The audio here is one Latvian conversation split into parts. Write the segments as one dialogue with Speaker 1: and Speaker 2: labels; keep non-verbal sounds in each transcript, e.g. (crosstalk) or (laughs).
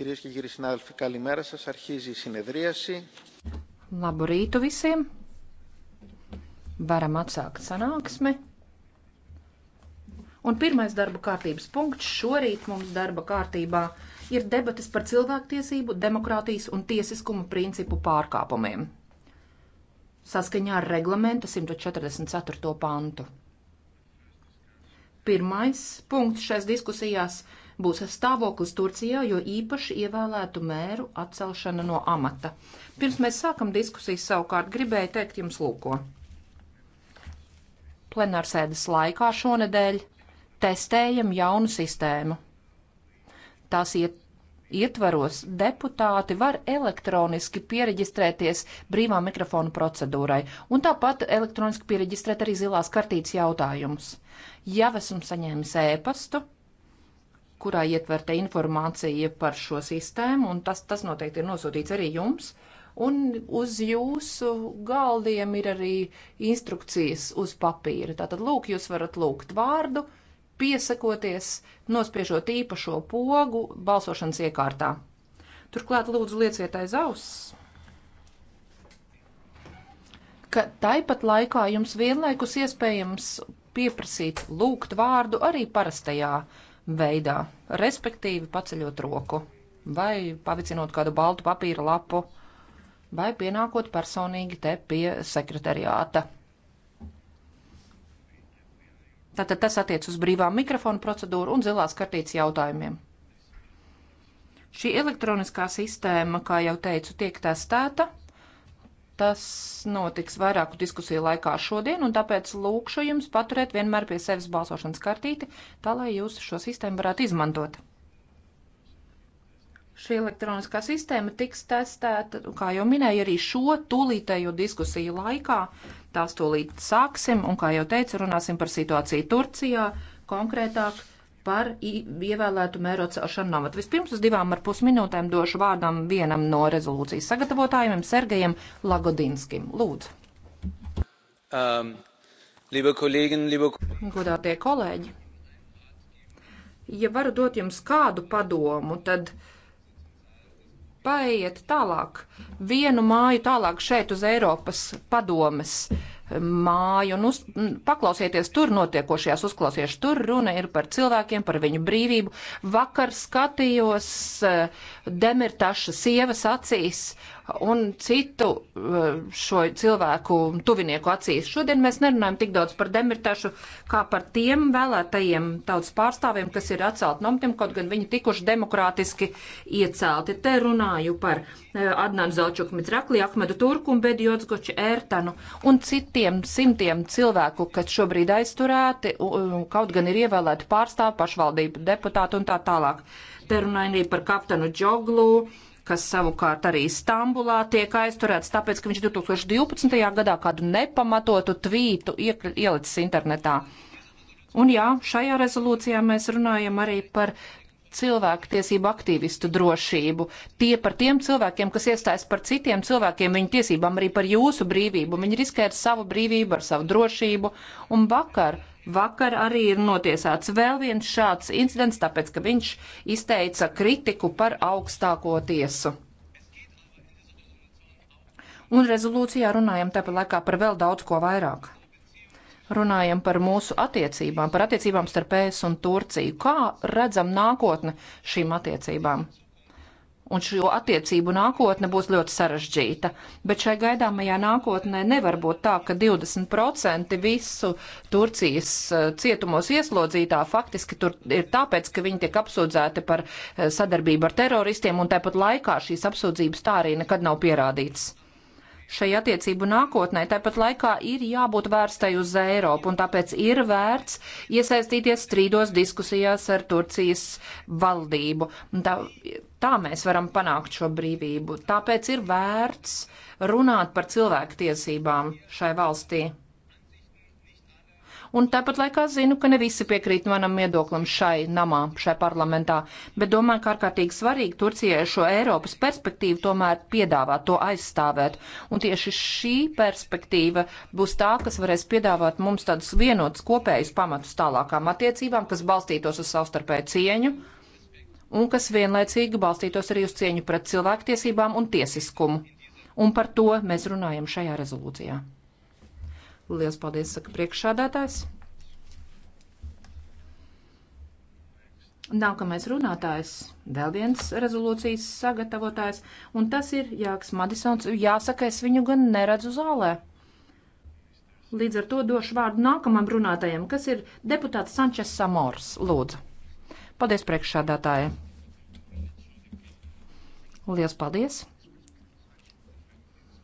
Speaker 1: Κυρίες και κύριοι συνάδελφοι, καλημέρα σας. Αρχίζει η συνεδρίαση.
Speaker 2: Labu rītu visiem. Varam atsākt sanāksmi. Un pirmais darba kārtības punkts šorīt mums darba kārtībā ir debatas par cilvēktiesību, demokrātijas un tiesiskumu principu pārkāpumiem. Saskaņā ar reglamenta 144. pantu. Pirmais punkts šais diskusijās ir būs stāvoklis Turcijā, jo īpaši ievēlētu mēru atcelšana no amata. Pirms mēs sākam diskusijas savukārt gribēju teikt jums lūko. Plenārsēdes laikā šonedēļ testējam jaunu sistēmu. Tās iet ietvaros deputāti var elektroniski pieregistrēties brīvā mikrofona procedūrai un tāpat elektroniski pieregistrēt arī zilās kartītes jautājumus. Ja esmu saņēmis ēpastu, e kurā ietverta informācija par šo sistēmu, un tas, tas noteikti ir nosūtīts arī jums. Un uz jūsu galdiem ir arī instrukcijas uz papīra. Tātad, lūk, jūs varat lūgt vārdu, piesakoties, nospiežot īpašo pogu balsošanas iekārtā. Turklāt, lūdzu, lieciet aiz auss ka tāpat laikā jums vienlaikus iespējams pieprasīt lūgt vārdu arī parastajā veidā, respektīvi paceļot roku vai pavicinot kādu baltu papīra lapu vai pienākot personīgi te pie sekretariāta. Tātad tas attiec uz brīvā mikrofona procedūru un zilās kartītes jautājumiem. Šī elektroniskā sistēma, kā jau teicu, tiek testēta Tas notiks vairāku diskusiju laikā šodien, un tāpēc lūkšu jums paturēt vienmēr pie sevis balsošanas kartīti, tā lai jūs šo sistēmu varētu izmantot. Šī elektroniskā sistēma tiks testēta, kā jau minēju, arī šo tūlītējo diskusiju laikā. Tās tūlīt sāksim, un, kā jau teicu, runāsim par situāciju Turcijā konkrētāk par ievēlētu mēru atcelšanu nomatu. Vispirms uz divām ar pus minūtēm došu vārdam vienam no rezolūcijas sagatavotājiem, Sergejam Lagodinskim. Lūdzu.
Speaker 1: Um, liebe kolēģin, liebe...
Speaker 2: Godātie kolēģi, ja varu dot jums kādu padomu, tad paiet tālāk, vienu māju tālāk šeit uz Eiropas padomes māju un nu, uz, paklausieties tur notiekošajās uzklausiešu. Tur runa ir par cilvēkiem, par viņu brīvību. Vakar skatījos e, Demirtaša sievas acīs un citu e, šo cilvēku tuvinieku acīs. Šodien mēs nerunājam tik daudz par Demirtašu, kā par tiem vēlētajiem tautas pārstāvjiem, kas ir atcelti nomtiem, kaut gan viņi tikuši demokrātiski iecelti. Te runāju par e, Adnan Zelčuk Mitraklī, Ahmedu Turku un Bedjodzgoči Ērtanu un citiem simtiem, simtiem cilvēku, kas šobrīd aizturēti, kaut gan ir ievēlēti pārstāvi, pašvaldību deputāti un tā tālāk. Te runājot par kaptenu Džoglu, kas savukārt arī Stambulā tiek aizturēts, tāpēc, ka viņš 2012. gadā kādu nepamatotu tvītu ielicis internetā. Un jā, šajā rezolūcijā mēs runājam arī par cilvēku tiesību aktīvistu drošību, tie par tiem cilvēkiem, kas iestājas par citiem cilvēkiem, viņu tiesībām, arī par jūsu brīvību. Viņi riskē ar savu brīvību, ar savu drošību. Un vakar, vakar arī ir notiesāts vēl viens šāds incidents, tāpēc, ka viņš izteica kritiku par augstāko tiesu. Un rezolūcijā runājam tāpat laikā par vēl daudz ko vairāk runājam par mūsu attiecībām, par attiecībām starp ES un Turciju. Kā redzam nākotne šīm attiecībām? Un šo attiecību nākotne būs ļoti sarežģīta. Bet šai gaidāmajā nākotnē nevar būt tā, ka 20% visu Turcijas eh, cietumos ieslodzītā faktiski tur ir tāpēc, ka viņi tiek apsūdzēti par eh, sadarbību ar teroristiem, un tāpat laikā šīs apsūdzības tā arī nekad nav pierādītas šai attiecību nākotnē. Tāpat laikā ir jābūt vērstai uz Eiropu, un tāpēc ir vērts iesaistīties strīdos diskusijās ar Turcijas valdību. Tā, tā mēs varam panākt šo brīvību. Tāpēc ir vērts runāt par cilvēku tiesībām šai valstī un tāpat laikā zinu, ka ne visi piekrīt manam viedoklim šai namā, šai parlamentā, bet domāju, ka ārkārtīgi svarīgi Turcijai šo Eiropas perspektīvu tomēr piedāvāt, to aizstāvēt. Un tieši šī perspektīva būs tā, kas varēs piedāvāt mums tādus vienotus kopējus pamatus tālākām attiecībām, kas balstītos uz savstarpēju cieņu un kas vienlaicīgi balstītos arī uz cieņu pret cilvēktiesībām un tiesiskumu. Un par to mēs runājam šajā rezolūcijā. Lielas paldies, saka priekšsādātājs. Nākamais runātājs, vēl viens rezolūcijas sagatavotājs, un tas ir Jāks Madisons. Jāsaka, es viņu gan neredzu zālē. Līdz ar to došu vārdu nākamam runātājam, kas ir deputāts Sančes Samors. Lūdzu. Paldies priekšsādātāji. Lielas paldies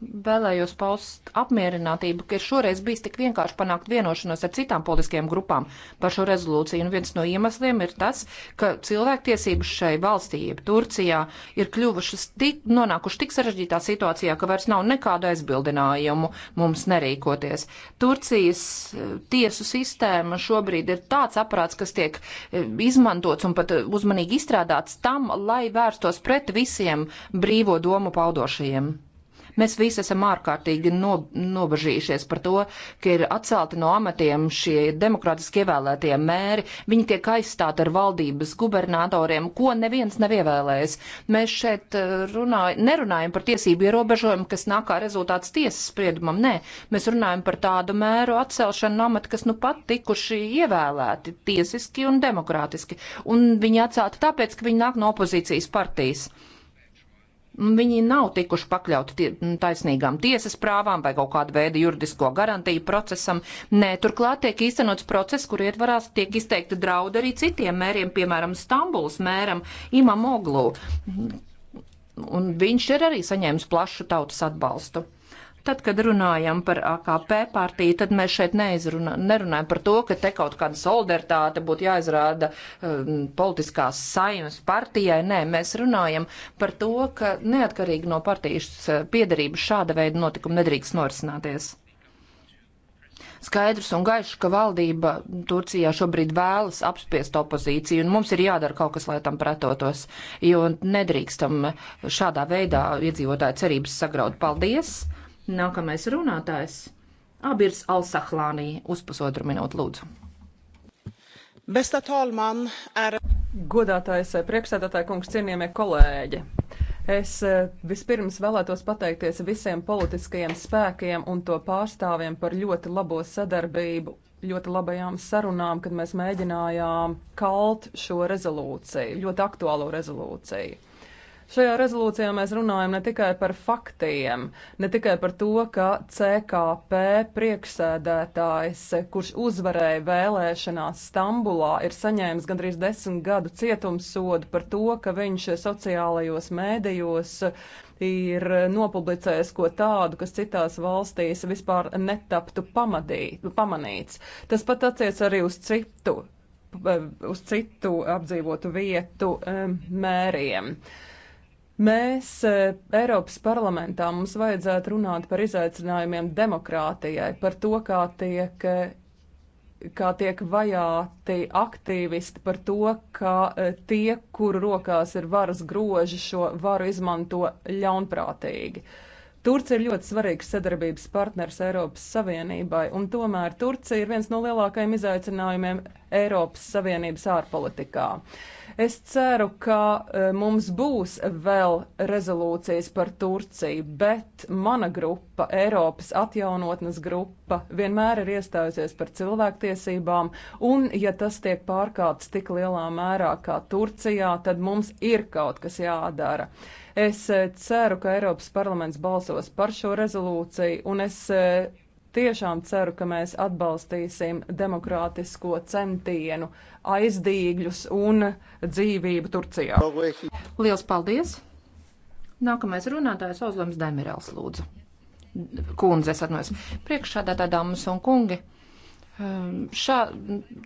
Speaker 2: vēlējos paust apmierinātību, ka ir šoreiz bijis tik vienkārši panākt vienošanos ar citām politiskajām grupām par šo rezolūciju. Un viens no iemesliem ir tas, ka cilvēktiesības šai valstī, jeb Turcijā, ir kļuvušas tik, nonākuši tik sarežģītā situācijā, ka vairs nav nekādu aizbildinājumu mums nerīkoties. Turcijas eh, tiesu sistēma šobrīd ir tāds aparāts, kas tiek eh, izmantots un pat eh, uzmanīgi izstrādāts tam, lai vērstos pret visiem brīvo domu paudošajiem. Mēs visi esam ārkārtīgi no, nobažījušies par to, ka ir atcelti no amatiem šie demokrātiski ievēlētie mēri. Viņi tiek aizstāti ar valdības gubernatoriem, ko neviens nav ievēlējis. Mēs šeit eh, runāj, nerunājam par tiesību ierobežojumu, kas nāk kā rezultāts tiesas spriedumam. Nē, mēs runājam par tādu mēru atcelšanu no amata, kas nu pat tikuši ievēlēti tiesiski un demokrātiski. Un viņi atcelti tāpēc, ka viņi nāk no opozīcijas partijas viņi nav tikuši pakļauti tie, taisnīgām tiesas prāvām vai kaut kādu veidu juridisko garantiju procesam. Nē, turklāt tiek īstenots process, kur ietvarās tiek izteikti draudi arī citiem mēriem, piemēram, Stambuls mēram Imam Oglu. Un viņš ir arī saņēmis plašu tautas atbalstu. Tad, kad runājam par AKP partiju, tad mēs šeit neizrunā, nerunājam par to, ka te kaut kāda solidaritāte būtu jāizrāda um, politiskās saimas partijai. Nē, mēs runājam par to, ka neatkarīgi no partijas uh, piedarības šāda veida notikumi nedrīkst norisināties skaidrs un gaišs, ka valdība Turcijā šobrīd vēlas apspiest opozīciju, un mums ir jādara kaut kas, lai tam pretotos, jo nedrīkstam šādā veidā iedzīvotāju cerības sagraut. Paldies! Nākamais runātājs - Abirs Alsahlānī uz pusotru minūtu lūdzu. Besta
Speaker 3: talman, ära. Er- Godātais eh, priekšsēdētāja kungs, cienījamie kolēģi! Es eh, vispirms vēlētos pateikties visiem politiskajiem spēkiem un to pārstāvjiem par ļoti labo sadarbību, ļoti labajām sarunām, kad mēs mēģinājām kalt šo rezolūciju, ļoti aktuālo rezolūciju. Šajā rezolūcijā mēs runājam ne tikai par faktiem, ne tikai par to, ka CKP priekšsēdētājs, kurš uzvarēja vēlēšanās Stambulā, ir saņēmis gandrīz desmit gadu cietumsodu par to, ka viņš sociālajos mēdījos ir nopublicējis ko tādu, kas citās valstīs vispār netaptu pamadī, pamanīts. Tas pat attiec arī uz citu, uz citu apdzīvotu vietu mēriem. Mēs e, Eiropas parlamentā mums vajadzētu runāt par izaicinājumiem demokrātijai, par to, kā tiek, e, kā tiek vajāti aktīvisti, par to, kā e, tie, kuru rokās ir varas groži, šo varu izmanto ļaunprātīgi. Turcija ir ļoti svarīgs sadarbības partners Eiropas Savienībai, un tomēr Turcija ir viens no lielākajiem izaicinājumiem Eiropas Savienības ārpolitikā. Uh, Es ceru, ka e, mums būs vēl rezolūcijas par Turciju, bet mana grupa, Eiropas atjaunotnes grupa, vienmēr ir iestājusies par cilvēktiesībām, un ja tas tiek pārkāpts tik lielā mērā kā Turcijā, tad mums ir kaut kas jādara. Es e, ceru, ka Eiropas parlaments balsos par šo rezolūciju, un es e, tiešām ceru, ka mēs atbalstīsim demokrātisko centienu
Speaker 2: aizdīgļus un dzīvību Turcijā. Lielas paldies! Nākamais runātājs Ozlems Demirels lūdzu. Kundze, es atnos. Priekšādā tādā mums un kungi. Um, šā,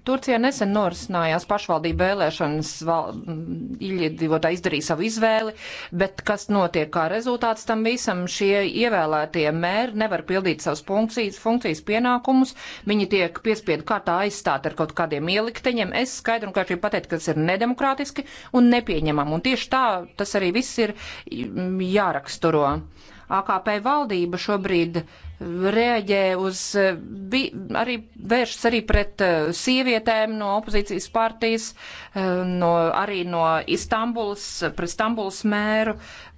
Speaker 2: Turcijā nesen norisinājās pašvaldība vēlēšanas, val, mm, iedzīvotāji izdarīja savu izvēli, bet kas notiek kā rezultāts tam visam, šie ievēlētie mēri nevar pildīt savas funkcijas, funkcijas pienākumus, viņi tiek piespiedu kārtā aizstāt ar kaut kādiem ielikteņiem. Es skaidru un kārtīgi pateicu, ka tas ir nedemokrātiski un nepieņemam, un tieši tā tas arī viss ir mm, jāraksturo. Uh, AKP valdība šobrīd reaģē uz, bi, arī vēršas arī pret eh, sievietēm no opozīcijas partijas, eh, no, arī no Istambulas, pret Stambulas mēru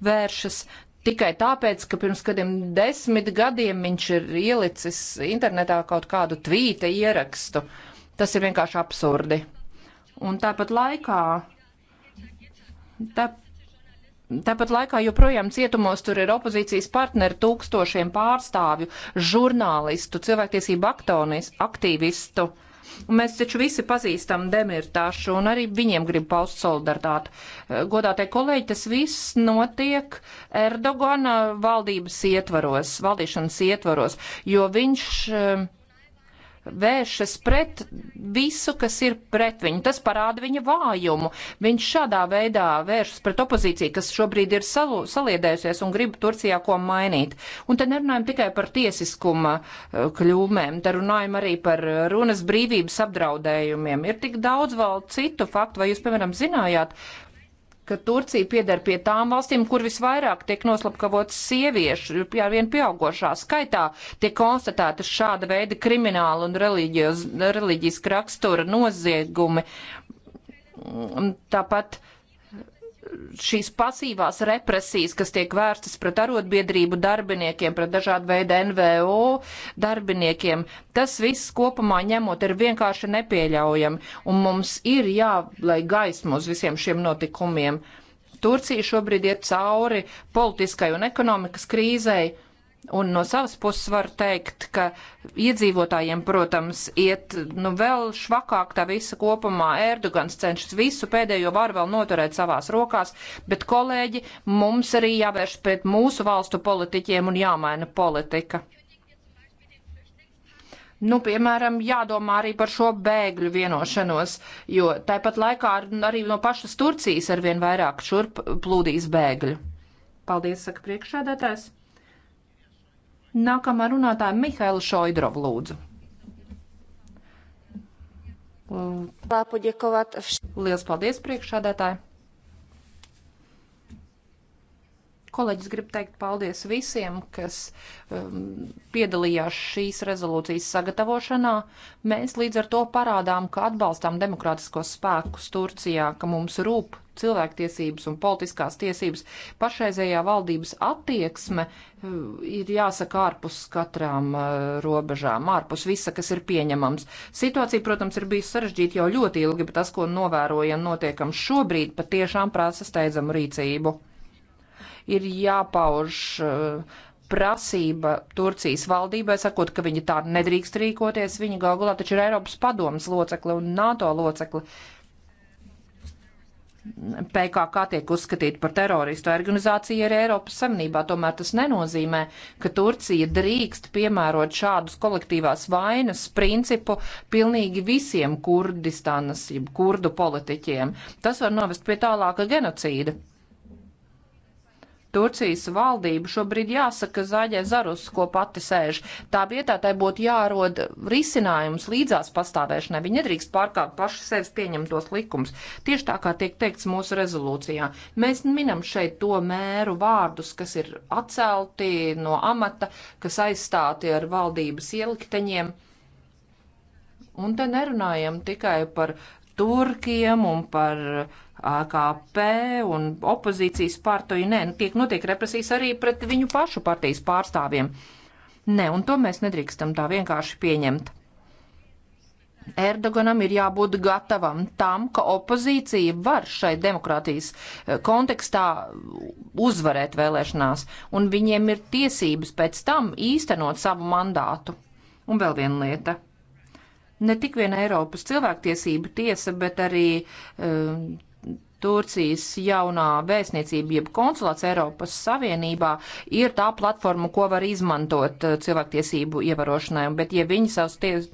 Speaker 2: vēršas. Tikai tāpēc, ka pirms kādiem desmit gadiem viņš ir ielicis internetā kaut kādu tvīta ierakstu. Tas ir vienkārši absurdi. Un tāpat laikā, tā, Tāpat laikā joprojām cietumos tur ir opozīcijas partneri, tūkstošiem pārstāvju, žurnālistu, cilvēktiesību aktonis, aktīvistu. Un mēs taču visi pazīstam Demirtašu un arī viņiem grib paust solidaritāti. Eh, godātie kolēģi, tas viss notiek Erdogana valdības ietvaros, valdīšanas ietvaros, jo viņš. Uh, vēršas pret visu, kas ir pret viņu. Tas parāda viņa vājumu. Viņš šādā veidā vēršas pret opozīciju, kas šobrīd ir salu, saliedējusies un grib Turcijā ko mainīt. Un te nerunājam tikai par tiesiskuma eh, kļūmēm, te runājam arī par runas brīvības apdraudējumiem. Ir tik daudz vēl citu faktu, vai jūs, piemēram, zinājāt, ka Turcija piedar pie tām valstīm, kur visvairāk tiek noslapkavotas sieviešu, pie vien pieaugošā skaitā tiek konstatētas šāda veida krimināla un reliģijas rakstura noziegumi. Tāpat uh, šīs pasīvās represijas, kas tiek vērstas pret arotbiedrību darbiniekiem, pret dažādu veidu NVO darbiniekiem, tas viss kopumā ņemot ir vienkārši nepieļaujami, un mums ir jālai gaismu uz visiem šiem notikumiem. Turcija šobrīd iet cauri politiskai un ekonomikas krīzei, Un no savas puses var teikt, ka iedzīvotājiem, protams, iet nu, vēl švakāk tā visa kopumā. Erdogans cenšas visu pēdējo varu vēl noturēt savās rokās, bet, kolēģi, mums arī jāvērš pret mūsu valstu politiķiem un jāmaina politika. Nu, piemēram, jādomā arī par šo bēgļu vienošanos, jo tāpat laikā arī no pašas Turcijas arvien vairāk šurp plūdīs bēgļu. Paldies, saka priekšādātājs. Nākamā runātāja Mihaila Šoidrov lūdzu. Lielas paldies priekšādātāji. Kolēģis grib teikt paldies visiem, kas um, piedalījās šīs rezolūcijas sagatavošanā. Mēs līdz ar to parādām, ka atbalstām demokrātiskos spēkus Turcijā, ka mums rūp cilvēktiesības un politiskās tiesības. Pašreizējā valdības attieksme eh, ir jāsaka ārpus katrām eh, robežām, ārpus visa, kas ir pieņemams. Situācija, protams, ir bijusi sarežģīta jau ļoti ilgi, bet tas, ko novērojam notiekam šobrīd, patiešām prasa steidzamu rīcību. Ir jāpauž uh, prasība Turcijas valdībai, sakot, ka viņi tā nedrīkst rīkoties. Viņa galgulā taču ir Eiropas padomas locekli un NATO locekli. PKK tiek uzskatīta par teroristu organizāciju arī Eiropas Savienībā, tomēr tas nenozīmē, ka Turcija drīkst piemērot šādus kolektīvās vainas principu pilnīgi visiem Kurdistānas, kurdu politiķiem. Tas var novest pie tālāka genocīda. Turcijas valdību šobrīd jāsaka zāģē zarus, ko pati sēž. Tā vietā tai būtu jārod risinājums līdzās pastāvēšanai. Viņi nedrīkst pārkāpt paši sevis pieņemtos likums. Tieši tā kā tiek teikts mūsu rezolūcijā. Mēs minam šeit to mēru vārdus, kas ir atcelti no amata, kas aizstāti ar valdības ielikteņiem. Un te nerunājam tikai par turkiem un par eh, AKP un opozīcijas partiju. Nē, nu, tiek notiek represijas arī pret viņu pašu partijas pārstāvjiem. Nē, un to mēs nedrīkstam tā vienkārši pieņemt. Erdoganam ir jābūt gatavam tam, ka opozīcija var šai demokrātijas eh, kontekstā uzvarēt vēlēšanās, un viņiem ir tiesības pēc tam īstenot savu mandātu. Un vēl viena lieta ne tik vien Eiropas cilvēktiesība tiesa, bet arī uh, Turcijas jaunā vēstniecība, jeb konsulāts Eiropas Savienībā, ir tā platforma, ko var izmantot uh, cilvēktiesību ievarošanai. Bet, ja viņi savus ties,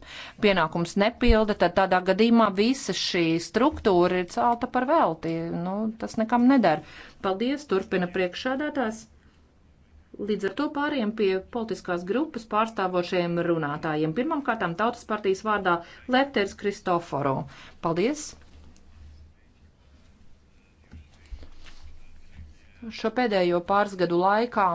Speaker 2: pienākums nepilda, tad tādā gadījumā visa šī struktūra ir celta par velti. Nu, tas nekam nedara. Paldies, turpina priekšādātājs. Līdz ar to pāriem pie politiskās grupas pārstāvošajiem runātājiem. Pirmkārtām Tautas partijas vārdā Lepters Kristoforo. Paldies! Šo pēdējo pāris gadu laikā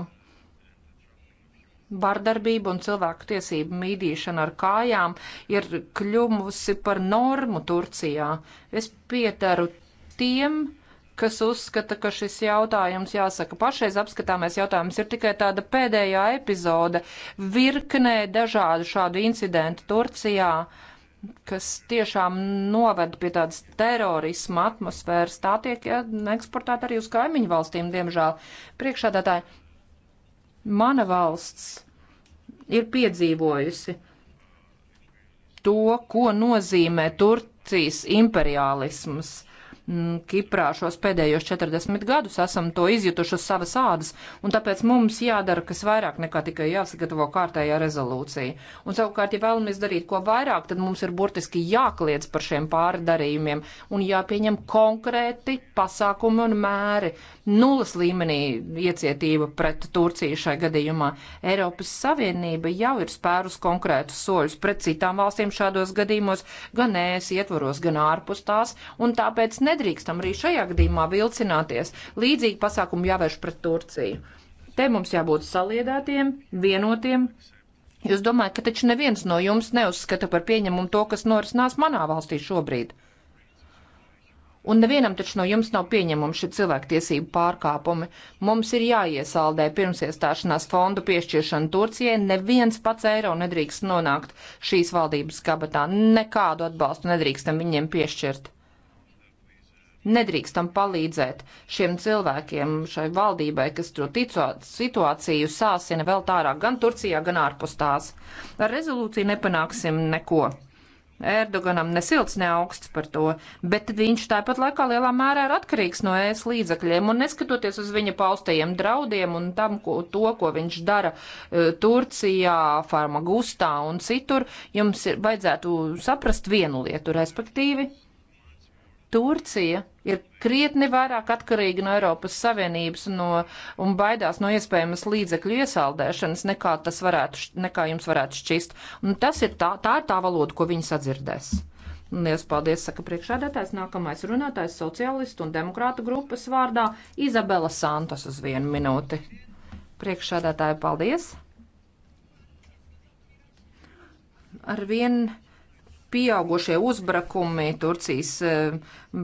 Speaker 2: vardarbība un cilvēku tiesību mīdīšana ar kājām ir kļuvusi par normu Turcijā. Es pieteru tiem, kas uzskata, ka šis jautājums, jāsaka, pašreiz apskatāmais jautājums ir tikai tāda pēdējā epizode virknē dažādu šādu incidentu Turcijā kas tiešām noved pie tādas terorisma atmosfēras. Tā tiek ja, eksportēta arī uz kaimiņu valstīm, diemžēl. Priekšādātāji, mana valsts ir piedzīvojusi to, ko nozīmē Turcijas imperialisms Mm, Kiprā šos pēdējos 40 gadus esam to izjutuši uz savas ādas, un tāpēc mums jādara kas vairāk nekā tikai jāsagatavo kārtējā rezolūcija. Un savukārt, ja vēlamies darīt ko vairāk, tad mums ir burtiski jākliedz par šiem pārdarījumiem un jāpieņem konkrēti pasākumi un mēri, nulles līmenī iecietība pret Turciju šai gadījumā. Eiropas Savienība jau ir spērus konkrētus soļus pret citām valstīm šādos gadījumos, gan ēs ietvaros, gan ārpus tās, un tāpēc nedrīkstam arī šajā gadījumā vilcināties. Līdzīgi pasākumu jāvērš pret Turciju. Te mums jābūt saliedētiem, vienotiem, Jūs domājat, ka taču neviens no jums neuzskata par pieņemumu to, kas norisinās manā valstī šobrīd? Un nevienam taču no jums nav pieņemama šī cilvēktiesību pārkāpumi. Mums ir jāiesaldē pirms iestāšanās fondu piešķiršana Turcijai. Neviens pats eiro nedrīkst nonākt šīs valdības kabatā. Nekādu atbalstu nedrīkstam viņiem piešķirt. Nedrīkstam palīdzēt šiem cilvēkiem, šai valdībai, kas to situāciju sāsina vēl tārāk gan Turcijā, gan ārpus tās. Ar rezolūciju nepanāksim neko. Erdoganam ne silts, ne augsts par to, bet viņš tāpat laikā lielā mērā ir atkarīgs no ēs līdzakļiem, un neskatoties uz viņa paustajiem draudiem un tam, ko, to, ko viņš dara e, Turcijā, Farmagustā un citur, jums ir, vajadzētu saprast vienu lietu, respektīvi Turcija ir krietni vairāk atkarīga no Eiropas Savienības no, un baidās no iespējamas līdzekļu iesaldēšanas, nekā, varētu, nekā jums varētu šķist. Un tas ir tā, tā ir tā valoda, ko viņi sadzirdēs. Lielas paldies, saka priekšādātājs. Nākamais runātājs sociālistu un demokrātu grupas vārdā Izabela Santos uz vienu minūti. Priekšādātāja, paldies! Ar vienu pieaugušie uzbrukumi Turcijas eh,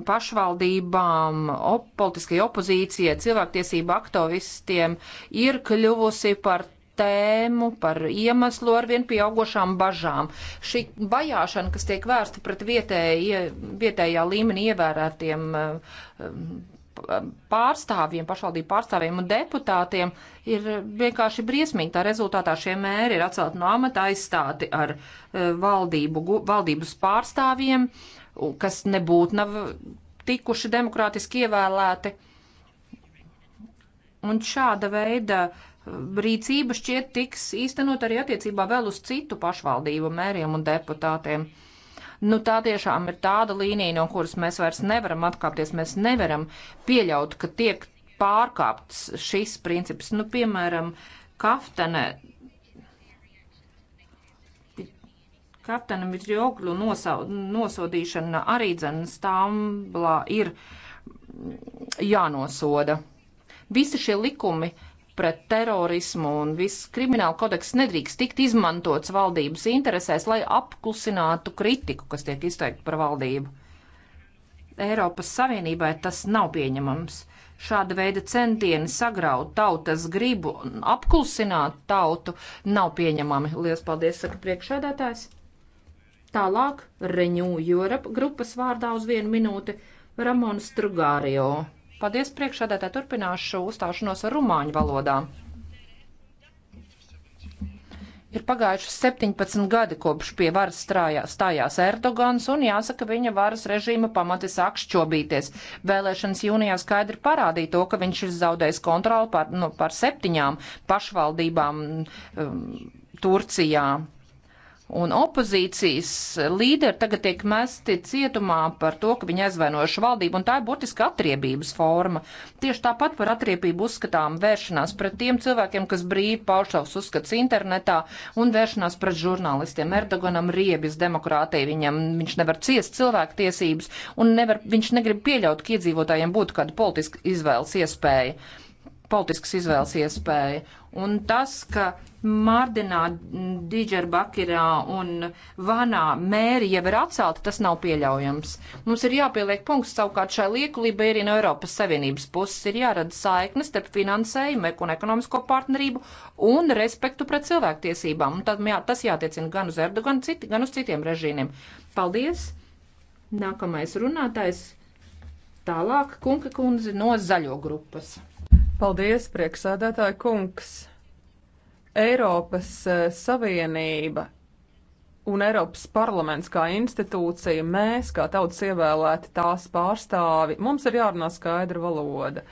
Speaker 2: pašvaldībām, op politiskajai opozīcijai, cilvēktiesību aktivistiem ir kļuvusi par tēmu, par iemeslu ar vien pieaugošām bažām. Šī bajāšana, kas tiek vērsta pret vietēji, vietējā līmenī ievērētiem eh, pārstāvjiem, pašvaldību pārstāvjiem un deputātiem ir vienkārši briesmīgi. Tā rezultātā šie mēri ir atcelti no amata, aizstāti ar eh, valdību, valdības pārstāvjiem, kas nebūtu nav tikuši demokrātiski ievēlēti. Un šāda veida eh, rīcība šķiet tiks īstenot arī attiecībā vēl uz citu pašvaldību mēriem un deputātiem nu tā tiešām ir tāda līnija, no kuras mēs vairs nevaram atkāpties, mēs nevaram pieļaut, ka tiek pārkāpts šis princips. Nu, piemēram, kaftene Kaptenam Izjoglu nosodīšana arī dzenas tāmblā ir jānosoda. Visi šie likumi uh, pret terorismu un viss krimināla kodeks nedrīkst tikt izmantots valdības interesēs, lai apklusinātu kritiku, kas tiek izteikta par valdību. Eiropas Savienībai tas nav pieņemams. Šāda veida centieni sagraut tautas gribu un apklusināt tautu nav pieņemami. Lielas paldies, saka priekšēdētājs. Tālāk Renew Europe grupas vārdā uz vienu minūti Ramon Strugārio. Paldies priekšādētā turpināšu uzstāšanos ar rumāņu valodā. Ir pagājuši 17 gadi, kopš pie varas strājā, stājās Erdogans, un jāsaka, viņa varas režīma pamati sāk šķobīties. Vēlēšanas jūnijā skaidri parādīja to, ka viņš ir zaudējis kontroli par, nu, par septiņām pašvaldībām um, Turcijā un opozīcijas līderi tagad tiek mesti cietumā par to, ka viņi aizvainojuši valdību, un tā ir burtiska atriebības forma. Tieši tāpat par atriebību uzskatām vēršanās pret tiem cilvēkiem, kas brīvi pauž savus uzskats internetā, un vēršanās pret žurnālistiem. Erdoganam riebis demokrātija, viņam viņš nevar ciest cilvēku tiesības, un nevar, viņš negrib pieļaut, ka iedzīvotājiem būtu kāda politiska izvēles iespēja politiskas izvēles iespēja. Un tas, ka Mārdinā, Džerbakirā un Vanā mēri jau ir atcelti, tas nav pieļaujams. Mums ir jāpieliek punkts savukārt šai liekulībai arī no Eiropas Savienības puses ir jārada saiknes starp finansējumu un ekonomisko partnerību un respektu pret cilvēktiesībām. Un tad jā, tas jātiecina gan uz Erdoganu, citi, gan uz citiem režīmiem. Paldies! Nākamais runātājs tālāk Kunka kundze no zaļo grupas. Paldies, prieksēdētāji
Speaker 3: kungs! Eiropas eh, Savienība un Eiropas parlaments kā institūcija, mēs kā tautas ievēlēti tās pārstāvi, mums ir jārunā skaidra valoda.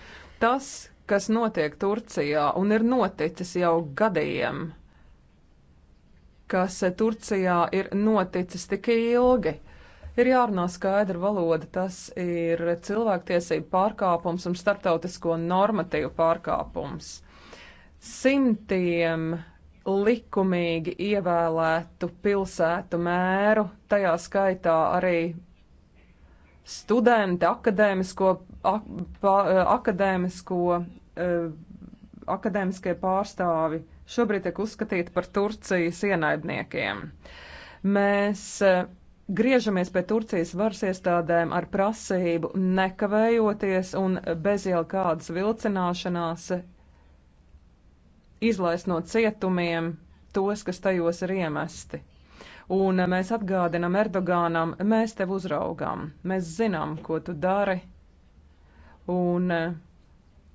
Speaker 3: Tas, kas notiek Turcijā un ir noticis jau gadiem, kas eh, Turcijā ir noticis tik ilgi, Ir jārunā skaidra valoda, tas ir cilvēktiesību pārkāpums un starptautisko normatīvu pārkāpums. Simtiem likumīgi ievēlētu pilsētu mēru, tajā skaitā arī studenti akadēmisko, ak, pa, akadēmisko, eh, akadēmiskie pārstāvi šobrīd tiek uzskatīti par Turcijas ienaidniekiem. Mēs eh, griežamies pie Turcijas varas iestādēm ar prasību nekavējoties un bez jau kādas vilcināšanās izlaist no cietumiem tos, kas tajos ir iemesti. Un mēs atgādinam Erdogānam, mēs tev uzraugām, mēs zinām, ko tu dari, un eh,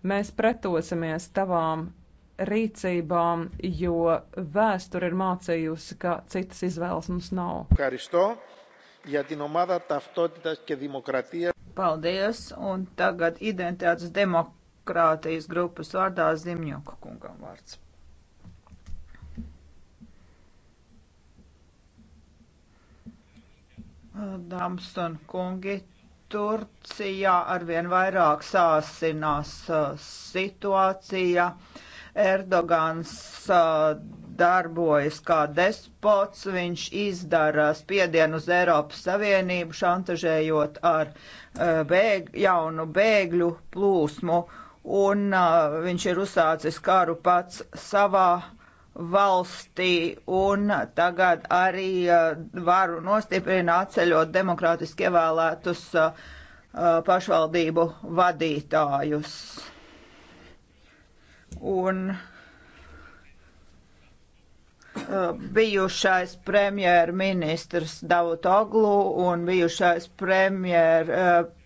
Speaker 3: mēs pretosimies tavām rīcībām, jo vēsture ir mācījusi, ka citas
Speaker 4: izvēles mums nav.
Speaker 1: Karisto για την ομάδα Ταυτότητας και Δημοκρατίας.
Speaker 4: Paldies, un tagad identitātes demokrātijas grupas vārdā Zimņoka kungam vārds. Dāmas un kungi, Turcijā arvien vairāk sāsinās uh, situācija. Uh, Erdogans darbojas kā despots, viņš izdara spiedienu uz Eiropas Savienību, šantažējot ar bēg, jaunu bēgļu plūsmu, un viņš ir uzsācis karu pats savā valstī un tagad arī varu nostiprina atceļot demokrātiski ievēlētus pašvaldību vadītājus un uh, bijušais premjerministrs Davutoglu un bijušais premjer uh,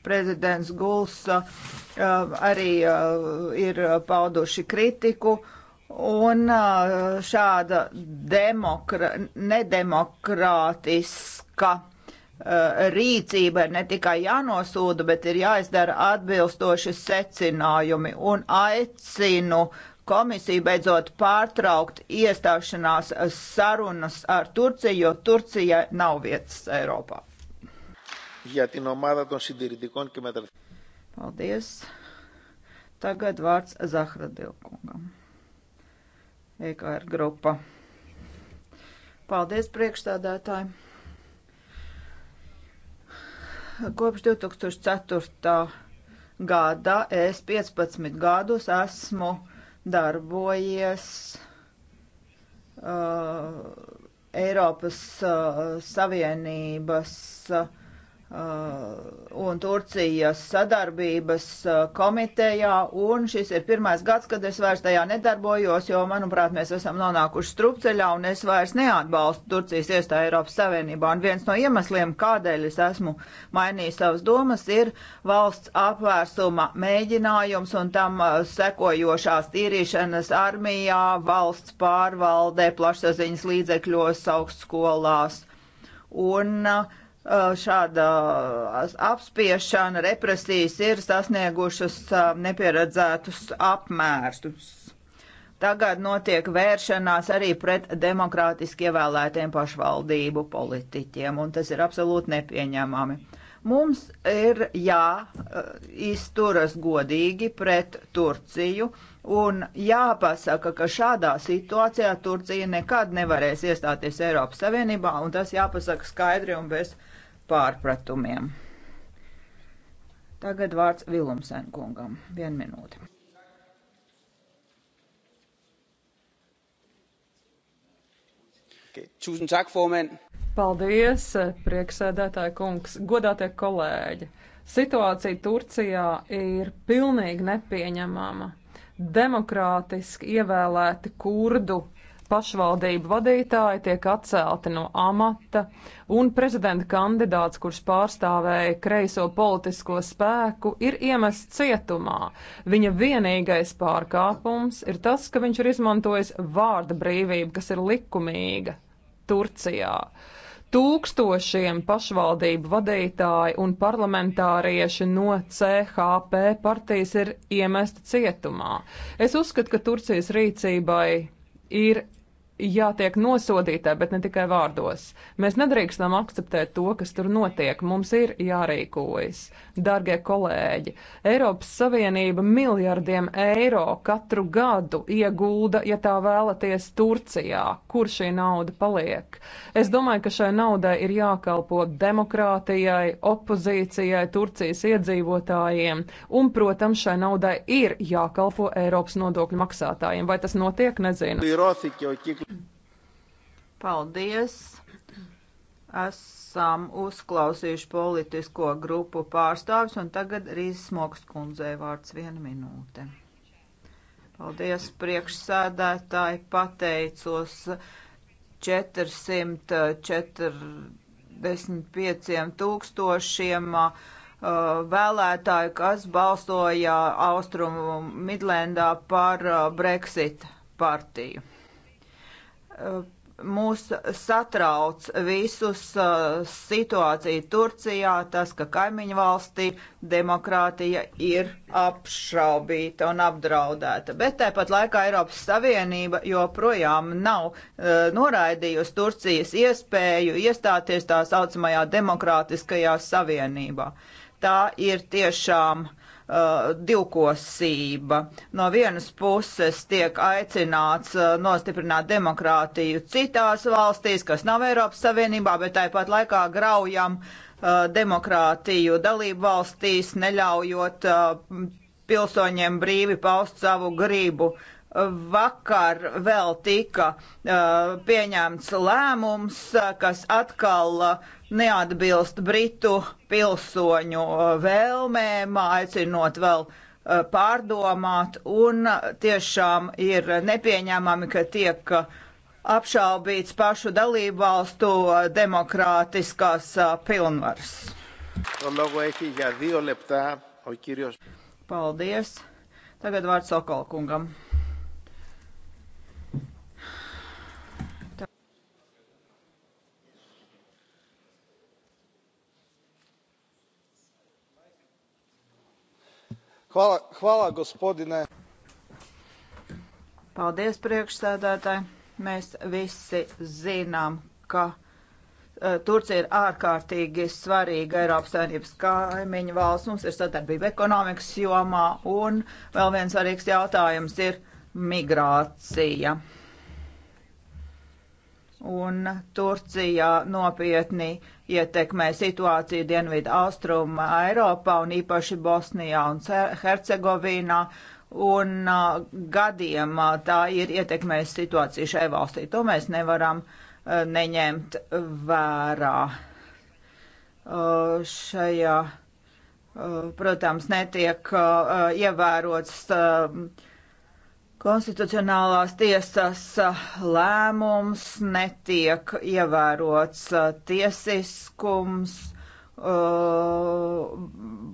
Speaker 4: prezidents Gulsa uh, arī ir pauduši kritiku. Un šāda demokra, nedemokrātiska Eh, rīcība ir ne tikai jānosūda, bet ir jāizdara atbilstoši secinājumi un aicinu komisiju beidzot pārtraukt iestāšanās sarunas ar Turciju, jo Turcija nav vietas Eiropā. Paldies. Tagad vārds Zahradilkungam. EKR er grupa. Paldies priekšstādātājiem. Kopš 2004. gada es 15 gadus esmu darbojies uh, Eiropas uh, Savienības uh, Uh, un Turcijas sadarbības uh, komitejā, un šis ir pirmais gads, kad es vairs tajā nedarbojos, jo, manuprāt, mēs esam nonākuši strupceļā, un es vairs neatbalstu Turcijas iestāju Eiropas Savienībā, un viens no iemesliem, kādēļ es esmu mainījis savas domas, ir valsts apvērsuma mēģinājums un tam uh, sekojošās tīrīšanas armijā, valsts pārvaldē, plašsaziņas līdzekļos, augstskolās, un uh, Uh, šāda uh, apspiešana, represijas ir sasniegušas uh, nepieredzētus apmērus. Tagad notiek vēršanās arī pret demokrātiski ievēlētiem pašvaldību politiķiem, un tas ir absolūti nepieņemami. Mums ir jāizturas godīgi pret Turciju un jāpasaka, ka šādā situācijā Turcija nekad nevarēs iestāties Eiropas Savienībā, un tas jāpasaka skaidri un bez pārpratumiem. Tagad vārds Vilumsen kungam. Vienu minūti. Tusind tak, formand.
Speaker 3: Paldies, prieksēdētāja kungs, godātie kolēģi. Situācija Turcijā ir pilnīgi nepieņemama. Demokrātiski ievēlēti kurdu pašvaldību vadītāji tiek atcelti no amata, un prezidenta kandidāts, kurš pārstāvēja kreiso politisko spēku, ir iemests cietumā. Viņa vienīgais pārkāpums ir tas, ka viņš ir izmantojis vārda brīvību, kas ir likumīga Turcijā. Tūkstošiem pašvaldību vadītāji un parlamentārieši no CHP partijas ir iemesti cietumā. Es uzskatu, ka Turcijas rīcībai ir jātiek nosodītē, bet ne tikai vārdos. Mēs nedrīkstam akceptēt to, kas tur notiek. Mums ir jārīkojas. Dargie kolēģi, Eiropas Savienība miljardiem eiro katru gadu iegulda, ja tā vēlaties, Turcijā, kur šī nauda paliek. Es domāju, ka šai naudai ir jākalpo demokrātijai, opozīcijai, Turcijas iedzīvotājiem, un, protams, šai naudai ir jākalpo Eiropas nodokļu maksātājiem. Vai tas notiek? Nezinu.
Speaker 4: Paldies! Esam uzklausījuši politisko grupu pārstāvis, un tagad Rīzes Mokas kundzei vārds viena minūte. Paldies priekšsēdētāji, pateicos 445 tūkstošiem uh, vēlētāju, kas balsoja Austrumu Midlendā par uh, Brexit partiju mūs satrauc visus uh, situācija Turcijā, tas, ka kaimiņu valstī demokrātija ir apšaubīta un apdraudēta. Bet tāpat laikā Eiropas Savienība joprojām nav uh, noraidījusi Turcijas iespēju iestāties tā saucamajā demokrātiskajā savienībā. Tā ir tiešām uh, uh, divkosība. No vienas puses tiek aicināts uh, nostiprināt demokrātiju citās valstīs, kas nav Eiropas Savienībā, bet tāpat laikā graujam uh, demokrātiju dalību valstīs, neļaujot uh, pilsoņiem brīvi paust savu gribu. Uh, vakar vēl tika uh, pieņemts lēmums, uh, kas atkal uh, neatbilst Britu pilsoņu uh, vēlmēm, aicinot vēl uh, pārdomāt, un uh, tiešām ir nepieņēmami, ka tiek apšaubīts pašu dalību valstu demokrātiskās pilnvaras. Paldies! Tagad vārds Sokolkungam.
Speaker 3: Hvala, hvala gospodine.
Speaker 4: Paldies, priekšsēdētāji. Mēs visi zinām, ka e, Turcija ir ārkārtīgi svarīga Eiropas Savienības kaimiņu valsts. Mums ir sadarbība ekonomikas jomā, un vēl viens svarīgs jautājums ir migrācija un Turcija nopietni ietekmē situāciju Dienvidu Austruma Eiropā un īpaši Bosnijā un Hercegovīnā. Un uh, gadiem uh, tā ir ietekmējusi situāciju šai valstī. To mēs nevaram uh, neņemt vērā. Uh, šajā, uh, protams, netiek uh, ievērots. Uh, Konstitucionālās tiesas eh, lēmums netiek ievērots eh, tiesiskums uh,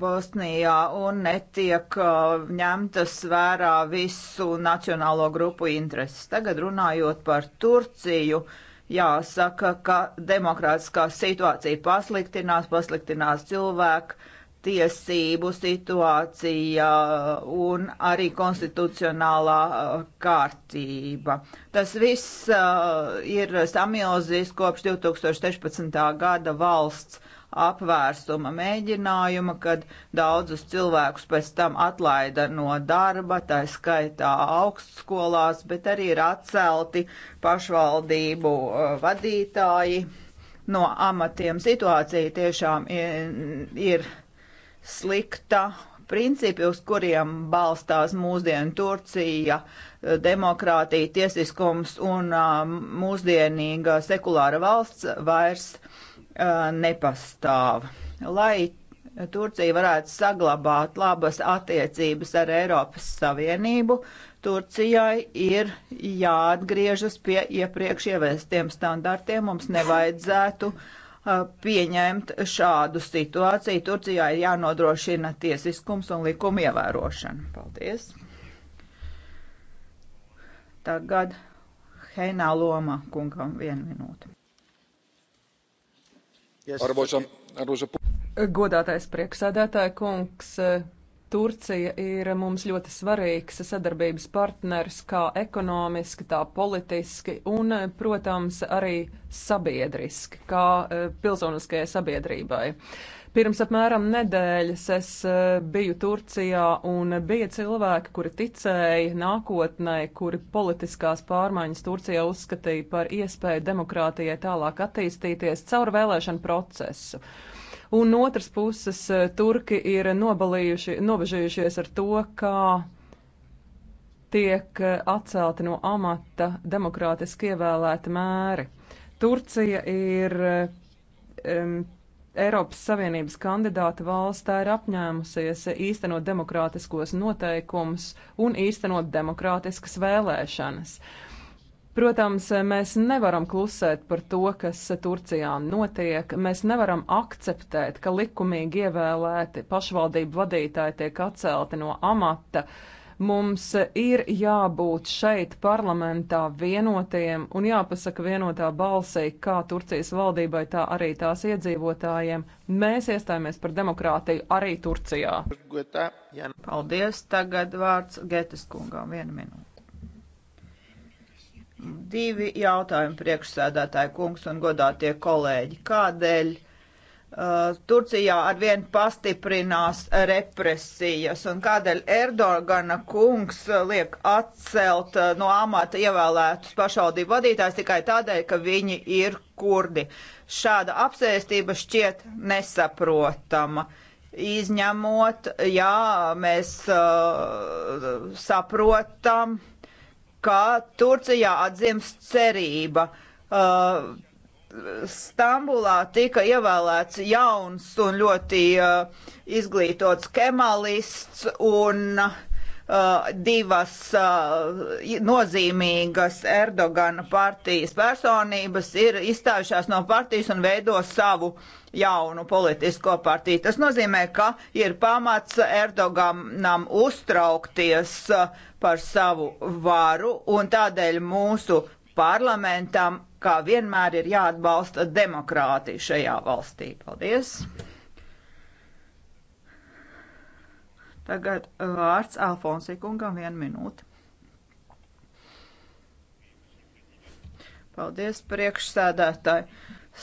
Speaker 4: Bosnijā un netiek uh, ņemtas vērā visu nacionālo grupu intereses. Tagad runājot par Turciju, jāsaka, ka demokrātiskā situācija pasliktinās, pasliktinās cilvēku tiesību situācija un arī konstitucionālā uh, kārtība. Tas viss uh, ir samilzis kopš 2016. gada valsts apvērsuma mēģinājuma, kad daudzus cilvēkus pēc tam atlaida no darba, tā skaitā augstskolās, bet arī ir atcelti pašvaldību uh, vadītāji no amatiem. Situācija tiešām ir slikta principi, uz kuriem balstās mūsdienu Turcija, demokrātija, tiesiskums un mūsdienīga sekulāra valsts vairs nepastāv. Lai Turcija varētu saglabāt labas attiecības ar Eiropas Savienību, Turcijai ir jāatgriežas pie iepriekš ievestiem standartiem. Mums nevajadzētu uh, pieņemt šādu situāciju. Turcijā ir jānodrošina tiesiskums un likuma ievērošana. Paldies! Tagad Heinā Loma kungam vienu minūti.
Speaker 1: Yes. Arvoisa, arvoisa...
Speaker 4: Godātais prieksēdētāja kungs,
Speaker 3: Turcija ir mums ļoti svarīgs sadarbības partners, kā ekonomiski, tā politiski un, protams, arī sabiedriski, kā e, pilsoniskajai sabiedrībai. Pirms apmēram nedēļas es e, biju Turcijā un bija cilvēki, kuri ticēja nākotnē, kuri politiskās pārmaiņas Turcijā uzskatīja par iespēju demokrātijai tālāk attīstīties caur vēlēšanu procesu un otras puses eh, turki ir nobežījušies ar to, kā tiek eh, atcelti no amata demokrātiski ievēlēti mēri. Turcija ir um, Eiropas Savienības kandidāta valsts tā ir apņēmusies īstenot demokrātiskos noteikumus un īstenot demokrātiskas vēlēšanas. Uh, Protams, mēs nevaram klusēt par to, kas Turcijā notiek. Mēs nevaram akceptēt, ka likumīgi ievēlēti pašvaldību vadītāji tiek atcelti no amata. Mums ir jābūt šeit parlamentā vienotiem un jāpasaka vienotā balsī, kā Turcijas valdībai, tā arī tās iedzīvotājiem. Mēs iestājāmies par demokrātiju arī Turcijā.
Speaker 4: Paldies, tagad vārds Getes kungām. Vienu minūti. Divi jautājumi priekšsēdētāji kungs un godātie kolēģi. Kādēļ? Uh, Turcijā arvien pastiprinās represijas, un kādēļ Erdogana kungs liek atcelt uh, no amata ievēlētus pašvaldību vadītājus tikai tādēļ, ka viņi ir kurdi. Šāda apsēstība šķiet nesaprotama. Izņemot, jā, mēs uh, saprotam, uh, ka Turcijā atzīmes cerība. Uh, Stambulā tika ievēlēts jauns un ļoti uh, izglītots kemalists un uh, Uh, divas uh, nozīmīgas Erdogana partijas personības ir izstājušās no partijas un veido savu jaunu politisko partiju. Tas nozīmē, ka ir pamats Erdoganam uztraukties uh, par savu varu un tādēļ mūsu parlamentam, kā vienmēr, ir jāatbalsta demokrātija šajā valstī. Paldies! Tagad uh, vārds Alfonsī kungam vienu minūti. Paldies, priekšsēdētāji.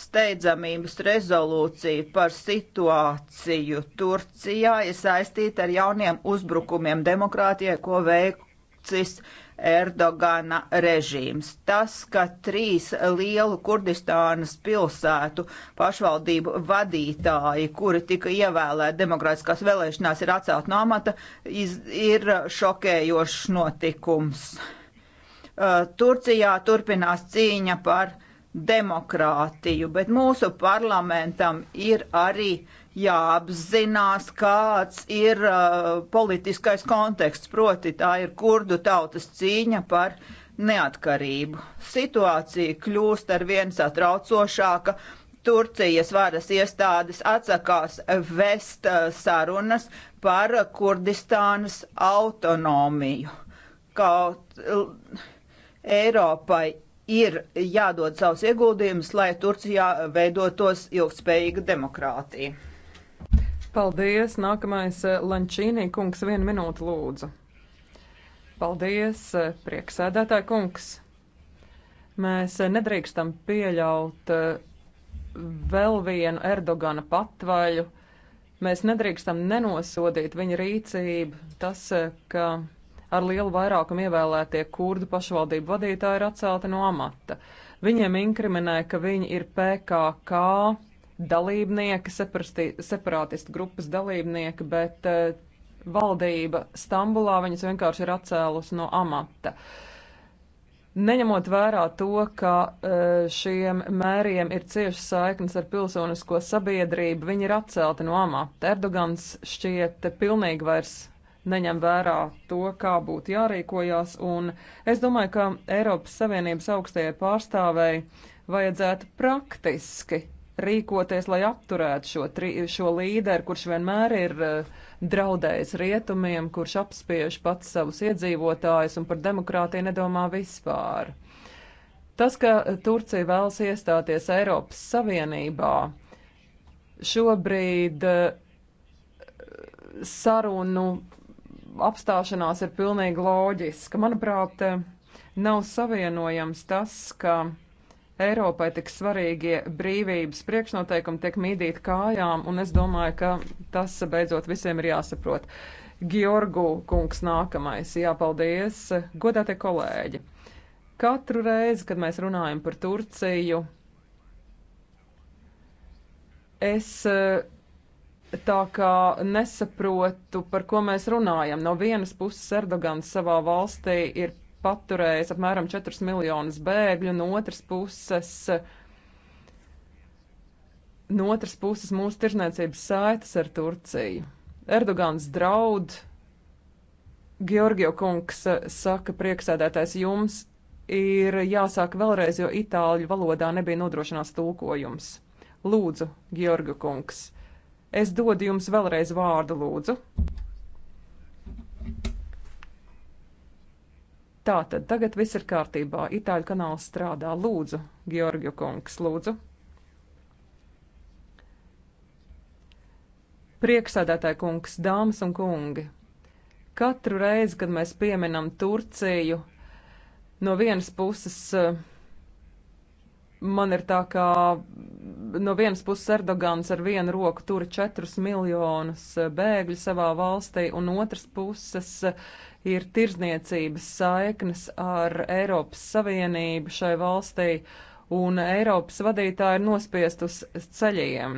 Speaker 4: Steidzamības rezolūcija par situāciju Turcijā ir saistīta ar jauniem uzbrukumiem demokrātijai, ko veicis Erdogana režīms. Tas, ka trīs lielu Kurdistānas pilsētu pašvaldību vadītāji, kuri tika ievēlēti demokrātiskās vēlēšanās, ir atcelt no amata, iz, ir šokējošs notikums. Uh, Turcijā turpinās cīņa par demokrātiju, bet mūsu parlamentam ir arī jāapzinās, kāds ir uh, politiskais konteksts, proti tā ir kurdu tautas cīņa par neatkarību. Situācija kļūst ar vien satraucošāka. Turcijas varas iestādes atsakās vest uh, sarunas par Kurdistānas autonomiju. Kaut Eiropai ir jādod savus ieguldījumus, lai Turcijā veidotos ilgspējīga demokrātija.
Speaker 3: Paldies! Nākamais eh, Lančīnī kungs vienu minūtu lūdzu. Paldies, eh, prieksēdētāja kungs! Mēs eh, nedrīkstam pieļaut vēl vienu Erdogana patvaļu. Mēs nedrīkstam nenosodīt viņa rīcību. Tas, ka ar lielu vairākumu ievēlētie kurdu pašvaldību vadītāji ir atcelti no amata. Viņiem inkriminē, ka viņi ir PKK dalībnieki, separātistu grupas dalībnieki, bet eh, valdība Stambulā viņus vienkārši ir atcēlus no amata. Neņemot vērā to, ka eh, šiem mēriem ir cieši saiknes ar pilsonisko sabiedrību, viņi ir atcelti no amata. Erdogans šķiet pilnīgi vairs neņem vērā to, kā būtu jārīkojās, un es domāju, ka Eiropas Savienības augstajai pārstāvēji vajadzētu praktiski rīkoties, lai apturētu šo, tri, šo līderi, kurš vienmēr ir uh, draudējis rietumiem, kurš apspiež pats savus iedzīvotājus un par demokrātiju nedomā vispār. Tas, ka Turcija vēlas iestāties Eiropas Savienībā, šobrīd eh, sarunu apstāšanās ir pilnīgi loģiska. Manuprāt, eh, nav savienojams tas, ka Eiropai tik svarīgie brīvības priekšnoteikumi tiek mīdīti kājām, un es domāju, ka tas beidzot visiem ir jāsaprot. Georgu kungs nākamais, jāpaldies, godātie kolēģi. Katru reizi, kad mēs runājam par Turciju, es eh, tā kā nesaprotu, par ko mēs runājam. No vienas puses Erdogans savā valstī ir paturējis apmēram 4 miljonus bēgļu, no otras puses. No otras puses mūsu tirzniecības saites ar Turciju. Erdogans draud, Georgio kungs eh, saka prieksēdētājs jums ir jāsāk vēlreiz, jo itāļu valodā nebija nodrošināts tulkojums. Lūdzu, Georgio kungs, es dodu jums vēlreiz vārdu, lūdzu. Tātad tagad viss ir kārtībā. Itāļu kanāls strādā. Lūdzu, Georgiju kungs, lūdzu. Prieksēdētāji kungs, dāmas un kungi. Katru reizi, kad mēs pieminam Turciju, no vienas puses eh, man ir tā kā no vienas puses Erdogans ar vienu roku tur 4 miljonus eh, bēgļu savā valstī, un otras puses ir tirzniecības saiknes ar Eiropas Savienību šai valstī, un Eiropas vadītāji ir nospiest uz ceļiem.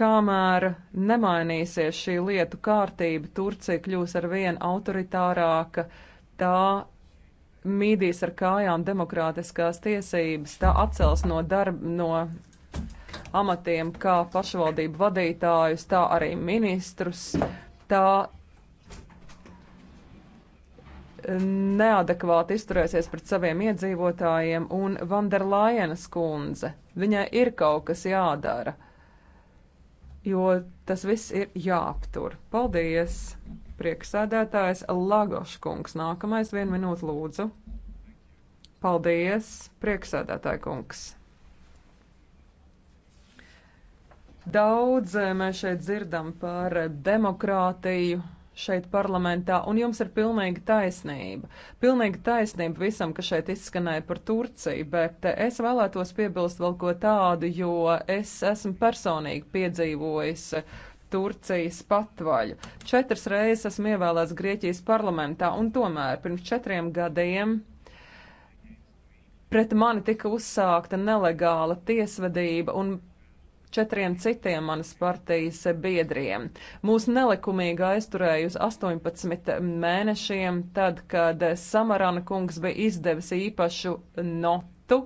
Speaker 3: Kamēr nemainīsies šī lietu kārtība, Turcija kļūs ar vien autoritārāka, tā mīdīs ar kājām demokrātiskās tiesības, tā atcels no darba, no amatiem kā pašvaldību vadītājus, tā arī ministrus, tā neadekvāti izturēsies pret saviem iedzīvotājiem, un Vanderlajenas kundze, viņai ir kaut kas jādara, jo tas viss ir jāaptur. Paldies! Prieksēdētājs Lagoškungs, nākamais vienu minūtu lūdzu. Paldies, prieksēdētāja kungs! Daudz eh, mēs šeit dzirdam par demokrātiju, šeit parlamentā, un jums ir pilnīga taisnība. Pilnīga taisnība visam, kas šeit izskanēja par Turciju, bet eh, es vēlētos piebilst vēl ko tādu, jo es esmu personīgi piedzīvojis eh, Turcijas patvaļu. Četras reizes esmu ievēlēts Grieķijas parlamentā, un tomēr pirms četriem gadiem pret mani tika uzsākta nelegāla tiesvedība, un četriem citiem manas partijas biedriem. Mūs nelikumīgi aizturēja uz 18 mēnešiem, tad, kad Samarana kungs bija izdevis īpašu notu,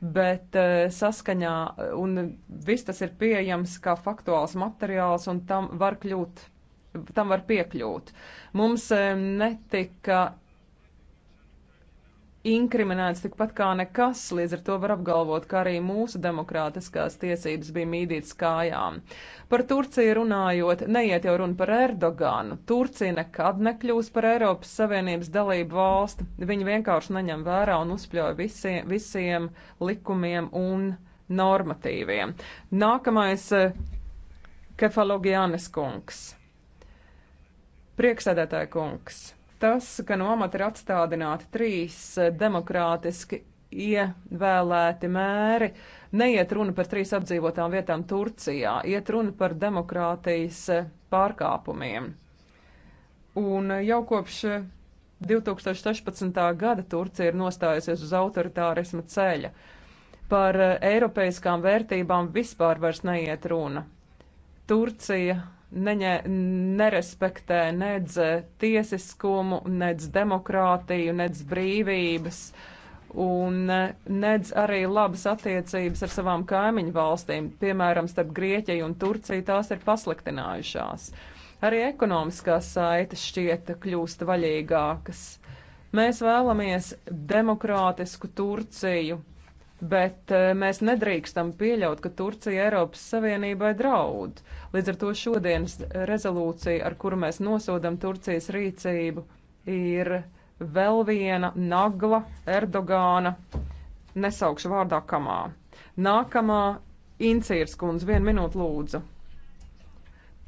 Speaker 3: bet eh, saskaņā, un viss tas ir pieejams kā faktuāls materiāls, un tam var kļūt. Tam var piekļūt. Mums eh, netika inkriminēts tikpat kā nekas, līdz ar to var apgalvot, ka arī mūsu demokrātiskās tiesības bija mīdītas kājām. Par Turciju runājot, neiet jau runa par Erdoganu. Turcija nekad nekļūs par Eiropas Savienības dalību valsti, viņi vienkārši neņem vērā un uzspļauj visiem, visiem likumiem un normatīviem. Nākamais eh, Kefalogianis kungs. Prieksēdētāja kungs. Tas, ka no amata ir atstādināti trīs eh, demokrātiski ievēlēti mēri, neiet runa par trīs apdzīvotām vietām Turcijā, iet runa par demokrātijas eh, pārkāpumiem. Un eh, jau kopš 2016. gada Turcija ir nostājusies uz autoritārisma ceļa. Par eiropeiskām vērtībām vispār vairs neiet runa. Turcija neņē, nerespektē nedz tiesiskumu, nedz demokrātiju, nedz brīvības un nedz arī labas attiecības ar savām kaimiņu valstīm, piemēram, starp Grieķiju un Turciju tās ir pasliktinājušās. Arī ekonomiskās saites šķiet kļūst vaļīgākas. Mēs vēlamies demokrātisku Turciju, bet eh, mēs nedrīkstam pieļaut, ka Turcija Eiropas Savienībai draud. Līdz ar to šodienas rezolūcija, ar kuru mēs nosodam Turcijas rīcību, ir vēl viena nagla Erdogāna, nesaukšu vārdā kamā. Nākamā Incīrs kundze, vienu minūtu lūdzu.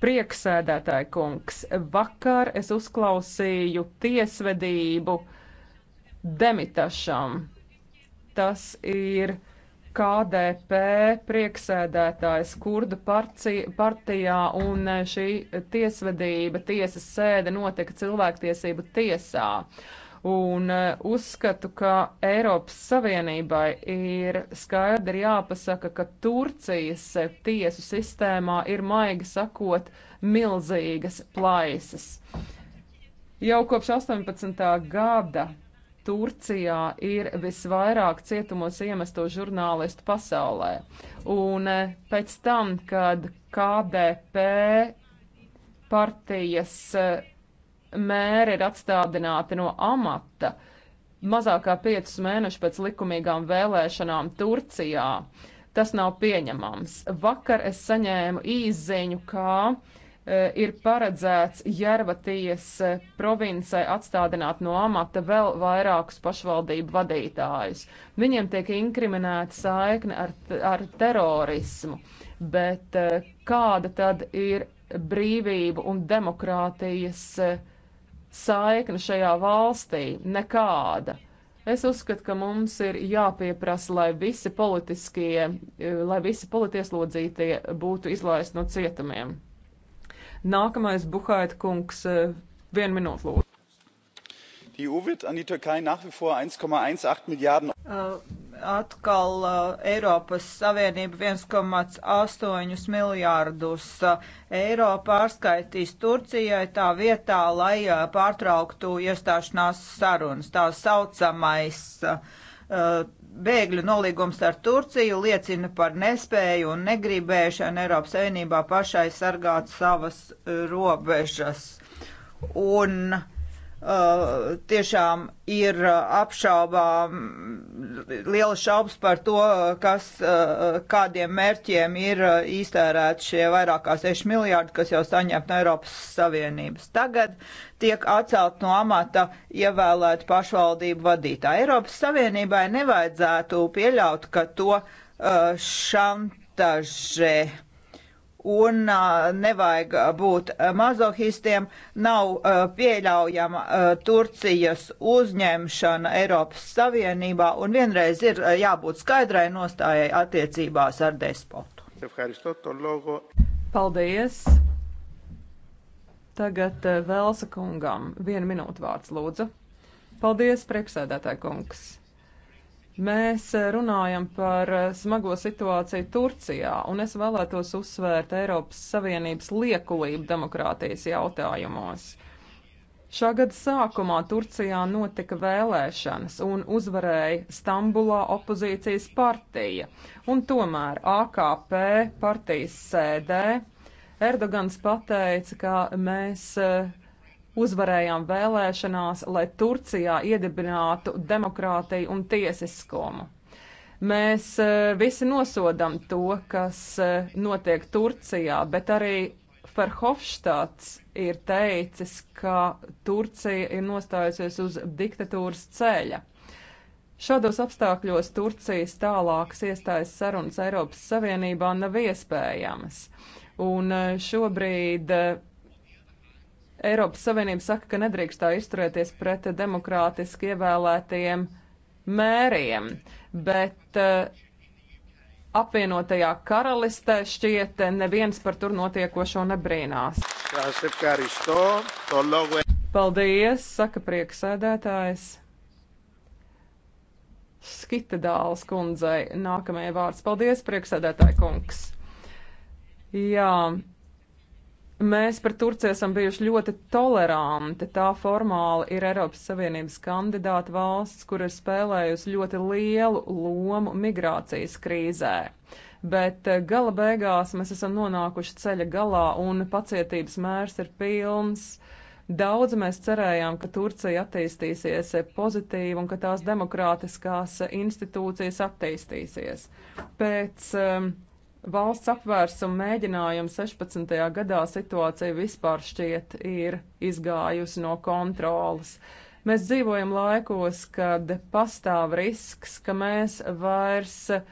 Speaker 3: Prieksēdētāji kungs, vakar es uzklausīju tiesvedību Demitašam, tas ir KDP prieksēdētājs kurdu partijā, un eh, šī tiesvedība, tiesas sēde notika cilvēktiesību tiesā. Un eh, uzskatu, ka Eiropas Savienībai ir skaidri jāpasaka, ka Turcijas tiesu sistēmā ir maigi sakot milzīgas plaisas. Jau kopš 18. gada Turcijā ir visvairāk cietumos iemesto žurnālistu pasaulē. Un e, pēc tam, kad KDP partijas e, mēri ir atstādināti no amata, mazākā piecus mēnešus pēc likumīgām vēlēšanām Turcijā, tas nav pieņemams. Vakar es saņēmu īziņu, kā uh, Eh, ir paredzēts Jervatijas eh, provincē atstādināt no amata vēl vairākus pašvaldību vadītājus. Viņiem tiek inkriminēta saikne ar, ar terorismu, bet eh, kāda tad ir brīvība un demokrātijas saikne šajā valstī? Nekāda. Es uzskatu, ka mums ir jāpieprasa, lai visi politiskie, lai visi politieslodzītie būtu izlaisti no cietumiem. Nākamais Buhait kungs, eh,
Speaker 4: vienu minūtu lūdzu. Die EU wird an die Türkei nach wie vor 1,18 Milliarden. Uh, atkal uh, Eiropas Savienība 1,8 miljārdus uh, eiro pārskaitīs Turcijai tā vietā, lai uh, pārtrauktu iestāšanās sarunas. Tā saucamais uh, bēgļu nolīgums ar Turciju liecina par nespēju un negribēšanu Eiropas Savienībā pašai sargāt savas eh, robežas. Un uh, Uh, tiešām ir eh, apšaubām liela šaubas par to, kas, uh, kādiem mērķiem ir iztērēti šie vairākā 6 miljārdi, kas jau saņemti no Eiropas Savienības. Tagad tiek atcelt no amata ievēlēt pašvaldību vadītāju. Eiropas Savienībai nevajadzētu pieļaut, ka to uh, šantažē un nevajag būt mazohistiem. Nav pieļaujama Turcijas uzņemšana Eiropas Savienībā un vienreiz ir jābūt skaidrai nostājai attiecībās ar despotu. Paldies! Tagad
Speaker 3: Velsa kungam vienu minūtu vārds lūdzu. Paldies, priekšsēdētāji kungs! Mēs eh, runājam par eh, smago situāciju Turcijā, un es vēlētos uzsvērt Eiropas Savienības liekulību demokrātijas jautājumos. Šā gada sākumā Turcijā notika vēlēšanas un uzvarēja Stambulā opozīcijas partija, un tomēr AKP partijas sēdē Erdogans pateica, ka mēs uh, uzvarējām vēlēšanās, lai Turcijā iedibinātu demokrātiju un tiesiskumu. Mēs e, visi nosodam to, kas e, notiek Turcijā, bet arī Ferhofštāts ir teicis, ka Turcija ir nostājusies uz diktatūras ceļa. Šādos apstākļos Turcijas tālākas iestājas sarunas Eiropas Savienībā nav iespējamas. Un e, šobrīd Eiropas Savienība saka, ka nedrīkst tā izturēties pret demokrātiski ievēlētajiem mēriem, bet eh, apvienotajā karalistē šķiet eh, neviens par tur notiekošo nebrīnās. Paldies, saka prieksēdētājs. Skitedāls kundzei nākamajai vārds. Paldies, prieksēdētāji kungs. Jā, Mēs par Turciju esam bijuši ļoti toleranti. Tā formāli ir Eiropas Savienības kandidāta valsts, kur ir spēlējusi ļoti lielu lomu migrācijas krīzē. Bet eh, gala beigās mēs esam nonākuši ceļa galā un pacietības mērs ir pilns. Daudz mēs cerējām, ka Turcija attīstīsies pozitīvi un ka tās demokrātiskās institūcijas attīstīsies. Pēc um, valsts apvērsuma mēģinājumu 16. gadā situācija vispār šķiet ir izgājusi no kontrolas. Mēs dzīvojam laikos, kad pastāv risks, ka mēs vairs uh,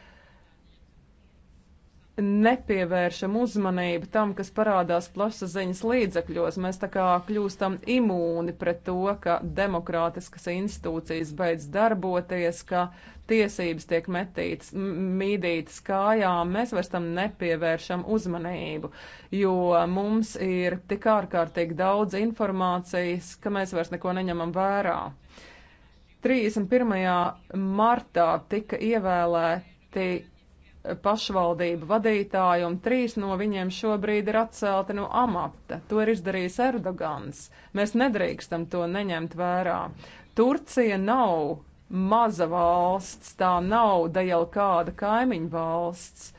Speaker 3: nepievēršam uzmanību tam, kas parādās plašsaziņas līdzekļos. Mēs tā kā kļūstam imūni pret to, ka demokrātiskas institūcijas beidz darboties, ka tiesības tiek metītas, mīdītas kājām. Mēs vairs tam nepievēršam uzmanību, jo mums ir tik ārkārtīgi daudz informācijas, ka mēs vairs neko neņemam vērā. 31. martā tika ievēlēti pašvaldību vadītāji, un trīs no viņiem šobrīd ir atcelti no amata. To ir izdarījis Erdogans. Mēs nedrīkstam to neņemt vērā. Turcija nav maza valsts, tā nav da jau kāda kaimiņu valsts.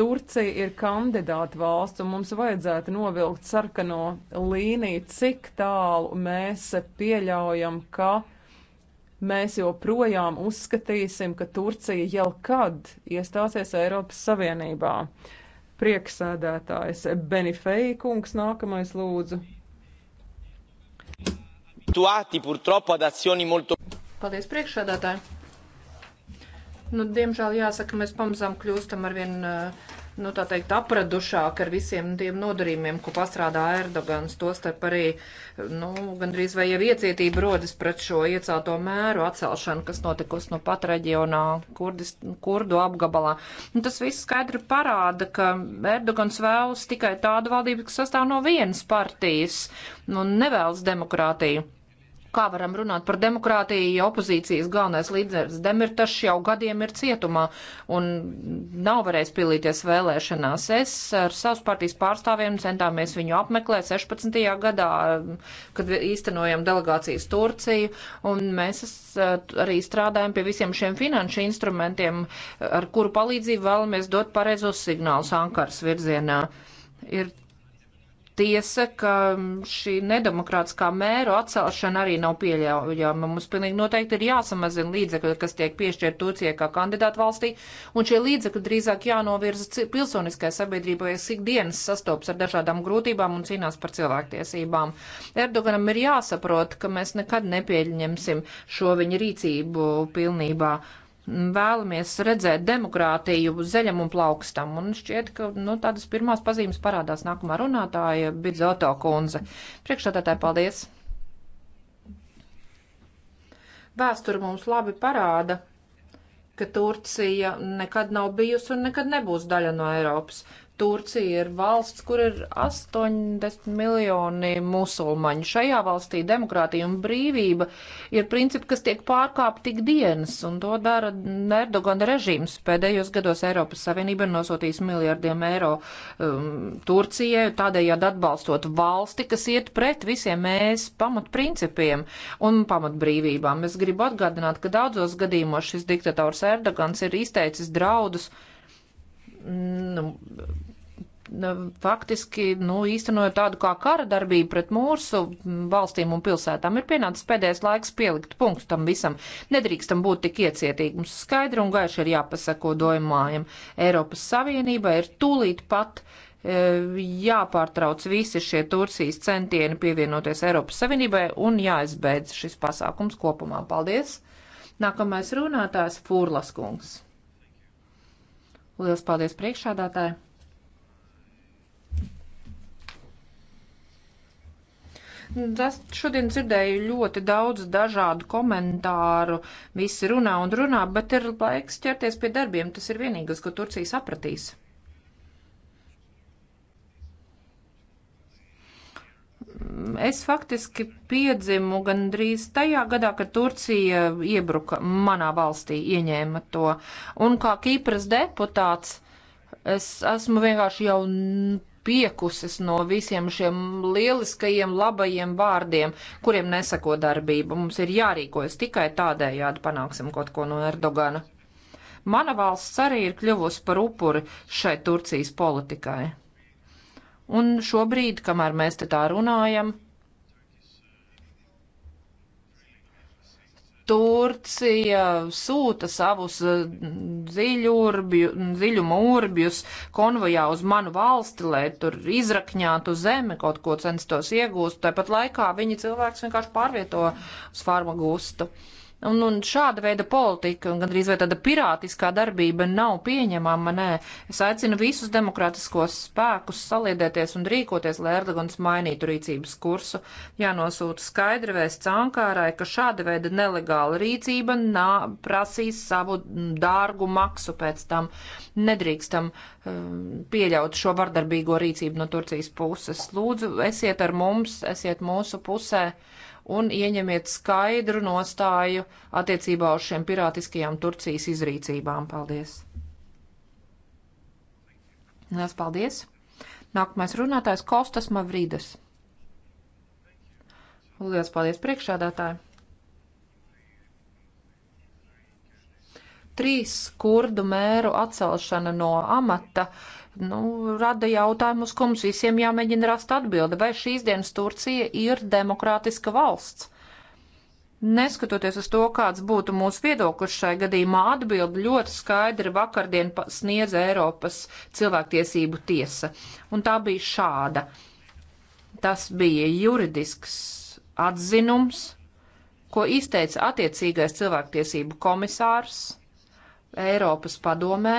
Speaker 3: Turcija ir kandidāta valsts, un mums vajadzētu novilkt sarkano līniju, cik tālu mēs pieļaujam, ka mēs joprojām uzskatīsim, ka Turcija jau kad iestāsies Eiropas Savienībā. Prieksēdētājs Benifei kungs nākamais lūdzu.
Speaker 2: Paldies priekšsēdētāji. Nu, diemžēl jāsaka, mēs pamazām kļūstam arvien uh, eh, nu, tā teikt, apradušāk ar visiem tiem nodarījumiem, ko pastrādā Erdogans. Tostarp arī, nu, gandrīz vai jau iecietība rodas pret šo iecelto mēru atcelšanu, kas notikusi nu pat reģionā, kurdis, kurdu apgabalā. Nu, tas viss skaidri parāda, ka Erdogans vēlas tikai tādu valdību, kas sastāv no vienas partijas un nu, nevēlas demokrātiju. Kā varam runāt par demokrātiju, ja opozīcijas galvenais līderis Demirtašs jau gadiem ir cietumā un nav varējis pilīties vēlēšanās? Es ar savas partijas pārstāvjiem centāmies viņu apmeklēt 16. gadā, kad īstenojam delegācijas Turciju, un mēs e, arī strādājam pie visiem šiem finanšu instrumentiem, ar kuru palīdzību vēlamies dot pareizos signālus Ankaras virzienā. Ir Tiesa, ka šī nedemokrātiskā mēru atcelšana arī nav pieļaujama. Mums pilnīgi noteikti ir jāsamazina līdzekļi, kas tiek piešķirt Turcijai kā kandidātu valstī, un šie līdzekļi drīzāk jānovirza pilsoniskai sabiedrībai, kas ikdienas sastopas ar dažādām grūtībām un cīnās par cilvēktiesībām. Erdoganam ir jāsaprot, ka mēs nekad nepieļņemsim šo viņa rīcību pilnībā vēlamies redzēt demokrātiju zeļam un plaukstam. Un šķiet, ka nu, tādas pirmās pazīmes parādās nākamā runātāja Bidzoto kundze. Priekšstādātāji, paldies! Vēsture mums labi parāda, ka Turcija nekad nav bijusi un nekad nebūs daļa no Eiropas. Turcija ir valsts, kur ir 80 miljoni musulmaņu. Šajā valstī demokrātija un brīvība ir principi, kas tiek pārkāpti tik dienas, un to dara Erdogana režīms. Pēdējos gados Eiropas Savienība ir nosūtījusi miljardiem eiro um, Turcijai, tādējādi atbalstot valsti, kas iet pret visiem mēs pamatprincipiem un pamatbrīvībām. Es gribu atgādināt, ka daudzos gadījumos šis diktators Erdogans ir izteicis draudus Nu, nu, faktiski nu, īstenojot tādu kā kara darbību pret mūsu valstīm un pilsētām, ir pienācis pēdējais laiks pielikt punktu tam visam. Nedrīkstam būt tik iecietīgi. Mums skaidri un gaiši ir jāpasako dojumājam. Eiropas Savienība ir tūlīt pat e, jāpārtrauc visi šie Turcijas centieni pievienoties Eiropas Savienībai un jāizbeidz šis pasākums kopumā. Paldies! Nākamais runātājs Fūrlas kungs. Lielas paldies priekšādātāji! Es šodien dzirdēju ļoti daudz dažādu komentāru, visi runā un runā, bet ir laiks ķerties pie darbiem. Tas ir vienīgais, ko Turcija sapratīs. Es faktiski piedzimu gandrīz tajā gadā, kad Turcija iebruka manā valstī, ieņēma to. Un kā Kīpras deputāts, es esmu vienkārši jau piekusis no visiem šiem lieliskajiem, labajiem vārdiem, kuriem nesako darbība. Mums ir jārīkojas tikai tādējādi panāksim kaut ko no Erdogana. Mana valsts arī ir kļuvusi par upuri šai Turcijas politikai. Un šobrīd, kamēr mēs te tā runājam, Turcija sūta savus eh, dziļurbju, dziļuma urbjus konvojā uz manu valsti, lai tur izrakņātu zemi, kaut ko censtos iegūst. Tāpat laikā viņi cilvēks vienkārši pārvieto uz farma gustu. Uh, Un, un šāda veida politika, un gandrīz vai tāda pirātiskā darbība nav pieņemama, nē. Es aicinu visus demokratiskos spēkus saliedēties un rīkoties, lai Erdogans mainītu rīcības kursu. Jānosūta skaidri vēsts Ankārai, ka šāda veida nelegāla rīcība nā, prasīs savu dārgu maksu pēc tam. Nedrīkstam um, pieļaut šo vardarbīgo rīcību no Turcijas puses. Lūdzu, esiet ar mums, esiet mūsu pusē. Uh, un ieņemiet skaidru nostāju attiecībā uz šiem pirātiskajām Turcijas izrīcībām. Paldies! Lielas paldies! Nākamais runātājs Kostas Mavrīdas. Lielas paldies priekšādātāji! Trīs kurdu mēru atcelšana no amata uh, nu, rada jautājumus, ko mums visiem jāmēģina rast atbildi. Vai šīs dienas Turcija ir demokrātiska valsts? Neskatoties uz to, kāds būtu mūsu viedoklis šai gadījumā, atbildi ļoti skaidri vakardien sniedz Eiropas cilvēktiesību tiesa. Un tā bija šāda. Tas bija juridisks atzinums, ko izteica attiecīgais cilvēktiesību komisārs Eiropas padomē,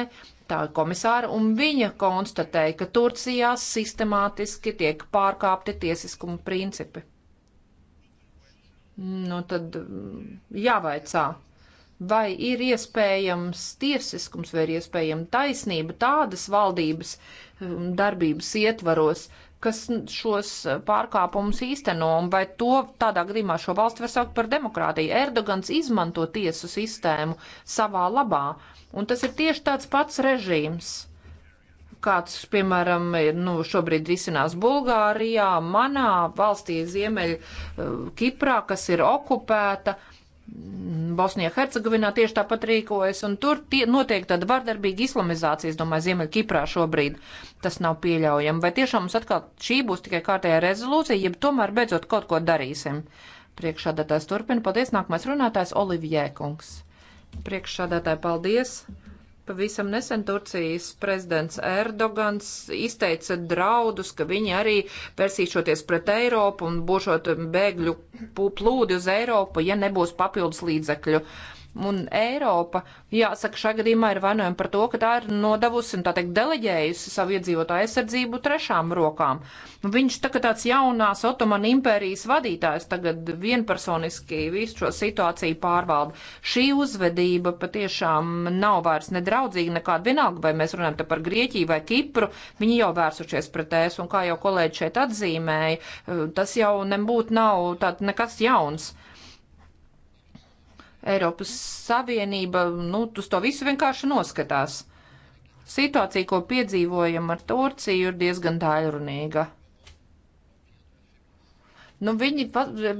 Speaker 2: tā ir komisāra, un viņa konstatēja, ka Turcijā sistemātiski tiek pārkāpti tiesiskuma principi. Nu tad mm, jāvaicā, vai ir iespējams tiesiskums vai ir iespējama taisnība tādas valdības mm, darbības ietvaros, kas šos eh, pārkāpumus īsteno, un vai to tādā gadījumā šo valsti var saukt par demokrātiju. Erdogans izmanto tiesu sistēmu savā labā, un tas ir tieši tāds pats režīms, kāds, piemēram, nu, šobrīd risinās Bulgārijā, manā valstī Ziemeļ eh, Kiprā, kas ir okupēta. Uh, Bosnijā, Hercegovinā tieši tāpat rīkojas, un tur tie, notiek tāda vardarbīga islamizācija, es domāju, Ziemeļkiprā šobrīd tas nav pieļaujami. Vai tiešām mums atkal šī būs tikai kārtējā rezolūcija, ja tomēr beidzot kaut ko darīsim? Priekšādātājs turpina. Paldies, nākamais runātājs Olivijē Kungs. Priekšādātāji, paldies! Pavisam nesen Turcijas prezidents Erdogans izteica draudus, ka viņi arī persīšoties pret Eiropu un būšot bēgļu plūdi uz Eiropu, ja nebūs papildus līdzekļu. Uh, un Eiropa, jāsaka, šā gadījumā ir vainojama par to, ka tā ir nodavusi un tā teikt deleģējusi savu iedzīvotāju aizsardzību trešām rokām. Viņš tā kā tāds jaunās Otomana impērijas vadītājs tagad vienpersoniski visu šo situāciju pārvalda. Šī uzvedība patiešām nav vairs nedraudzīga nekāda vienalga, vai mēs runājam te par Grieķiju vai Kipru, viņi jau vērsušies pret ēs, un kā jau kolēģi šeit atzīmēja, tas jau nebūtu nav tāds nekas jauns. Eiropas Savienība, nu, uz to visu vienkārši noskatās. Situācija, ko piedzīvojam ar Turciju, ir diezgan daļrunīga. Nu, viņi,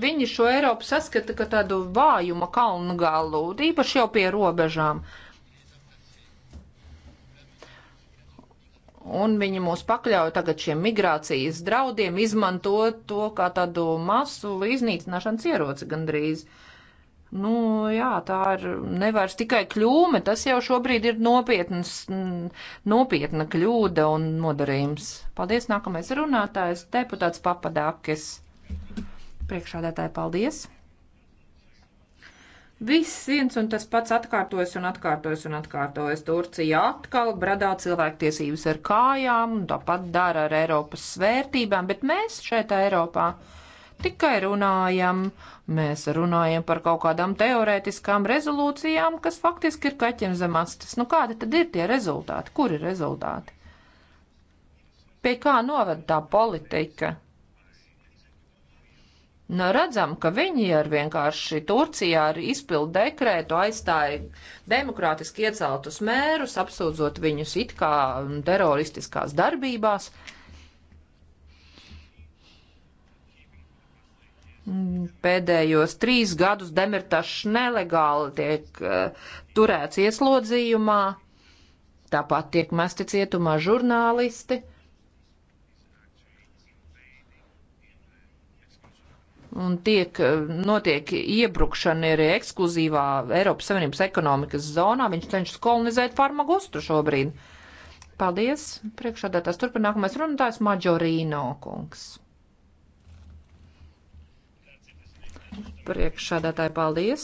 Speaker 2: viņi šo Eiropu saskata kā tādu vājuma kalnu galu, īpaši jau pie robežām. Un viņi mūs pakļauja tagad šiem migrācijas draudiem, izmanto to kā tādu masu iznīcināšanas ieroci gandrīz. Uh, Nu, jā, tā ir nevairs tikai kļūme, tas jau šobrīd ir nopietnas, nopietna kļūda un nodarījums. Paldies, nākamais runātājs, deputāts Papadākis. Priekšādētāji, paldies! Viss viens un tas pats atkārtojas un atkārtojas un atkārtojas. Turcija atkal bradā cilvēktiesības ar kājām, tāpat dara ar Eiropas svērtībām, bet mēs šeit Eiropā. Uh, tikai runājam. Mēs runājam par kaut kādām teorētiskām rezolūcijām, kas faktiski ir kaķiem zem astes. Nu kādi tad ir tie rezultāti? Kur ir rezultāti? Pie kā noved tā politika? Nu, redzam, ka viņi ar vienkārši Turcijā ar izpildu dekrētu aizstāja demokrātiski ieceltus mērus, apsūdzot viņus it kā teroristiskās darbībās. Uh, Pēdējos trīs gadus Demirtašs nelegāli tiek uh, turēts ieslodzījumā, tāpat tiek mesti cietumā žurnālisti. un tiek, eh, notiek iebrukšana arī ekskluzīvā Eiropas Savienības ekonomikas zonā. Viņš cenšas kolonizēt farmagustu šobrīd. Paldies, priekšādātās turpinākamais runātājs Maģorīno kungs. Priekšādātāji, paldies!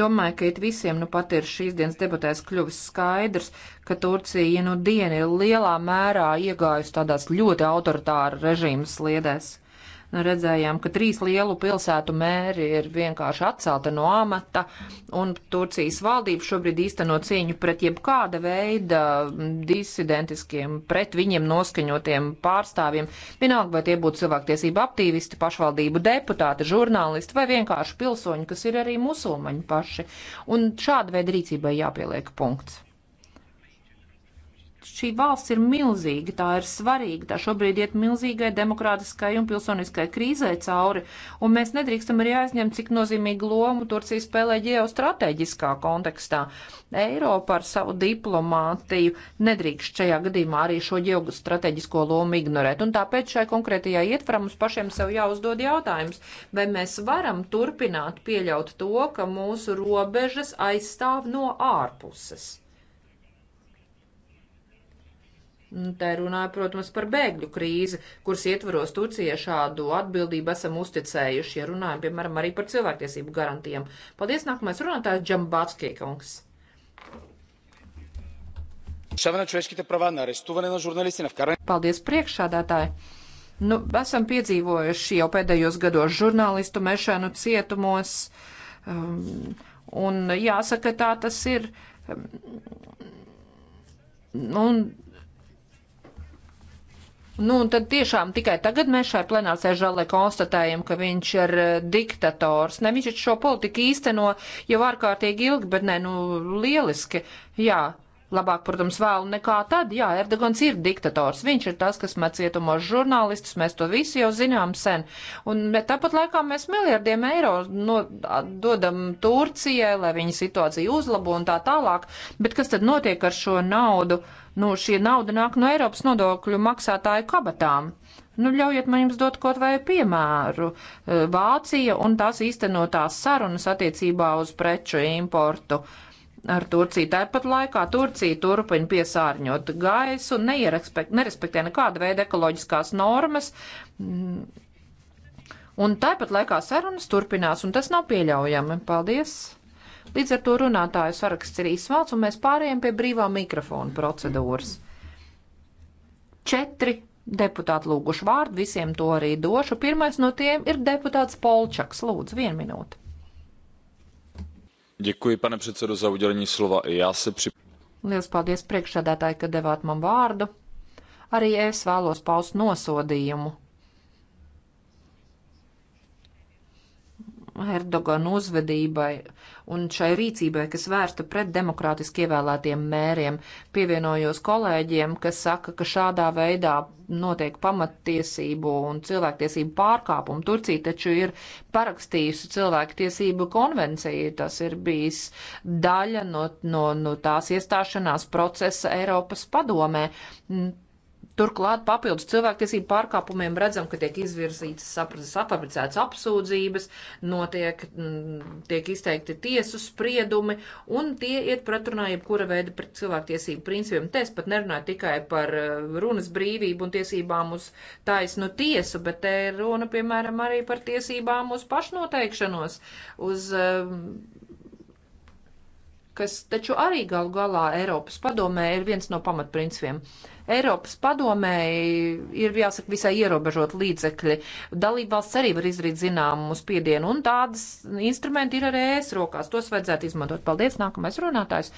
Speaker 2: Domāju, ka it visiem nu pat ir šīs dienas debatēs kļuvis skaidrs, ka Turcija nu diena ir lielā mērā iegājusi tādās ļoti autoritāra režīmas sliedēs redzējām, ka trīs lielu pilsētu mēri ir vienkārši atcelta no amata, un Turcijas valdība šobrīd īsteno cīņu pret jebkāda veida disidentiskiem, pret viņiem noskaņotiem pārstāvjiem. Vienalga, vai tie būtu cilvēktiesība aktīvisti, pašvaldību deputāti, žurnālisti vai vienkārši pilsoņi, kas ir arī musulmaņi paši. Un šāda veida rīcībai jāpieliek punkts. Šī valsts ir milzīga, tā ir svarīga, tā šobrīd iet milzīgai demokrātiskai un pilsoniskai krīzē cauri, un mēs nedrīkstam arī aizņemt, cik nozīmīgu lomu Turcija spēlē ģeostrateģiskā kontekstā. Eiropa ar savu diplomātiju nedrīkst šajā gadījumā arī šo ģeostrateģisko lomu ignorēt, un tāpēc šai konkrētajā ietvarā mums pašiem sev jāuzdod jautājums, vai mēs varam turpināt pieļaut to, ka mūsu robežas aizstāv no ārpuses. Te runāju, protams, par bēgļu krīzi, kuras ietvaros Turcija šādu atbildību esam uzticējuši, ja runājam, piemēram, arī par cilvēktiesību garantijām. Paldies, nākamais runātājs Džambatskij kungs. Paldies, priekšādātāji! Nu, esam piedzīvojuši jau pēdējos gados žurnālistu mešanu cietumos, um, un jāsaka, tā tas ir. Um, un Nu, un tad tiešām tikai tagad mēs šajā plenārsēžu zālē konstatējam, ka viņš ir eh, diktators. Ne, viņš šo politiku īsteno jau ārkārtīgi ilgi, bet nē, nu, lieliski. Jā, Labāk, protams, vēlu nekā tad. Jā, Erdogans ir diktators. Viņš ir tas, kas met cietumos žurnālistus. Mēs to visi jau zinām sen. Un tāpat laikā mēs miljardiem eiro no, dodam Turcijai, lai viņa situāciju uzlabo un tā tālāk. Bet kas tad notiek ar šo naudu? Uh, nu, šī nauda nāk no Eiropas nodokļu maksātāju kabatām. Nu, ļaujiet man jums dot kaut vai piemēru. E, Vācija un tās īstenotās sarunas attiecībā uz preču importu ar Turciju. Tāpat laikā Turcija turpina piesārņot gaisu, nerespektē nekāda veida ekoloģiskās normas. Mm. Un tāpat laikā sarunas turpinās, un tas nav pieļaujami. Paldies! Līdz ar to runātāju saraksts ir izsvalts, un mēs pārējām pie brīvā mikrofona procedūras. Četri deputāti lūguši vārdu, visiem to arī došu. Pirmais no tiem ir deputāts Polčaks. Lūdzu, vienu minūti.
Speaker 4: Děkuji, pane předsedo, za udělení slova. Já se při...
Speaker 2: Liels paldies priekšsēdētāji, ka devāt man vārdu. Arī es vēlos paust nosodījumu Erdogana uzvedībai un šai rīcībai, kas vērsta pret demokrātiski ievēlētiem mēriem. Pievienojos kolēģiem, kas saka, ka šādā veidā notiek pamattiesību un cilvēktiesību pārkāpumu. Turcija taču ir parakstījusi cilvēktiesību konvenciju. Tas ir bijis daļa no, no, no tās iestāšanās procesa Eiropas padomē. Turklāt papildus cilvēktiesību pārkāpumiem redzam, ka tiek izvirzītas apabricētas apsūdzības, notiek, mm, tiek izteikti tiesu spriedumi, un tie iet pretrunā jebkura veida pret cilvēktiesību principiem. Te es pat nerunāju tikai par eh, runas brīvību un tiesībām uz taisnu tiesu, bet te ir runa, piemēram, arī par tiesībām uz pašnoteikšanos, uz eh, kas taču arī galu galā Eiropas padomē ir viens no pamatprincipiem. Uh, Eiropas padomēji ir, jāsaka, visai ierobežot līdzekļi. Dalībvalsts arī var izrīt zināmu spiedienu, un tādas instrumenti ir arī es rokās. Tos vajadzētu izmantot. Paldies, nākamais runātājs.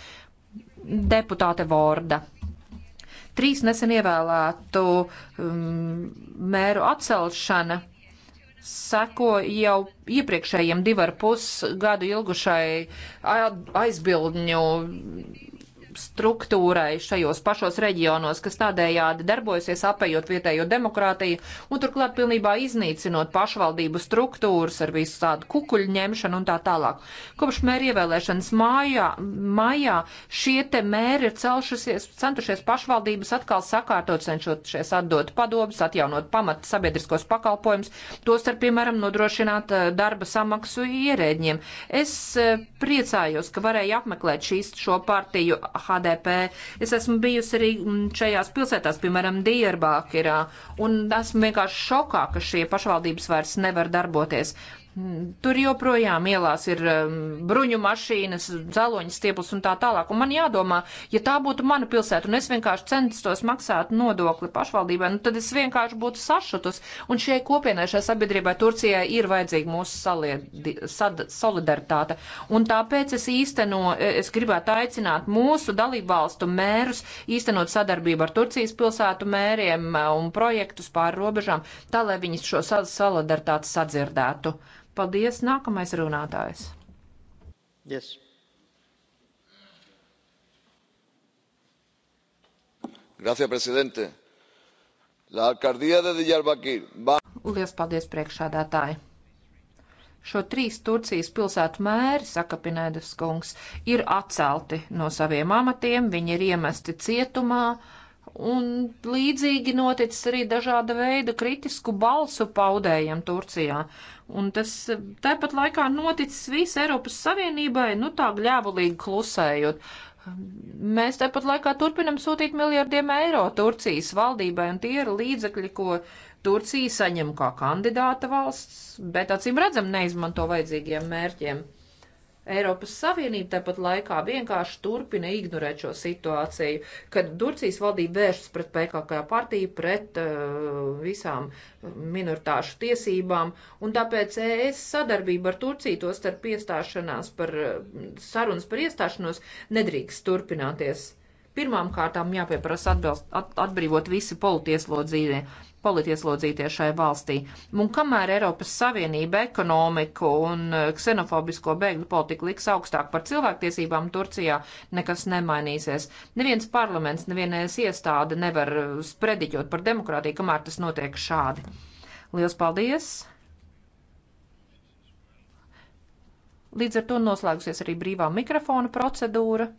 Speaker 2: Deputāte Vorda trīs nesen ievēlētu um, mēru atcelšana seko jau iepriekšējiem divu ar pus gadu ilgušai aizbildņu struktūrai šajos pašos reģionos, kas tādējādi darbojasies apējot vietējo demokrātiju un turklāt pilnībā iznīcinot pašvaldību struktūras ar visu tādu kukuļu ņemšanu un tā tālāk. Kopš mēri ievēlēšanas mājā, mājā šie te mēri ir celšusies, centušies pašvaldības atkal sakārtot, cenšoties atdot padomus, atjaunot pamata sabiedriskos pakalpojumus, tostarp, piemēram, nodrošināt eh, darba samaksu ierēģiem. Es eh, priecājos, ka varēju apmeklēt šīs šo partiju HDP. Es esmu bijusi arī mm, šajās pilsētās, piemēram, Dierbākirā, un esmu vienkārši šokā, ka šie pašvaldības vairs nevar darboties. Tur joprojām ielās ir um, bruņu mašīnas, zaloņu stieples un tā tālāk. Un man jādomā, ja tā būtu mana pilsēta un es vienkārši centos maksāt nodokli pašvaldībai, nu tad es vienkārši būtu sašutus. Un šai kopienai, šai sabiedrībai Turcijai ir vajadzīga mūsu saliedi, sad, solidaritāte. Un tāpēc es īsteno, es gribētu aicināt mūsu dalībvalstu mērus īstenot sadarbību ar Turcijas pilsētu mēriem un um, projektus pāri robežām, tā lai viņas šo solidaritāti sadzirdētu paldies. Nākamais runātājs.
Speaker 1: Yes. Gracias, presidente. La alcaldía de Diyarbakir. Va...
Speaker 2: Lielas paldies, priekšādātāji. Šo trīs Turcijas pilsētu mēri, saka Pinēdas kungs, ir atcelti no saviem amatiem, viņi ir iemesti cietumā. Uh, Un līdzīgi noticis arī dažāda veida kritisku balsu paudējiem Turcijā. Un tas eh, tāpat laikā noticis visu Eiropas Savienībai, nu tā gļēvulīgi klusējot. Mēs tāpat laikā turpinam sūtīt miljardiem eiro Turcijas valdībai, un tie ir līdzekļi, ko Turcija saņem kā kandidāta valsts, bet acīm redzam neizmanto vajadzīgiem mērķiem. Eiropas Savienība tāpat laikā vienkārši turpina ignorēt šo situāciju, kad Turcijas valdība vēršas pret PKK partiju, pret uh, visām minoritāšu tiesībām, un tāpēc ES sadarbība ar Turciju to starp iestāšanās par eh, sarunas par iestāšanos nedrīkst turpināties. Pirmām kārtām jāpieprasa atbilst, at, atbrīvot visi politieslodzīgie politieslodzītie šai valstī. Un kamēr Eiropas Savienība ekonomiku un eh, ksenofobisko bēgļu politiku liks augstāk par cilvēktiesībām Turcijā, nekas nemainīsies. Neviens parlaments, nevienais iestāde nevar eh, sprediķot par demokrātiju, kamēr tas notiek šādi. Lielas paldies! Līdz ar to noslēgusies arī brīvā mikrofona procedūra.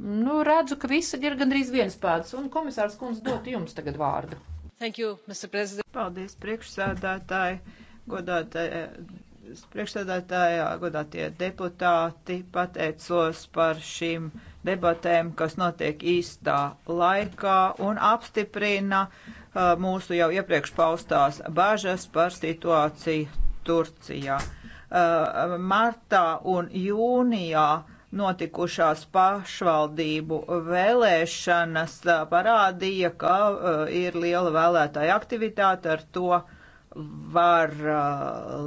Speaker 2: Nu, redzu, ka visi ir gandrīz vienspēdas, un komisārs kundze dot jums tagad vārdu.
Speaker 4: Thank you, Mr. President. Paldies, priekšsēdētāji, godātāji, priekšsēdētāji, godātie deputāti. Pateicos par šīm debatēm, kas notiek īstā laikā un apstiprina uh, mūsu jau iepriekš paustās bažas par situāciju Turcijā. Uh, martā un jūnijā uh, notikušās pašvaldību vēlēšanas parādīja, ka ir liela vēlētāja aktivitāte, ar to var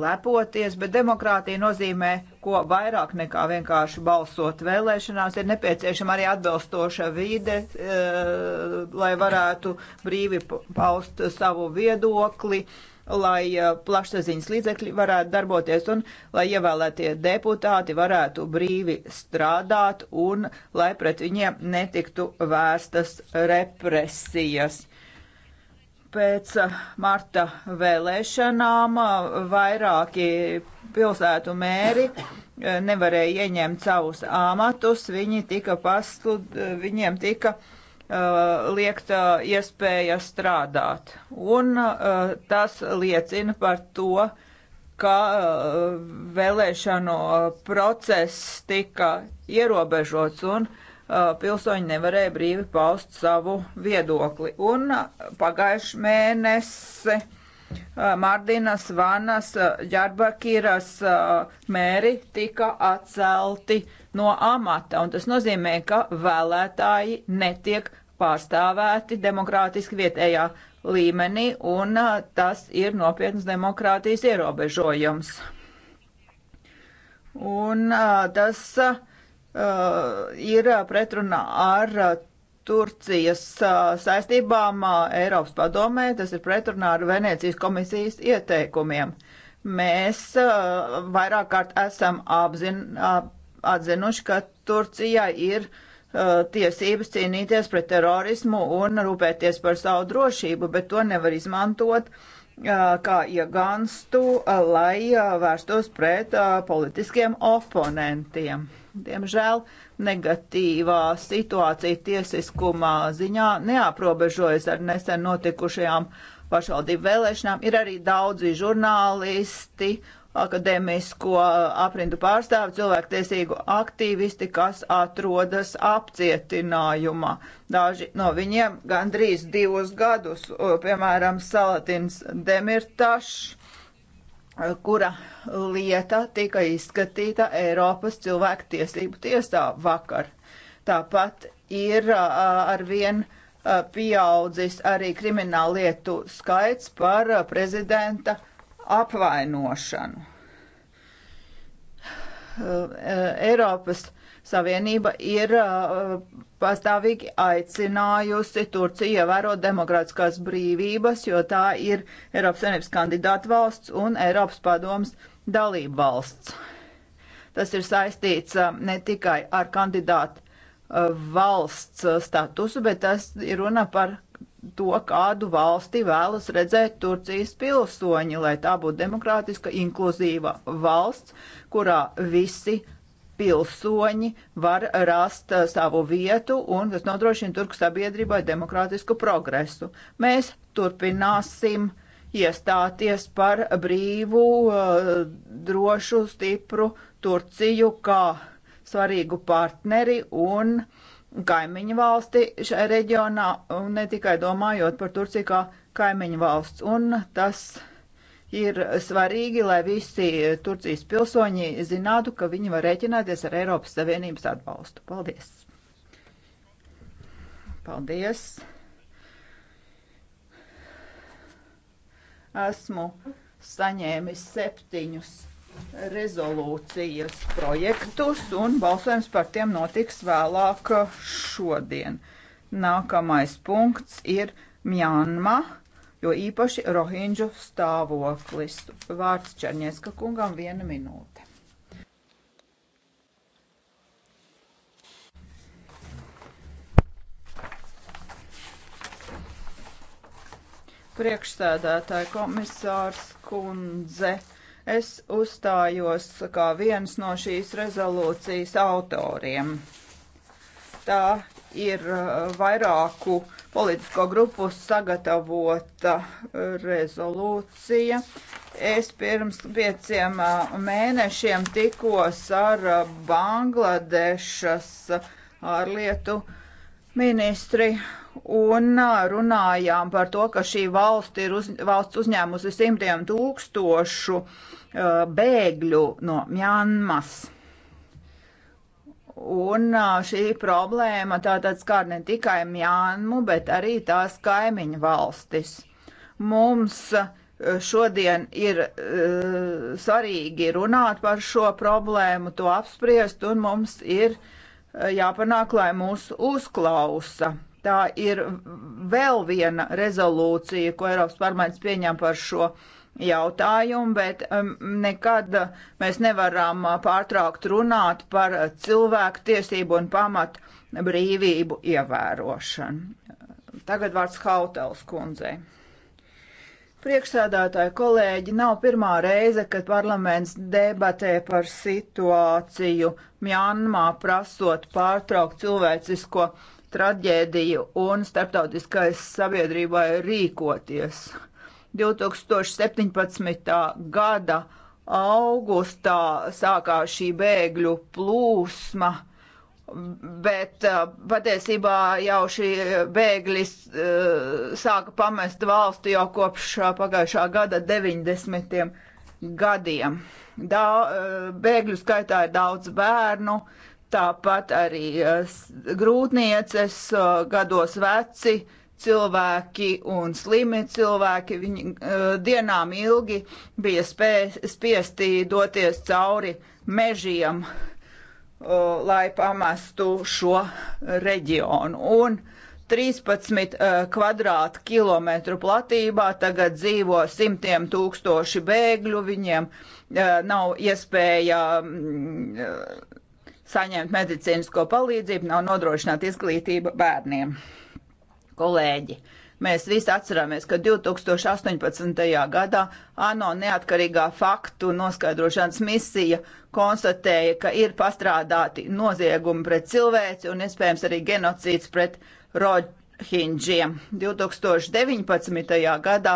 Speaker 4: lepoties, bet demokrātija nozīmē, ko vairāk nekā vienkārši balsot vēlēšanās, ir nepieciešama arī atbilstoša vide, lai varētu brīvi paust savu viedokli lai uh, plašsaziņas līdzekļi varētu darboties un lai ievēlētie deputāti varētu brīvi strādāt un lai pret viņiem netiktu vērstas represijas. Pēc uh, marta vēlēšanām uh, vairāki pilsētu mēri nevarēja ieņemt savus amatus, viņi tika pastud, viņiem tika uh, Uh, liekt uh, iespēja strādāt. Un uh, tas liecina par to, ka vēlēšanu process tika ierobežots un pilsoņi nevarēja brīvi paust savu viedokli. Un pagājuši mēnesi Mārdinas Vanas Ģarbakīras mēri tika atcelti no amata, un tas nozīmē, ka vēlētāji netiek pārstāvēti demokrātiski vietējā līmenī, un tas ir nopietns demokrātijas ierobežojums. Un tas uh, ir pretrunā ar Turcijas saistībām Eiropas padomē, tas ir pretrunā ar Venecijas komisijas ieteikumiem. Mēs vairāk kārt esam apzin, atzinuši, ka Turcijai ir uh, Uh, tiesības cīnīties pret terorismu un rūpēties par savu drošību, bet to nevar izmantot uh, kā iegānstu, uh, lai vērstos pret politiskiem oponentiem. Diemžēl negatīvā situācija tiesiskumā ziņā neaprobežojas ar nesen notikušajām pašvaldību vēlēšanām. Ir arī daudzi žurnālisti akadēmisko uh, aprindu pārstāvi, cilvēktiesīgu aktīvisti, kas atrodas apcietinājumā. Daži no viņiem gandrīz divus gadus, uh, piemēram, Salatins Demirtašs uh, kura lieta tika izskatīta Eiropas cilvēktiesību tiesā vakar. Tāpat ir arvien pieaudzis arī krimināllietu skaits par prezidenta apvainošanu. Eiropas Savienība ir uh, pastāvīgi aicinājusi Turciju ievērot demokrātiskās brīvības, jo tā ir Eiropas Savienības kandidāta valsts un Eiropas padomas dalība valsts. Tas ir saistīts uh, ne tikai ar kandidātu uh, valsts statusu, bet tas ir runa par to, kādu valsti vēlas redzēt Turcijas pilsoņi, lai tā būtu demokrātiska, inkluzīva valsts, kurā visi pilsoņi var rast uh, savu vietu un tas nodrošina Turku sabiedrībai demokrātisku progresu. Mēs turpināsim iestāties par brīvu, uh, drošu, stipru Turciju kā svarīgu partneri un uh, kaimiņu valsti šajā reģionā, un ne tikai domājot par Turciju kā kaimiņu valsts. Un tas ir svarīgi, lai visi Turcijas pilsoņi zinātu, ka viņi var rēķināties ar Eiropas Savienības atbalstu. Paldies! Paldies! Esmu saņēmis septiņus rezolūcijas projektus, un balsojums par tiem notiks vēlāk šodien. Nākamais punkts ir Mjanma, jo īpaši Rohinģu stāvoklis. Vārds Černieska kungam viena minūte. Priekšsēdētāja komisārs kundze Es uzstājos kā viens no šīs rezolūcijas autoriem. Tā ir uh, vairāku politisko grupu sagatavota uh, rezolūcija. Es pirms pieciem uh, mēnešiem tikos ar Bangladešas ārlietu ministri un runājām par to, ka šī valsts ir uz, valsts uzņēmusi simtiem tūkstošu uh, Uh, bēgļu no Mjanmas. Un uh, šī problēma tātad skar ne tikai Mjānmu, bet arī tās kaimiņu valstis. Mums uh, šodien ir uh, svarīgi runāt par šo problēmu, to apspriest, un mums ir jāpanāk, lai mūs uzklausa. Tā ir vēl viena rezolūcija, ko Eiropas parlaments pieņem par šo problēmu jautājumu, bet um, nekad mēs nevaram uh, pārtraukt runāt par cilvēku tiesību un pamatu brīvību ievērošanu. Tagad vārds Hautels kundzei. Priekšsēdētāji kolēģi, nav pirmā reize, kad parlaments debatē par situāciju Mjanmā prasot pārtraukt cilvēcisko traģēdiju un starptautiskai sabiedrībai rīkoties. Uh, 2017. gada augustā sākās šī bēgļu plūsma, bet uh, patiesībā jau šī bēgļi uh, sāka pamest valsti jau kopš uh, pagājušā gada 90. gadiem. Da, bēgļu skaitā ir daudz bērnu, tāpat arī grūtnieces, gados veci cilvēki un slimi cilvēki, viņi uh, dienām ilgi bija spē, spiesti doties cauri mežiem, uh, lai pamestu šo reģionu. Un 13 uh, eh, kvadrātkilometru platībā tagad dzīvo simtiem tūkstoši bēgļu, viņiem uh, nav iespēja. Uh, saņemt medicīnisko palīdzību, nav nodrošināta izglītība bērniem kolēģi. Mēs visi atceramies, ka 2018. gadā ANO neatkarīgā faktu noskaidrošanas misija konstatēja, ka ir pastrādāti noziegumi pret cilvēci un iespējams arī genocīds pret rohinģiem. 2019. gadā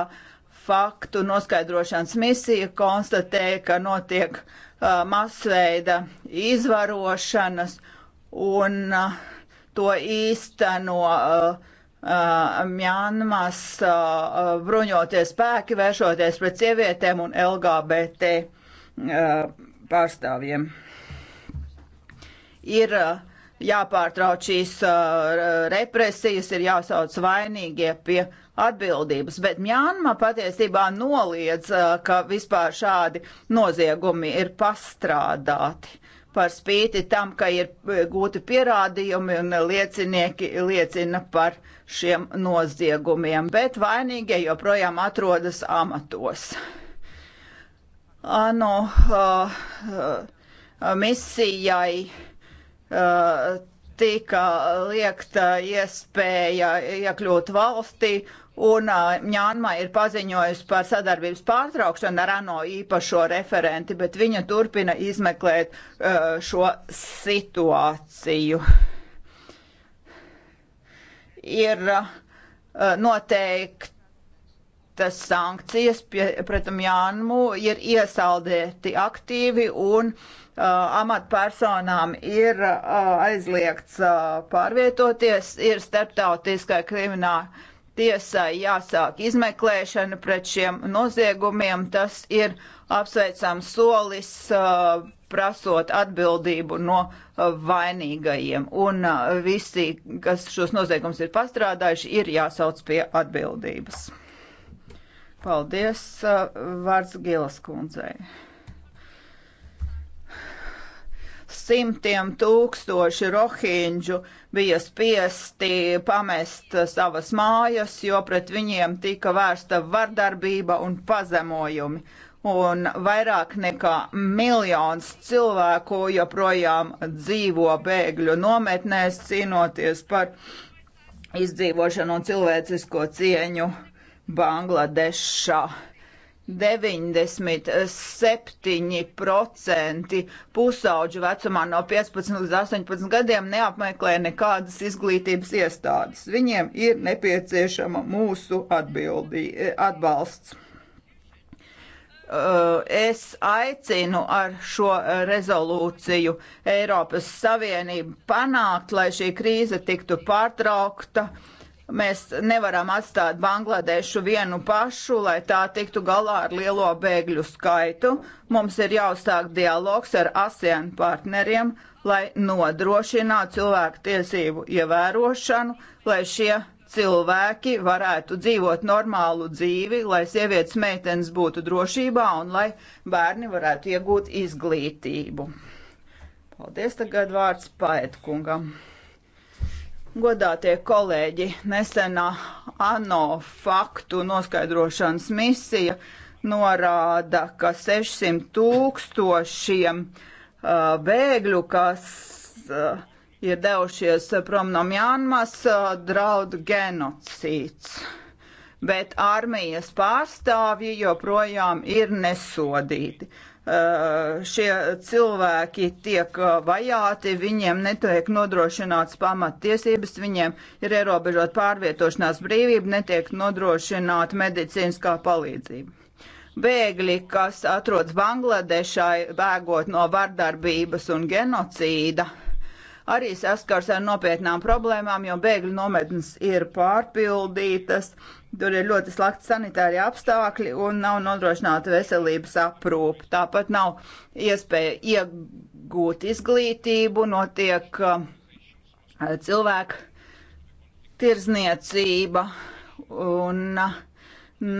Speaker 4: faktu noskaidrošanas misija konstatēja, ka notiek uh, masveida izvarošanas un uh, to īsteno uh, Uh, Mjanmas uh, bruņoties spēki vēršoties pret sievietēm un LGBT uh, pārstāvjiem. Ir jāpārtrauc šīs represijas, ir jāsauc vainīgie pie atbildības, bet Mjanma patiesībā noliedz, ka vispār šādi noziegumi ir pastrādāti par spīti tam, ka ir e, gūti pierādījumi un liecinieki liecina par šiem noziegumiem, bet vainīgie joprojām atrodas amatos. Ano, uh, uh, misijai uh, tika liekta iespēja iekļūt valstī, un Ņānma ir paziņojusi par sadarbības pārtraukšanu ar ANO īpašo referenti, bet viņa turpina izmeklēt šo situāciju. Ir noteiktas sankcijas pret Mjānmu, ir iesaldēti aktīvi un uh, Uh, amatpersonām ir uh, aizliegts uh, pārvietoties, ir starptautiskai krimināla tiesai jāsāk izmeklēšana pret šiem noziegumiem. Tas ir apsveicams solis prasot atbildību no vainīgajiem. Un visi, kas šos noziegumus ir pastrādājuši, ir jāsauc pie atbildības. Paldies, Vārds Gilas kundzei simtiem tūkstoši rohīņu bija spiesti pamest savas mājas, jo pret viņiem tika vērsta vardarbība un pazemojumi. Un vairāk nekā miljons cilvēku joprojām dzīvo bēgļu nometnēs, cīnoties par izdzīvošanu un cilvēcisko cieņu Bangladešā. 97% pusauģu vecumā no 15 līdz 18 gadiem neapmeklē nekādas izglītības iestādes. Viņiem ir nepieciešama mūsu atbildi, eh, atbalsts. Eh, es aicinu ar šo rezolūciju Eiropas Savienību panākt, lai šī krīze tiktu pārtraukta Mēs nevaram atstāt Bangladešu vienu pašu, lai tā tiktu galā ar lielo bēgļu skaitu. Mums ir jāuzsāk dialogs ar ASEAN partneriem, lai nodrošinātu cilvēku tiesību ievērošanu, lai šie cilvēki varētu dzīvot normālu dzīvi, lai sievietes meitenes būtu drošībā un lai bērni varētu iegūt izglītību. Paldies, tagad vārds paētkungam. Godātie kolēģi, nesenā ANO faktu noskaidrošanas misija norāda, ka 600 tūkstošiem uh, bēgļu, kas uh, ir devušies prom no Mjanmas, uh, draud genocīds. Bet armijas pārstāvji joprojām ir nesodīti. Eh, šie cilvēki tiek eh, vajāti, viņiem netiek nodrošināts pamattiesības, viņiem ir ierobežot pārvietošanās brīvība, netiek nodrošināta medicīniskā palīdzība. Bēgļi, kas atrodas Bangladešā, bēgot no vardarbības un genocīda, arī saskars ar nopietnām problēmām, jo bēgļu nometnes ir pārpildītas, Tur ir ļoti slakti sanitārie apstākļi un nav nodrošināta veselības aprūpe. Tāpat nav iespēja iegūt izglītību, notiek uh, cilvēku tirzniecība un uh,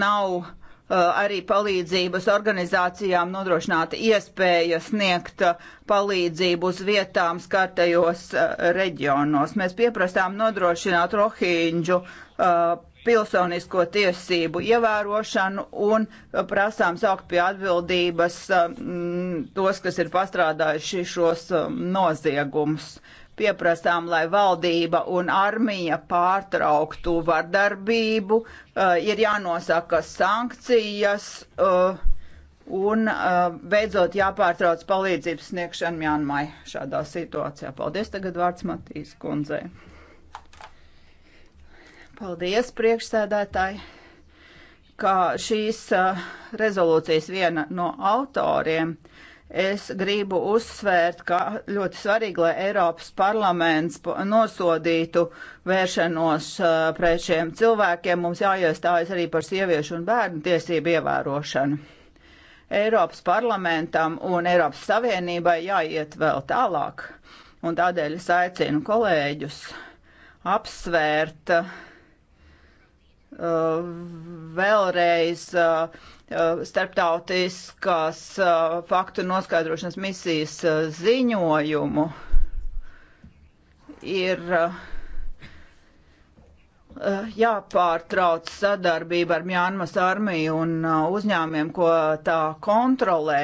Speaker 4: nav uh, arī palīdzības organizācijām nodrošināta iespēja sniegt palīdzību uz vietām skartajos reģionos. Mēs pieprasām nodrošināt rohīņģu pilsonisko tiesību ievērošanu un prasām saukt pie atbildības m, mm, tos, kas ir pastrādājuši šos mm, noziegumus. Pieprasām, lai valdība un armija pārtrauktu vardarbību, ir jānosaka sankcijas un beidzot jāpārtrauc palīdzības sniegšanu Mjanmai šādā situācijā. Paldies, tagad vārds Matīs kundzei. Paldies, priekšsēdētāji, ka šīs uh, rezolūcijas viena no autoriem. Es gribu uzsvērt, ka ļoti svarīgi, lai Eiropas parlaments nosodītu vēršanos uh, pret šiem cilvēkiem. Mums jāiestājas arī par sieviešu un bērnu tiesību ievērošanu. Eiropas parlamentam un Eiropas Savienībai jāiet vēl tālāk. Un tādēļ es aicinu kolēģus apsvērt uh, Uh, vēlreiz uh, uh, starptautiskās faktu noskaidrošanas misijas ziņojumu ir jāpārtrauc sadarbība ar Mjānmas armiju un uzņēmiem, ko tā kontrolē,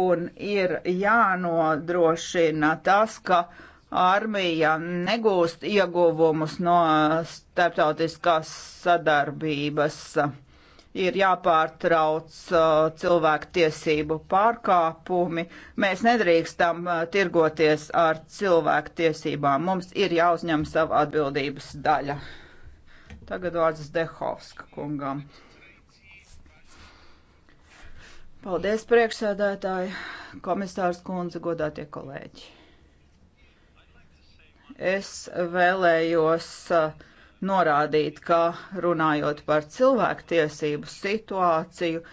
Speaker 4: un ir jānodrošina tas, ka uh, armija negūst ieguvumus no starptautiskās sadarbības. Ir jāpārtrauc uh, cilvēku tiesību pārkāpumi. Mēs nedrīkstam uh, tirgoties ar cilvēku tiesībām. Mums ir jāuzņem sava atbildības daļa. Tagad vārds Dehovska kungam. Paldies, priekšsēdētāji, komisārs kundze, godātie kolēģi. Es vēlējos uh, norādīt, ka runājot par cilvēktiesību situāciju,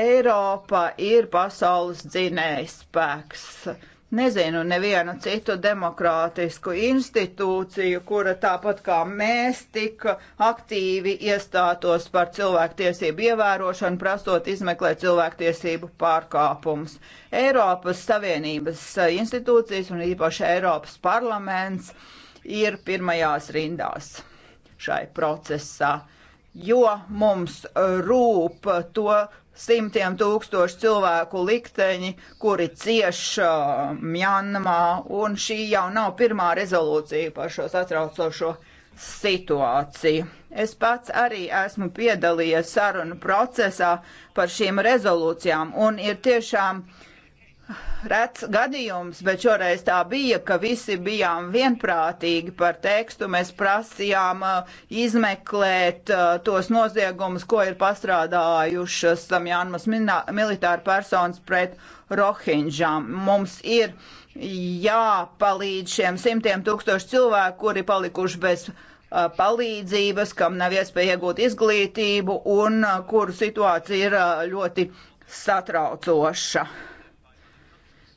Speaker 4: Eiropa ir pasaules dzinējspēks. spēks nezinu nevienu citu demokrātisku institūciju, kura tāpat kā mēs tik aktīvi iestātos par cilvēktiesību ievērošanu, prastot izmeklēt cilvēktiesību pārkāpumus. Eiropas Savienības institūcijas un īpaši Eiropas parlaments ir pirmajās rindās šai procesā, jo mums rūp to simtiem tūkstošu cilvēku likteņi, kuri cieš uh, Mjanmā, un šī jau nav pirmā rezolūcija par šo satraucošo situāciju. Es pats arī esmu piedalījies sarunu procesā par šīm rezolūcijām, un ir tiešām uh, rēts gadījums, bet šoreiz tā bija, ka visi bijām vienprātīgi par tekstu. Mēs prasījām uh, izmeklēt uh, tos noziegumus, ko ir pastrādājušas Samjānmas um, militāra personas pret Rohinžām. Mums ir jāpalīdz šiem simtiem tūkstošu cilvēku, kuri palikuši bez uh, palīdzības, kam nav iespēja iegūt izglītību un kuru situācija ir ļoti satraucoša.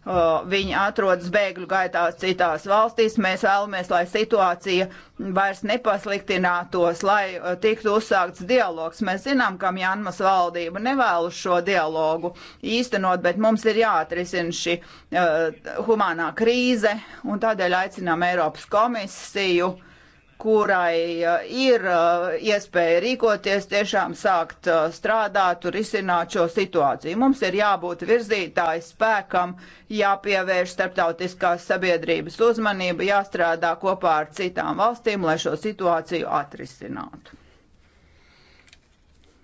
Speaker 4: Uh, viņi atrodas bēgļu gaitās citās valstīs. Mēs vēlamies, lai situācija vairs nepasliktinātos, lai uh, tiktu uzsākts dialogs. Mēs zinām, ka Jānmas valdība nevēlas šo dialogu īstenot, bet mums ir jāatrisina šī uh, humanā krīze, un tādēļ aicinām Eiropas komisiju uh, kurai uh, ir uh, iespēja rīkoties, tiešām sākt uh, strādāt, risināt šo situāciju. Mums ir jābūt virzītāju spēkam, jāpievērš starptautiskās sabiedrības uzmanība, jāstrādā kopā ar citām valstīm, lai šo situāciju atrisinātu.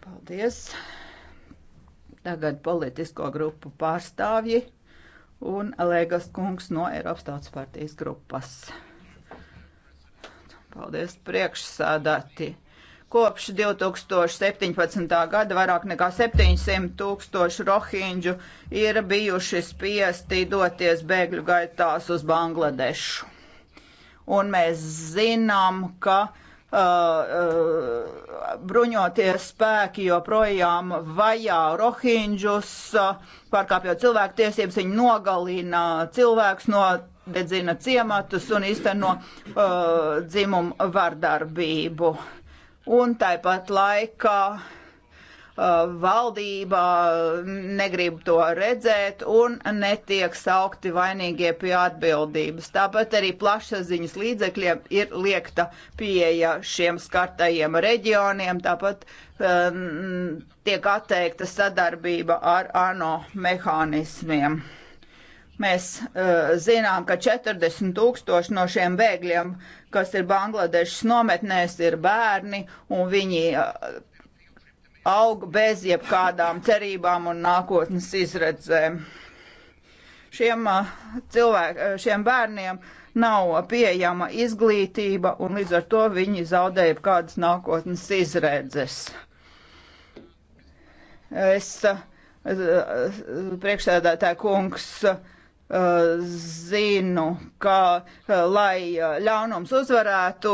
Speaker 4: Paldies! Tagad politisko grupu pārstāvji un Lēgas kungs no Eiropas Tautas partijas grupas. Paldies priekšsādāti. Kopš 2017. gada vairāk nekā 700 tūkstoši rohīņģu ir bijuši spiesti doties bēgļu gaitās uz Bangladešu. Un mēs zinām, ka uh, uh, bruņotie spēki joprojām vajā rohīņģus, uh, pārkāpjot cilvēku tiesības, viņi nogalina cilvēkus no dedzina ciematus un izteno uh, dzimumu vardarbību. Un tāpat laikā uh, valdība negrib to redzēt un netiek saukti vainīgie pie atbildības. Tāpat arī plašsaziņas līdzekļiem ir liekta pieeja šiem skartajiem reģioniem, tāpat um, tiek atteikta sadarbība ar ANO mehānismiem. Mēs uh, zinām, ka 40 tūkstoši no šiem bēgļiem, kas ir Bangladešas nometnēs, ir bērni, un viņi uh, aug bez jebkādām cerībām un nākotnes izredzēm. Šiem, uh, eh, cilvēk, šiem bērniem nav pieejama izglītība, un līdz ar to viņi zaudē jebkādas nākotnes izredzes. Es uh, priekšsēdētāja kungs uh, zinu, ka, lai uh, ļaunums uzvarētu,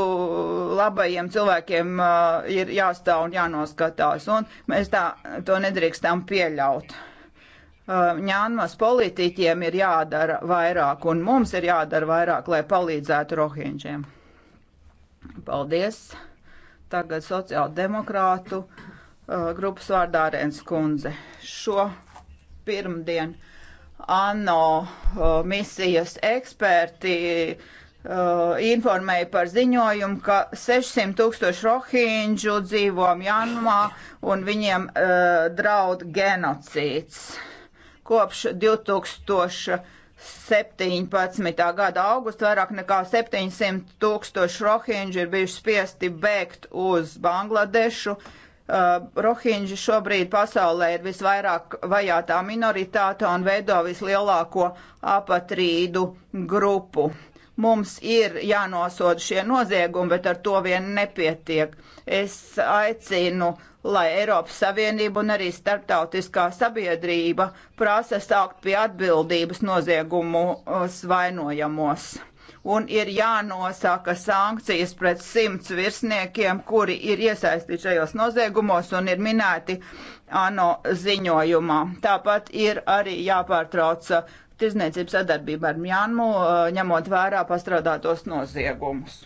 Speaker 4: labajiem cilvēkiem uh, ir jāstāv un jānoskatās, un mēs tā, to nedrīkstam pieļaut. Uh, Ņānmas politiķiem ir jādara vairāk, un mums ir jādara vairāk, lai palīdzētu rohinģiem. Paldies! Tagad sociāldemokrātu grupas vārdā Rēns Kunze. Šo pirmdienu ANO uh, misijas eksperti uh, informēja par ziņojumu, ka 600 tūkstoši rohīņģu dzīvo Mjanmā un viņiem uh, draud genocīds. Kopš 2017. gada augusta vairāk nekā 700 tūkstoši rohīņģu ir bijuši spiesti bēgt uz Bangladešu. Uh, Uh, Rohinži šobrīd pasaulē ir visvairāk vajātā minoritāte un veido vislielāko apatrīdu grupu. Mums ir jānosod šie noziegumi, bet ar to vien nepietiek. Es aicinu, lai Eiropas Savienība un arī starptautiskā sabiedrība prasa sākt pie atbildības noziegumu uh, svainojamos un ir jānosaka sankcijas pret simts virsniekiem, kuri ir iesaistīti šajos noziegumos un ir minēti ANO ziņojumā. Tāpat ir arī jāpārtrauc uh, tirzniecības sadarbība ar Mjānmu, uh, ņemot vērā pastrādātos noziegumus.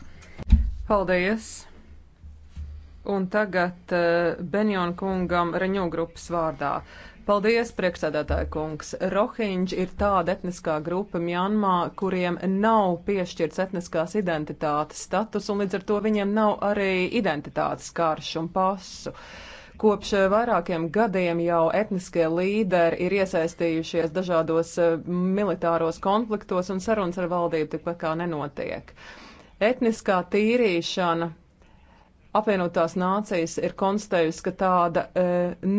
Speaker 4: Paldies! Un
Speaker 3: tagad uh, Benjona kungam Reņo grupas vārdā. Uh, Paldies, priekšsēdētāja kungs. Rohinģi ir tāda etniskā grupa Mjanmā, kuriem nav piešķirts etniskās identitātes status, un līdz ar to viņiem nav arī identitātes karš un pasu. Kopš eh, vairākiem gadiem jau etniskie līderi ir iesaistījušies dažādos eh, militāros konfliktos un sarunas ar valdību tikpat kā nenotiek. Etniskā tīrīšana apvienotās nācijas ir konstatējusi, ka tāda e,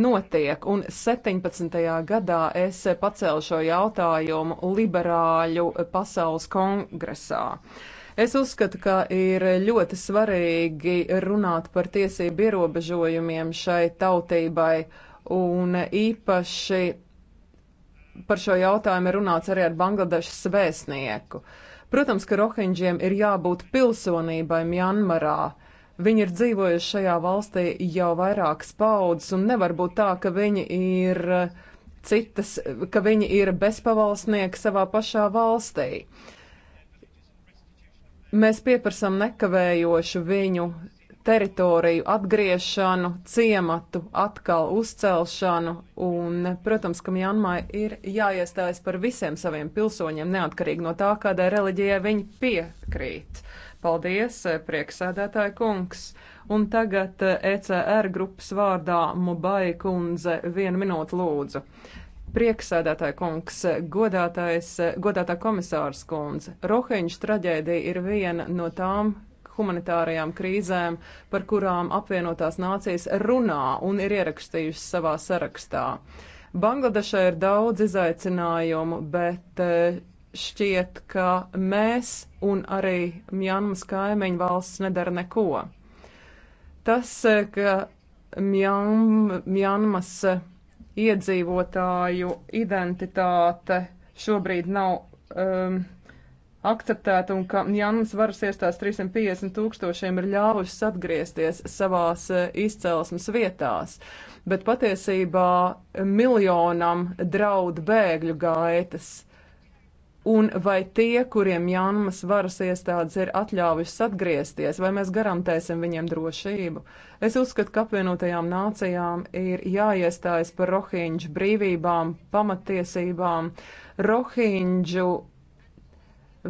Speaker 3: notiek, un 17. gadā es pacēlu šo jautājumu liberāļu e, pasaules kongresā. Es uzskatu, ka ir ļoti svarīgi runāt par tiesību ierobežojumiem šai tautībai, un īpaši par šo jautājumu ir runāts arī ar Bangladešas svēstnieku. Protams, ka rohinģiem ir jābūt pilsonībai Mjanmarā Viņi ir dzīvojuši šajā valstī jau vairākas paudzes, un nevar būt tā, ka viņi ir eh, citas, ka viņi ir bezpavalsnieki savā pašā valstī. Mēs pieprasām nekavējošu viņu teritoriju atgriešanu, ciematu atkal uzcelšanu, un, protams, ka Mjanmai ir jāiestājas par visiem saviem pilsoņiem, neatkarīgi no tā, kādai reliģijai viņi piekrīt. Paldies, eh, prieksēdētāja kungs! Un tagad ECR eh, e grupas vārdā Mubai kundze vienu minūtu lūdzu. Prieksēdētāja kungs, eh, godātais, godātā komisārs kundze, Roheņš traģēdija ir viena no tām humanitārajām krīzēm, par kurām apvienotās nācijas runā un ir ierakstījusi savā sarakstā. Bangladešai ir daudz izaicinājumu, bet šķiet, ka mēs un arī Mjanmas kaimiņu valsts nedara neko. Tas, ka Mjan, Mjanmas iedzīvotāju identitāte šobrīd nav um, akceptēta un ka Jānis varas iestāsts 350 tūkstošiem ir ļāvušas atgriezties savās uh, izcelsmes vietās, bet patiesībā miljonam draud bēgļu gaitas. Un vai tie, kuriem Jānmas varas iestādes ir atļāvušas atgriezties, vai mēs garantēsim viņiem drošību? Es uzskatu, ka apvienotajām nācijām ir jāiestājas par rohīņu brīvībām, pamatiesībām. Rohīņu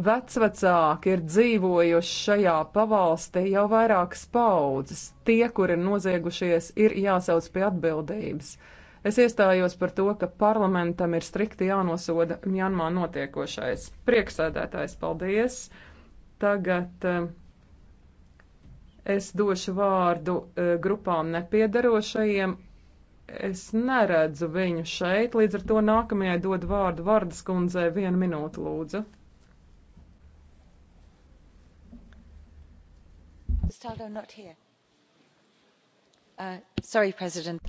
Speaker 3: vecvecāki ir dzīvojuši šajā pavalstī jau vairākas paudzes. Tie, kuri ir noziegušies, ir jāsauc pie atbildības. Es iestājos par to, ka parlamentam ir strikti jānosoda Mjanmā notiekošais. Prieksēdētājs, paldies! Tagad eh, es došu vārdu eh, grupām nepiedarošajiem. Es neredzu viņu šeit, līdz ar to nākamajai dod vārdu Vardas kundzei vienu minūtu lūdzu.
Speaker 5: Staldo, not here.
Speaker 3: Uh, sorry, President.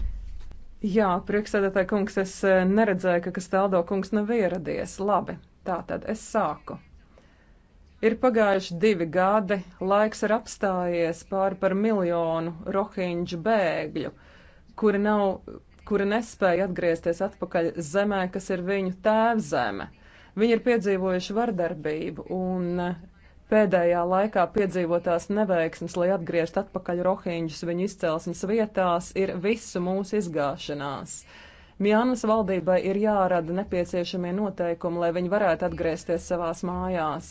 Speaker 3: Jā, priekšsēdētāji kungs, es e, neredzēju, ka Kasteldo kungs nav ieradies. Labi, tā tad es sāku. Ir pagājuši divi gadi, laiks ir apstājies pāri par miljonu rohingju bēgļu, kuri, nav, kuri nespēja atgriezties atpakaļ zemē, kas ir viņu tēvzeme. Viņi ir piedzīvojuši vardarbību, un e, pēdējā laikā piedzīvotās neveiksmes, lai atgriežtu atpakaļ rohiņus viņu izcelsmes vietās, ir visu mūsu izgāšanās. Mjānas valdībai ir jārada nepieciešamie noteikumi, lai viņi varētu atgriezties savās mājās.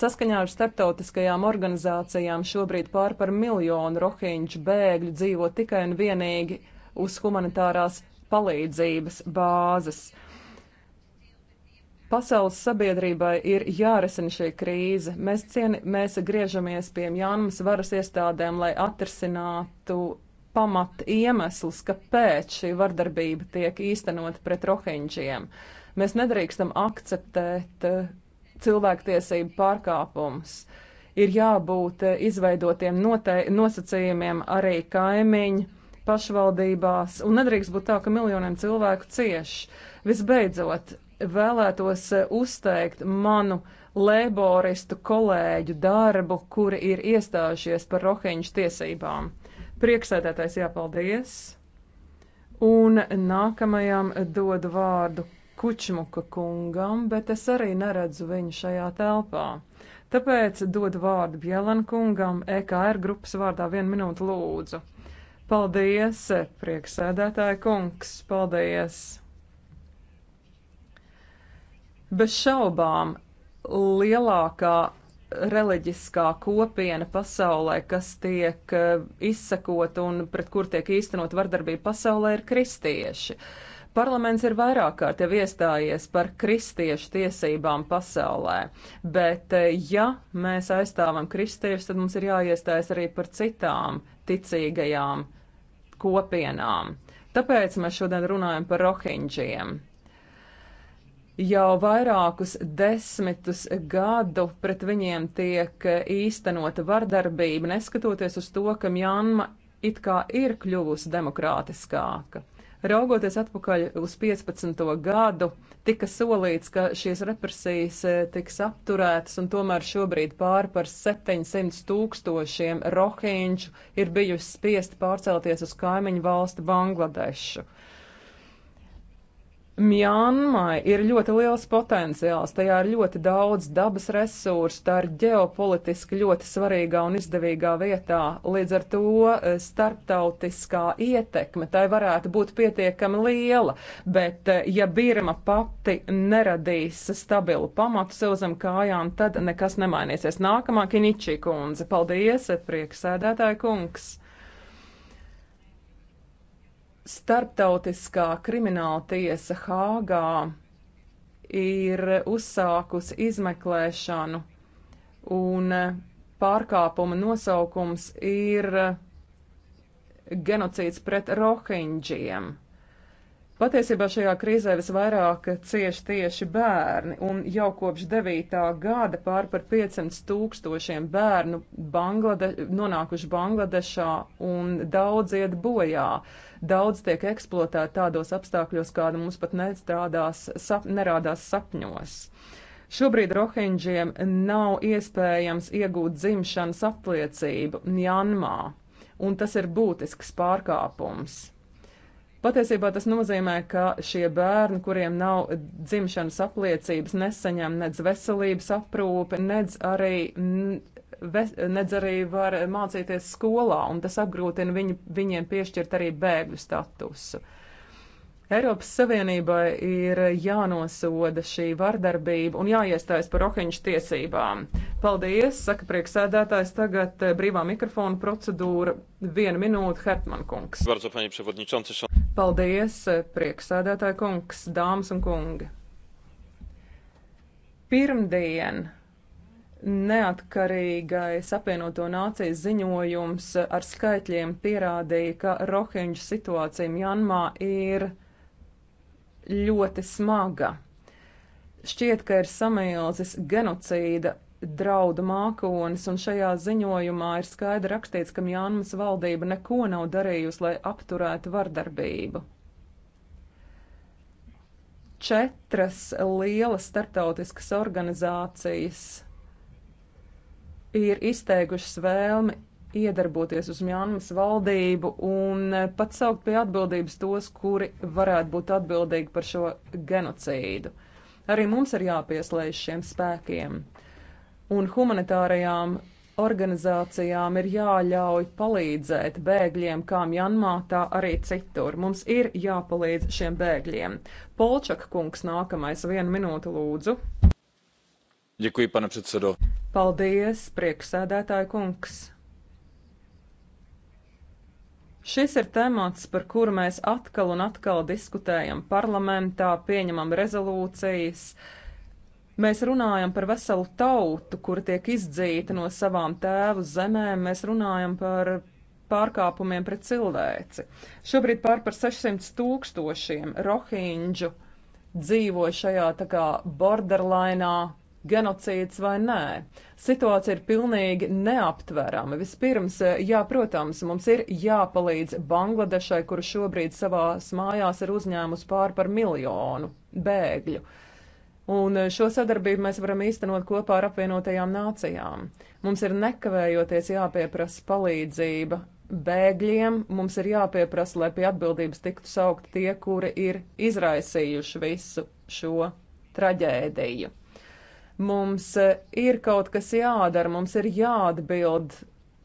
Speaker 3: Saskaņā ar starptautiskajām organizācijām šobrīd pār par miljonu rohiņu bēgļu dzīvo tikai un vienīgi uz humanitārās palīdzības bāzes. Pasaules sabiedrībai ir jārisina šī krīze. Mēs, cieni, mēs griežamies pie Jānams varas iestādēm, lai atrisinātu pamat iemeslus, kāpēc šī vardarbība tiek īstenota pret rohinģiem. Mēs nedrīkstam akceptēt eh, cilvēktiesību pārkāpumus. Ir jābūt eh, izveidotiem nosacījumiem arī kaimiņu pašvaldībās, un nedrīkst būt tā, ka miljoniem cilvēku cieši. Visbeidzot, vēlētos eh, uzteikt manu leiboristu kolēģu darbu, kuri ir iestājušies par rohiņu tiesībām. Prieksēdētais jāpaldies. Un nākamajam dodu vārdu Kučmuka kungam, bet es arī neredzu viņu šajā telpā. Tāpēc dodu vārdu Bielan kungam, EKR grupas vārdā vienu minūtu lūdzu. Paldies, prieksēdētāja kungs, paldies! Bez šaubām lielākā reliģiskā kopiena pasaulē, kas tiek eh, izsakot un pret kur tiek īstenot vardarbība pasaulē, ir kristieši. Parlaments ir vairāk kārt jau iestājies par kristiešu tiesībām pasaulē, bet eh, ja mēs aizstāvam kristiešus, tad mums ir jāiestājas arī par citām ticīgajām kopienām. Tāpēc mēs šodien runājam par rohinģiem jau vairākus desmitus gadu pret viņiem tiek īstenota vardarbība, neskatoties uz to, ka Mjanma it kā ir kļuvusi demokrātiskāka. Raugoties atpakaļ uz 15. gadu, tika solīts, ka šīs represijas eh, tiks apturētas, un tomēr šobrīd pāri par 700 tūkstošiem rohīņšu ir bijuši spiest pārcelties uz kaimiņu valsti Bangladešu. Mjanmai ir ļoti liels potenciāls, tajā ir ļoti daudz dabas resursu, tā ir ģeopolitiski ļoti svarīgā un izdevīgā vietā. Līdz ar to eh, starptautiskā ietekme tai varētu būt pietiekami liela, bet eh, ja Birma pati neradīs stabilu pamatu sev zem kājām, tad nekas nemainīsies. Nākamā Kiničī kundze. Paldies, prieksēdētāja kungs! Starptautiskā krimināla tiesa Hāgā ir uzsākusi izmeklēšanu, un pārkāpuma nosaukums ir genocīds pret rohinģiem. Patiesībā šajā krīzē visvairāk cieši tieši bērni, un jau kopš 9. gada pār par 500 tūkstošiem bērnu Banglade, nonākuši Bangladešā, un daudz iet bojā. Daudz tiek eksploatēti tādos apstākļos, kāda mums pat nestrādās, sap, nerādās sapņos. Šobrīd rohinģiem nav iespējams iegūt dzimšanas apliecību Mjanmā, un tas ir būtisks pārkāpums. Patiesībā tas nozīmē, ka šie bērni, kuriem nav dzimšanas apliecības, nesaņem nedz veselības aprūpi, nedz arī, nedz arī var mācīties skolā, un tas apgrūtina viņu, viņiem piešķirt arī bēgļu statusu. Uh, Eiropas Savienībai ir jānosoda šī vardarbība un jāiestājas par rohiņšu tiesībām. Paldies, saka prieksēdētājs, tagad eh, brīvā mikrofona procedūra, viena minūte, Hertman kungs. Paldies, eh, prieksēdētāja kungs, dāmas un kungi. Pirmdien neatkarīgais apvienoto nāciju ziņojums ar skaitļiem pierādīja, ka rohiņšu situācija Janmā ir ļoti smaga. Šķiet, ka ir samilzis genocīda draudu mākonis, un šajā ziņojumā ir skaidri rakstīts, ka Jānmas valdība neko nav darījusi, lai apturētu vardarbību. Četras lielas starptautiskas organizācijas ir izteikušas vēlmi iedarboties uz Mjānmas valdību un eh, pat saukt pie atbildības tos, kuri varētu būt atbildīgi par šo genocīdu. Arī mums ir jāpieslēdz šiem spēkiem. Un humanitārajām organizācijām ir jāļauj palīdzēt bēgļiem, kā Mjanmā, tā arī citur. Mums ir jāpalīdz šiem bēgļiem. Polčak kungs nākamais, vienu minūtu lūdzu.
Speaker 4: Děkuji, pane předsedo.
Speaker 3: Paldies, priekšsēdētāja kungs. Šis ir temats, par kuru mēs atkal un atkal diskutējam parlamentā, pieņemam rezolūcijas. Mēs runājam par veselu tautu, kura tiek izdzīta no savām tēvu zemēm, mēs runājam par pārkāpumiem pret cilvēci. Šobrīd pār par 600 tūkstošiem rohīņģu dzīvo šajā tā kā borderlainā genocīds vai nē. Situācija ir pilnīgi neaptverama. Vispirms, eh, jā, protams, mums ir jāpalīdz Bangladešai, kura šobrīd savās mājās ir uzņēmusi pār par miljonu bēgļu. Un eh, šo sadarbību mēs varam īstenot kopā ar apvienotajām nācijām. Mums ir nekavējoties jāpieprasa palīdzība bēgļiem. Mums ir jāpieprasa, lai pie atbildības tiktu saukt tie, kuri ir izraisījuši visu šo traģēdiju. Mums e, ir kaut kas jādara, mums ir jāatbild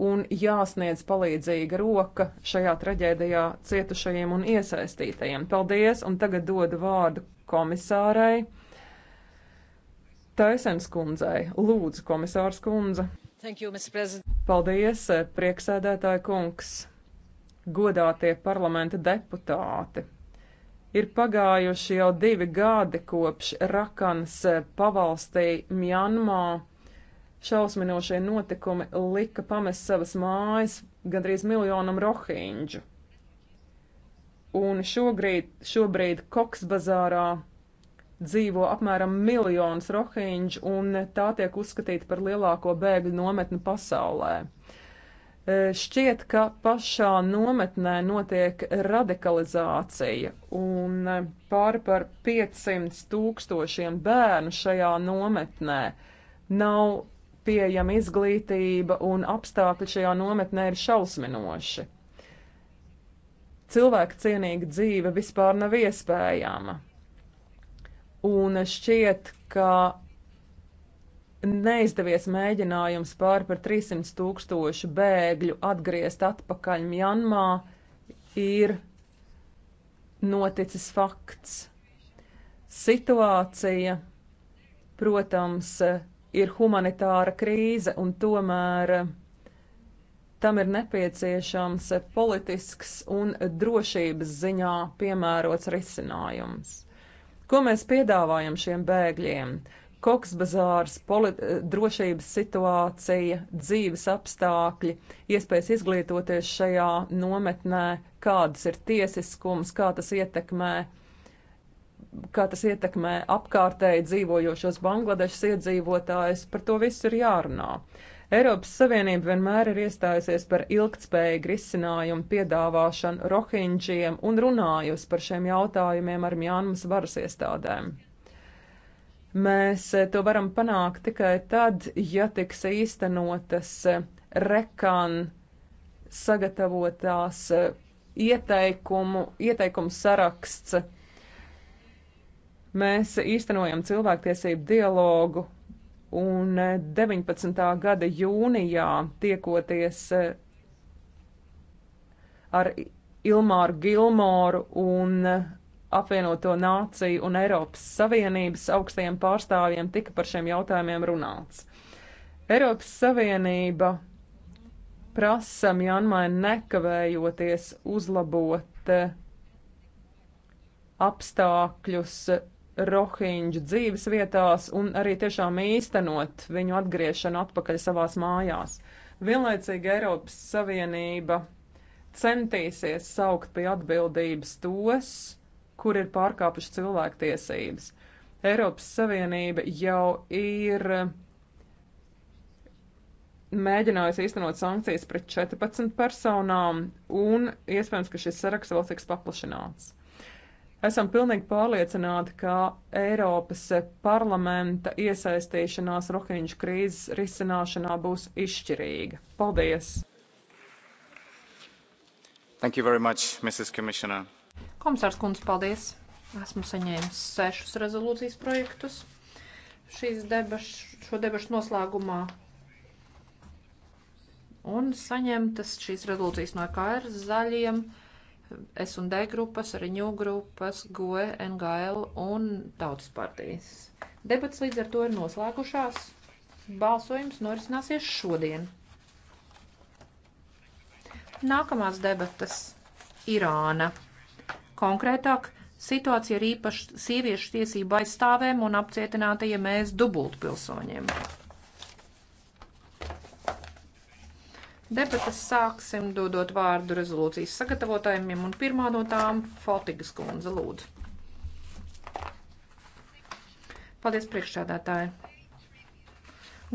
Speaker 3: un jāsniedz palīdzīga roka šajā traģēdijā cietušajiem un iesaistītajiem. Paldies, un tagad dodu vārdu komisārai Taisens kundzei. Lūdzu, komisārs kundze.
Speaker 2: Thank you, Mr. President.
Speaker 3: Paldies, e, prieksēdētāja kungs, godātie parlamenta deputāti. Ir pagājuši jau divi gadi kopš Rakanas eh, pavalstī Mjanmā šausminošie notikumi lika pamest savas mājas gandrīz miljonam rohīņģu. Un šobrīd, šobrīd Koksbazārā dzīvo apmēram miljons rohīņģu, un tā tiek uzskatīta par lielāko bēgļu nometni pasaulē. E, šķiet, ka pašā nometnē notiek radikalizācija, un e, pāri par 500 tūkstošiem bērnu šajā nometnē nav pieejama izglītība, un apstākļi šajā nometnē ir šausminoši. Cilvēka cienīga dzīve vispār nav iespējama, un šķiet, ka neizdevies mēģinājums pār par 300 tūkstošu bēgļu atgriezt atpakaļ Mjanmā ir noticis fakts. Situācija, protams, ir humanitāra krīze un tomēr tam ir nepieciešams politisks un drošības ziņā piemērots risinājums. Ko mēs piedāvājam šiem bēgļiem? Koksbazārs, eh, drošības situācija, dzīves apstākļi, iespējas izglītoties šajā nometnē, kādas ir tiesiskums, kā tas ietekmē, kā tas ietekmē apkārtēji dzīvojošos Bangladešas iedzīvotājus, par to viss ir jārunā. Eiropas Savienība vienmēr ir iestājusies par ilgtspējīgu risinājumu piedāvāšanu rohinģiem un runājusi par šiem jautājumiem ar Mjānmas varas iestādēm. Mēs eh, to varam panākt tikai tad, ja tiks īstenotas eh, rekan sagatavotās eh, ieteikumu, ieteikumu saraksts. Mēs īstenojam cilvēktiesību dialogu un 19. gada jūnijā tiekoties ar Ilmāru Gilmoru un apvienoto nāciju un Eiropas Savienības augstajiem pārstāvjiem tika par šiem jautājumiem runāts. Eiropas Savienība prasa Mjanmai nekavējoties uzlabot eh, apstākļus rohiņģu dzīves vietās un arī tiešām īstenot viņu atgriešanu atpakaļ savās mājās. Vienlaicīgi Eiropas Savienība centīsies saukt pie atbildības tos, kur ir pārkāpuši cilvēktiesības. Eiropas Savienība jau ir eh, mēģinājusi īstenot sankcijas pret 14 personām, un iespējams, ka šis saraksts vēl tiks paplašināts. Esam pilnīgi pārliecināti, ka Eiropas parlamenta iesaistīšanās Rohingju krīzes risināšanā būs
Speaker 2: izšķirīga. Paldies!
Speaker 4: Thank you very much,
Speaker 6: Mrs. Commissioner.
Speaker 2: Komisārs Kundze, paldies! Esmu saņēmis sešus rezolūcijas projektus. Šīs debašu, šo debašu noslēgumā un saņemtas šīs rezolūcijas no KR zaļiem, S&D grupas, Riņu grupas, GOE, NGL un Tautas partijas. Debats līdz ar to ir noslēgušās. Balsojums norisināsies šodien. Nākamās debatas - Irāna. Konkrētāk, situācija ir īpaši sieviešu tiesību aizstāvēm un apcietinātajiem mēs dubultpilsoņiem. Debates sāksim dodot vārdu rezolūcijas sagatavotājiem, un pirmā no tām - Fotigas kundze, lūdzu. Paldies, priekšsādātāji.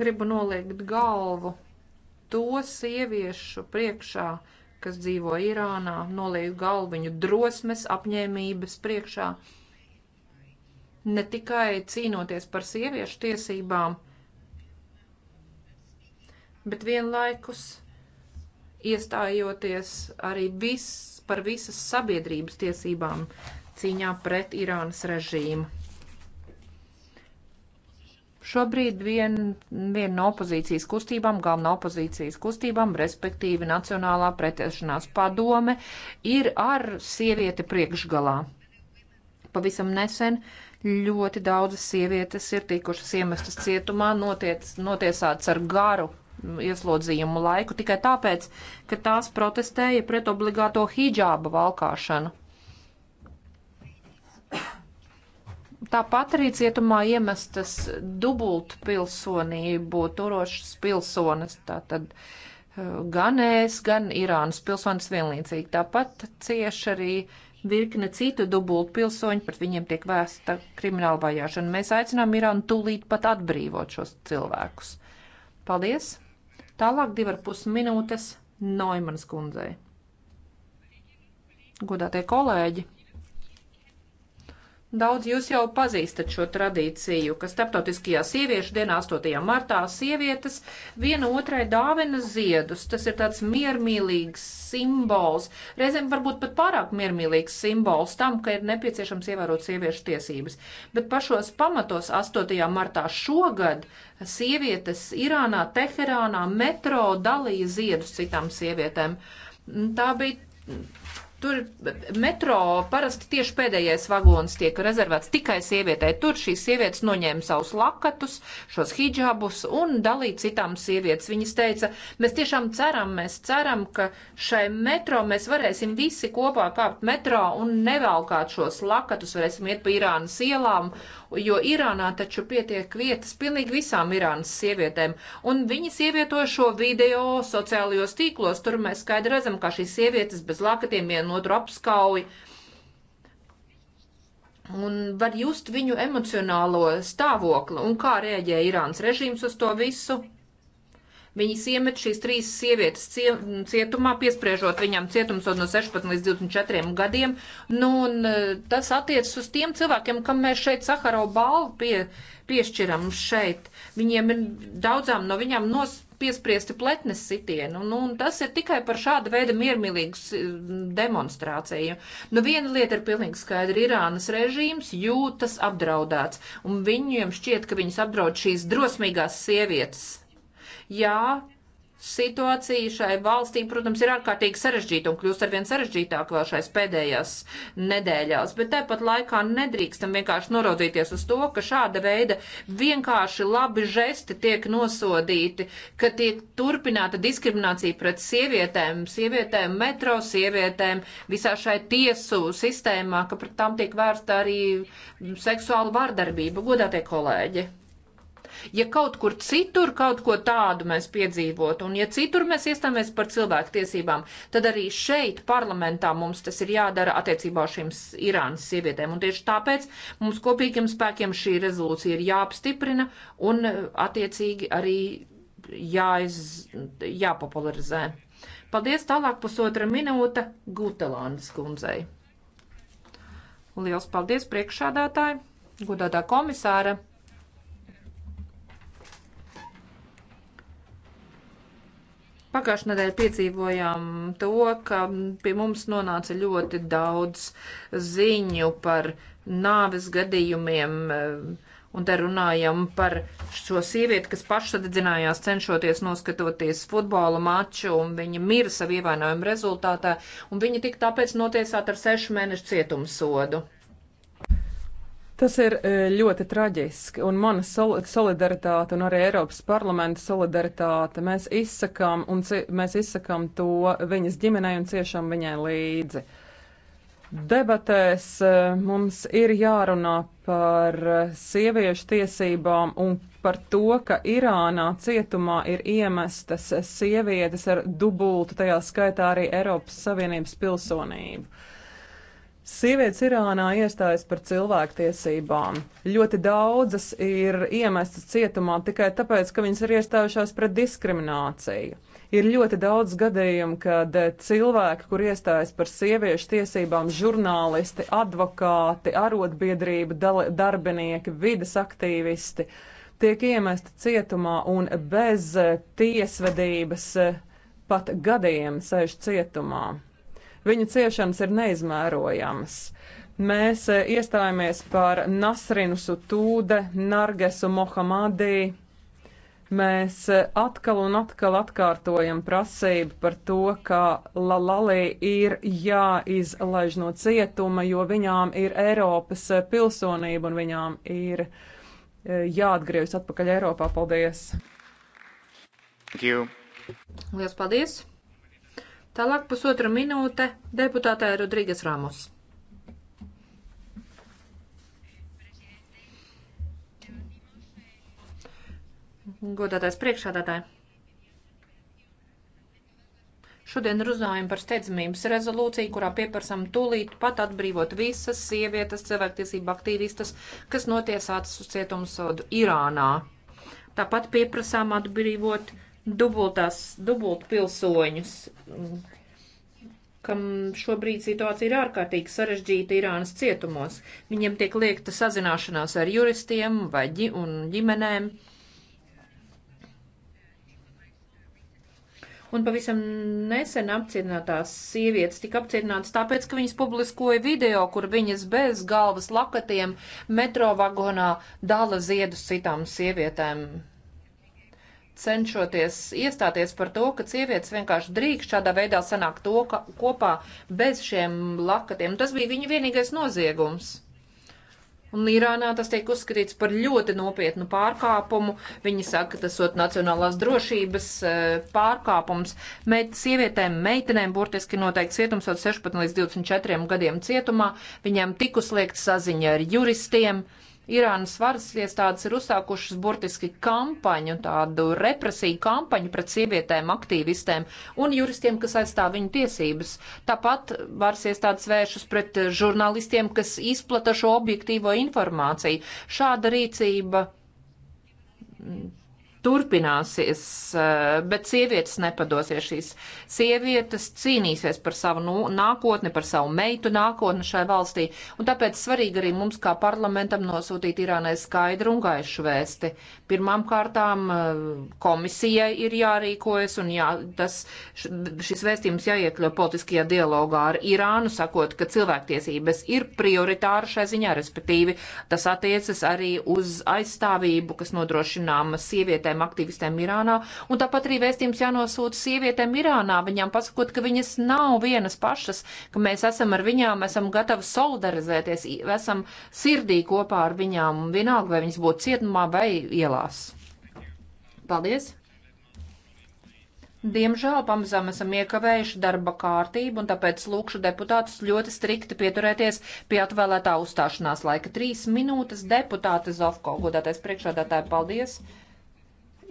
Speaker 2: Gribu noliegt galvu to sieviešu priekšā, uh, kas dzīvo Irānā, nolieku galvu viņu drosmes, apņēmības priekšā. Ne tikai cīnoties par sieviešu tiesībām, bet vienlaikus iestājoties arī vis, par visas sabiedrības tiesībām cīņā pret Irānas režīmu. Šobrīd viena vien no opozīcijas kustībām, galvenā opozīcijas kustībām, respektīvi Nacionālā pretēšanās padome, ir ar sievieti priekšgalā. Pavisam nesen ļoti daudzas sievietes ir tikušas iemestas cietumā, notiec, notiesātas ar garu ieslodzījumu laiku tikai tāpēc, ka tās protestēja pret obligāto hijāba valkāšanu. Tāpat arī cietumā iemestas dubultpilsonību turošas pilsonas, tātad eh, gan es, gan Irānas pilsonis vienlīdzīgi. Tāpat cieši arī virkne citu dubultpilsoņu, pret viņiem tiek vēsta krimināla vajāšana. Mēs aicinām Irānu tūlīt pat atbrīvot šos cilvēkus. Paldies! Tālāk divi ar pus minūtes Noimanas kundzei. Godātie kolēģi! Daudz jūs jau pazīstat šo tradīciju, ka starptautiskajā sieviešu dienā 8. martā sievietes viena otrai dāvina ziedus. Tas ir tāds miermīlīgs simbols, reizēm varbūt pat pārāk miermīlīgs simbols tam, ka ir nepieciešams ievērot sieviešu tiesības. Bet pašos pamatos 8. martā šogad sievietes Irānā, Teherānā metro dalīja ziedus citām sievietēm. Tā bija Tur metro parasti tieši pēdējais vagons tiek rezervēts tikai sievietei. Tur šīs sievietes noņēma savus lakatus, šos hijabus un dalīja citām sievietes. Viņas teica, mēs tiešām ceram, mēs ceram, ka šai metro mēs varēsim visi kopā kāpt metro un nevelkāt šos lakatus, varēsim iet pa Irānas ielām jo Irānā taču pietiek vietas pilnīgi visām Irānas sievietēm, un viņas ievieto šo video sociālajos tīklos, tur mēs skaidri redzam, kā šīs sievietes bez lakatiem vienu otru apskauj. Un var just viņu emocionālo stāvokli un kā rēģē Irānas režīms uz to visu. Viņas iemet šīs trīs sievietes cietumā, piespriežot viņām cietumsodu no 16 līdz 24 gadiem. Nu, un eh, tas attiecas uz tiem cilvēkiem, kam mēs šeit Saharo balvu pie, piešķiram šeit. Viņiem ir daudzām no viņām nos piespriesti pletnes sitienu. Nu, un tas ir tikai par šādu veidu miermīlīgu demonstrāciju. Nu, viena lieta ir pilnīgi skaidra. Irānas režīms jūtas apdraudēts, un viņiem šķiet, ka viņas apdraud šīs drosmīgās sievietes, Jā, situācija šai valstī, protams, ir ārkārtīgi sarežģīta un kļūst arvien sarežģītāk vēl šais pēdējās nedēļās, bet tāpat laikā nedrīkstam vienkārši norodīties uz to, ka šāda veida vienkārši labi žesti tiek nosodīti, ka tiek turpināta diskriminācija pret sievietēm, sievietēm metro, sievietēm, visā šai tiesu sistēmā, ka pret tām tiek vērsta arī seksuāla vārdarbība. Godātie kolēģi! ja kaut kur citur kaut ko tādu mēs piedzīvotu, un ja citur mēs iestāmies par cilvēku tiesībām, tad arī šeit parlamentā mums tas ir jādara attiecībā uz šīm Irānas sievietēm. Un tieši tāpēc mums kopīgiem spēkiem šī rezolūcija ir jāapstiprina un e, attiecīgi arī jāiz, jāpopularizē. Paldies tālāk pusotra minūte Gutelānas kundzei. Liels paldies priekšādātāji, godātā komisāra. Pagājušajā nedēļā piedzīvojām to, ka pie mums nonāca ļoti daudz ziņu par nāves gadījumiem, eh, un te runājam par šo sievieti, kas pašsadedzinājās cenšoties noskatoties futbola maču, un viņa mira savu ievainojumu rezultātā, un viņa tika tāpēc notiesāta ar sešu mēnešu cietumsodu.
Speaker 3: Tas ir e, ļoti traģiski, un mana solidaritāte un arī Eiropas parlamenta solidaritāte mēs izsakām, un mēs izsakām to viņas ģimenei un ciešam viņai līdzi. Debatēs e, mums ir jārunā par e, sieviešu tiesībām un par to, ka Irānā cietumā ir iemestas sievietes ar dubultu, tajā skaitā arī Eiropas Savienības pilsonību. Sievietes Irānā iestājas par cilvēktiesībām. Ļoti daudzas ir iemestas cietumā tikai tāpēc, ka viņas ir iestājušās pret diskrimināciju. Ir ļoti daudz gadījumu, kad cilvēki, kur iestājas par sieviešu tiesībām, žurnālisti, advokāti, arotbiedrība darbinieki, vidas aktīvisti, tiek iemesti cietumā un bez tiesvedības pat gadiem sēž cietumā. Viņu ciešanas ir neizmērojamas. Mēs eh, iestājāmies par Nasrinu Sutūde, Nargesu Mohamadī. Mēs eh, atkal un atkal atkārtojam prasību par to, ka Lalalī ir jāizlaiž no cietuma, jo viņām ir Eiropas eh, pilsonība un viņām ir
Speaker 2: jāatgriežas atpakaļ Eiropā. Paldies!
Speaker 7: Lielas
Speaker 2: paldies! Tālāk pusotra minūte deputātē Rodrīgas Ramos. Godātais priekšādātāji. Šodien runājam par steidzamības rezolūciju, kurā pieprasām tūlīt pat atbrīvot visas sievietes, cilvēktiesību aktīvistas, kas notiesātas uz cietumsodu Irānā. Tāpat pieprasām atbrīvot uh, dubultās, dubultpilsoņus, kam šobrīd situācija ir ārkārtīgi sarežģīta Irānas cietumos. Viņiem tiek liekta sazināšanās ar juristiem vai ģi un ģimenēm. Un pavisam nesen apcietinātās sievietes tika apcietinātas tāpēc, ka viņas publiskoja video, kur viņas bez galvas lakatiem metro vagonā dala ziedus citām sievietēm cenšoties iestāties par to, ka sievietes vienkārši drīkst šādā veidā sanākt to ka, kopā bez šiem lakatiem. Tas bija viņa vienīgais noziegums. Un Irānā tas tiek uzskatīts par ļoti nopietnu pārkāpumu. Viņi saka, ka tas ir nacionālās drošības e, pārkāpums. Meit, sievietēm, meitenēm burtiski noteikti cietums od 16 līdz 24 gadiem cietumā. Viņām tik uzliekta saziņa ar juristiem. Uh, Irānas varas iestādes ir uzsākušas burtiski kampaņu, tādu represiju kampaņu pret sievietēm, aktīvistēm un juristiem, kas aizstāv viņu tiesības. Tāpat varas iestādes vēršas pret žurnālistiem, kas izplata šo objektīvo informāciju. Šāda rīcība turpināsies, eh, bet sievietes nepadosies. Šīs sievietes cīnīsies par savu nu, nākotni, par savu meitu nākotni šai valstī, un tāpēc svarīgi arī mums kā parlamentam nosūtīt Irānai skaidru un gaišu vēsti. Pirmām kārtām eh, komisijai ir jārīkojas, un jā, tas, šis vēstījums jāiekļo politiskajā dialogā ar Irānu, sakot, ka cilvēktiesības ir prioritāra šai ziņā, respektīvi tas attiecas arī uz aizstāvību, kas nodrošināma sievietē sievietēm, aktivistēm Irānā, un tāpat arī vēstījums jānosūta sievietēm Irānā, viņām pasakot, ka viņas nav vienas pašas, ka mēs esam ar viņām, esam gatavi solidarizēties, esam sirdī kopā ar viņām, vienalga, vai viņas būtu cietumā vai ielās. Paldies! Diemžēl pamazām esam iekavējuši darba kārtību, un tāpēc lūkšu deputātus ļoti strikti pieturēties pie atvēlētā uzstāšanās laika. Trīs minūtes deputāte Zofko, godātais priekšādātāji, paldies!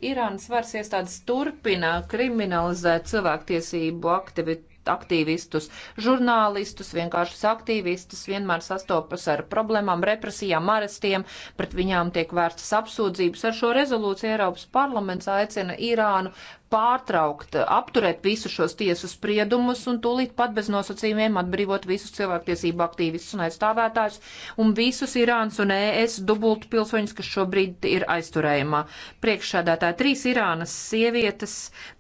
Speaker 2: Irānas varas iestādes turpina kriminalizēt cilvēktiesību aktivitāti aktīvistus, žurnālistus, vienkāršus aktīvistus, vienmēr sastopas ar problēmām, represijām, arestiem, pret viņām tiek vērstas apsūdzības. Ar šo rezolūciju Eiropas parlaments aicina Irānu pārtraukt, apturēt visus šos tiesu spriedumus un tūlīt pat bez nosacījumiem atbrīvot visus cilvēktiesību aktīvistus un aizstāvētājus un visus Irānas un ES dubultu pilsoņus, kas šobrīd ir aizturējumā. Priekšsēdētāji trīs Irānas sievietes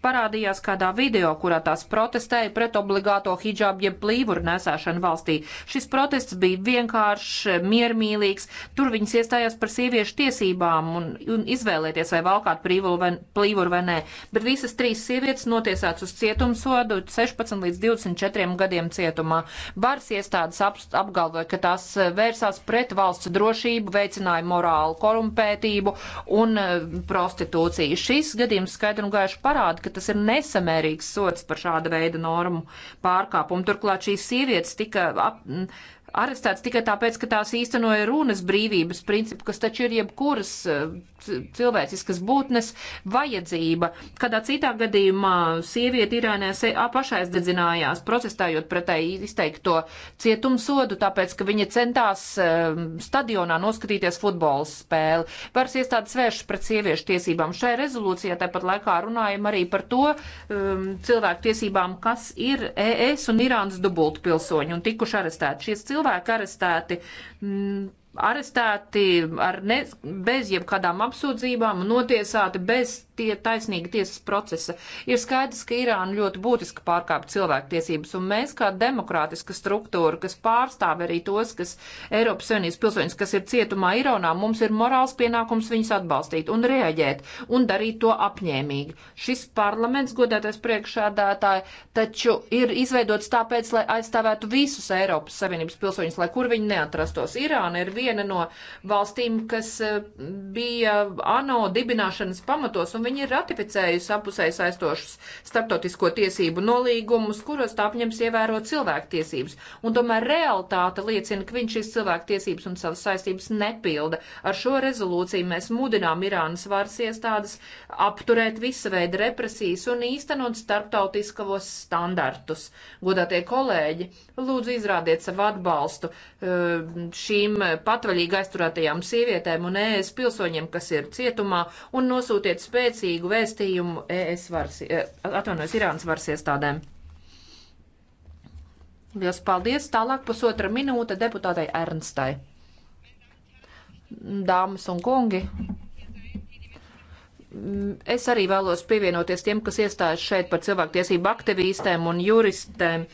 Speaker 2: parādījās kādā video, kurā tās protestēja pret obligāto hijābu jeb plīvuru nesēšanu valstī. Šis protests bija vienkāršs, miermīlīgs, tur viņas iestājās par sieviešu tiesībām un, un izvēlēties, vai valkāt plīvuru vai, plīvuru vai nē. Bet Visas trīs sievietes notiesāts uz cietumsodu 16 līdz 24 gadiem cietumā. Varas iestādes ap, apgalvoja, ka tās eh, vērsās pret valsts drošību, veicināja morālu korumpētību un eh, prostitūciju. Šis gadījums skaidri un gaiši parāda, ka tas ir nesamērīgs sots par šāda veida normu pārkāpumu. Turklāt šīs sievietes tika ap, arestēts tikai tāpēc, ka tās īstenoja runas brīvības principu, kas taču ir jebkuras eh, cilvēciskas būtnes vajadzība. Kādā citā gadījumā sieviete Irānē pašaizdedzinājās, protestējot pretēji izteikto cietumsodu, tāpēc, ka viņa centās eh, stadionā noskatīties futbola spēli. Varas iestādes vērš pret sieviešu tiesībām. Šai rezolūcijā tāpat laikā runājam arī par to um, cilvēku tiesībām, kas ir ES un Irānas dubultpilsoņi un tikuši arestēti. Šies cilvēki cilvēki arestēti. Mm, arestēti ar ne, bez jebkādām apsūdzībām un notiesāti bez tie taisnīga tiesas procesa. Ir skaidrs, ka Irāna ļoti būtiski pārkāp cilvēktiesības, un mēs kā demokrātiska struktūra, kas pārstāv arī tos, kas Eiropas Savienības pilsoņus, kas ir cietumā Irānā, mums ir morāls pienākums viņus atbalstīt un reaģēt un darīt to apņēmīgi. Šis parlaments, godētais priekšādātāji, taču ir izveidots tāpēc, lai aizstāvētu visus Eiropas Savienības pilsoņus, lai kur viņi neatrastos. Irāna ir viena viena no valstīm, kas eh, bija ANO dibināšanas pamatos, un viņi ir ratificējusi apusēji saistošus starptautisko tiesību nolīgumus, kuros tā apņems ievērot cilvēktiesības. Un tomēr realitāte liecina, ka viņš šīs cilvēktiesības un savas saistības nepilda. Ar šo rezolūciju mēs mudinām Irānas varas iestādes apturēt visa veida represijas un īstenot starptautiskavos standartus. Godātie kolēģi, lūdzu izrādiet savu atbalstu eh, šīm patvaļīgi aizturētajām sievietēm un ES pilsoņiem, kas ir cietumā, un nosūtiet spēcīgu vēstījumu ES varas, e, atvainojos, Irānas varas iestādēm. Liels paldies! Tālāk pusotra minūte deputātei Ernstai. Dāmas un kungi! es arī vēlos pievienoties tiem, kas iestājas šeit par cilvēktiesību aktivistēm un juristēm.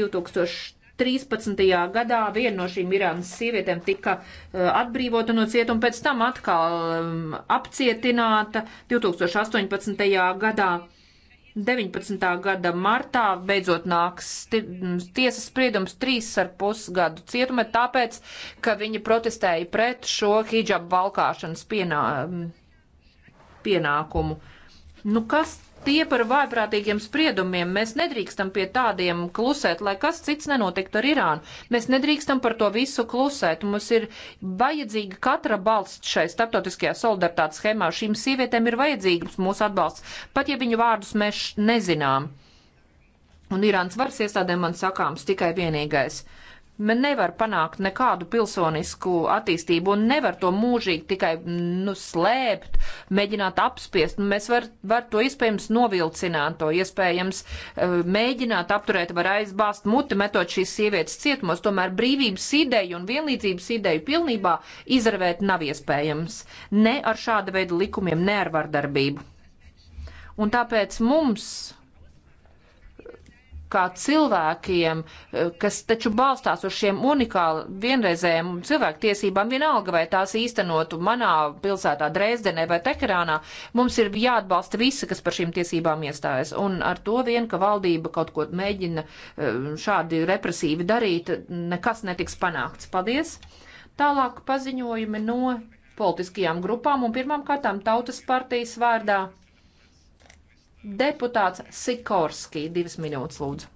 Speaker 2: 2000 13. gadā viena no šīm Irānas sievietēm tika eh, atbrīvota no cietuma, pēc tam atkal mm, apcietināta 2018. gadā. 19. gada martā beidzot nāks mm, tiesas spriedums trīs ar pusgadu cietumē, tāpēc, ka viņi protestēja pret šo hijabu valkāšanas pienā, mm, pienākumu. Nu, kas tie par vājprātīgiem spriedumiem. Mēs nedrīkstam pie tādiem klusēt, lai kas cits nenotiktu ar Irānu. Mēs nedrīkstam par to visu klusēt. Mums ir vajadzīga katra balsts šai starptautiskajā solidaritātes schēmā. Šīm sievietēm ir vajadzīgs mūsu atbalsts, pat ja viņu vārdus mēs nezinām. Un Irāns varas iestādēm man sakāms tikai vienīgais Man nevar panākt nekādu pilsonisku attīstību un nevar to mūžīgi tikai nu, slēpt, mēģināt apspiest. Nu, mēs var, var to iespējams novilcināt, to iespējams eh, mēģināt apturēt, var aizbāzt muti, metot šīs sievietes cietumos. Tomēr brīvības ideju un vienlīdzības ideju pilnībā izravēt nav iespējams. Ne ar šāda veida likumiem, ne ar vardarbību. Un tāpēc mums kā cilvēkiem, eh, kas taču balstās uz šiem unikāli vienreizējiem cilvēktiesībām, vienalga vai tās īstenotu manā pilsētā Dresdenē vai Teherānā, mums ir jāatbalsta visi, kas par šīm tiesībām iestājas. Un ar to vien, ka valdība kaut ko mēģina eh, šādi represīvi darīt, nekas netiks panākts. Paldies! Tālāk paziņojumi no politiskajām grupām un pirmām kārtām tautas partijas vārdā. Deputāts Sikorski, divas minūtes lūdzu.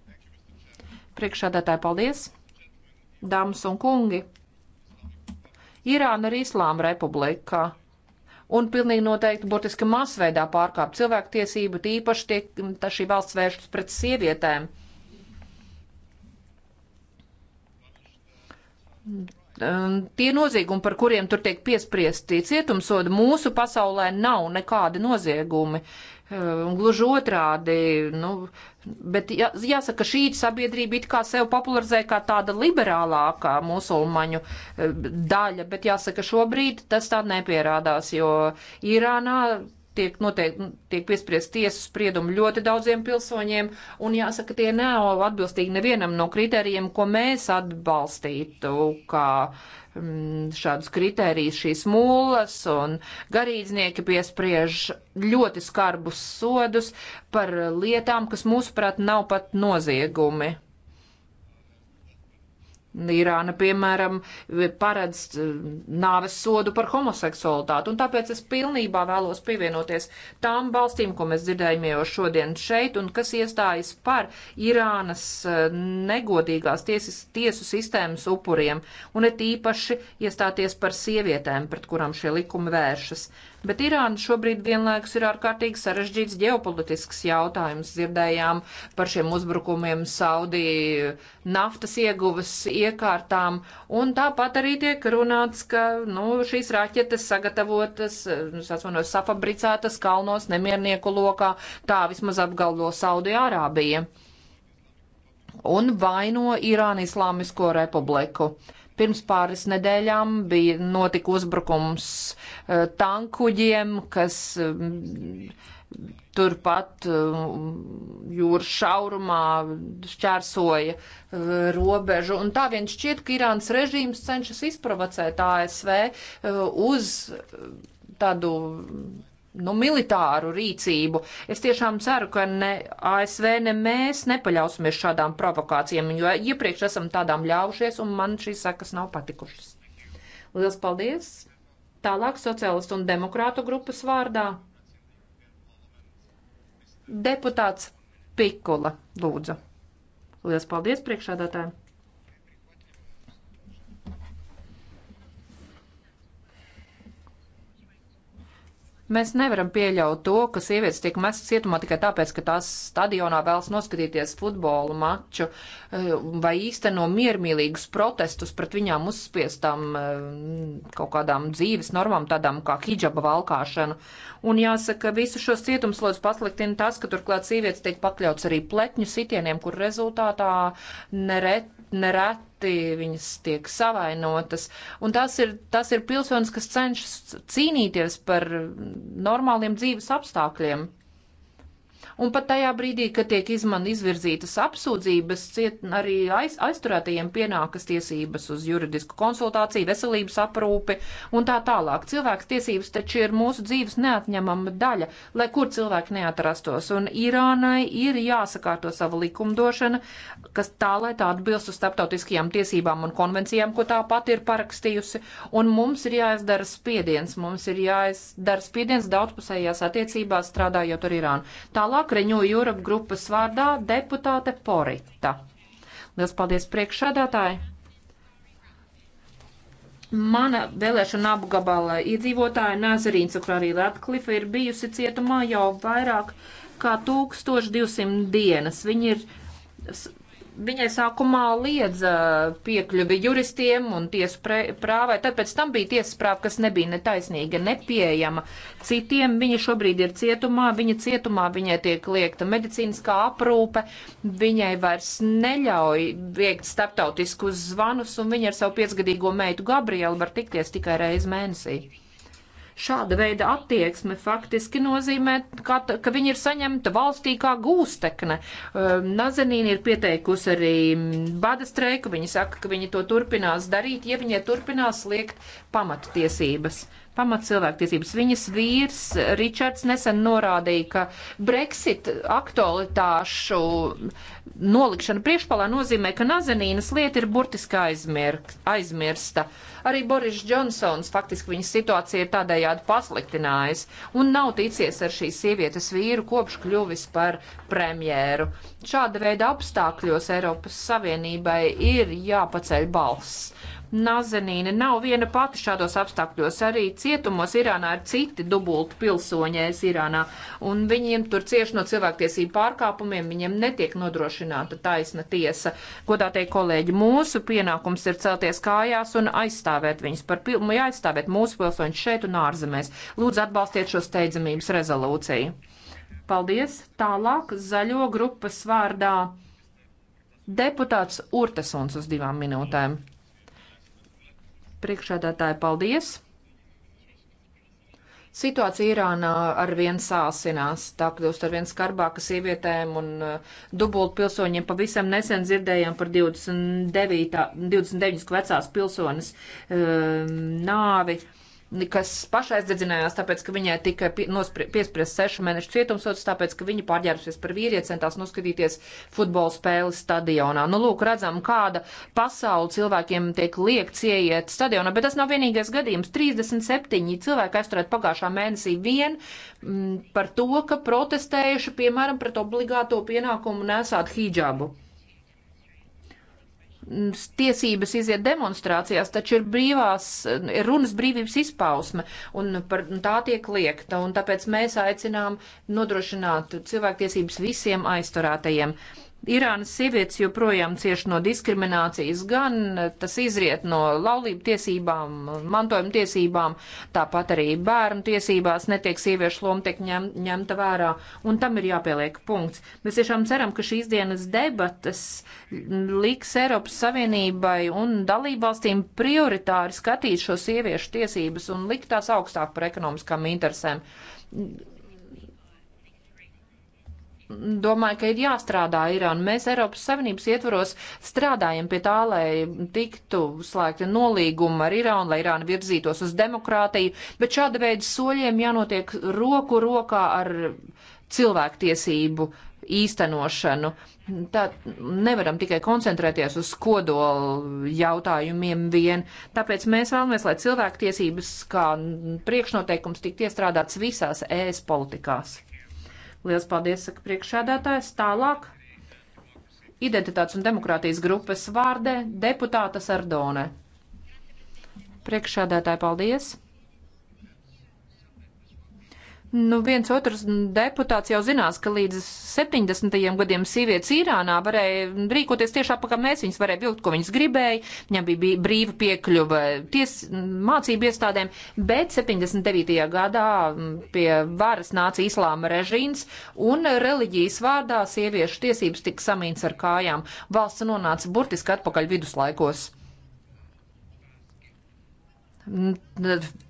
Speaker 2: Priekšādātāji, paldies! Dāmas un kungi! Irāna ir Islāma republika un pilnīgi noteikti burtiski masveidā pārkāp cilvēktiesību, tīpaši tiek šī valsts vēršas pret sievietēm. Tie noziegumi, par kuriem tur tiek piespriesti cietumsodi, mūsu pasaulē nav nekādi noziegumi. Uh, Eh, un gluži otrādi, nu, bet jā, jāsaka, šī sabiedrība it kā sev popularizē kā tāda liberālākā musulmaņu eh, daļa, bet jāsaka, šobrīd tas tā nepierādās, jo Irānā tiek, notiek, nu, tiek piespriezt tiesas spriedumu ļoti daudziem pilsoņiem, un jāsaka, tie nav atbilstīgi nevienam no kritērijiem, ko mēs atbalstītu kā uh, Mm, šādus kritērijus šīs mūlas un garīdznieki piespriež ļoti skarbus sodus par lietām, kas mūsuprāt nav pat noziegumi. Irāna, piemēram, paredz eh, nāves sodu par homoseksualitāti, un tāpēc es pilnībā vēlos pievienoties tām valstīm, ko mēs dzirdējām jau šodien šeit, un kas iestājas par Irānas eh, negodīgās tiesis, tiesu sistēmas upuriem, un it īpaši iestāties par sievietēm, pret kurām šie likumi vēršas. Bet Irāna šobrīd vienlaikus ir ārkārtīgi sarežģīts ģeopolitisks jautājums. Dzirdējām par šiem uzbrukumiem Saudī naftas ieguvas iekārtām, un tāpat arī tiek runāts, ka nu, šīs raķetes sagatavotas, es nu, atvainojos, safabricētas kalnos nemiernieku lokā, tā vismaz apgalvo Saudi Arābija un vaino Irānu Islāmisko republiku. Pirms pāris nedēļām bija notika uzbrukums eh, tankuģiem, kas mm, turpat mm, jūras šaurumā šķērsoja eh, robežu. Un tā vien šķiet, ka Irānas režīms cenšas izprovocēt ASV eh, uz tādu nu, militāru rīcību. Es tiešām ceru, ka ne ASV, ne mēs nepaļausimies šādām provokācijām, jo iepriekš esam tādām ļaušies, un man šīs sakas nav patikušas. Lielas paldies! Tālāk sociālistu un demokrātu grupas vārdā deputāts Pikula lūdzu. Lielas paldies priekšādātājiem! Mēs nevaram pieļaut to, ka sievietes tiek mestas cietumā tikai tāpēc, ka tās stadionā vēlas noskatīties futbolu maču eh, vai īsteno miermīlīgus protestus pret viņām uzspiestām eh, kaut kādām dzīves normām, tādām kā hijaba valkāšana. Un jāsaka, visu šos cietumslodus pasliktina tas, ka turklāt sievietes tiek pakļauts arī pletņu sitieniem, kur rezultātā neret, neret cietusi, viņas tiek savainotas. Un tas ir, tas ir pilsonis, kas cenšas cīnīties par normāliem dzīves apstākļiem. Un pat tajā brīdī, kad tiek izman izvirzītas apsūdzības, ciet arī aiz, aizturētajiem pienākas tiesības uz juridisku konsultāciju, veselības aprūpi un tā tālāk. Cilvēks tiesības taču ir mūsu dzīves neatņemama daļa, lai kur cilvēki neatrastos. Un Irānai ir jāsakārto sava likumdošana, kas tā, lai tā atbilst uz starptautiskajām tiesībām un konvencijām, ko tā pati ir parakstījusi. Un mums ir jāizdara spiediens, mums ir jāizdara spiediens daudzpusējās attiecībās strādājot ar Irānu. Tā, Tālāk Reņo Jūrap grupas vārdā deputāte Porita. Liels paldies priekšsādātāji! Mana vēlēšana apgabala iedzīvotāja Nazarīna Cukrārī Latklifa ir bijusi cietumā jau vairāk kā 1200 dienas. Viņa ir viņai sākumā liedza piekļuvi juristiem un tiesu prāvai, tad pēc tam bija tiesas prāva, kas nebija netaisnīga, nepieejama. Citiem viņa šobrīd ir cietumā, viņa cietumā viņai tiek liekta medicīniskā aprūpe, viņai vairs neļauj viegt starptautiskus zvanus, un viņa ar savu piecgadīgo meitu Gabrielu var tikties tikai reizi mēnesī. Šāda veida attieksme faktiski nozīmē, ka, ka viņi ir saņemta valstī kā gūstekne. Ehm, Nazenīna ir pieteikusi arī bada streiku, viņi saka, ka viņi to turpinās darīt, ja viņi turpinās liekt pamattiesības pamat cilvēktiesības. Viņas vīrs Ričards nesen norādīja, ka Brexit aktualitāšu nolikšana priekšpalā nozīmē, ka Nazenīnas lieta ir burtiski aizmir, aizmirsta. Arī Boris Džonsons faktiski viņas situācija ir tādējādi pasliktinājis un nav ticies ar šīs sievietes vīru kopš kļuvis par premjēru. Šāda veida apstākļos Eiropas Savienībai ir jāpaceļ balss Nazenīna nav viena pati šādos apstākļos. Arī cietumos Irānā ir citi dubulti pilsoņēs Irānā, un viņiem tur cieši no cilvēktiesību pārkāpumiem, viņiem netiek nodrošināta taisna tiesa. Godā teikt, kolēģi, mūsu pienākums ir celties kājās un aizstāvēt viņus par pilnu, aizstāvēt mūsu pilsoņus šeit un ārzemēs. Lūdzu, atbalstiet šo steidzamības rezolūciju. Paldies! Tālāk zaļo grupas vārdā deputāts Urtasuns uz divām minūtēm. Priekšādātāji, paldies! Situācija Irānā ar vien sāsinās, tā kļūst ar vien skarbāka sievietēm un uh, dubult pilsoņiem. Pavisam nesen dzirdējām par 29, 29 vecās pilsonis um, nāvi. Uh, kas pašai aizdedzinājās, tāpēc, ka viņai tika piespriezt sešu mēnešu cietumsots, tāpēc, ka viņa pārģērbusies par vīrieti, centās noskatīties futbola spēli stadionā. Nu, lūk, redzam, kāda pasaule cilvēkiem tiek liekts ieiet stadionā, bet tas nav vienīgais gadījums. 37 cilvēki aizturēt pagājušā mēnesī vien m, mm, par to, ka protestējuši, piemēram, pret obligāto pienākumu nesāt hijābu tiesības iziet demonstrācijās, taču ir brīvās, ir runas brīvības izpausme, un par un tā tiek liekta, un tāpēc mēs aicinām nodrošināt cilvēktiesības visiem aizturētajiem. Irānas sievietes joprojām cieši no diskriminācijas, gan tas izriet no laulību tiesībām, mantojuma tiesībām, tāpat arī bērnu tiesībās netiek sieviešu loma tiek ņem, ņemta vērā, un tam ir jāpieliek punkts. Mēs tiešām ceram, ka šīs dienas debatas liks Eiropas Savienībai un dalībvalstīm prioritāri skatīt šo sieviešu tiesības un likt tās augstāk par ekonomiskām interesēm domāju, ka ir jāstrādā Irāna. Mēs Eiropas Savienības ietvaros strādājam pie tā, lai tiktu slēgti nolīgumi ar Irānu, lai Irāna virzītos uz demokrātiju, bet šāda veida soļiem jānotiek roku rokā ar cilvēktiesību īstenošanu. Tā nevaram tikai koncentrēties uz kodolu jautājumiem vien. Tāpēc mēs vēlamies, lai cilvēktiesības kā priekšnoteikums tiktu iestrādāts visās ES politikās. Liels paldies, saka priekšsēdētājs. Tālāk identitātes un demokrātijas grupas vārdē deputāta Sardone. Priekšsēdētāji, paldies! Nu, viens otrs deputāts jau zinās, ka līdz 70. gadiem sievietes Irānā varēja rīkoties tieši apakā mēs, viņas varēja vilkt, ko viņas gribēja, viņām bija brīva piekļuva ties, mācību iestādēm, bet 79. gadā pie varas nāca islāma režīms un reliģijas vārdā sieviešu tiesības tika samīts ar kājām. Valsts nonāca burtiski atpakaļ viduslaikos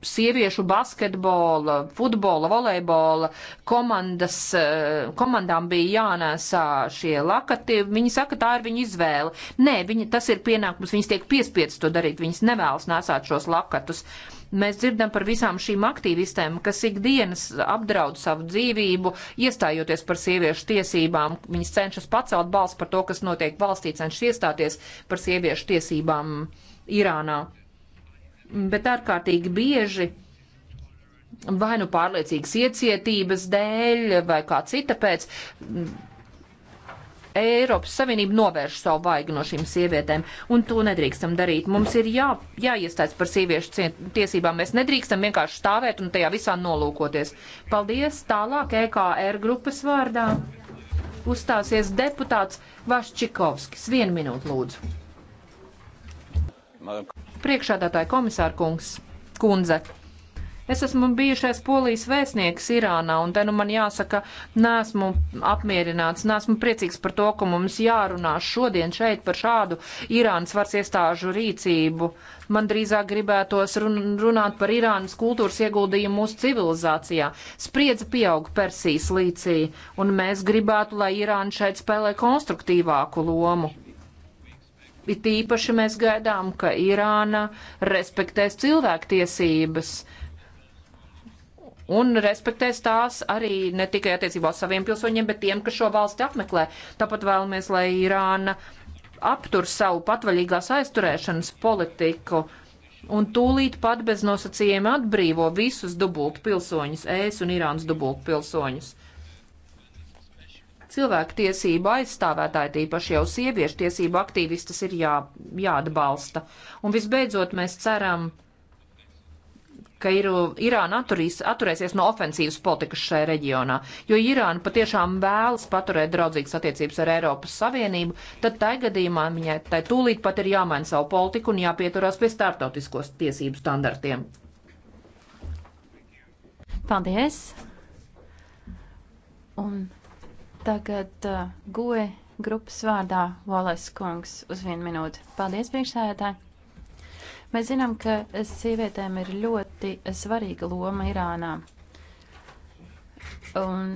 Speaker 2: sieviešu basketbola, futbola, volejbola komandas, eh, komandām bija jānēsā šie lakati. Viņi saka, tā ir viņa izvēle. Nē, viņa, tas ir pienākums, viņas tiek piespiedz to darīt, viņas nevēlas nēsāt šos lakatus. Mēs dzirdam par visām šīm aktīvistēm, kas ikdienas apdraud savu dzīvību, iestājoties par sieviešu tiesībām. Viņas cenšas pacelt balsts par to, kas notiek valstī, cenšas iestāties par sieviešu tiesībām Irānā bet ārkārtīgi bieži vai nu pārliecīgas iecietības dēļ vai kā cita pēc. Eiropas Savienība novērš savu vaigu no šīm sievietēm, un to nedrīkstam darīt. Mums ir jā, jāiestājas par sieviešu tiesībām. Mēs nedrīkstam vienkārši stāvēt un tajā visā nolūkoties. Paldies! Tālāk EKR grupas vārdā uzstāsies deputāts Vaščikovskis. Vienu minūtu lūdzu. Madam. Priekšādātāja komisāra kungs, kundze. Es esmu bijušais polijas vēstnieks Irānā, un te nu man jāsaka, nesmu apmierināts, nesmu priecīgs par to, ka mums jārunā šodien šeit par šādu Irānas varas iestāžu rīcību. Man drīzāk gribētos runāt par Irānas kultūras ieguldījumu mūsu civilizācijā. Spriedze pieaug Persijas līcī, un mēs gribētu, lai Irāna šeit spēlē konstruktīvāku lomu. It īpaši mēs gaidām, ka Irāna respektēs cilvēktiesības un respektēs tās arī ne tikai attiecībā uz saviem pilsoņiem, bet tiem, kas šo valsti apmeklē. Tāpat vēlamies, lai Irāna aptur savu patvaļīgās aizturēšanas politiku un tūlīt pat bez nosacījuma atbrīvo visus dubultpilsoņus, es un Irānas dubultpilsoņus. Cilvēku tiesību aizstāvētāji, tīpaši jau sieviešu tiesību aktīvistas, ir jā, jāatbalsta. Un visbeidzot, mēs ceram, ka ir, Irāna atturīs, atturēsies no ofensīvas politikas šajā reģionā. Jo Irāna patiešām vēlas paturēt draudzīgas attiecības ar Eiropas Savienību, tad tai gadījumā viņai tai tūlīt pat ir jāmaina savu politiku un jāpieturās pie starptautiskos tiesību standartiem.
Speaker 5: Paldies! Un Tagad uh, goja e grupas vārdā Valais kungs uz vienu minūti. Paldies, priekšsēdētāji! Mēs zinām, ka sievietēm ir ļoti svarīga loma Irānā. Un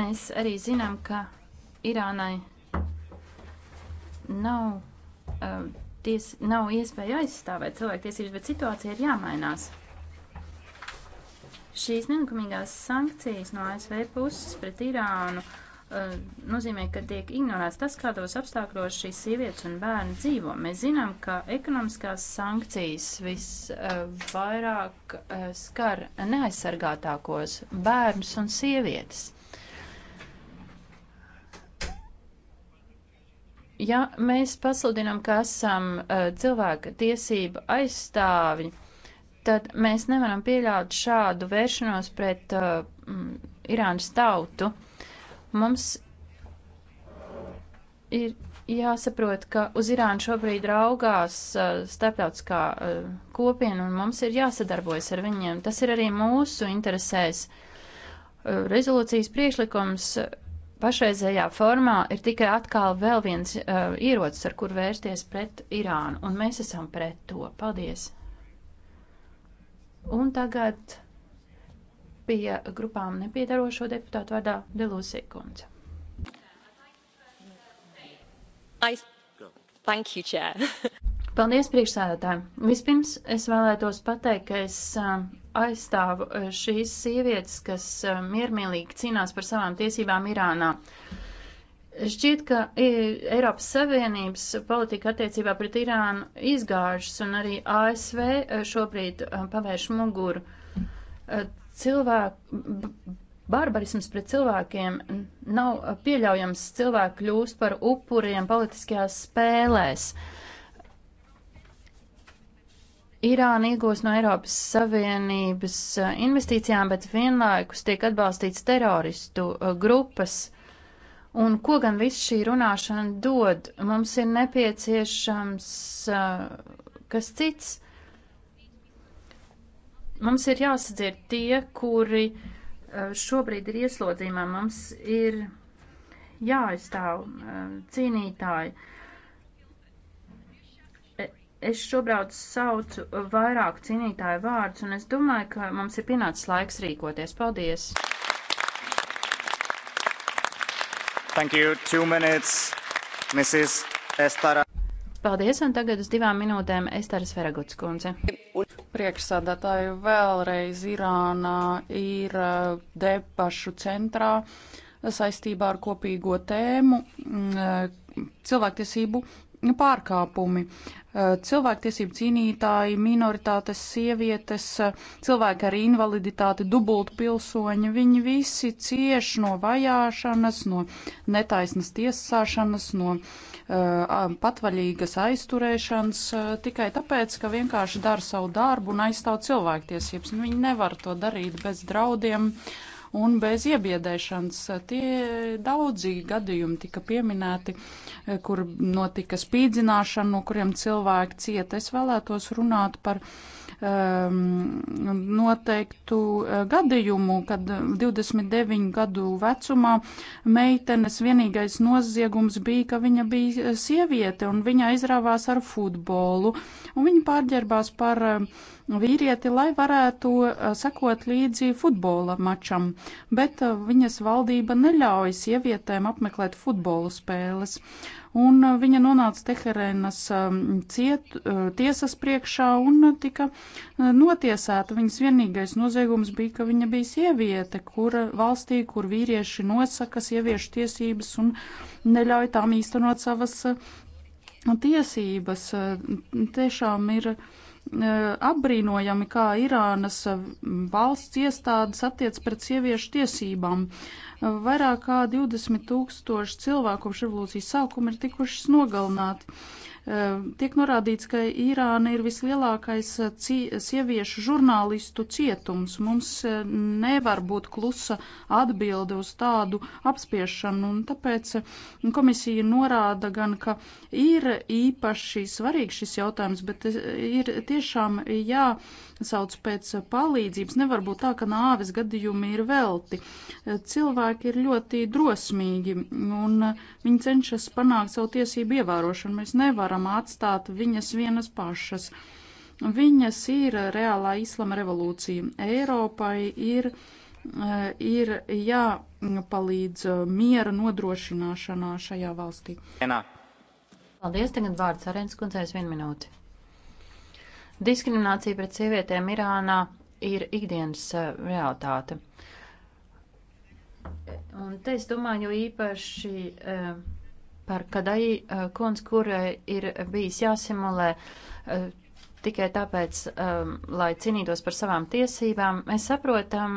Speaker 5: mēs arī zinām, ka Irānai nav, uh, ties, nav iespēja aizstāvēt cilvēktiesības, bet situācija ir jāmainās. Šīs nelikumīgās sankcijas no ASV puses pret Irānu uh, nozīmē, ka tiek ignorēts tas, kādos apstākļos šīs sievietes un bērni dzīvo. Mēs zinām, ka ekonomiskās sankcijas visvairāk eh, uh, eh, uh, skar neaizsargātākos bērnus un sievietes. Ja mēs pasludinām, ka esam cilvēka tiesība aizstāvi, tad mēs nevaram pieļaut šādu vēršanos pret uh, Irānas tautu. Mums ir jāsaprot, ka uz Irānu šobrīd raugās uh, starptautiskā uh, kopiena un mums ir jāsadarbojas ar viņiem. Tas ir arī mūsu interesēs. Uh, rezolūcijas priekšlikums pašreizējā formā ir tikai atkal vēl viens uh, ierocis, ar kur vērsties pret Irānu, un mēs esam pret to. Paldies! Un tagad pie grupām nepiedarošo deputātu vārdā Delūsija kundze. Thank you, Chair. (laughs) Paldies priekšsēdētājiem. Vispirms es vēlētos pateikt, ka es um, aizstāvu uh, šīs sievietes, kas um, miermīlīgi cīnās par savām tiesībām Irānā. Uh, Šķiet, ka e, Eiropas Savienības politika attiecībā pret Irānu izgāžas un arī ASV e, šobrīd e, pavērš muguru. Cilvēku, barbarisms pret cilvēkiem nav pieļaujams. Cilvēki kļūst par upuriem politiskajās spēlēs. Irāna iegūs no Eiropas Savienības investīcijām, bet vienlaikus tiek atbalstīts teroristu grupas. Uh, Un ko gan viss šī runāšana dod? Mums ir nepieciešams uh, kas cits. Mums ir jāsadzird tie, kuri uh, šobrīd ir ieslodzījumā. Mums ir jāaizstāv uh, cīnītāji. E, es šobrīd saucu vairāku cīnītāju vārdus, un es domāju, ka mums ir pienācis laiks rīkoties. Paldies!
Speaker 4: Minutes,
Speaker 5: Paldies, un tagad uz divām minūtēm Estaras Feraguts kundze. Priekšsādātāju vēlreiz Irāna ir eh, debašu
Speaker 7: centrā saistībā ar kopīgo tēmu mm, eh, cilvēktiesību Nu, pārkāpumi. Eh, cilvēktiesību cīnītāji, minoritātes, sievietes, eh, cilvēki ar invaliditāti, dubultu pilsoņi, viņi visi cieš no vajāšanas, no netaisnas tiesāšanas, no uh, patvaļīgas aizturēšanas, uh, tikai tāpēc, ka vienkārši dara savu darbu un aizstāv cilvēktiesības. Nu, viņi nevar to darīt bez draudiem. Uh, un bez iebiedēšanas. Tie daudzi gadījumi tika pieminēti, eh, kur notika spīdzināšana, no kuriem cilvēki cieta. Es vēlētos runāt par um, noteiktu eh, gadījumu, kad 29 gadu vecumā meitenes vienīgais noziegums bija, ka viņa bija sieviete un viņa izrāvās ar futbolu. Un viņa pārģērbās par uh, vīrieti, lai varētu sekot līdzi futbola mačam, bet viņas valdība neļauj sievietēm apmeklēt futbola spēles. Un viņa nonāca Teherēnas ciet, tiesas priekšā un tika notiesāta. Viņas vienīgais noziegums bija, ka viņa bija sieviete, kura valstī, kur vīrieši nosaka sieviešu tiesības un neļauj tām īstenot savas tiesības. Tiešām ir uh, Eh, apbrīnojami, kā Irānas eh, valsts iestādes attiec pret sieviešu tiesībām. Eh, vairāk kā 20 tūkstoši cilvēku kopš revolūcijas sākuma ir tikušas nogalināti. Ehm, tiek norādīts, ka Irāna ir vislielākais eh, sieviešu žurnālistu cietums. Mums eh, nevar būt klusa atbilde uz tādu apspiešanu, un tāpēc eh, komisija norāda gan, ka ir īpaši svarīgs šis jautājums, bet ir tiešām jā sauc pēc eh, palīdzības. Nevar būt tā, ka nāves gadījumi ir velti. Eh, cilvēki ir ļoti drosmīgi un eh, viņi cenšas panākt savu tiesību ievērošanu. Mēs nevaram atstāt viņas vienas pašas. Viņas ir reālā islama revolūcija. Eiropai ir ir
Speaker 5: jāpalīdz miera nodrošināšanā šajā valstī. Vienā. Paldies, tagad vārds Arēnas kundzēs vienu minūti. Diskriminācija pret sievietēm Irānā ir ikdienas eh, realitāte. Un te es domāju īpaši eh, par Kadai eh, kundz, kurai ir bijis jāsimulē tikai tāpēc, lai cīnītos par savām tiesībām. Mēs saprotam,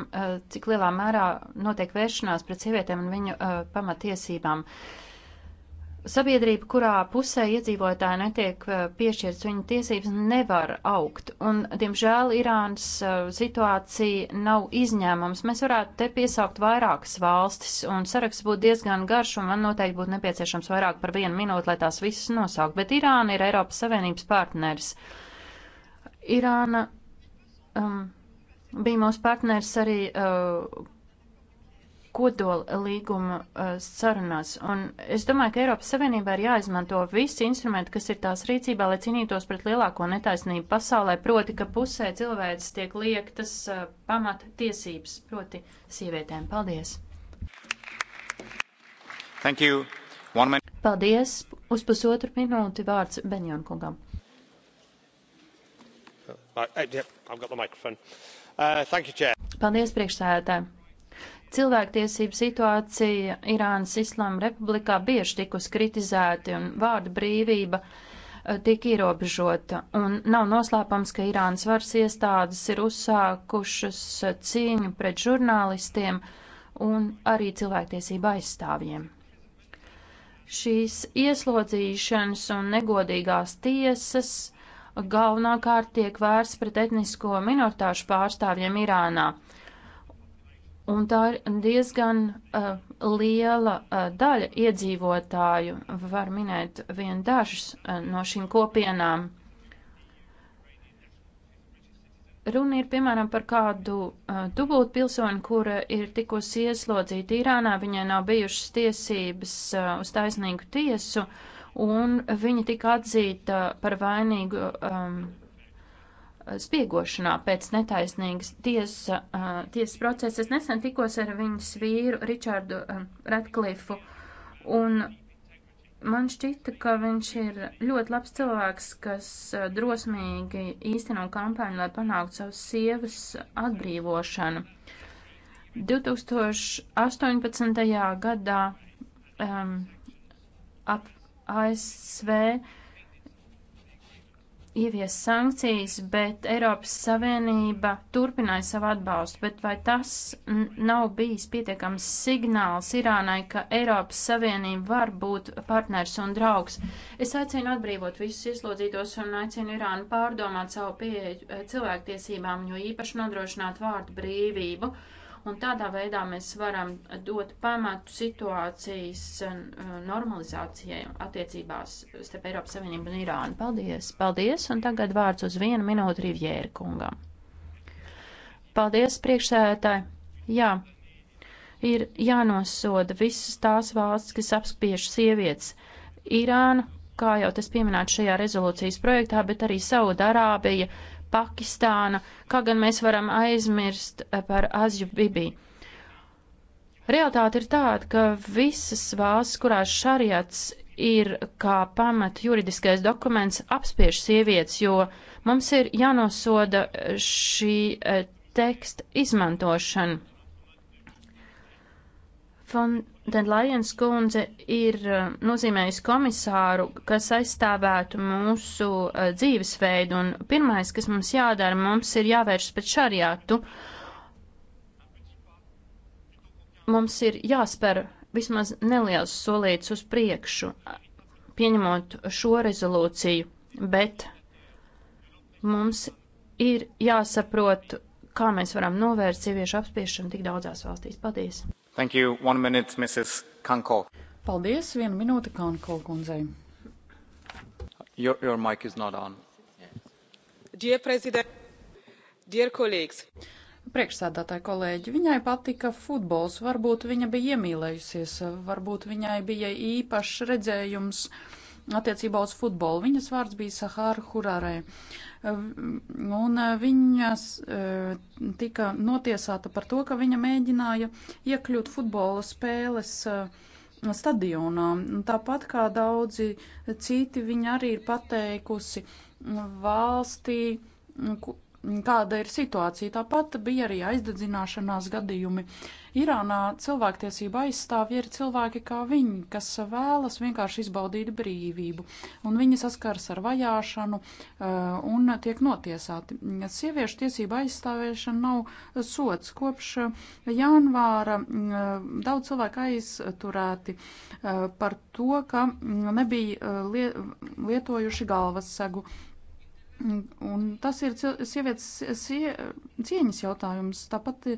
Speaker 5: cik lielā mērā notiek vēršanās pret sievietēm un viņu pamatiesībām. Uh, Sabiedrība, kurā pusē iedzīvotāji netiek eh, piešķirts viņa tiesības, nevar augt. Un, diemžēl, Irānas eh, situācija nav izņēmums. Mēs varētu te piesaukt vairākas valstis, un saraksts būtu diezgan garš, un man noteikti būtu nepieciešams vairāk par vienu minūti, lai tās visas nosaukt. Bet Irāna ir Eiropas Savienības partneris. Irāna um, bija mūsu partneris arī. Uh, kodola līguma uh, eh, sarunās. Un es domāju, ka Eiropas Savienībā ir jāizmanto visi instrumenti, kas ir tās rīcībā, lai cīnītos pret lielāko netaisnību pasaulē, proti, ka pusē cilvēks tiek liektas uh, pamat tiesības, proti sievietēm. Paldies! Thank you. One minute. Paldies! Uz pusotru minūti vārds Benjonkungam.
Speaker 6: Uh, yeah, uh,
Speaker 5: Paldies priekšsēdētājiem! Cilvēktiesību situācija Irānas Islāma Republikā bieži tikus kritizēti un vārda brīvība eh, tika ierobežota. Un nav noslēpams, ka Irānas varas iestādes ir uzsākušas eh, cīņu pret žurnālistiem un arī cilvēktiesību aizstāvjiem. Šīs ieslodzīšanas un negodīgās tiesas galvenokārt tiek vērsts pret etnisko minoritāšu pārstāvjiem Irānā un tā ir diezgan uh, liela uh, daļa iedzīvotāju, var minēt vien dažas uh, no šīm kopienām. Runa ir piemēram par kādu uh, dubultu pilsoni, kura ir tikusi ieslodzīta Irānā, viņai nav bijušas tiesības uh, uz taisnīgu tiesu, un viņa tika atzīta par vainīgu um, spiegošanā pēc netaisnīgas tiesa, uh, tiesas procesa. Es nesen tikos ar viņas vīru Ričārdu uh, Ratklifu, un man šķita, ka viņš ir ļoti labs cilvēks, kas uh, drosmīgi īsteno kampaņu, lai panāktu savas sievas atbrīvošanu. 2018. gadā um, ap ASV uh, ievies sankcijas, bet Eiropas Savienība turpināja savu atbalstu. Bet vai tas nav bijis pietiekams signāls Irānai, ka Eiropas Savienība var būt partners un draugs? Es aicinu atbrīvot visus ieslodzītos un aicinu Irānu pārdomāt savu pieeju eh, cilvēktiesībām, jo īpaši nodrošināt vārdu brīvību. Uh, un tādā veidā mēs varam dot pamatu situācijas uh, normalizācijai attiecībās starp Eiropas Savienību un Irānu. Paldies! Paldies! Un tagad vārds uz vienu minūtu Rivjēra kungam. Paldies, priekšsēdētāji! Jā, ir jānosoda visas tās valsts, kas apspiež sievietes. Irāna, kā jau tas pieminēts šajā rezolūcijas projektā, bet arī Saudarābija, Pakistāna, kā gan mēs varam aizmirst par Azju Bibī. Realtāte ir tāda, ka visas valsts, kurās šariats ir kā pamat juridiskais dokuments, apspiež sievietes, jo mums ir jānosoda šī eh, teksta izmantošana. Fond Tad Lajens kundze ir eh, nozīmējusi komisāru, kas aizstāvētu mūsu eh, dzīvesveidu, un pirmais, kas mums jādara, mums ir jāvēršas pret šariātu. Mums ir jāspēr vismaz neliels solīts uz priekšu, pieņemot šo rezolūciju, bet mums ir jāsaprot, kā mēs varam novērst sieviešu apspiešanu tik daudzās valstīs. Paldies! Thank
Speaker 7: you. One minute, Mrs. Kanko.
Speaker 5: Paldies, viena minūte Kanko kundzei.
Speaker 7: Your, your mic is not on. Dear President, dear colleagues. Priekšsēdētāji kolēģi, viņai patika futbols, varbūt viņa bija iemīlējusies, varbūt viņai bija īpašs redzējums attiecībā uz futbolu. Viņas vārds bija Sahāra Hurārē. Uh, un eh, viņas eh, tika notiesāta par to, ka viņa mēģināja iekļūt futbola spēles eh, stadionā. Tāpat kā daudzi citi, viņa arī ir pateikusi valstī, kāda ir situācija. Tāpat bija arī aizdedzināšanās gadījumi. Irānā cilvēktiesība aizstāvja ir cilvēki kā viņi, kas vēlas vienkārši izbaudīt brīvību, un viņi saskars ar vajāšanu eh, un tiek notiesāti. Sieviešu tiesība aizstāvēšana nav sots. Kopš janvāra eh, daudz cilvēku aizturēti eh, par to, ka nebija lietojuši galvas segu Un tas ir sievietes sie, cieņas jautājums. Tāpat e,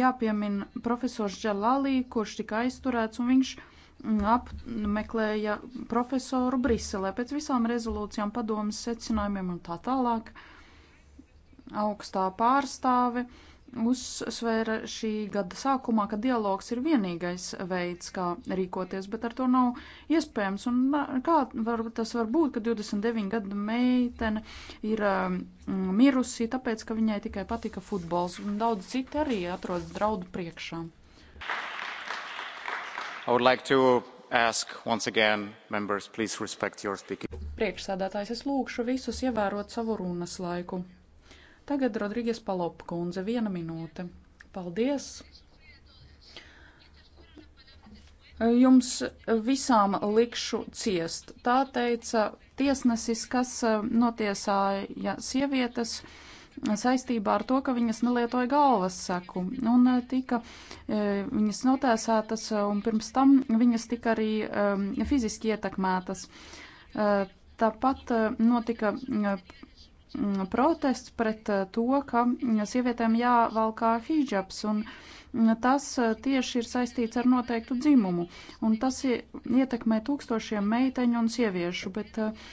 Speaker 7: jāpiemin profesors Džalalī, kurš tika aizturēts, un viņš mm, apmeklēja profesoru Briselē pēc visām rezolūcijām, padomas secinājumiem un tā tālāk. Augstā pārstāve uh, uzsvēra šī gada sākumā, ka dialogs ir vienīgais veids, kā rīkoties, bet ar to nav iespējams. Un kā var, tas var būt, ka 29 gadu meitene ir um, mirusi, tāpēc, ka viņai tikai patika futbols, un daudz citi arī atrodas draudu priekšā. Like again, members,
Speaker 2: Priekšsādātājs,
Speaker 7: es lūkšu visus ievērot savu runas laiku. Tagad Rodrīgas Palop kundze, viena minūte. Paldies! Jums visām likšu ciest. Tā teica tiesnesis, kas eh, notiesāja sievietes saistībā ar to, ka viņas nelietoja galvas seku. Un eh, tika eh, viņas notēsētas, un pirms tam viņas tika arī fiziski ietekmētas. Tāpat notika Mm, protests pret eh, to, ka mm, sievietēm jāvalkā hijabs, un mm, tas eh, tieši ir saistīts ar noteiktu dzimumu, un tas ietekmē tūkstošiem meiteņu un sieviešu, bet eh,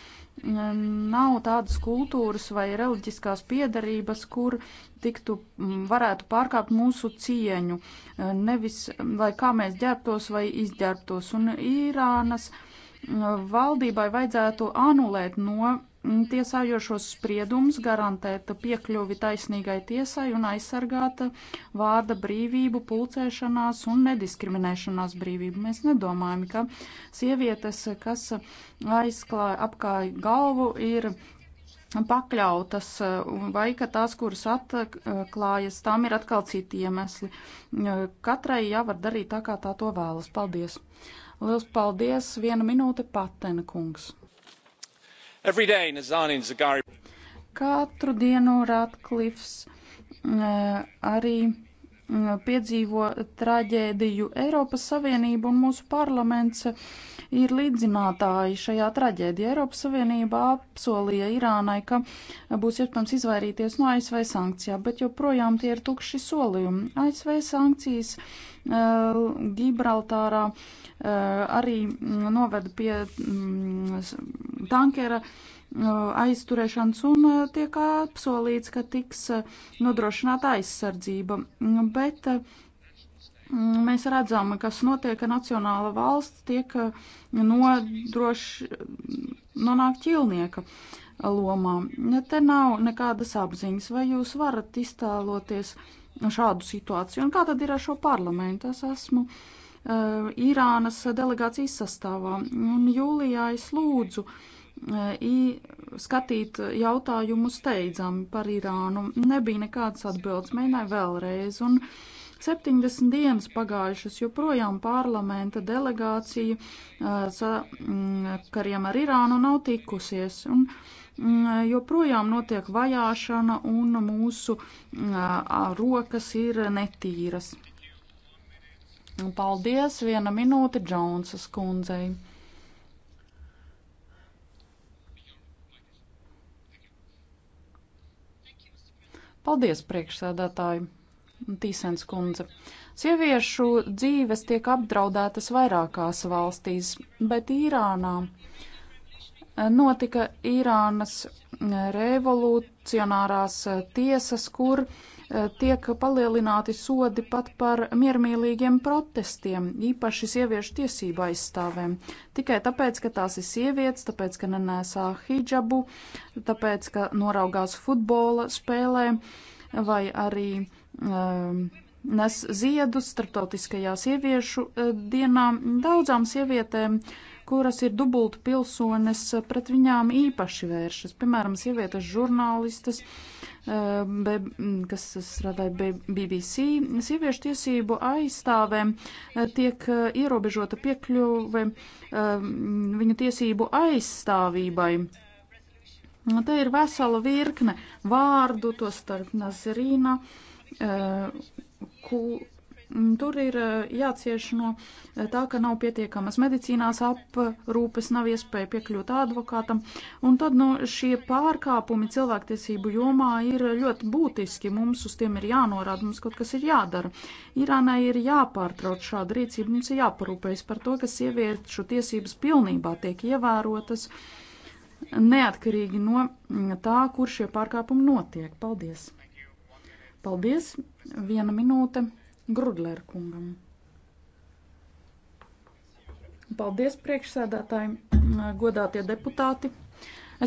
Speaker 7: nav tādas kultūras vai reliģiskās piedarības, kur tiktu, varētu pārkāpt mūsu cieņu, nevis, lai kā mēs ģērbtos vai izģērbtos, un Irānas valdībai vajadzētu anulēt no tiesājošos spriedumus, garantēt piekļuvi taisnīgai tiesai un aizsargāt vārda brīvību, pulcēšanās un nediskriminēšanās brīvību. Mēs nedomājam, ka sievietes, kas aizklāja apkāj galvu, ir pakļautas, vai ka tās, kuras atklājas, tām ir atkal citi iemesli. Katrai jāvar darīt tā, kā tā to vēlas. Paldies! Liels paldies! Viena minūte patena kungs! Katru dienu Ratklifs eh, arī piedzīvo traģēdiju. Eiropas Savienība un mūsu parlaments ir līdzinātāji šajā traģēdijā. Eiropas Savienība apsolīja Irānai, ka būs iespējams izvairīties no ASV sankcijām, bet joprojām tie ir tukši solījumi. ASV sankcijas uh, Gibraltārā uh, arī noveda pie mm, tankera. Uh, aizturēšanas un eh, tiek apsolīts, ka tiks eh, nodrošināta aizsardzība. Bet eh, Mēs redzam, kas notiek, ka nacionāla valsts tiek nodroši, nonāk ķilnieka lomā. Te nav nekādas apziņas, vai jūs varat iztēloties šādu situāciju. Un kā tad ir ar šo parlamentu? Es esmu uh, Irānas delegācijas sastāvā, un jūlijā es lūdzu uh, skatīt jautājumu steidzami par Irānu. Nebija nekādas atbildes, mēģināju vēlreiz. Un 70 dienas pagājušas, joprojām parlamenta delegācija sakariem mm, ar Irānu nav tikusies. Un, mm, joprojām notiek vajāšana un mūsu rokas ir netīras. Paldies, viena minūte Džonsas kundzei. Paldies, priekšsēdētāji! Tīsens kundze. Sieviešu dzīves tiek apdraudētas vairākās valstīs, bet Irānā notika Irānas revolucionārās tiesas, kur uh, Eh, tiek palielināti sodi pat par miermīlīgiem protestiem, īpaši sieviešu tiesību aizstāvēm. Tikai tāpēc, ka tās ir sievietes, tāpēc, ka nenēsā hijabu, tāpēc, ka noraugās futbola spēlē vai arī um, nes ziedus starptautiskajā sieviešu eh, dienā daudzām sievietēm. Uh, kuras ir dubultu pilsones, eh, pret viņām īpaši vēršas. Piemēram, sievietes žurnālistas, eh, kas strādāja BBC, sieviešu tiesību aizstāvēm eh, tiek ierobežota piekļuve viņu tiesību aizstāvībai. Te ir vesela virkne vārdu, to starp Nazirīna, ku, Mm, tur ir eh, jācieš no eh, tā, ka nav pietiekamas medicīnās aprūpes, nav iespēja piekļūt advokātam. Un tad no nu, šie pārkāpumi cilvēktiesību jomā ir ļoti būtiski. Mums uz tiem ir jānorāda, mums kaut kas ir jādara. Irānai ir jāpārtrauc šāda rīcība, mums ir jāparūpējas par to, ka sieviešu tiesības pilnībā tiek ievērotas neatkarīgi no mm, tā, kur šie pārkāpumi notiek. Paldies! Paldies! Viena minūte Grudler kungam. Paldies priekšsēdētājiem, godātie deputāti.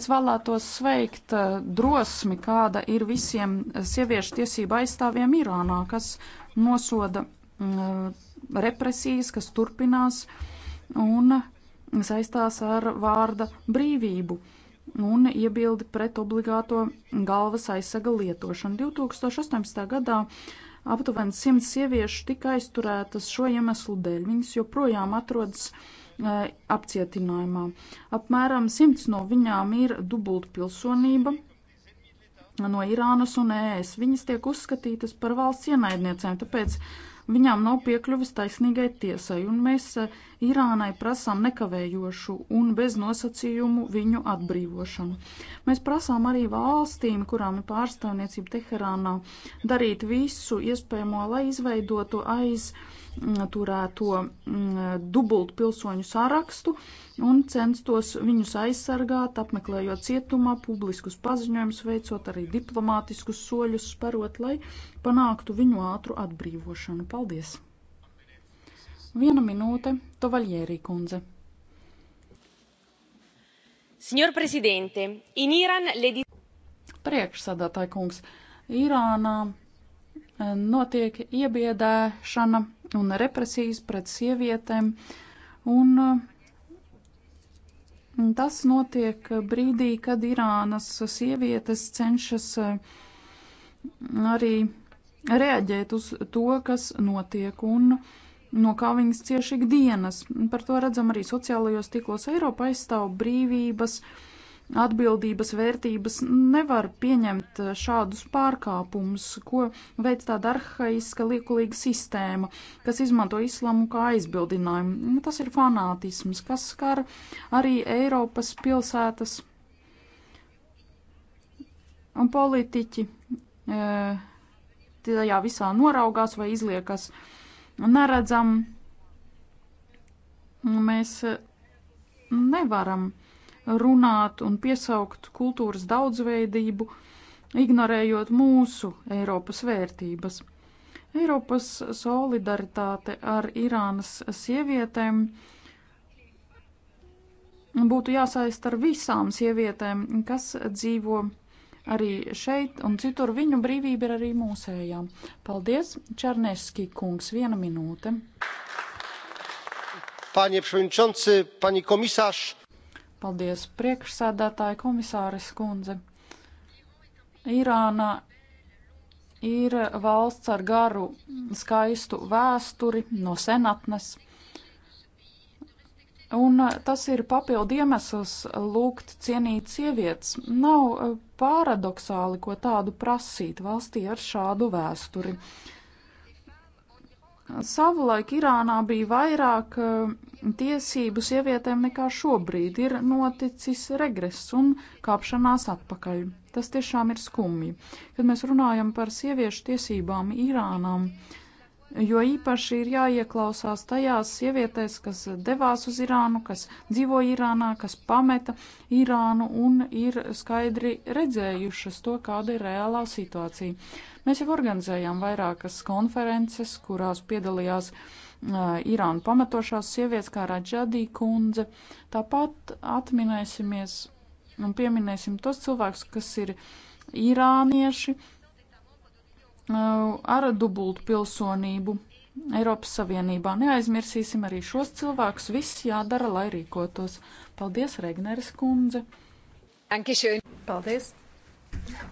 Speaker 7: Es vēlētos sveikt eh, drosmi, kāda ir visiem sieviešu tiesību aizstāvjiem Irānā, kas nosoda mm, represijas, kas turpinās un saistās ar vārda brīvību un iebildi pret obligāto galvas aizsaga lietošanu. 2018. gadā Aptuveni simts sieviešu tika aizturētas šo iemeslu dēļ. Viņas joprojām atrodas uh, apcietinājumā. Apmēram simts no viņām ir dubultpilsonība no Irānas un ES. Viņas tiek uzskatītas par valsts ienaidniecēm, tāpēc uh, Viņām nav piekļuvis taisnīgai tiesai, un mēs eh, Irānai prasām nekavējošu un bez nosacījumu viņu atbrīvošanu. Mēs prasām arī valstīm, kurām ir pārstāvniecība Teherānā, darīt visu iespējamo, lai izveidotu aiz turēto mm, dubultu pilsoņu sarakstu un censtos viņus aizsargāt, apmeklējot cietumā, publiskus paziņojumus veicot, arī diplomātiskus soļus sperot, lai panāktu viņu ātru atbrīvošanu. Paldies! Viena minūte, Tovaļjērī kundze.
Speaker 6: Signor Presidente, in Iran ledi...
Speaker 7: Priekšsādātāji kungs, Irānā eh, notiek iebiedēšana un represijas pret sievietēm. Uh, un tas notiek brīdī, kad Irānas sievietes cenšas uh, arī reaģēt uz to, kas notiek un no kā viņas cieši ikdienas. Par to redzam arī sociālajos tīklos Eiropa aizstāv brīvības, uh, atbildības vērtības nevar pieņemt šādus pārkāpumus, ko veic tāda arhaiska liekulīga sistēma, kas izmanto islamu kā aizbildinājumu. Nu, tas ir fanātisms, kas skar arī Eiropas pilsētas un politiķi. E, tajā visā noraugās vai izliekas neredzam. Mēs nevaram runāt un piesaukt kultūras daudzveidību, ignorējot mūsu Eiropas vērtības. Eiropas solidaritāte ar Irānas sievietēm būtu jāsaist ar visām sievietēm, kas dzīvo arī šeit un citur. Viņu brīvība ir arī mūsējām. Paldies, Černeski kungs, viena minūte.
Speaker 1: Panie przewodniczący, pani komisārš,
Speaker 7: Paldies priekšsēdētāji komisāris kundze. Irāna ir valsts ar garu, skaistu vēsturi no senatnes. Un tas ir papildu iemesls lūgt cienīt sievietes. Nav eh, paradoxāli, ko tādu prasīt valstī ar šādu vēsturi. Uh, Savulaik Irānā bija vairāk eh, tiesību sievietēm nekā šobrīd. Ir noticis regress un kāpšanās atpakaļ. Tas tiešām ir skumji. Kad mēs runājam par sieviešu tiesībām Irānām, jo īpaši ir jāieklausās tajās sievietēs, kas devās uz Irānu, kas dzīvo Irānā, kas pameta Irānu un ir skaidri redzējušas to, kāda ir reālā situācija. Mēs jau organizējām vairākas konferences, kurās piedalījās Irānu pamatošās sievietes, kā Raģadī kundze. Tāpat atminēsimies un pieminēsim tos cilvēkus, kas ir irānieši ar dubultu pilsonību Eiropas Savienībā. Neaizmirsīsim arī šos cilvēkus. Viss jādara, lai rīkotos. Paldies,
Speaker 6: Regneris kundze! Dankeschön! Paldies!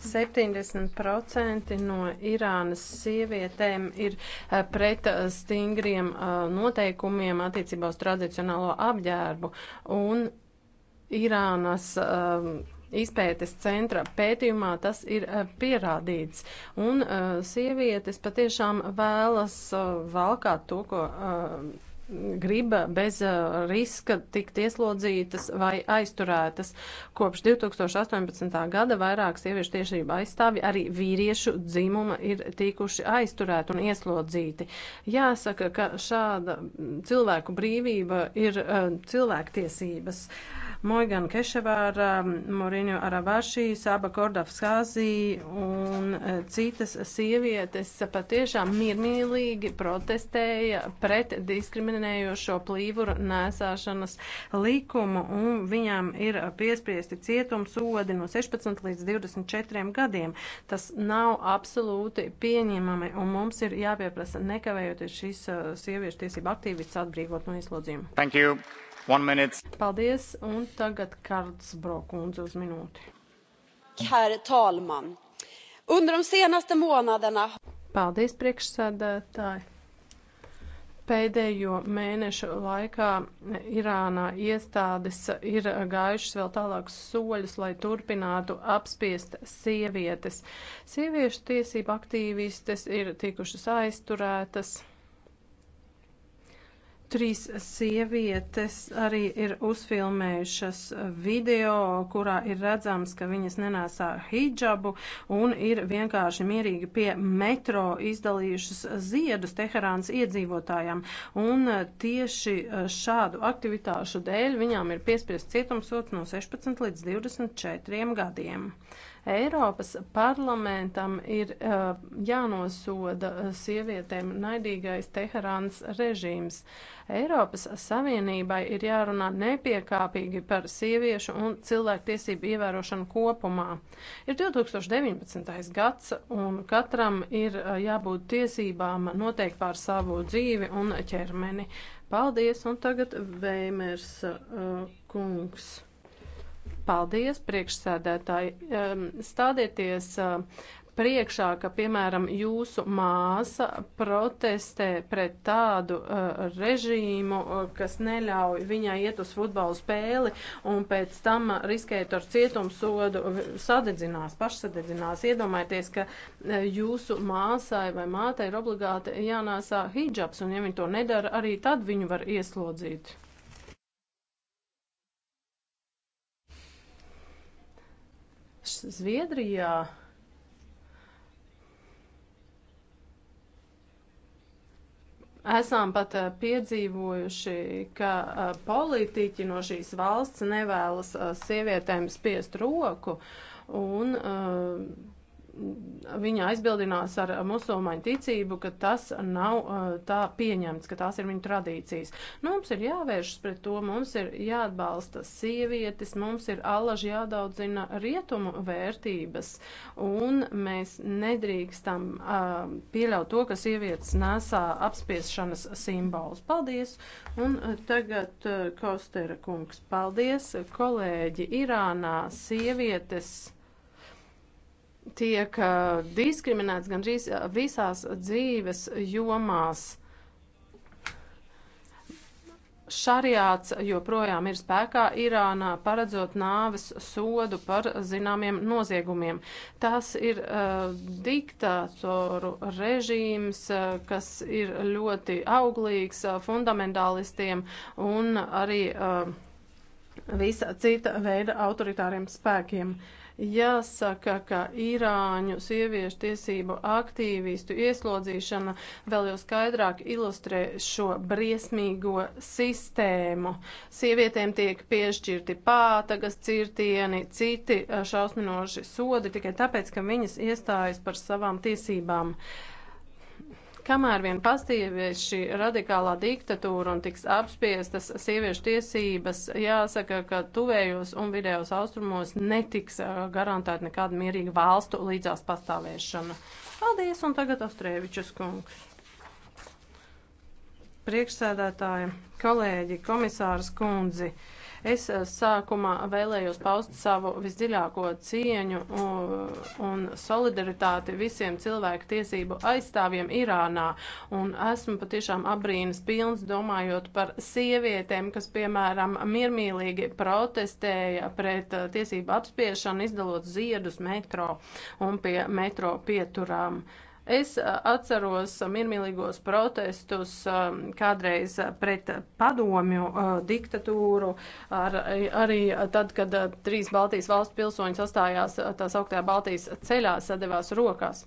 Speaker 6: 70% no Irānas sievietēm ir eh, pret eh, stingriem eh, noteikumiem attiecībā uz tradicionālo apģērbu. Un Irānas izpētes centra pētījumā tas ir pierādīts. Un sievietes patiešām vēlas valkāt to, ko griba bez uh, riska tikt ieslodzītas vai aizturētas. Kopš 2018. gada vairāk sieviešu tiešība aizstāvi arī vīriešu dzimuma ir tikuši aizturēti un ieslodzīti. Jāsaka, ka šāda cilvēku brīvība ir uh, cilvēktiesības. Uh, Mojgan Kešavāra, Moriņo Aravāšī, Saba Kordavskāzī un e, citas sievietes patiešām miermīlīgi protestēja pret diskriminējošo plīvuru nesāšanas likumu un viņām ir piespriesti cietumsodi no 16 līdz 24 gadiem. Tas nav absolūti pieņemami un mums ir jāpieprasa nekavējoties šīs e, sieviešu tiesību aktīvists atbrīvot no ieslodzījuma. Thank you. Paldies, un tagad Karls Brokundze uz minūti.
Speaker 5: Herr talman! Under de senaste månaderna...
Speaker 6: Paldies, priekšsēdētāji! Pēdējo mēnešu laikā Irānā iestādes ir gājušas vēl tālākus soļus, lai turpinātu apspiest sievietes. Sieviešu tiesību aktīvistes ir tikušas aizturētas. Trīs sievietes arī ir uzfilmējušas video, kurā ir redzams, ka viņas nenāsā hijabu un ir vienkārši mierīgi pie metro izdalījušas ziedus Teherāns iedzīvotājiem. Un eh, tieši eh, šādu aktivitāšu dēļ viņām ir piespiest cietumsots no 16 līdz 24 gadiem. Eiropas parlamentam ir uh, jānosoda uh, sievietēm naidīgais Teherāns režīms. Eiropas Savienībai ir jārunā nepiekāpīgi par sieviešu un cilvēktiesību ievērošanu kopumā. Ir 2019. gads un katram ir uh, jābūt tiesībām noteikt pār savu dzīvi un ķermeni. Paldies, un tagad Vēmers uh, kungs. Paldies, priekšsēdētāji. Stādieties e, priekšā, ka, piemēram, jūsu māsa protestē pret tādu uh, režīmu, uh, kas neļauj viņai iet uz futbalu spēli un pēc tam riskēt ar cietumsodu, sadedzinās, pašsadedzinās. Iedomājieties, ka uh, jūsu māsai vai mātei ir obligāti jānāsā hijabs, un ja viņi to nedara, arī tad viņu var ieslodzīt. Zviedrijā esam pat eh, piedzīvojuši, ka eh, politiķi no šīs valsts nevēlas eh, sievietēm spiest roku un uh, viņa aizbildinās ar musulmaņu ticību, ka tas nav uh, tā pieņemts, ka tās ir viņa tradīcijas. Nu, mums ir jāvēršas pret to, mums ir jāatbalsta sievietes, mums ir allaži jādaudzina rietumu vērtības, un mēs nedrīkstam uh, pieļaut to, ka sievietes nesā apspiešanas simbolus. Paldies! Un uh, tagad uh, Kostera kungs, paldies! Kolēģi Irānā, sievietes! tiek diskriminēts gandrīz visās dzīves jomās. Šariāts joprojām ir spēkā Irānā, paredzot nāves sodu par zināmiem noziegumiem. Tas ir uh, diktātoru režīms, uh, kas ir ļoti auglīgs uh, fundamentālistiem un arī uh, visa cita veida autoritāriem spēkiem. Uh, Jāsaka, ka Irāņu sieviešu tiesību aktīvistu ieslodzīšana vēl jau skaidrāk ilustrē šo briesmīgo sistēmu. Sievietēm tiek piešķirti pātagas cirtieni, citi šausminoši sodi tikai tāpēc, ka viņas iestājas par savām tiesībām. Uh, Kamēr vien pastīvies šī radikālā diktatūra un tiks apspiestas sieviešu tiesības, jāsaka, ka tuvējos un vidējos austrumos netiks garantēta nekāda mierīga valstu līdzās pastāvēšana. Paldies, un tagad Austrēvičus kungs. Priekšsēdētāji, kolēģi, komisārs kundzi. Uh, Es eh, sākumā vēlējos paust savu visdziļāko cieņu un solidaritāti visiem cilvēku tiesību aizstāvjiem Irānā. Un esmu patiešām abrīnas pilns domājot par sievietēm, kas, piemēram, miermīlīgi protestēja pret eh, tiesību apspiešanu, izdalot ziedus metro un pie metro pieturām. Uh, Es atceros miermīlīgos protestus kādreiz pret padomju diktatūru, ar, arī tad, kad trīs Baltijas valstu pilsoņi sastājās tās augtajā Baltijas ceļā, sadevās rokās.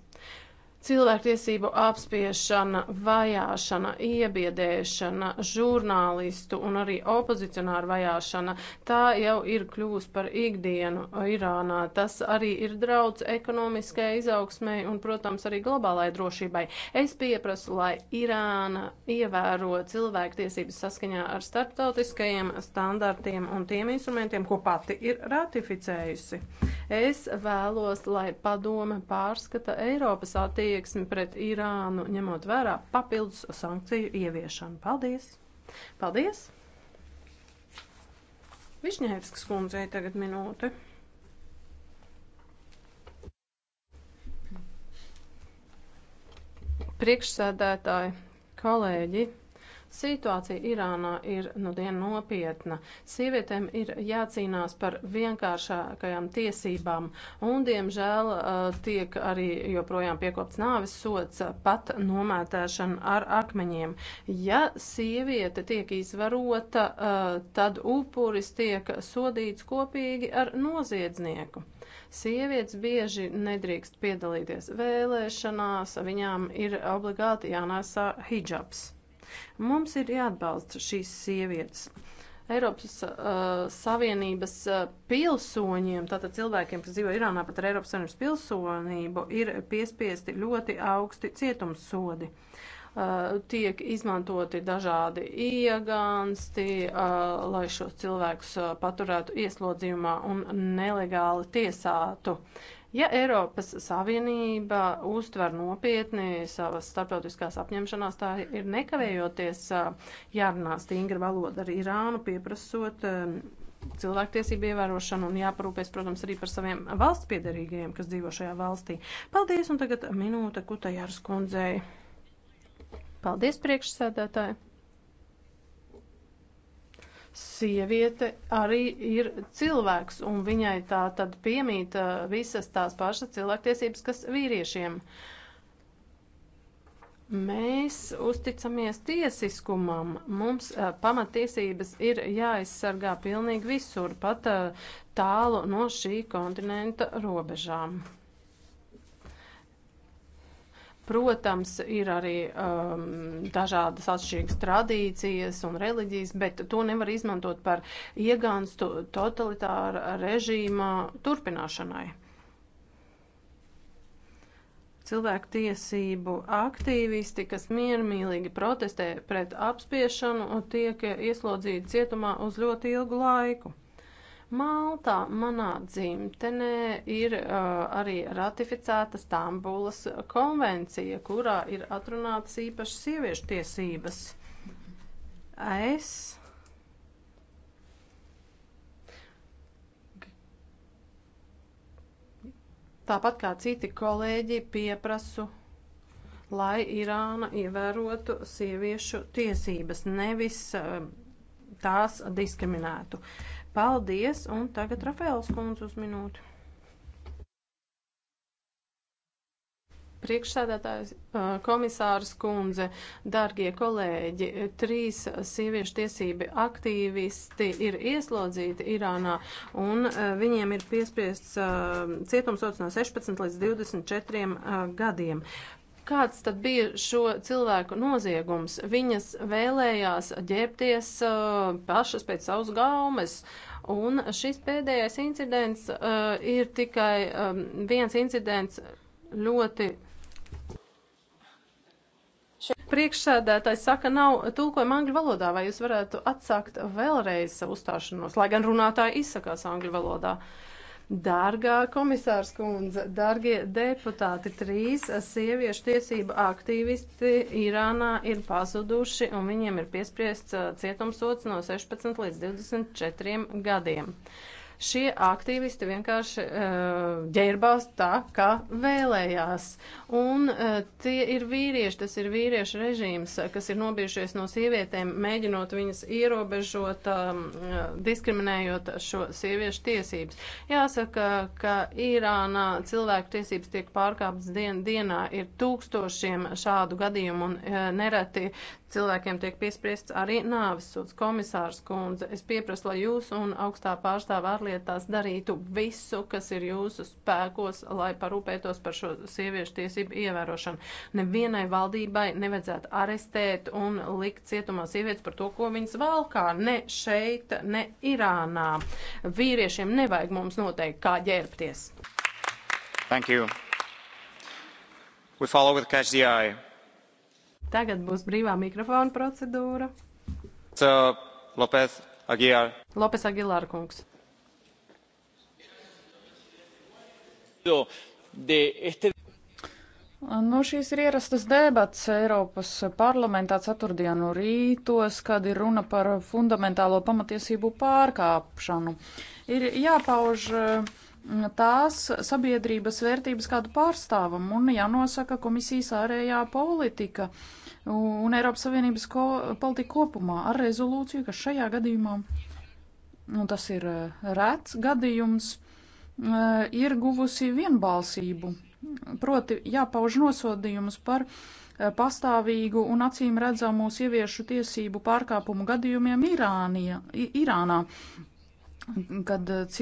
Speaker 6: Cilvēktiesību apspiešana, vajāšana, iebiedēšana, žurnālistu un arī opozicionāru vajāšana, tā jau ir kļūst par ikdienu Irānā. Tas arī ir draudz ekonomiskajai izaugsmai un, protams, arī globālajai drošībai. Es pieprasu, lai Irāna ievēro cilvēktiesības saskaņā ar starptautiskajiem standartiem un tiem instrumentiem, ko pati ir ratificējusi. Es vēlos, lai padome pārskata Eiropas attīstību attieksmi pret Irānu, ņemot vērā papildus sankciju ieviešanu. Paldies! Paldies! Višņēvskas kundzei tagad minūte. Priekšsēdētāji, kolēģi! Situācija Irānā ir nu dien nopietna. Sievietēm ir jācīnās par vienkāršākajām tiesībām, un, diemžēl, eh, tiek arī joprojām piekopts nāves sots, eh, pat nomētēšana ar akmeņiem. Ja sieviete tiek izvarota, eh, tad upuris tiek sodīts kopīgi ar noziedznieku. Sievietes bieži nedrīkst piedalīties vēlēšanās, viņām ir obligāti jānēsā hijabs. Mums ir jāatbalsta šīs sievietes. Eiropas uh, Savienības uh, pilsoņiem, tātad cilvēkiem, kas dzīvo Irānā pat ar Eiropas Savienības pilsonību, ir piespiesti ļoti augsti cietumsodi. Uh, tiek izmantoti dažādi iegānsti, uh, lai šos cilvēkus uh, paturētu ieslodzījumā un nelegāli tiesātu. Uh, Ja Eiropas Savienība uztver nopietni savas starptautiskās apņemšanās, tā ir nekavējoties jārunā stingra valoda ar Irānu, pieprasot cilvēktiesību ievērošanu un jāparūpēs, protams, arī par saviem valsts piederīgajiem, kas dzīvo šajā valstī. Paldies, un tagad minūte Kutajāras kundzei. Paldies, priekšsēdētāji! Sieviete arī ir cilvēks, un viņai tā tad piemīta uh, visas tās pašas cilvēktiesības, kas vīriešiem. Mēs uzticamies tiesiskumam. Mums uh, pamatiesības ir jāaizsargā pilnīgi visur, pat uh, tālu no šī kontinenta robežām. Protams, ir arī um, dažādas atšķirīgas tradīcijas un reliģijas, bet to nevar izmantot par iegānstu totalitāra režīma turpināšanai. Cilvēku tiesību aktīvisti, kas miermīlīgi protestē pret apspiešanu, tiek ieslodzīti cietumā uz ļoti ilgu laiku. Maltā, manā dzimtenē, ir uh, arī ratificēta Stambulas konvencija, kurā ir atrunātas īpašas sieviešu tiesības. Es tāpat kā citi kolēģi pieprasu, lai Irāna ievērotu sieviešu tiesības, nevis tās diskriminētu. Paldies, un tagad Rafaels kundze uz minūti. Priekšsēdētājs komisārs kundze, dārgie kolēģi, trīs sieviešu tiesību aktīvisti ir ieslodzīti Irānā un viņiem ir piespriests cietumsots no 16 līdz 24 gadiem. Kāds tad bija šo cilvēku noziegums? Viņas vēlējās ģērbties uh, pašas pēc savas gaumes. Un šis pēdējais incidents uh, ir tikai um, viens incidents ļoti. Priekšsēdētājs saka, nav tulkojuma angļu valodā, vai jūs varētu atsākt vēlreiz savu uzstāšanos, lai gan runātāji izsakās angļu valodā. Uh, Dārgā komisārs kundze, dārgie deputāti, trīs sieviešu tiesību aktīvisti Irānā ir pazuduši un viņiem ir piespriests cietumsots no 16 līdz 24 gadiem. Šie aktīvisti vienkārši uh, ģērbās tā, kā vēlējās. Un uh, tie ir vīrieši, tas ir vīriešu režīms, kas ir nobijušies no sievietēm, mēģinot viņas ierobežot, um, diskriminējot šo sieviešu tiesības. Jāsaka, ka Irānā cilvēku tiesības tiek pārkāptas dien, dienā. Ir tūkstošiem šādu gadījumu un uh, nereti cilvēkiem tiek piespriests arī nāvis sots komisārs kundze. Es pieprasu, lai jūs un augstā pārstāvā ārlietu lietās darītu visu, kas ir jūsu spēkos, lai parūpētos par šo sieviešu tiesību ievērošanu. Nevienai valdībai nevajadzētu arestēt un likt cietumā sievietes par to, ko viņas valkā. Ne šeit, ne Irānā. Vīriešiem nevajag mums noteikti kā ģērbties.
Speaker 4: Thank you. We follow with catch the eye.
Speaker 6: Tagad būs brīvā mikrofona procedūra.
Speaker 4: So, Lopez Aguilar.
Speaker 6: Lopez Aguilar kungs.
Speaker 1: Nu,
Speaker 7: šīs ir ierastas debats Eiropas parlamentā ceturtdienu rītos, kad ir runa par fundamentālo pamatiesību pārkāpšanu. Ir jāpauž mm, tās sabiedrības vērtības, kādu pārstāvam, un jānosaka komisijas ārējā politika un Eiropas Savienības ko, politika kopumā ar rezolūciju, kas šajā gadījumā, un tas ir eh, rēts gadījums, Eh, ir guvusi vienbalsību. Proti jāpauž nosodījums par eh, pastāvīgu un acīm redzamu sieviešu tiesību pārkāpumu gadījumiem Irānija, Irānā, kad eh,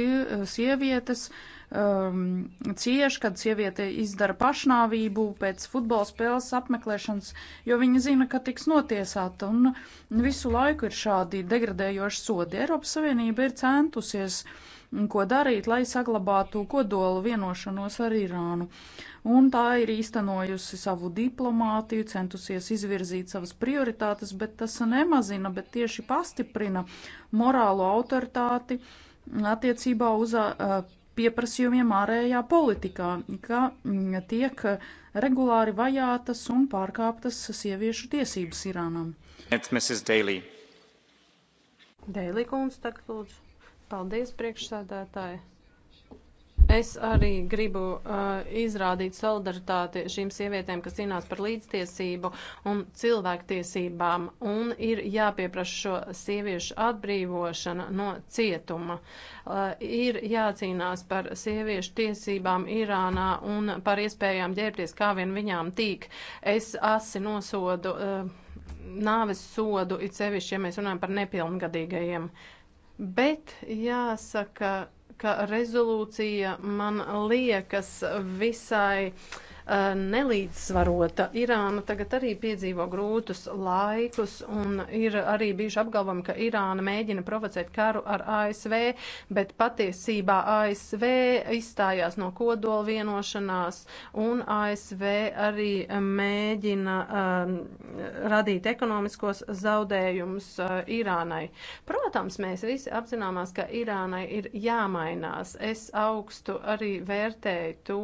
Speaker 7: sievietes um, cieš, kad sieviete izdara pašnāvību pēc futbola spēles apmeklēšanas, jo viņa zina, ka tiks notiesāta, un visu laiku ir šādi degradējoši sodi. Eiropas Savienība ir centusies uh, ko darīt, lai saglabātu kodolu vienošanos ar Irānu. Un tā ir īstenojusi savu diplomātiju, centusies izvirzīt savas prioritātes, bet tas nemazina, bet tieši pastiprina morālo autoritāti attiecībā uz uh, pieprasījumiem ārējā politikā, ka mm, tiek regulāri vajātas un pārkāptas sieviešu tiesības Irānam.
Speaker 6: Dēlī kundze tagad lūdzu. Paldies, priekšsādātāji! Es arī gribu uh, izrādīt solidaritāti šīm sievietēm, kas cīnās par līdztiesību un cilvēktiesībām, un ir jāpieprasa šo sieviešu atbrīvošana no cietuma. Uh, ir jācīnās par sieviešu tiesībām Irānā un par iespējām ģērbties, kā vien viņām tīk. Es asi nosodu uh, nāves sodu, it sevišķi, ja mēs runājam par nepilngadīgajiem. Uh, Bet jāsaka, ka rezolūcija man liekas visai uh, Eh, nelīdzsvarota. Irāna tagad arī piedzīvo grūtus laikus un ir arī bijuši apgalvojumi, ka Irāna mēģina provocēt karu ar ASV, bet patiesībā ASV izstājās no kodola vienošanās un ASV arī mēģina um, radīt ekonomiskos zaudējumus uh, Irānai. Protams, mēs visi apzināmies, ka Irānai ir jāmainās. Es augstu arī vērtēju to,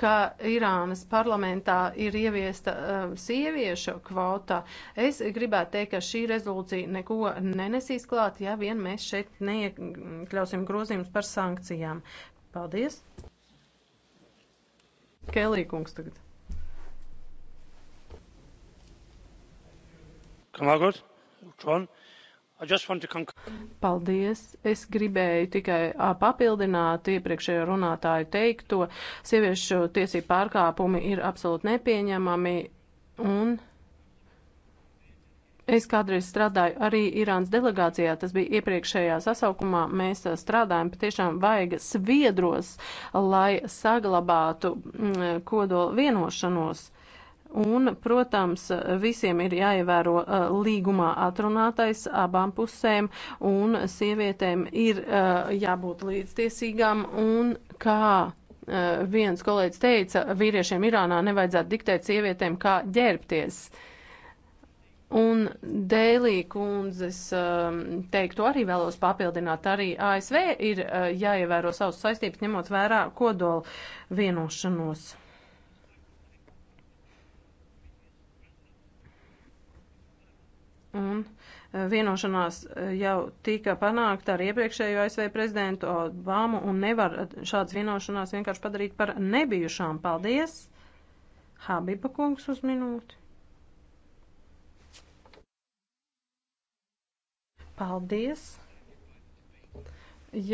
Speaker 6: ka Irānas parlamentā ir ieviesta um, sieviešu kvota. Es gribētu teikt, ka šī rezolūcija neko nenesīs klāt, ja vien mēs šeit neiekļausim grozījumus par sankcijām. Paldies! Kelī kungs tagad. Kamāgos? Čon? Paldies! Es gribēju tikai papildināt iepriekšējo runātāju teikto. Sieviešu tiesību pārkāpumi ir absolūti nepieņemami un. Es kādreiz strādāju arī Irānas delegācijā, tas bija iepriekšējā sasaukumā. Mēs strādājam, patiešām vajag sviedros, lai saglabātu mm, kodola vienošanos. Un, protams, visiem ir jāievēro uh, līgumā atrunātais abām pusēm, un sievietēm ir uh, jābūt līdztiesīgām, un kā uh, viens kolēģis teica, vīriešiem Irānā nevajadzētu diktēt sievietēm, kā ģērbties. Un Dēlī kundzes teiktu arī vēlos papildināt, arī ASV ir jāievēro savas saistības, ņemot vērā kodola vienošanos. Un e, vienošanās e, jau tika panākta ar iepriekšējo ASV prezidentu Obamu, un nevar šādas vienošanās vienkārši padarīt par nebijušām. Paldies! Habiba kungs uz minūti. Paldies!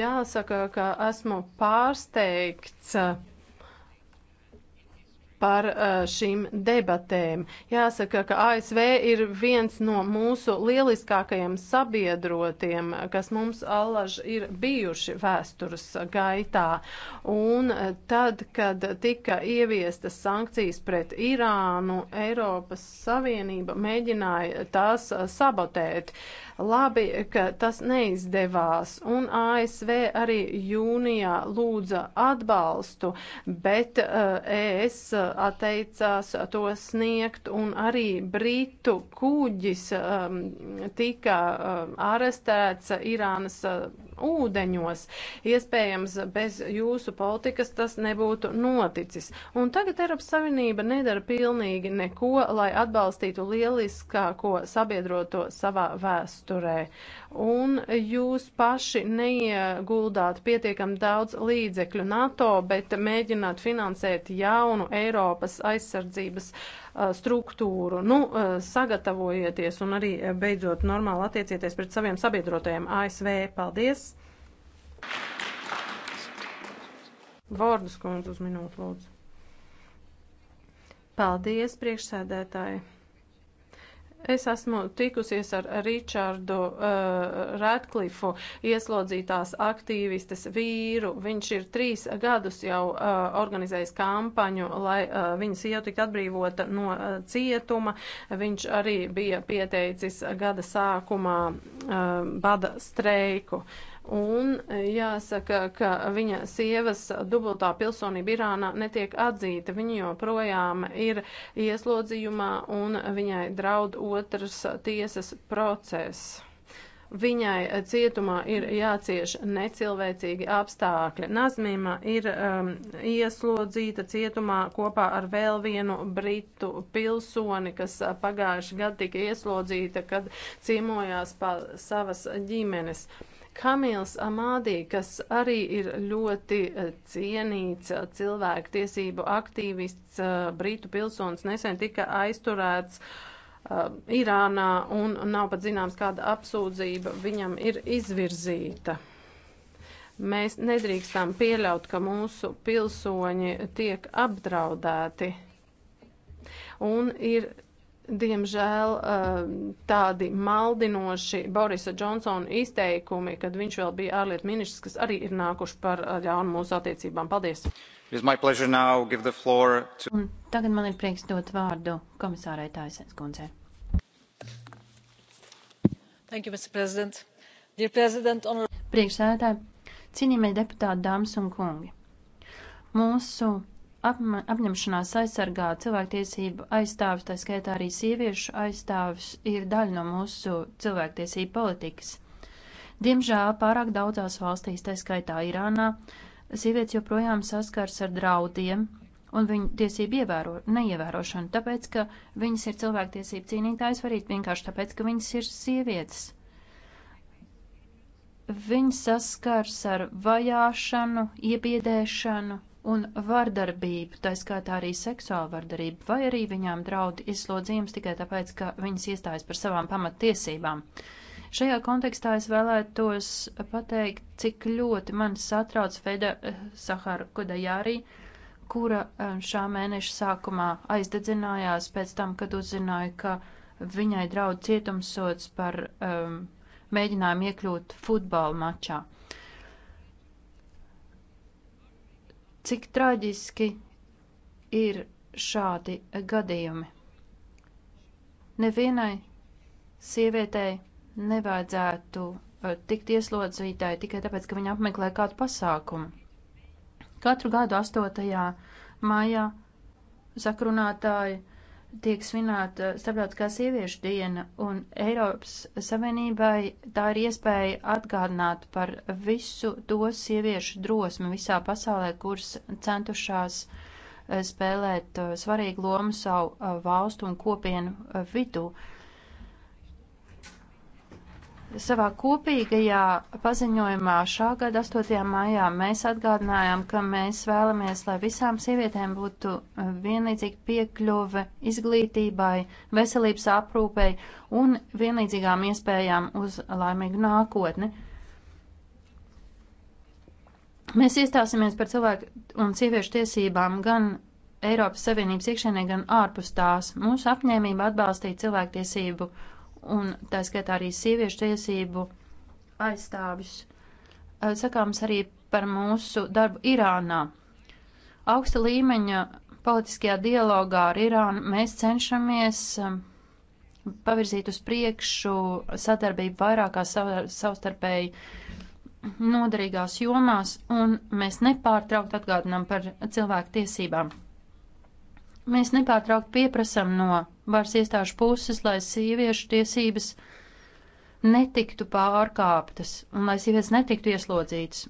Speaker 6: Jāsaka, ka esmu pārsteigts par uh, šīm debatēm. Jāsaka, ka ASV ir viens no mūsu lieliskākajiem sabiedrotiem, kas mums allaž ir bijuši vēstures gaitā. Un uh, tad, kad tika ieviestas sankcijas pret Irānu, Eiropas Savienība mēģināja tās uh, sabotēt. Uh, Labi, ka tas neizdevās, un ASV arī jūnijā lūdza atbalstu, bet uh, eh, ES atteicās to sniegt, un arī Britu kuģis um, tika um, arestēts Irānas uh, ūdeņos. Iespējams, bez jūsu politikas tas nebūtu noticis. Un tagad Eiropas Savienība nedara pilnīgi neko, lai atbalstītu lieliskāko sabiedroto savā vēsturē vēsturē, un jūs paši neieguldāt pietiekam daudz līdzekļu NATO, bet mēģināt finansēt jaunu Eiropas aizsardzības struktūru. Nu, sagatavojieties un arī beidzot normāli attiecieties pret saviem sabiedrotajiem ASV. Paldies! Vārdus kundze uz minūtu lūdzu. Paldies, priekšsēdētāji! Es esmu tikusies ar Ričārdu uh, Radklifu, ieslodzītās aktīvistes vīru. Viņš ir trīs gadus jau uh, organizējis kampaņu, lai uh, viņas jau tiktu atbrīvota no uh, cietuma. Viņš arī bija pieteicis gada sākumā uh, bada streiku. Uh, Un e, jāsaka, ka viņa sievas dubultā pilsonība Irānā netiek atzīta. Viņa joprojām ir ieslodzījumā un viņai draud otrs tiesas process. Viņai e, cietumā ir jācieš necilvēcīgi apstākļi. Nazmīma ir um, ieslodzīta cietumā kopā ar vēl vienu britu pilsoni, kas e, pagājuši gadu tika ieslodzīta, kad cīmojās pa savas ģimenes. Uh, Kamils Amādī, kas arī ir ļoti e, cienīts e, cilvēktiesību aktīvists, e, brītu pilsonis, nesen tika aizturēts Irānā un nav pat zināms, kāda apsūdzība viņam ir izvirzīta. Mēs nedrīkstam pieļaut, ka mūsu pilsoņi tiek apdraudēti. Un ir Diemžēl eh, tādi maldinoši Borisa Džonsona izteikumi, kad viņš vēl bija ārlietu ministrs, kas arī ir nākuši par eh, ļaunu mūsu attiecībām. Paldies!
Speaker 7: To... Un
Speaker 5: tagad man ir prieks dot vārdu komisārai Taisens kundzei.
Speaker 6: Thank you, Mr. President. Dear President, honor...
Speaker 5: Priekšsēdētāji, cienījamie deputāti, dāmas un kungi. Mūsu apņemšanās aizsargāt cilvēktiesību aizstāvis, tā skaitā arī sieviešu aizstāvis, ir daļa no mūsu cilvēktiesību politikas. Diemžēl pārāk daudzās valstīs, tā skaitā Irānā, sievietes joprojām saskars ar draudiem un viņu tiesību ievēro, neievērošanu, tāpēc, ka viņas ir cilvēktiesību cīnītājas, var arī vienkārši tāpēc, ka viņas ir sievietes. Viņas saskars ar vajāšanu, iebiedēšanu, un vardarbību, tā skaitā arī seksuālu vardarbību, vai arī viņām draud izslodzīums tikai tāpēc, ka viņas iestājas par savām pamattiesībām. Šajā kontekstā es vēlētos pateikt, cik ļoti man satrauc Feda eh, Sahara Kodajārī, kura eh, šā mēneša sākumā aizdedzinājās pēc tam, kad uzzināja, ka viņai draud cietumsots par um, mēģinājumu iekļūt futbola mačā. Uh, cik traģiski ir šādi gadījumi. Nevienai sievietei nevajadzētu eh, tikt ieslodzītāji tikai tāpēc, ka viņa apmeklē kādu pasākumu. Katru gadu 8. maijā sakrunātāji tiek svinēta Starptautiskā sieviešu diena, un Eiropas Savienībai tā ir iespēja atgādināt par visu to sieviešu drosmi visā pasaulē, kuras centušās eh, spēlēt eh, svarīgu lomu savu eh, valstu un kopienu vidū. Savā kopīgajā paziņojumā šā gada 8. maijā mēs atgādinājām, ka mēs vēlamies, lai visām sievietēm būtu uh, vienlīdzīga piekļuve izglītībai, veselības aprūpei un vienlīdzīgām iespējām uz laimīgu nākotni. Mēs iestāsimies par cilvēku un sieviešu tiesībām gan Eiropas Savienības iekšienē, gan ārpus tās. Mūsu apņēmība atbalstīt cilvēktiesību un tā skaitā arī sieviešu tiesību aizstāvis. Sakāms arī par mūsu darbu Irānā. Augsta līmeņa politiskajā dialogā ar Irānu mēs cenšamies pavirzīt uz priekšu sadarbību vairākās savstarpēji noderīgās jomās, un mēs nepārtraukt atgādinām par cilvēku tiesībām. Mēs nepārtraukt pieprasam no varas iestāžu puses, lai sieviešu tiesības netiktu pārkāptas un lai sievietes netiktu ieslodzītas.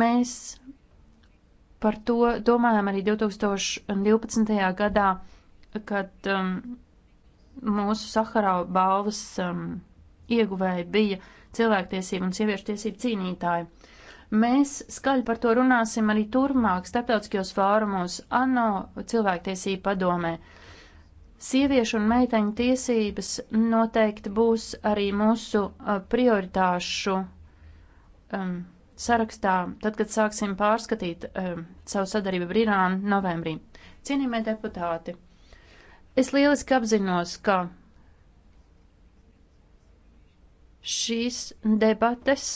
Speaker 5: Mēs par to domājām arī 2012. gadā, kad um, mūsu Saharā balvas um, ieguvēji bija cilvēktiesību un sieviešu tiesību cīnītāji. Mēs skaļi par to runāsim arī turpmāk starptautiskajos fórumos, ANO cilvēktiesību padomē. Sieviešu un meiteņu tiesības noteikti būs arī mūsu prioritāšu um, sarakstā, tad, kad sāksim pārskatīt um, savu sadarību ar Irānu novembrī. Cienījamie deputāti, es lieliski apzinos, ka šīs debates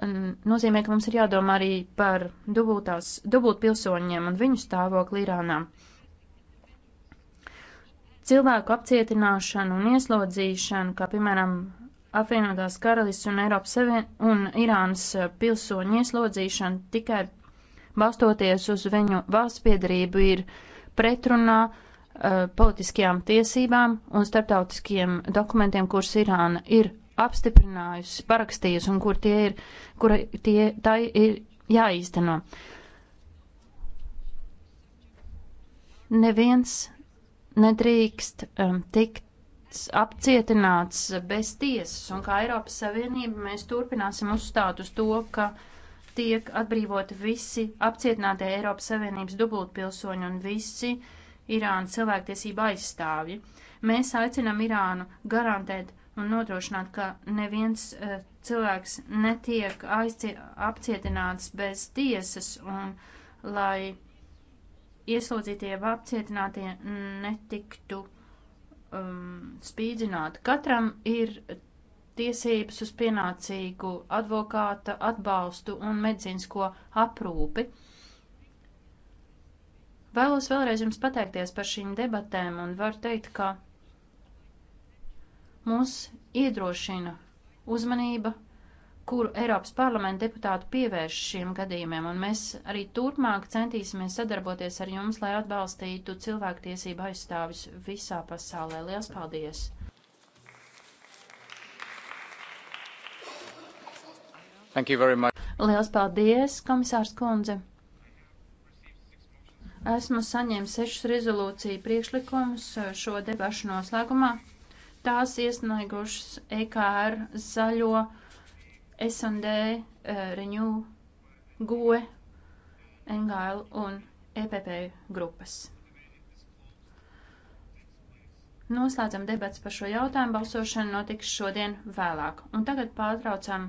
Speaker 5: nozīmē, ka mums ir jādomā arī par dubultās, dubultpilsoņiem un viņu stāvokli Irānā. Cilvēku apcietināšanu un ieslodzīšanu, kā piemēram apvienotās karalists un Eiropas Savien un Irānas pilsoņu ieslodzīšana tikai balstoties uz viņu valsts piedarību ir pretrunā uh, politiskajām tiesībām un starptautiskiem dokumentiem, kurus Irāna ir apstiprinājusi, parakstījusi un kur tie ir, kura tie, tā ir jāīsteno. Neviens nedrīkst um, tikt apcietināts bez tiesas, un kā Eiropas Savienība mēs turpināsim uzstāt uz to, ka tiek atbrīvoti visi apcietinātie Eiropas Savienības dubultpilsoņi un visi Irāna cilvēktiesība aizstāvji. Mēs aicinam Irānu garantēt un nodrošināt, ka neviens uh, cilvēks netiek aizcie, apcietināts bez tiesas un lai ieslodzītie vai apcietinātie netiktu um, spīdzināti. Katram ir tiesības uz pienācīgu advokāta atbalstu un medicīnisko aprūpi. Vēlos vēlreiz jums pateikties par šīm debatēm un varu teikt, ka Mums iedrošina uzmanība, kuru Eiropas parlamenta deputāti pievērš šiem gadījumiem, un mēs arī turpmāk centīsimies sadarboties ar jums, lai atbalstītu cilvēktiesību aizstāvis visā pasaulē. Lielas paldies! Lielas paldies, komisārs Kundze! Esmu saņēmis sešus rezolūciju priekšlikumus eh, šo debašu noslēgumā. Tās iesniegušas EKR, Zaļo, S&D, eh, Renew, GOE, NGL un EPP grupas. Noslēdzam debats par šo jautājumu. Balsošana notiks šodien vēlāk. Un tagad pārtraucam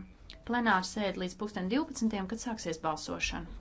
Speaker 5: plenāru sēdi līdz 2012, kad sāksies balsošana.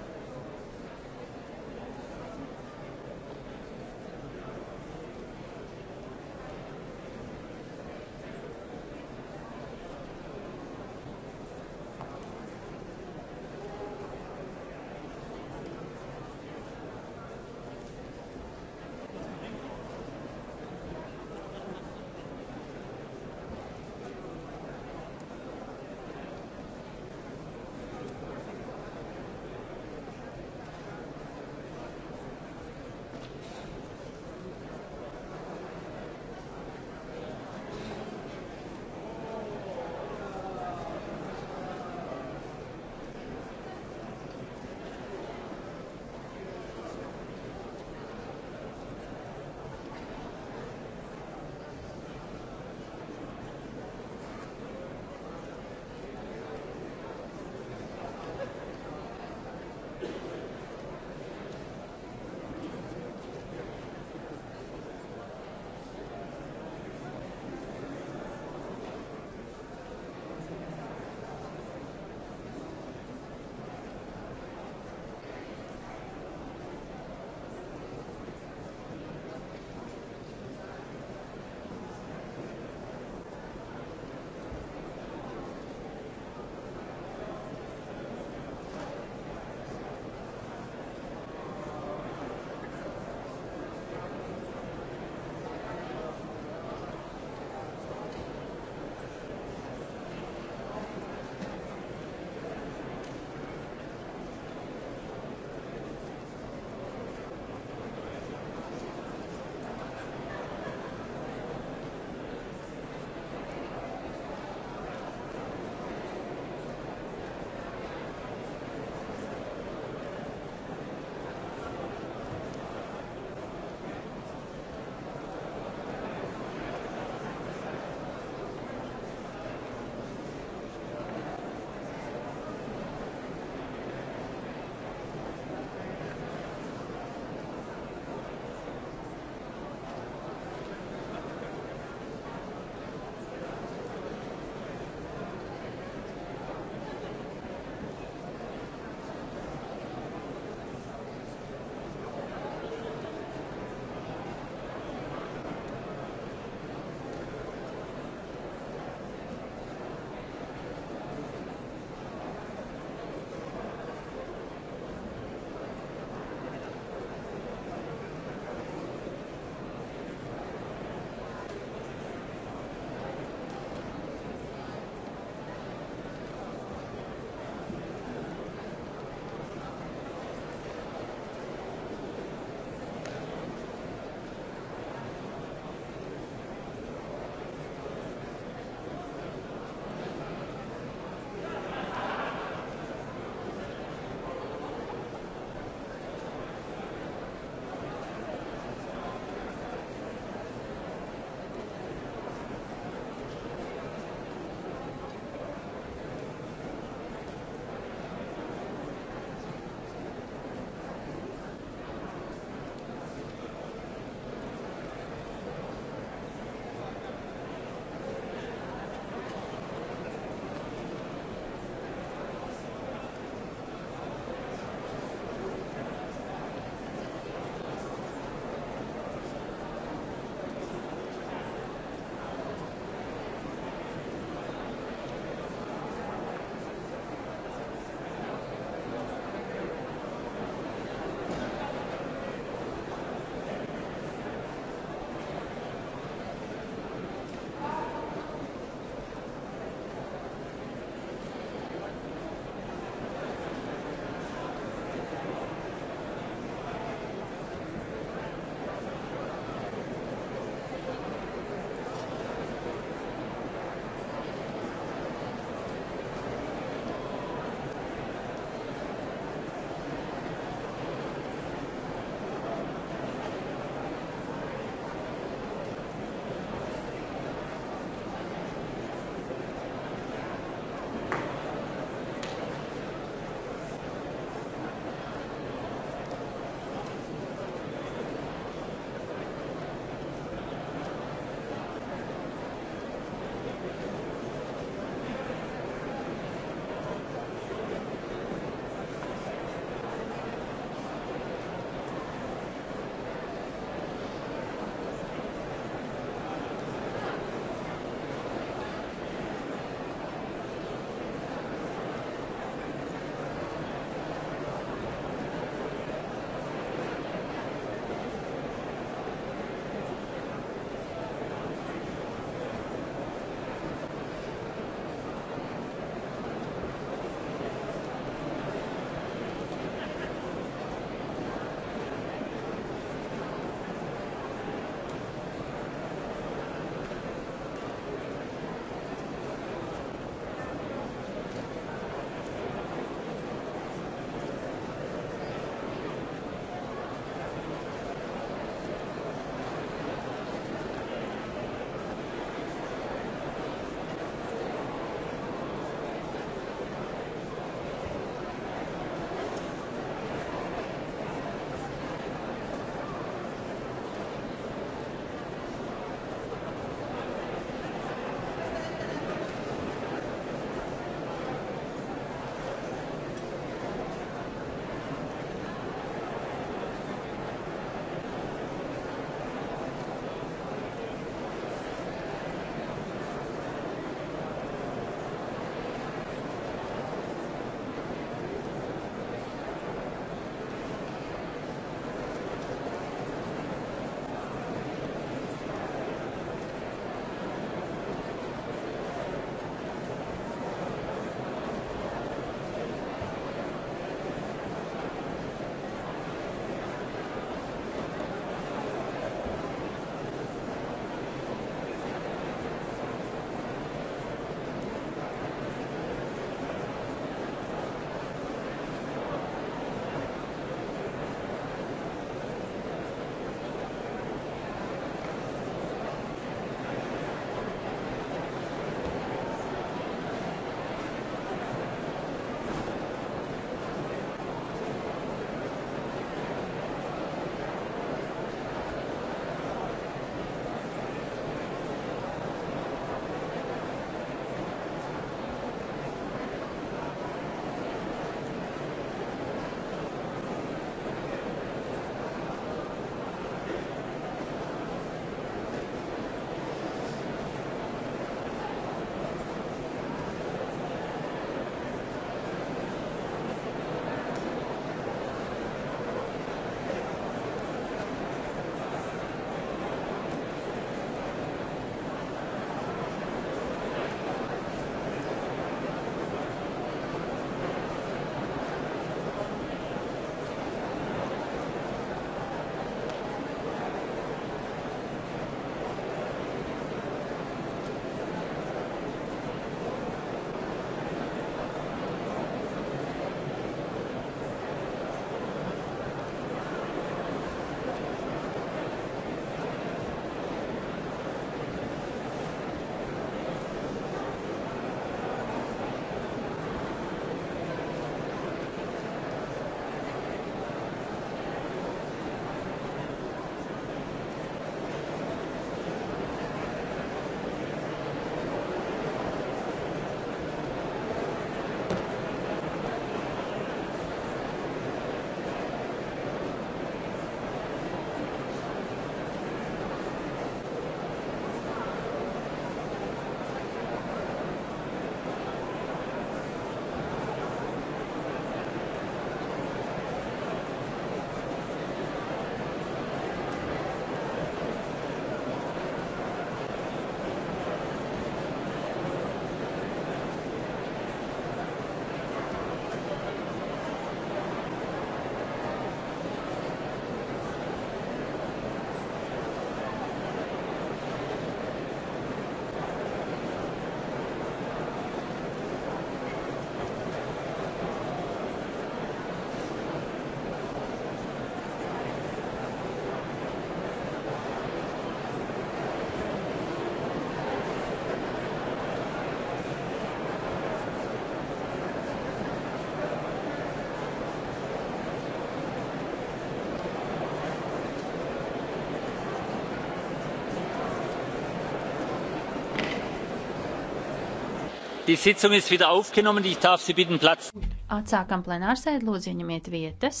Speaker 1: Atsākam
Speaker 5: plenārsēdi, lūdzu, ieņemiet vietas.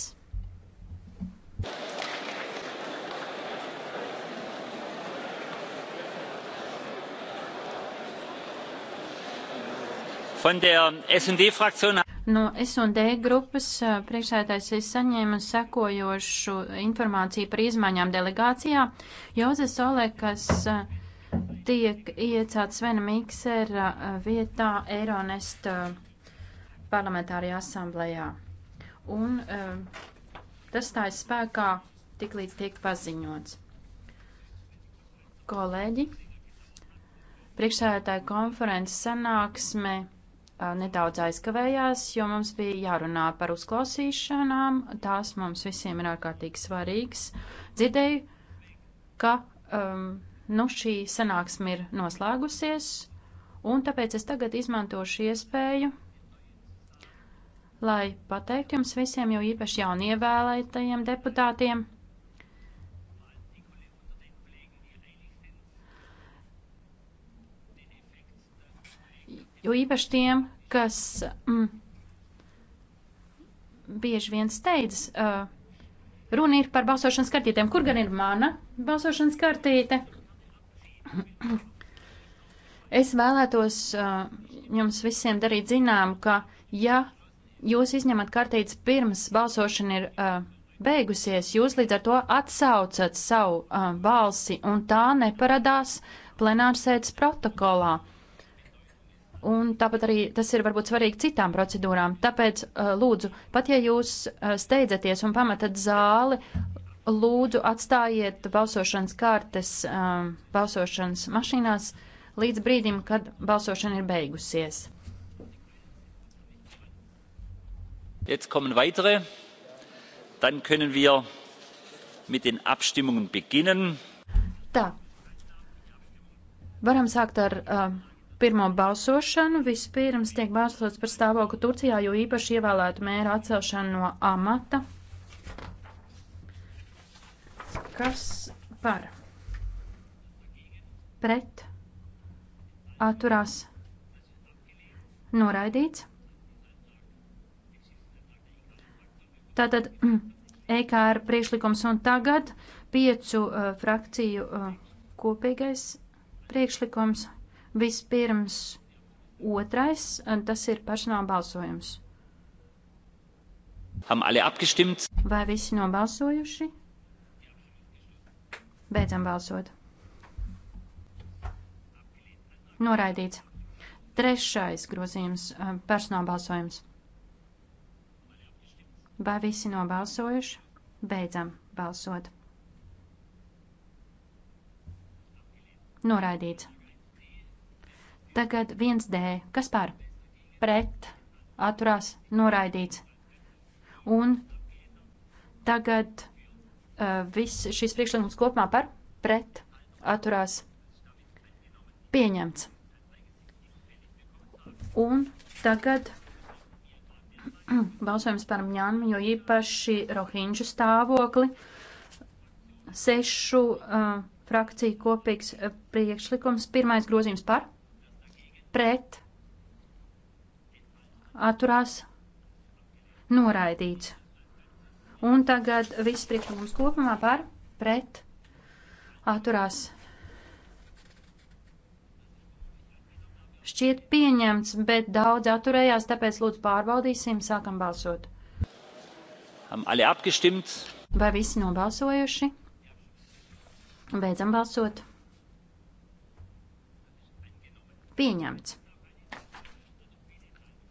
Speaker 5: No S&D grupas eh, priekšsēdētājs ir saņēmis sekojošu informāciju par izmaiņām delegācijā. Jozef Sole, kas uh, eh, tiek iecelt Svena Miksera uh, vietā Eironest uh, parlamentārajā asamblējā. Un uh, tas stājas spēkā tiklīdz tiek paziņots. Kolēģi, priekšsēdētāja konferences sanāksme nedaudz aizkavējās, jo mums bija jārunā par uzklausīšanām. Tās mums visiem ir ārkārtīgi svarīgas. Dzirdēju, ka um, Nu, šī sanāksme ir noslēgusies, un tāpēc es tagad izmantošu iespēju, lai pateiktu jums visiem, jo īpaši jaunievēlētajiem deputātiem, jo īpaši tiem, kas mm, bieži vien steidzas. Uh, runa ir par balsošanas kartītēm. Kur gan ir mana balsošanas kartīte? Es vēlētos uh, jums visiem darīt zinām, ka ja jūs izņemat kartītes pirms balsošana ir uh, beigusies, jūs līdz ar to atsaucat savu uh, balsi un tā neparādās plenārsēdes protokolā. Un tāpat arī tas ir varbūt svarīgi citām procedūrām. Tāpēc uh, lūdzu, pat ja jūs uh, steidzaties un pametat zāli, Lūdzu, atstājiet balsošanas kārtas um, balsošanas mašīnās līdz brīdim, kad balsošana ir beigusies.
Speaker 1: Jetzt kommen weitere. Dann können wir mit den Abstimmungen beginnen.
Speaker 5: Tā. Varam sākt ar uh, pirmo balsošanu. Vispirms tiek balsots par stāvokli Turcijā, jo īpaši ievēlētu mēra atcelšanu no amata. Kas par? Pret. Atturās. Noraidīts. Tātad EKR (clears throat) e priekšlikums un tagad piecu uh, frakciju uh, kopīgais priekšlikums. Vispirms otrais, tas ir personāla balsojums.
Speaker 1: Vai
Speaker 5: visi nobalsojuši? Beidzam balsot. Noraidīts. Trešais grozījums eh, - personāla balsojums. Vai visi nobalsojuši? Beidzam balsot. Noraidīts. Tagad 1D. Kas par? Pret, atturās, noraidīts. Un tagad Uh, viss šis priekšlikums kopumā par pret atturās pieņemts. Un tagad (clears throat) balsojums par Mņānu, jo īpaši Rohinģu stāvokli sešu uh, frakciju kopīgs uh, priekšlikums. Pirmais grozījums par, pret, atturās, noraidīts. Un tagad viss priekšlikums kopumā par pret atturās. Šķiet pieņemts, bet daudz atturējās, tāpēc lūdzu pārbaudīsim, sākam balsot. Vai visi nobalsojuši? Beidzam balsot. Pieņemts.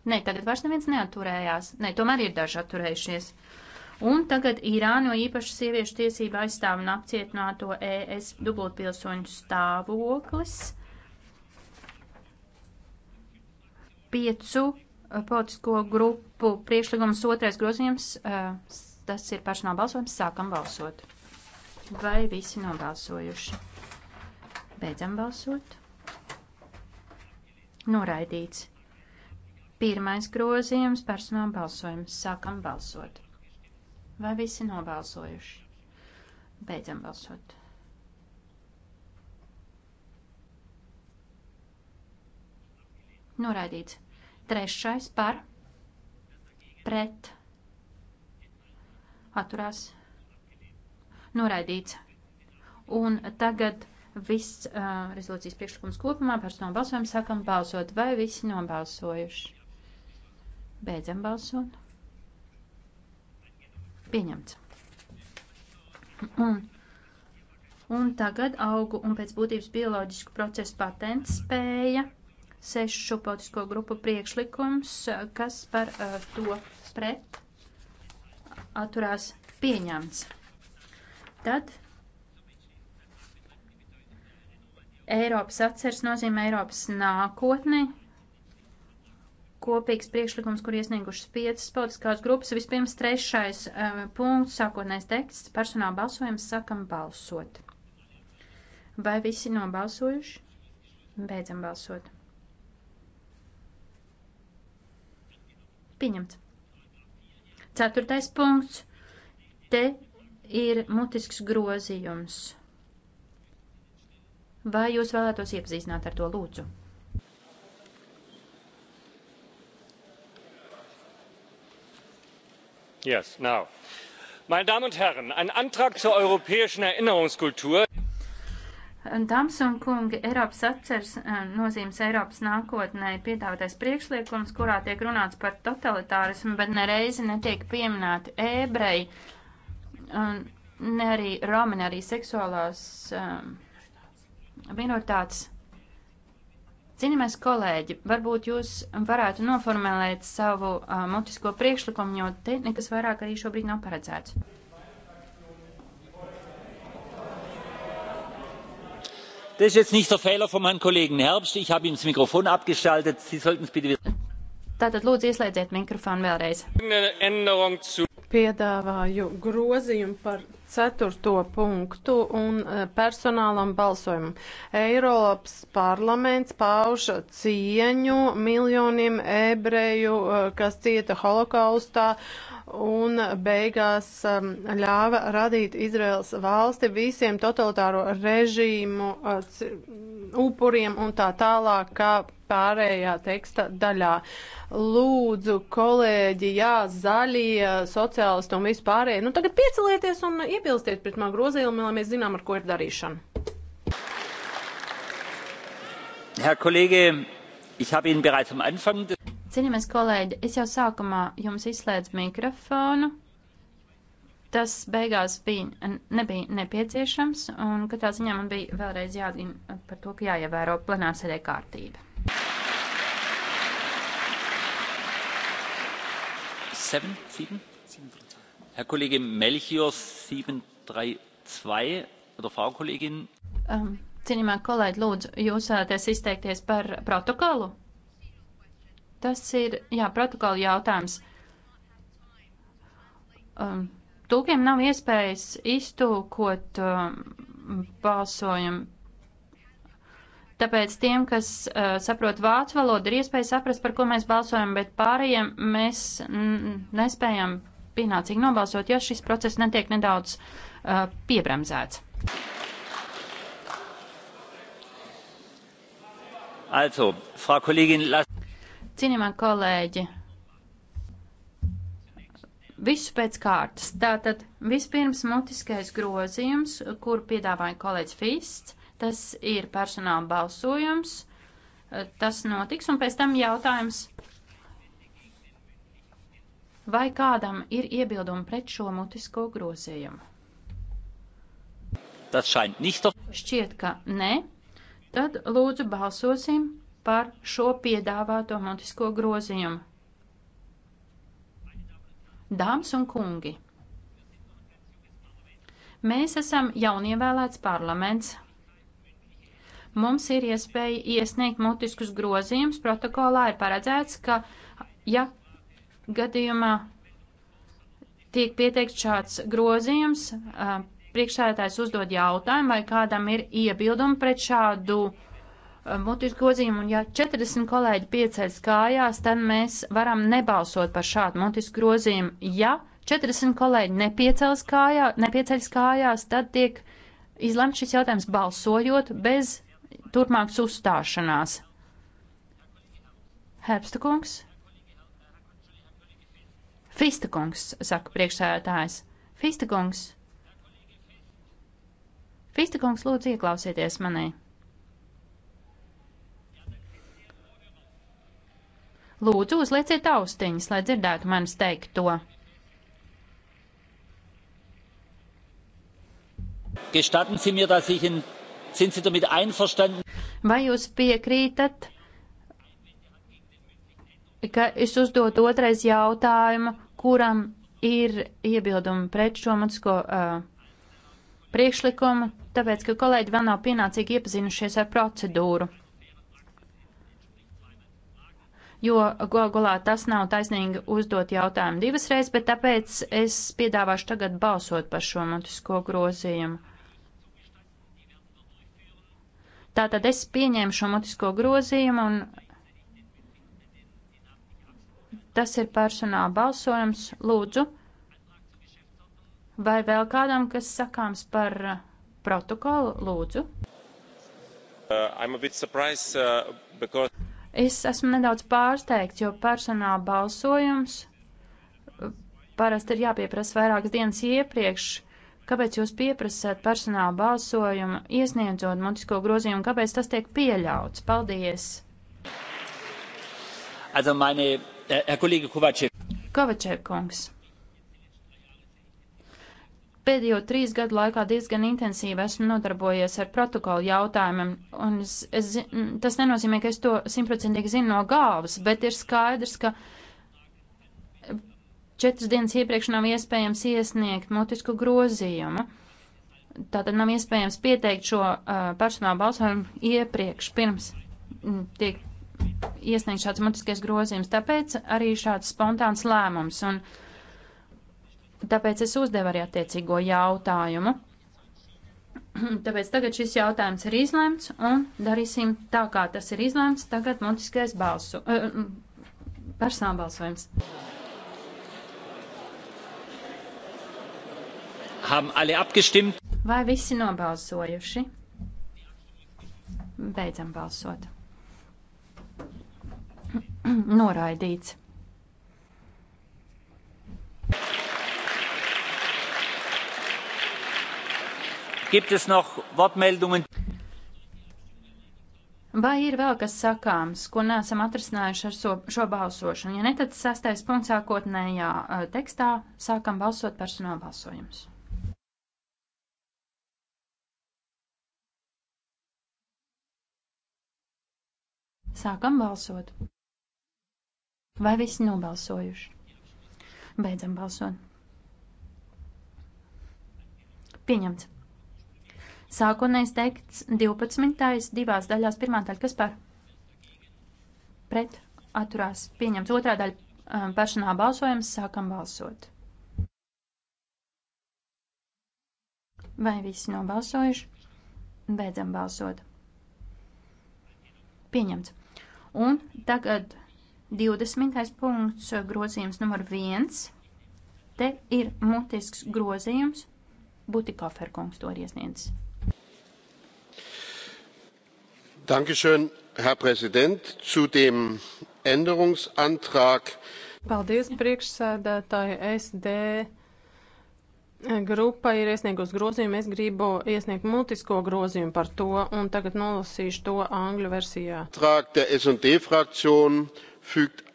Speaker 5: Nē, tagad vairs neviens neaturējās. Nē, tomēr ir daži atturējušies. Uh, Un tagad Irāno īpaši sieviešu tiesību aizstāv un apcietināto ES dubultpilsoņu stāvoklis. Piecu uh, politisko grupu priekšlikums otrais grozījums, uh, tas ir personāla balsojums, sākam balsot. Vai visi nobalsojuši? Beidzam balsot. Noraidīts. Pirmais grozījums, personāla balsojums, sākam balsot. Vai visi nobalsojuši? Beidzam balsot. Noraidīts. Trešais par, pret, atturās. Noraidīts. Un tagad viss uh, rezolūcijas priekšlikums kopumā par to balsojumu sākam balsot. Vai visi nobalsojuši? Beidzam balsot. Pieņemts. Un, un tagad augu un pēc būtības bioloģisku procesu patents spēja sešu politisko grupu priekšlikums, kas par uh, to pret atturās pieņemts. Tad Eiropas atceres nozīmē Eiropas nākotni, kopīgs priekšlikums, kur iesniegušas piecas politiskās grupas. Vispirms trešais uh, punkts, sākotnēs teksts, personāla balsojums, sakam balsot. Vai visi nobalsojuši? Beidzam balsot. Pieņemts. Ceturtais punkts. Te ir mutisks grozījums. Vai jūs vēlētos iepazīstināt ar to lūdzu?
Speaker 1: herr präsident meine damen und herren! ein antrag zur europäischen erinnerungskultur.
Speaker 5: Äh, dāmas un kungi eiropas atceres äh, nozīmes eiropas nākotnē piedāvātais priekšlikums kurā tiek runāts par totalitārismu bet ne reizi netiek pieminēti ebreji ne arī romi ne arī seksuālās um, minoritātes. Cienījamais kolēģi, varbūt jūs varētu noformulēt savu uh, mutisko priekšlikumu, jo te nekas vairāk arī šobrīd nav paredzēts.
Speaker 1: Das ist jetzt nicht der Fehler von meinem Kollegen Herbst. Ich habe ihm das Mikrofon abgeschaltet. Sie sollten es bitte wieder.
Speaker 5: Tātad lūdzu ieslēdziet mikrofonu vēlreiz
Speaker 6: piedāvāju grozījumu par ceturto punktu un e, personālam balsojumam. Eiropas parlaments pauž cieņu miljoniem ebreju, e, kas cieta holokaustā un beigās e, ļāva radīt Izraels valsti visiem totalitāro režīmu upuriem un tā tālāk, kā pārējā teksta daļā. Lūdzu, kolēģi, jā, zaļie, sociālisti un vispārējie, nu tagad piecelieties un iebilstiet pret man grozījumu, lai mēs zinām, ar ko ir darīšana.
Speaker 1: Herr Kollege, ich habe Ihnen bereits am Anfang.
Speaker 5: Cienījamies kolēģi, es jau sākumā jums izslēdzu mikrofonu. Tas beigās bija, nebija nepieciešams, un katrā ziņā man bija vēlreiz jāatgādina par to, ka jāievēro plenārsēdē kārtība.
Speaker 1: seven, sieben? Herr Kollege Melchior 732 oder Frau Kollegin. Um,
Speaker 5: ähm, cienījumā kolēģi, lūdzu, jūs vēlaties izteikties par protokolu? Tas ir, jā, protokola jautājums. Um, tūkiem nav iespējas iztūkot um, balsojumu Tāpēc tiem, kas uh, saprot vācu valodu, ir iespēja saprast, par ko mēs balsojam, bet pārējiem mēs nespējam pienācīgi nobalsot, ja šis process netiek nedaudz uh, piebremzēts.
Speaker 1: Also, Frau Kollegin, las...
Speaker 5: Cienījamā kolēģi, visu pēc kārtas. Tātad vispirms mutiskais grozījums, kur piedāvāja kolēģis Fists, Tas ir personāla balsojums. Tas notiks, un pēc tam jautājums, vai kādam ir iebildumi pret šo mutisko grozījumu.
Speaker 1: Šķiet,
Speaker 5: ka nē. Tad lūdzu balsosim par šo piedāvāto mutisko grozījumu. Dāmas un kungi, mēs esam jaunievēlēts parlaments. Mums ir iespēja iesniegt mutiskus grozījumus. Protokolā ir paredzēts, ka, ja gadījumā tiek pieteikts šāds grozījums, priekšsēdētājs uzdod jautājumu, vai kādam ir iebildumi pret šādu mutisku grozījumu, un ja 40 kolēģi pieceļas kājās, tad mēs varam nebalsot par šādu mutisku grozījumu. Ja 40 kolēģi nepieceļas kājā, nepieceļas kājās, tad tiek izlemts šis jautājums balsojot bez turpmākas uzstāšanās. Herbsta kungs? Fista kungs, saka priekšsēdētājs. Fista kungs? Fista kungs, lūdzu, ieklausieties manī. Lūdzu, uzlieciet austiņas, lai dzirdētu manis teikt to.
Speaker 1: Gestatten Sie mir, dass ich in Vai
Speaker 5: jūs piekrītat, ka es uzdot otrais jautājumu, kuram ir iebildumi pret šo mutisko uh, priekšlikumu, tāpēc, ka kolēģi vēl nav pienācīgi iepazinušies ar procedūru jo Gogolā tas nav taisnīgi uzdot jautājumu divas reizes, bet tāpēc es piedāvāšu tagad balsot par šo mutisko grozījumu. Tātad es pieņēmu šo mutisko grozījumu un tas ir personāla balsojums. Lūdzu, vai vēl kādam, kas sakāms par protokolu, lūdzu?
Speaker 1: Uh, surprised, uh, because...
Speaker 5: Es esmu nedaudz pārsteigts, jo personāla balsojums parasti ir jāpieprasa vairākas dienas iepriekš. Kāpēc jūs pieprasāt personāla balsojumu, iesniedzot mutisko grozījumu? Kāpēc tas tiek pieļauts? Paldies!
Speaker 1: Also meine, äh, Herr Kollege Kovacev.
Speaker 5: Kovacev kungs pēdējo trīs gadu laikā diezgan intensīvi esmu nodarbojies ar protokolu jautājumiem, un es, es, tas nenozīmē, ka es to simtprocentīgi zinu no galvas, bet ir skaidrs, ka Četras dienas iepriekš nav iespējams iesniegt mutisku grozījumu. Tātad nav iespējams pieteikt šo uh, personālu balsojumu iepriekš, pirms m, tiek iesniegts šāds mutiskais grozījums. Tāpēc arī šāds spontāns lēmums. Un, uh, Tāpēc es uzdevu arī attiecīgo jautājumu. (clears throat) Tāpēc tagad šis jautājums ir izlēmts un darīsim tā, kā tas ir izlēmts. Tagad mutiskais balsu, personāla balsojums.
Speaker 1: Haben alle abgestimmt?
Speaker 5: Vai visi nobalsojuši? Beidzam balsot. (clears throat) Noraidīts.
Speaker 1: Gibt es noch Wortmeldungen?
Speaker 5: Vai ir vēl kas sakāms, ko neesam atrisinājuši ar so, šo balsošanu? Ja ne, tad sastais punkts sākotnējā eh, tekstā sākam balsot personāla balsojumus. Sākam balsot. Vai visi nobalsojuši? Beidzam balsot. Pieņemts. Sākotnējais teikts 12. divās daļās. Pirmā daļa, kas par? Pret atturās. Pieņemts. Otrā daļa um, personā balsojums. Sākam balsot. Vai visi nobalsojuši? Beidzam balsot. Pieņemts. Un tagad 20. punkts grozījums numur 1. Te ir mutisks grozījums. Butikofer kungs to ir iesniedzis.
Speaker 1: Dankeschön, Herr Präsident. Zu dem Änderungsantrag.
Speaker 6: Paldies, priekšsēdētāji SD Grupa ir iesniegusi grozījumu, es gribu iesniegt mutisko grozījumu par to, un tagad nolasīšu to angļu versijā. Fügt...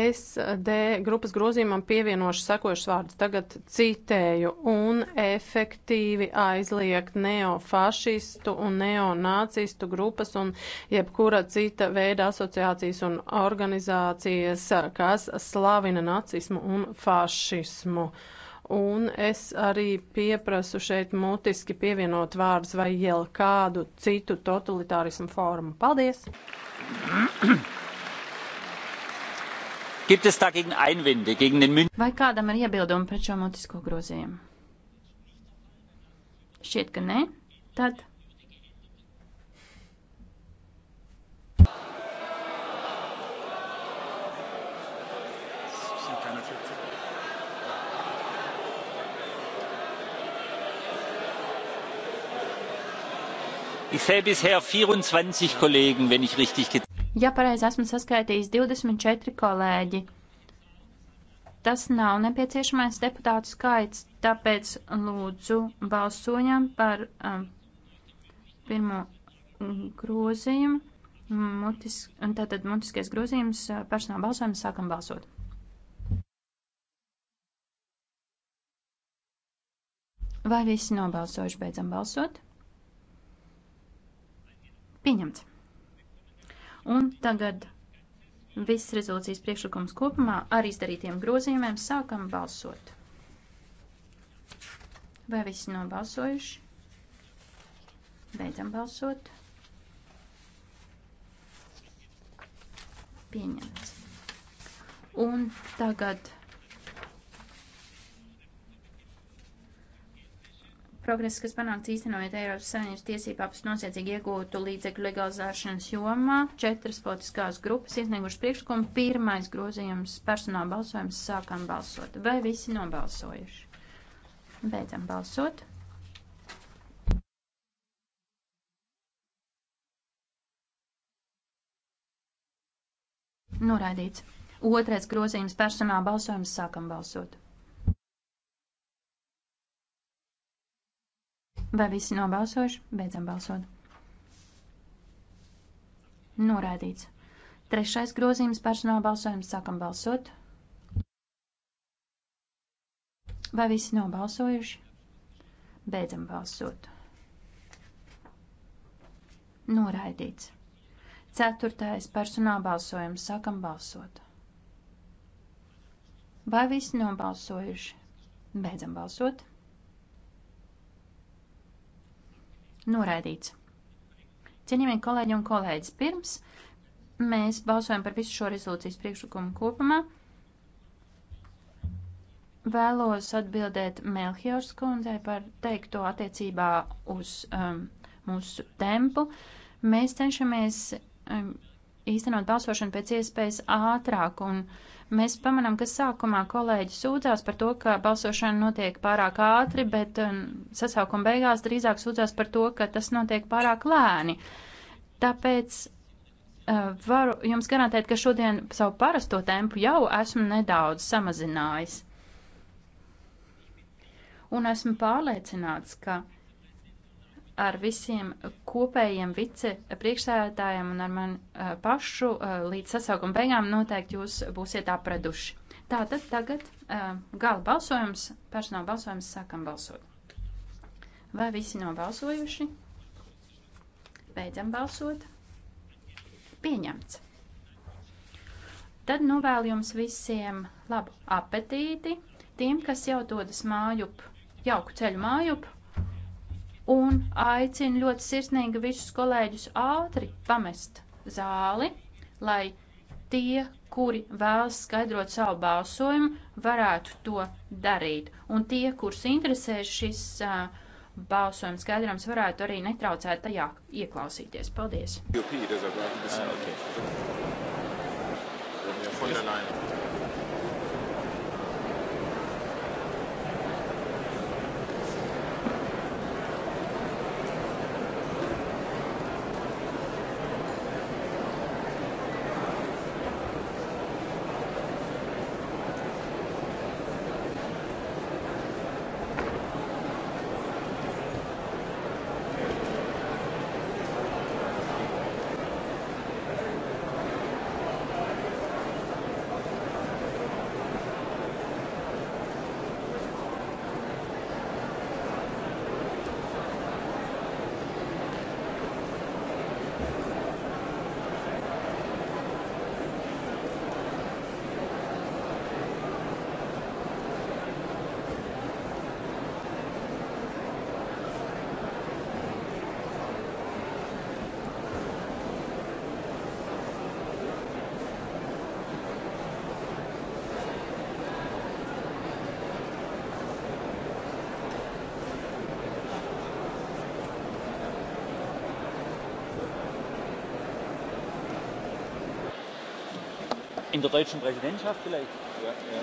Speaker 6: SD grupas grozījumam pievienošu sekojušas vārdus, tagad citēju, un efektīvi aizliegt neofašistu un neonacistu grupas un jebkura cita veida asociācijas un organizācijas, kas slavina nacismu un fašismu. Uh, Un es arī pieprasu šeit mutiski pievienot vārdus vai jau kādu
Speaker 5: citu totalitārismu formu. Paldies!
Speaker 1: Gibt es dagegen Einwände gegen den Mün
Speaker 5: Vai kādam ir iebildumi pret šo mutisko grozījumu? Šķiet, ka nē. Tad
Speaker 1: Ich sehe bisher 24 Kollegen, wenn ich richtig gezählt
Speaker 5: habe. Ja, pareizi esmu saskaitījis 24 kolēģi. Tas nav nepieciešamais deputātu skaits, tāpēc lūdzu balsojam par um, pirmo grozījumu. Mutis, tātad mutiskais grozījums uh, personāla balsojums sākam balsot. Vai visi nobalsojuši beidzam balsot? Pieņemts. Un tagad viss rezolūcijas priekšlikums kopumā ar izdarītiem grozījumiem sākam balsot. Vai visi nobalsojuši? Beidzam balsot. Pieņemts. Un tagad Progress, kas panākts īstenojot Eiropas Savienības tiesību apst nosiecīgi iegūtu līdzekļu legalizēšanas jomā, četras politiskās grupas iesniegušas priekšlikumu. Pirmais grozījums - personāla balsojums. Sākam balsot. Vai visi nobalsojuši? Beidzam balsot. Noraidīts. Otrais grozījums - personāla balsojums. Sākam balsot. Vai visi nobalsojuši? Beidzam balsot. Norādīts. Trešais grozījums personāla balsojums. Sākam balsot. Vai visi nobalsojuši? Beidzam balsot. Noraidīts. Ceturtais personāla balsojums. Sākam balsot. Vai visi nobalsojuši? Beidzam balsot. Noraidīts. Cienījamie kolēģi un kolēģis, pirms mēs balsojam par visu šo rezolūcijas priekšlikumu kopumā, vēlos atbildēt Melchiors kundzei par teikto attiecībā uz um, mūsu tempu. Mēs cenšamies um, īstenot balsošanu pēc iespējas ātrāk un uh, Mēs pamanām, ka sākumā kolēģi sūdzās par to, ka balsošana notiek pārāk ātri, bet um, sasaukuma beigās drīzāk sūdzās par to, ka tas notiek pārāk lēni. Tāpēc uh, varu jums garantēt, ka šodien savu parasto tempu jau esmu nedaudz samazinājis. Un esmu pārliecināts, ka ar visiem kopējiem vice priekšsēdētājiem un ar mani uh, eh, pašu uh, līdz sasaukuma beigām noteikti jūs būsiet apraduši. Tātad tagad uh, gala balsojums, personāla balsojums, sākam balsot. Vai visi nobalsojuši? Beidzam balsot. Pieņemts. Tad novēlu jums visiem labu apetīti, tiem, kas jau dodas mājup, jauku ceļu mājup un aicinu ļoti sirsnīgi visus kolēģus ātri pamest zāli, lai tie, kuri vēlas skaidrot savu balsojumu, varētu to darīt. Un tie, kurus interesē šis uh, balsojums skaidrojums, varētu arī netraucēt tajā ieklausīties. Paldies!
Speaker 1: Uh, okay. der deutschen Präsidentschaft vielleicht. Ja, ja.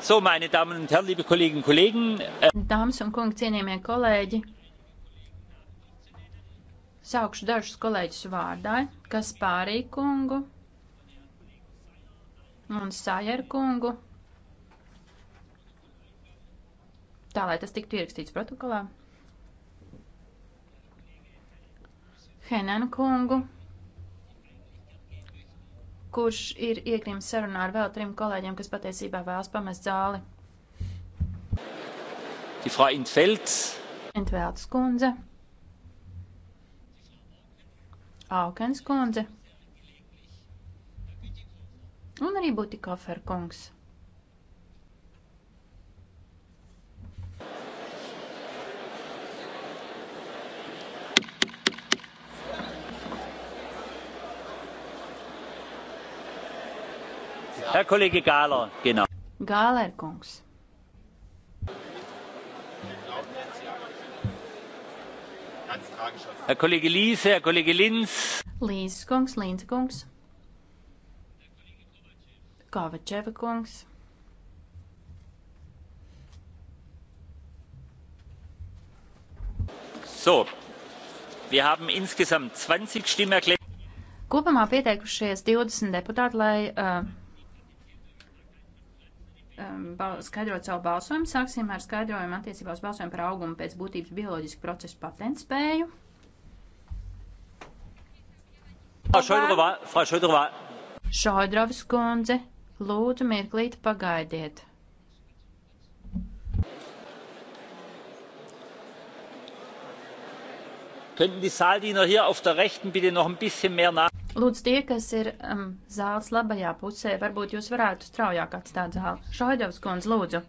Speaker 1: So, meine Damen und Herren, liebe Kolleginnen und Kollegen.
Speaker 5: Äh, Dāmas un kungi, cienījamie kolēģi, saukšu dažus kolēģus vārdā, kas pārī kungu un Sajer kungu. Tā, lai tas tiktu ierakstīts protokolā. Henan kungu kurš ir iegrimis sarunā ar vēl trim kolēģiem, kas patiesībā vēlas pamest zāli. Intvelds kundze, Aukens kundze un arī Butikofer kungs.
Speaker 1: Herr Kollege Gāler, genau.
Speaker 5: Gāler kungs.
Speaker 1: Herr Kollege Liese, Herr Kollege Linz.
Speaker 5: Līzes kungs, Līnce kungs. Kovačeva kungs.
Speaker 1: So, wir haben insgesamt 20 Stimmerklärungen.
Speaker 5: Kopumā pieteikušies 20 deputāti, lai uh, Um, skaidrot savu balsojumu. Sāksim ar skaidrojumu attiecībā uz balsojumu par augumu pēc būtības bioloģisku procesu patentspēju. Šaudrovs kundze, lūdzu mirklīt pagaidiet.
Speaker 1: Könnten die Saaldiener hier auf der rechten bitte noch ein bisschen mehr nach?
Speaker 5: Lūdzu, tie, kas ir um, zāles labajā pusē, varbūt jūs varētu straujāk atstāt zāli. Šaidovs kundz, lūdzu.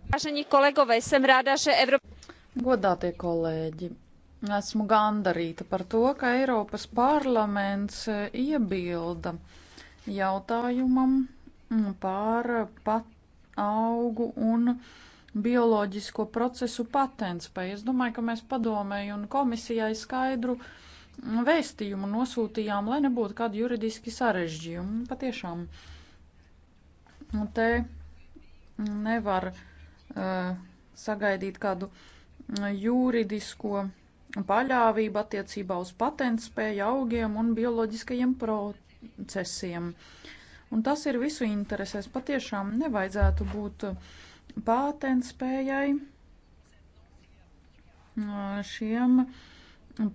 Speaker 5: Godātie kolēģi, esmu gandarīta par to,
Speaker 7: ka Eiropas parlaments iebilda jautājumam par pat augu un bioloģisko procesu patentspēju. Es domāju, ka mēs padomēju un komisijai skaidru uh, vēstījumu nosūtījām, lai nebūtu kādi juridiski sarežģījumi. Patiešām te nevar uh, sagaidīt kādu mm, juridisko paļāvību attiecībā uz patentspēju augiem un bioloģiskajiem procesiem. Un tas ir visu interesēs. Patiešām nevajadzētu būt patentspējai mm, šiem uh,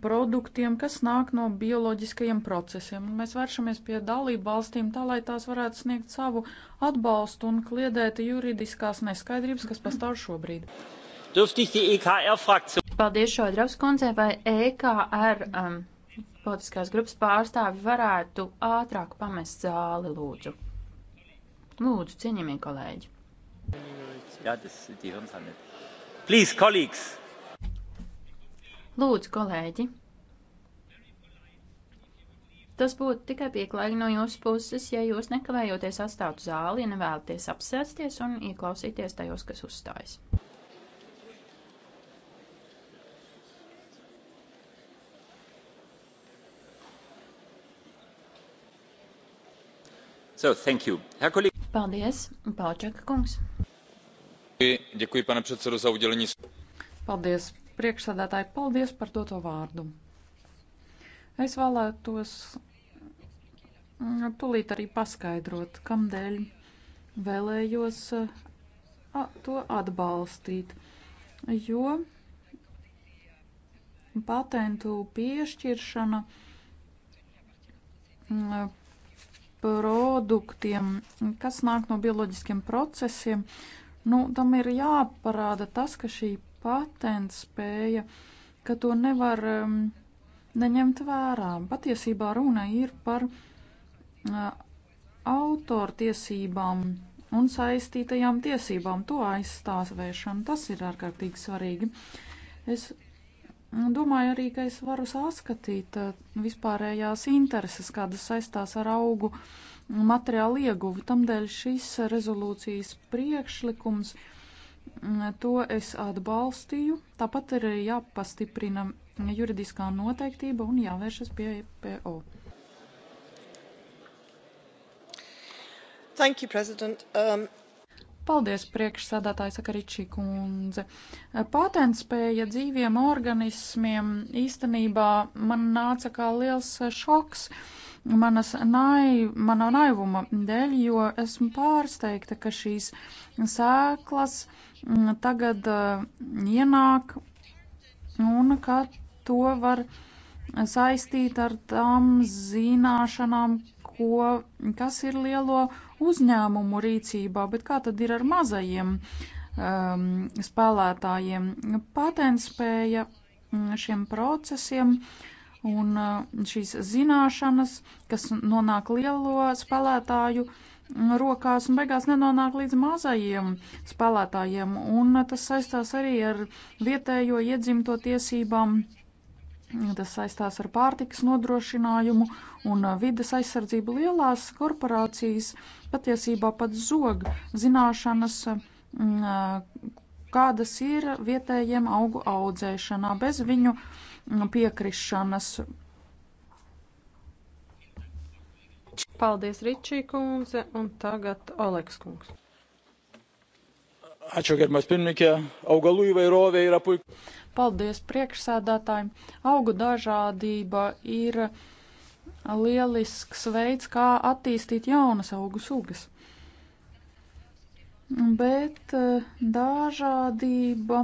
Speaker 7: produktiem, kas nāk no bioloģiskajiem procesiem. Mēs vēršamies pie dalību valstīm tā, lai tās varētu sniegt savu atbalstu un kliedēt juridiskās neskaidrības, kas pastāv šobrīd.
Speaker 1: E
Speaker 5: Paldies, Šodravs kundze, vai EKR um, politiskās grupas pārstāvi varētu ātrāk pamest zāli, lūdzu. Lūdzu, cienījamie kolēģi.
Speaker 1: Jā, tas ir tīrums, Please, colleagues.
Speaker 5: Lūdzu, kolēģi! Tas būtu tikai pieklājīgi no jūsu puses, ja jūs nekavējoties atstātu zāli, ja nevēlaties apsēsties un ieklausīties tajos, kas uzstājas.
Speaker 1: So, thank you. Herr Kollege.
Speaker 5: Paldies, Paučaka kungs.
Speaker 1: Děkuji, pane předsedo, za udělení.
Speaker 7: Paldies, Priekšsādātāji, paldies par doto vārdu. Es vēlētos mm, tūlīt arī paskaidrot, kamdēļ vēlējos to atbalstīt, jo patentu piešķiršana mm, produktiem, kas nāk no bioloģiskiem procesiem, nu, tam ir jāparāda tas, ka šī patentspēja, ka to nevar um, neņemt vērā. Patiesībā runa ir par uh, autortiesībām un saistītajām tiesībām. To aizstāvēšana tas ir ārkārtīgi svarīgi. Es domāju arī, ka es varu saskatīt uh, vispārējās intereses, kādas saistās ar augu materiālu ieguvu. Tamdēļ šis rezolūcijas priekšlikums uh, To es atbalstīju. Tāpat ir jāpastiprina juridiskā noteiktība un jāvēršas pie EPO. Thank you, President. Um, Paldies, priekšsādātāja Sakaričī kundze. Patentspēja dzīviem organismiem īstenībā man nāca kā liels šoks manas naiv, manā naivuma dēļ, jo esmu pārsteigta, ka šīs sēklas uh, Mm, tagad eh, ienāk un ka to var saistīt ar tām zināšanām, ko, kas ir lielo uzņēmumu rīcībā, bet kā tad ir ar mazajiem um, spēlētājiem? Patentspēja mm, šiem procesiem un eh, šīs zināšanas, kas nonāk lielo spēlētāju uh, rokās un beigās nenonāk līdz mazajiem spēlētājiem. Un tas saistās arī ar vietējo iedzimto tiesībām. Tas saistās ar pārtikas nodrošinājumu un vides aizsardzību lielās korporācijas patiesībā pat zog zināšanas, mm, kādas ir vietējiem augu audzēšanā bez viņu piekrišanas
Speaker 6: Paldies, Ričī kundze, un tagad Oleks kungs.
Speaker 1: Ačiū, gerbiamas pirmininkė. Augalų
Speaker 4: įvairovė yra puikia.
Speaker 7: Paldies priekšsēdētājiem. Augu dažādība ir lielisks veids, kā attīstīt jaunas augu sugas. Bet eh, dažādība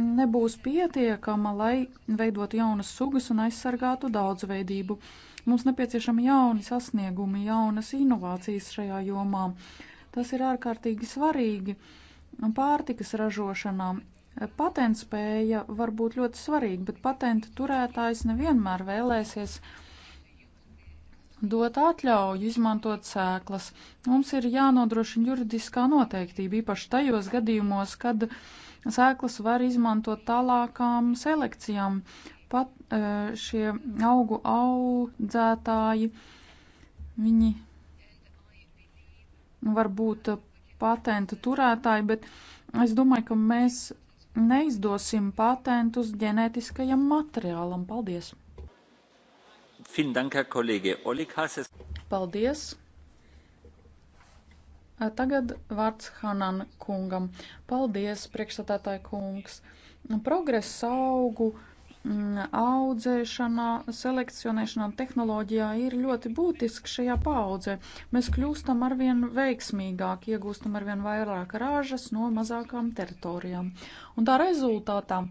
Speaker 7: nebūs pietiekama, lai veidotu jaunas sugas un aizsargātu daudzveidību. veidību Mums nepieciešami jauni sasniegumi, jaunas inovācijas šajā jomā. Tas ir ārkārtīgi svarīgi pārtikas ražošanā. Patentspēja var būt ļoti svarīga, bet patenta turētājs nevienmēr vēlēsies dot atļauju izmantot sēklas. Mums ir jānodrošina juridiskā noteiktība, īpaši tajos gadījumos, kad sēklas var izmantot tālākām selekcijām pat e, šie augu audzētāji, viņi nu, var būt patentu turētāji, bet es domāju, ka mēs neizdosim patentus ģenētiskajam materiālam. Paldies! Paldies! Tagad vārds Hanan kungam. Paldies, priekšsatātāja kungs! Progress augu uh, Mm, audzēšanā, selekcionēšanā un tehnoloģijā ir ļoti būtiski šajā paudzē. Mēs kļūstam arvien veiksmīgāki, iegūstam arvien vairāk rāžas no mazākām teritorijām. Un tā rezultātā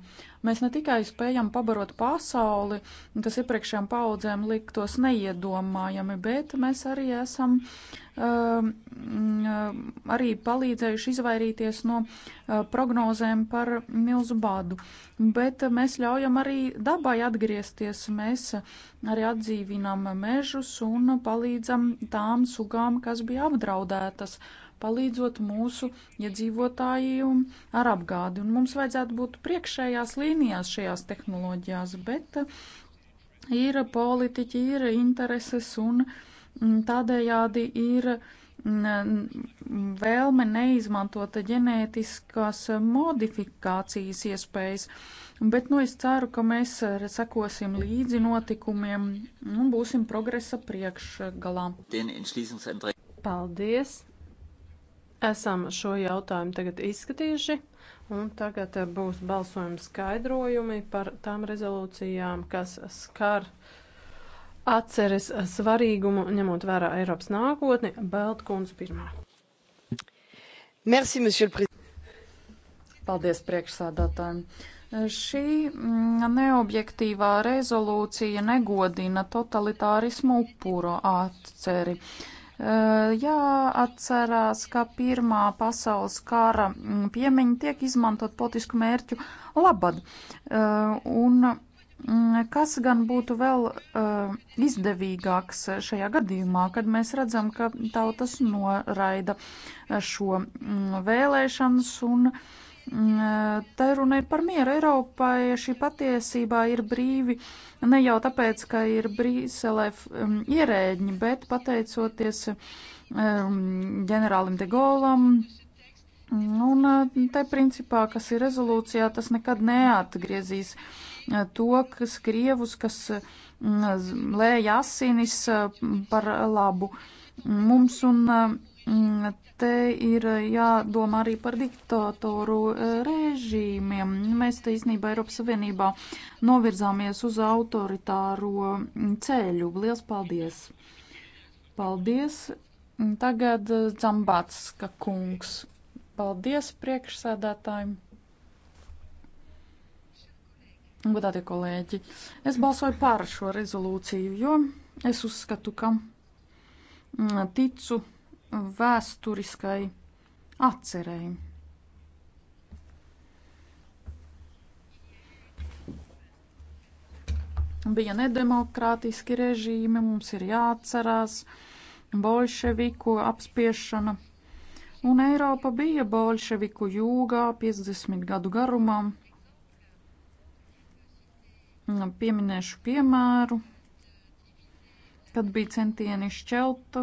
Speaker 7: mēs ne tikai spējam pabarot pasauli, kas iepriekšējām paudzēm liktos neiedomājami, bet mēs arī esam uh, Um, um, arī palīdzējuši izvairīties no uh, prognozēm par milzu bādu. Bet mēs ļaujam arī dabai atgriezties, mēs arī atdzīvinām mežus un palīdzam tām sugām, kas bija apdraudētas palīdzot mūsu iedzīvotājiem ja ar apgādi. Un mums vajadzētu būt priekšējās līnijās šajās tehnoloģijās, bet ir politiķi, ir intereses un uh, Mm, tādējādi ir mm, mm, vēlme neizmantot ģenētiskās modifikācijas iespējas, bet nu es ceru, ka mēs eh, sekosim līdzi
Speaker 6: notikumiem un būsim progresa priekšgalā. Paldies! Esam šo jautājumu tagad izskatījuši, un tagad eh, būs balsojuma skaidrojumi par tām rezolūcijām, kas skar atceres svarīgumu, ņemot vērā Eiropas nākotni. Beltkundze pirmā. Merci, monsieur le président. Paldies
Speaker 7: priekšsādātājiem. Šī mm, neobjektīvā rezolūcija negodina totalitārismu upuro atceri. E, jāatcerās, ka Pirmā pasaules kara mm, piemiņa tiek izmantot politisku mērķu labad. E, un Mm, kas gan būtu vēl uh, izdevīgāks šajā gadījumā, kad mēs redzam, ka tautas noraida eh, šo mm, vēlēšanas un mm, te runa ir par mieru Eiropai, šī patiesībā ir brīvi ne jau tāpēc, ka ir Brīselē um, ierēģi, bet pateicoties um, ģenerālim de Golam, un eh, te principā, kas ir rezolūcijā, tas nekad neatgriezīs. Uh, tokus krievus, kas mm, lēja asinis e, par labu mums un e, mm, te ir jādomā arī par diktatoru e, režīmiem. Mēs te īstenībā Eiropas Savienībā novirzāmies uz autoritāro ceļu. Lielas paldies! Paldies! Tagad Dzambātska kungs. Paldies priekšsēdētājiem! Godātie kolēģi, es balsoju par šo rezolūciju, jo es uzskatu, ka mm, ticu vēsturiskai atcerēji. Bija nedemokrātiski režīmi, mums ir jāatcerās bolševiku apspiešana, un Eiropa bija bolševiku jūgā 50 gadu garumā. Mm, pieminēšu piemēru, kad bija centieni šķelt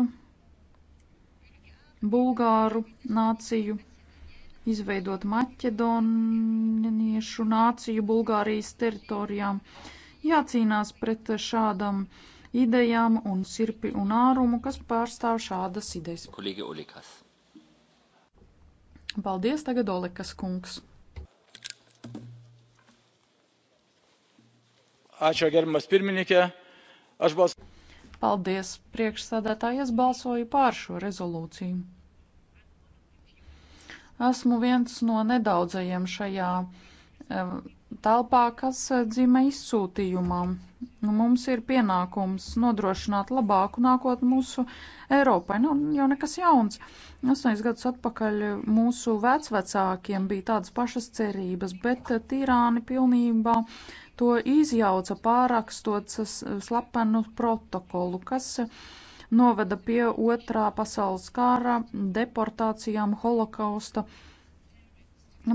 Speaker 7: bulgāru nāciju, izveidot maķedoniešu nāciju Bulgārijas teritorijām. Jācīnās pret šādam idejām un sirpi un ārumu, kas pārstāv šādas idejas.
Speaker 1: Kolīgi Olikas.
Speaker 7: Paldies tagad Olikas kungs.
Speaker 1: Ačiū, gerbimas pirmininkė. Aš balsu.
Speaker 7: Paldies, priekšsādātāji, es balsoju pār šo rezolūciju. Esmu viens no nedaudzajiem šajā telpā, kas eh, dzīvo izsūtījumā. Nu, mums ir pienākums nodrošināt labāku nākotni mūsu Eiropai. Nu, jau nekas jauns. Astoņus gadus atpakaļ mūsu vecvecākiem bija tādas pašas cerības, bet eh, tīrāni pilnībā to izjauca pārakstot slepenu protokolu, kas noveda pie otrā pasaules kara, deportācijām, holokausta.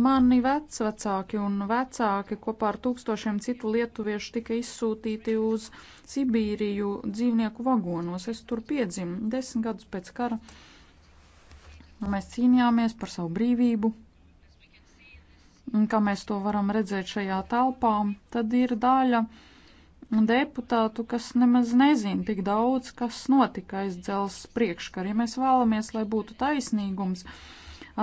Speaker 7: Mani vecvecāki un vecāki kopā ar tūkstošiem citu lietuviešu tika izsūtīti uz Sibīriju dzīvnieku vagonos. Es tur piedzimu desmit gadus pēc kara. Mēs cīnījāmies par savu brīvību kā mēs to varam redzēt šajā telpā, tad ir daļa deputātu, kas nemaz nezina tik daudz, kas notika aiz dzels priekškar. Ja mēs vēlamies, lai būtu taisnīgums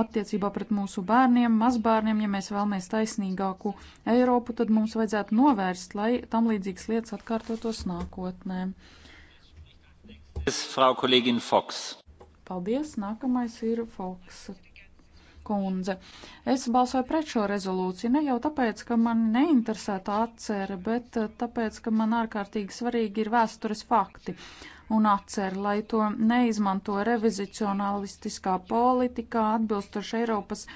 Speaker 7: attiecībā pret mūsu bērniem, mazbērniem, ja mēs vēlamies taisnīgāku Eiropu, tad mums vajadzētu novērst, lai tam līdzīgas lietas atkārtotos nākotnē.
Speaker 1: Frau kolēģin Foks.
Speaker 7: Paldies, nākamais ir Foksa kundze. Es balsoju pret šo rezolūciju ne jau tāpēc, ka man neinteresē tā atcere, bet eh, tāpēc, ka man ārkārtīgi svarīgi ir vēstures fakti un atcer, lai to neizmanto revizicionalistiskā politikā atbilstoši Eiropas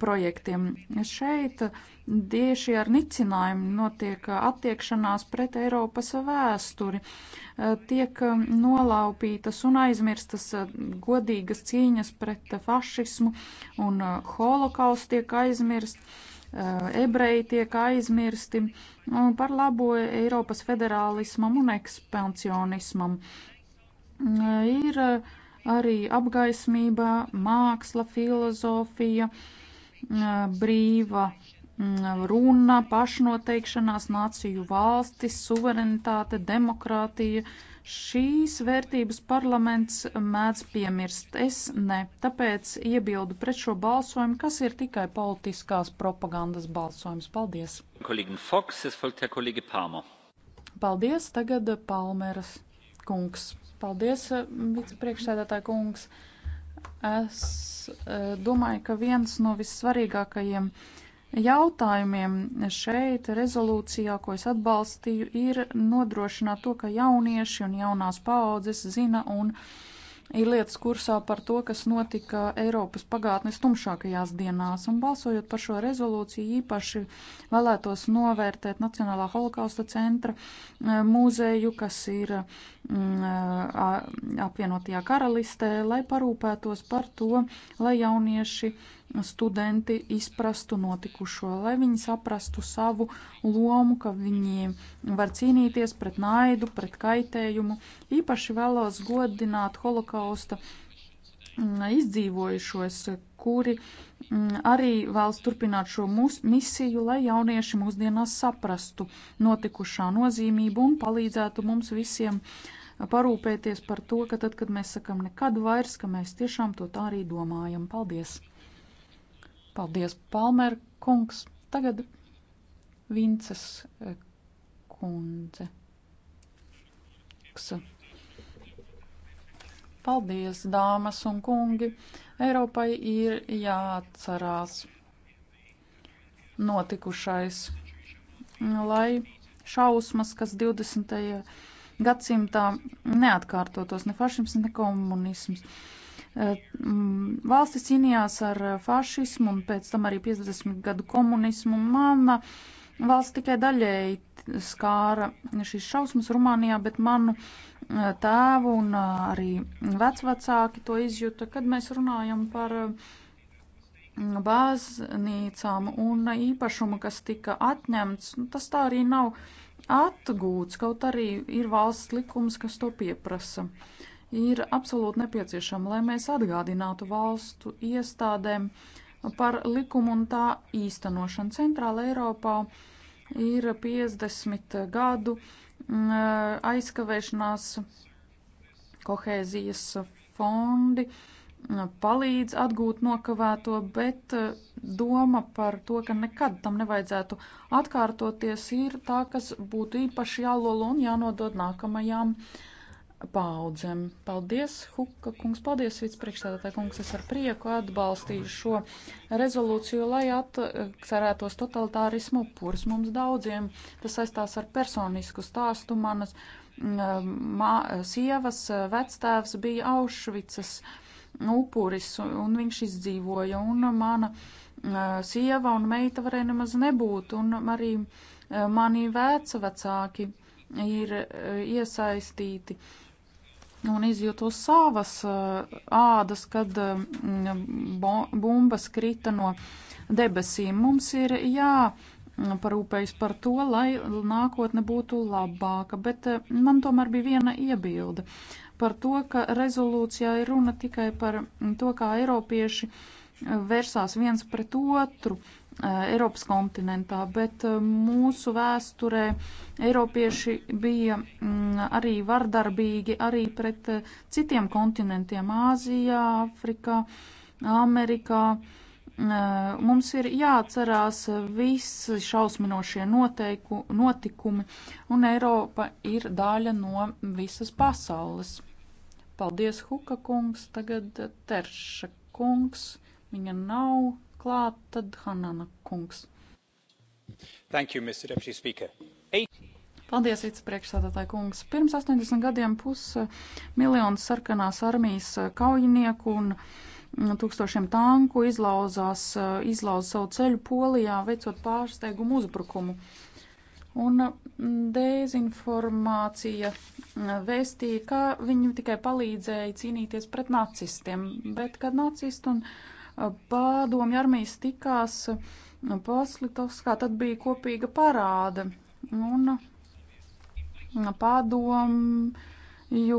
Speaker 7: projektiem. Šeit tieši ar nicinājumu notiek attiekšanās pret Eiropas vēsturi, tiek nolaupītas un aizmirstas godīgas cīņas pret fašismu un holokausts tiek aizmirsts ebreji tiek aizmirsti un par labo Eiropas federālismam un ekspansionismam. Ir arī apgaismība, māksla, filozofija, uh, brīva runa, pašnoteikšanās, nāciju valstis, suverenitāte, demokrātija. Šīs vērtības parlaments mēdz piemirst. Es ne. Tāpēc iebildu pret šo balsojumu, kas ir tikai politiskās propagandas balsojums. Paldies! Fox, Paldies! Tagad Palmeras kungs. Paldies, vicepriekšsēdētāja kungs! Es e, domāju, ka viens no vissvarīgākajiem jautājumiem šeit rezolūcijā, ko es atbalstīju, ir nodrošināt to, ka jaunieši un jaunās paaudzes zina un uh, ir lietas kursā par to, kas notika Eiropas pagātnes tumšākajās dienās, un balsojot par šo rezolūciju īpaši vēlētos novērtēt Nacionālā holokausta centra eh, mūzeju, kas ir mm, apvienotajā karalistē, lai parūpētos par to, lai jaunieši studenti izprastu notikušo, lai viņi saprastu savu lomu, ka viņi var cīnīties pret naidu, pret kaitējumu. Īpaši vēlos godināt holokausta mm, izdzīvojušos, kuri mm, arī vēlas turpināt šo mūs, misiju, lai jaunieši mūsdienās saprastu notikušā nozīmību un palīdzētu mums visiem parūpēties par to, ka tad, kad mēs sakam nekad vairs, ka mēs tiešām to tā arī domājam. Paldies! Paldies, Palmer kungs. Tagad Vinces eh, kundze. Ksa. Paldies, dāmas un kungi! Eiropai ir jāatcerās notikušais, lai šausmas, kas 20. gadsimtā neatkārtotos ne fašisms, ne komunisms. Eh, mm, valstis cīnījās ar eh, fašismu un pēc tam arī 50 gadu komunismu. Mana valsts tikai daļēji skāra šīs šausmas Rumānijā, bet manu eh, tēvu un arī vecvecāki to izjuta, kad mēs runājam par bāznīcām un īpašumu, kas tika atņemts. Nu, tas tā arī nav atgūts, kaut arī ir valsts likums, kas to pieprasa. Uh, ir absolūti nepieciešama, lai mēs atgādinātu valstu iestādēm par likumu un tā īstenošanu. Centrāla Eiropā ir 50 gadu mm, aizkavēšanās kohēzijas fondi palīdz atgūt nokavēto, bet doma par to, ka nekad tam nevajadzētu atkārtoties, ir tā, kas būtu īpaši jālolo un jānodod nākamajām uh, paudzēm. Paldies, Huka kungs, paldies, vicepriekšstādātāja kungs, es ar prieku atbalstīju šo rezolūciju, lai atcerētos totalitārismu upurs mums daudziem. Tas saistās ar personisku stāstu manas mā, sievas vectēvs bija Aušvicas upuris, un viņš izdzīvoja, un mana sieva un meita varēja nemaz nebūt, un arī mani vecvecāki ir e, iesaistīti uh, un izjūtu uz savas eh, ādas, kad mm, bumbas krita no debesīm. Mums ir jāparūpējas mm, par to, lai nākotne būtu labāka, bet eh, man tomēr bija viena iebilde par to, ka rezolūcijā ir runa tikai par to, kā eiropieši eh, vērsās viens pret otru Eh, Eiropas kontinentā, bet eh, mūsu vēsturē Eiropieši bija mm, arī vardarbīgi arī pret eh, citiem kontinentiem - Āzijā, Afrikā, Amerikā. Mums ir jāatcerās visi šausminošie noteiku, notikumi, un Eiropa ir daļa no visas pasaules. Paldies, Huka kungs, tagad Terša kungs, viņa nav klāt, tad Hanana kungs.
Speaker 4: Thank you, Mr. Deputy Speaker. Eight...
Speaker 7: Paldies, vicepriekšsādātāji kungs. Pirms 80 gadiem pusmiljonu eh, sarkanās armijas eh, kaujinieku un mm, tūkstošiem tanku izlauzās, eh, izlauz savu ceļu Polijā, veicot pārsteigumu uzbrukumu. Un mm, dezinformācija mm, vēstīja, ka viņi tikai palīdzēja cīnīties pret nacistiem, bet kad nacisti un padomju armijas tikās Poslitovskā, tad bija kopīga parāde. Un padomju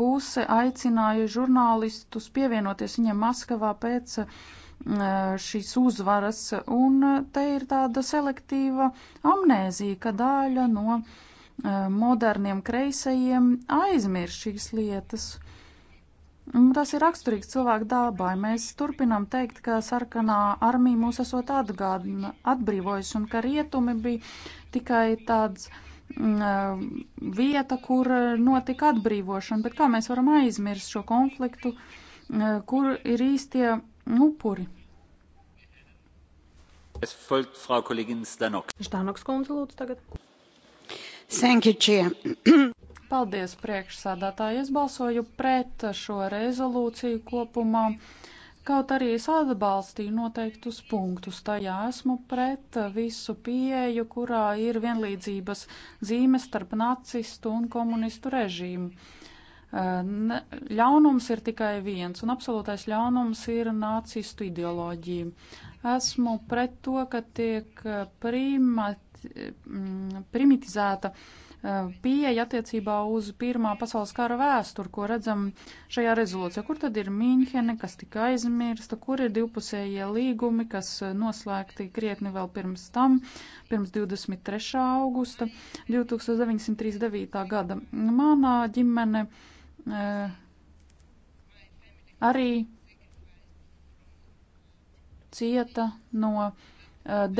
Speaker 7: puse aicināja žurnālistus pievienoties viņiem Maskavā pēc e, šīs uzvaras, un te ir tāda selektīva amnēzija, ka daļa no e, moderniem kreisajiem aizmirst šīs lietas, Tas ir raksturīgs cilvēku dabai. Mēs turpinām teikt, ka sarkanā armija mūs esot atgādina, atbrīvojusi un ka rietumi bija tikai tāds mm, eh, vieta, kur notika atbrīvošana, bet kā mēs varam aizmirst šo konfliktu, eh, kur ir īstie upuri?
Speaker 1: Es folgt Frau Kollegin Stanoks.
Speaker 7: Stanoks kundze lūdzu tagad.
Speaker 1: Thank you, Chair.
Speaker 7: (clears throat) Paldies, priekšsādātāji. Es balsoju pret šo rezolūciju kopumā. Kaut arī es atbalstīju noteiktus punktus, tajā esmu pret visu pieeju, kurā ir vienlīdzības zīme starp nacistu un komunistu režīmu. Ne, ļaunums ir tikai viens, un absolūtais ļaunums ir nacistu ideoloģija. Esmu pret to, ka tiek primat, primitizēta uh, Uh, pieeja attiecībā uz Pirmā pasaules kara vēsturi, ko redzam šajā rezolūcijā. Kur tad ir Mīņhene, kas tika aizmirsta, kur ir divpusējie līgumi, kas uh, noslēgti krietni vēl pirms tam, pirms 23. augusta 1939. gada. Manā ģimene uh, arī cieta no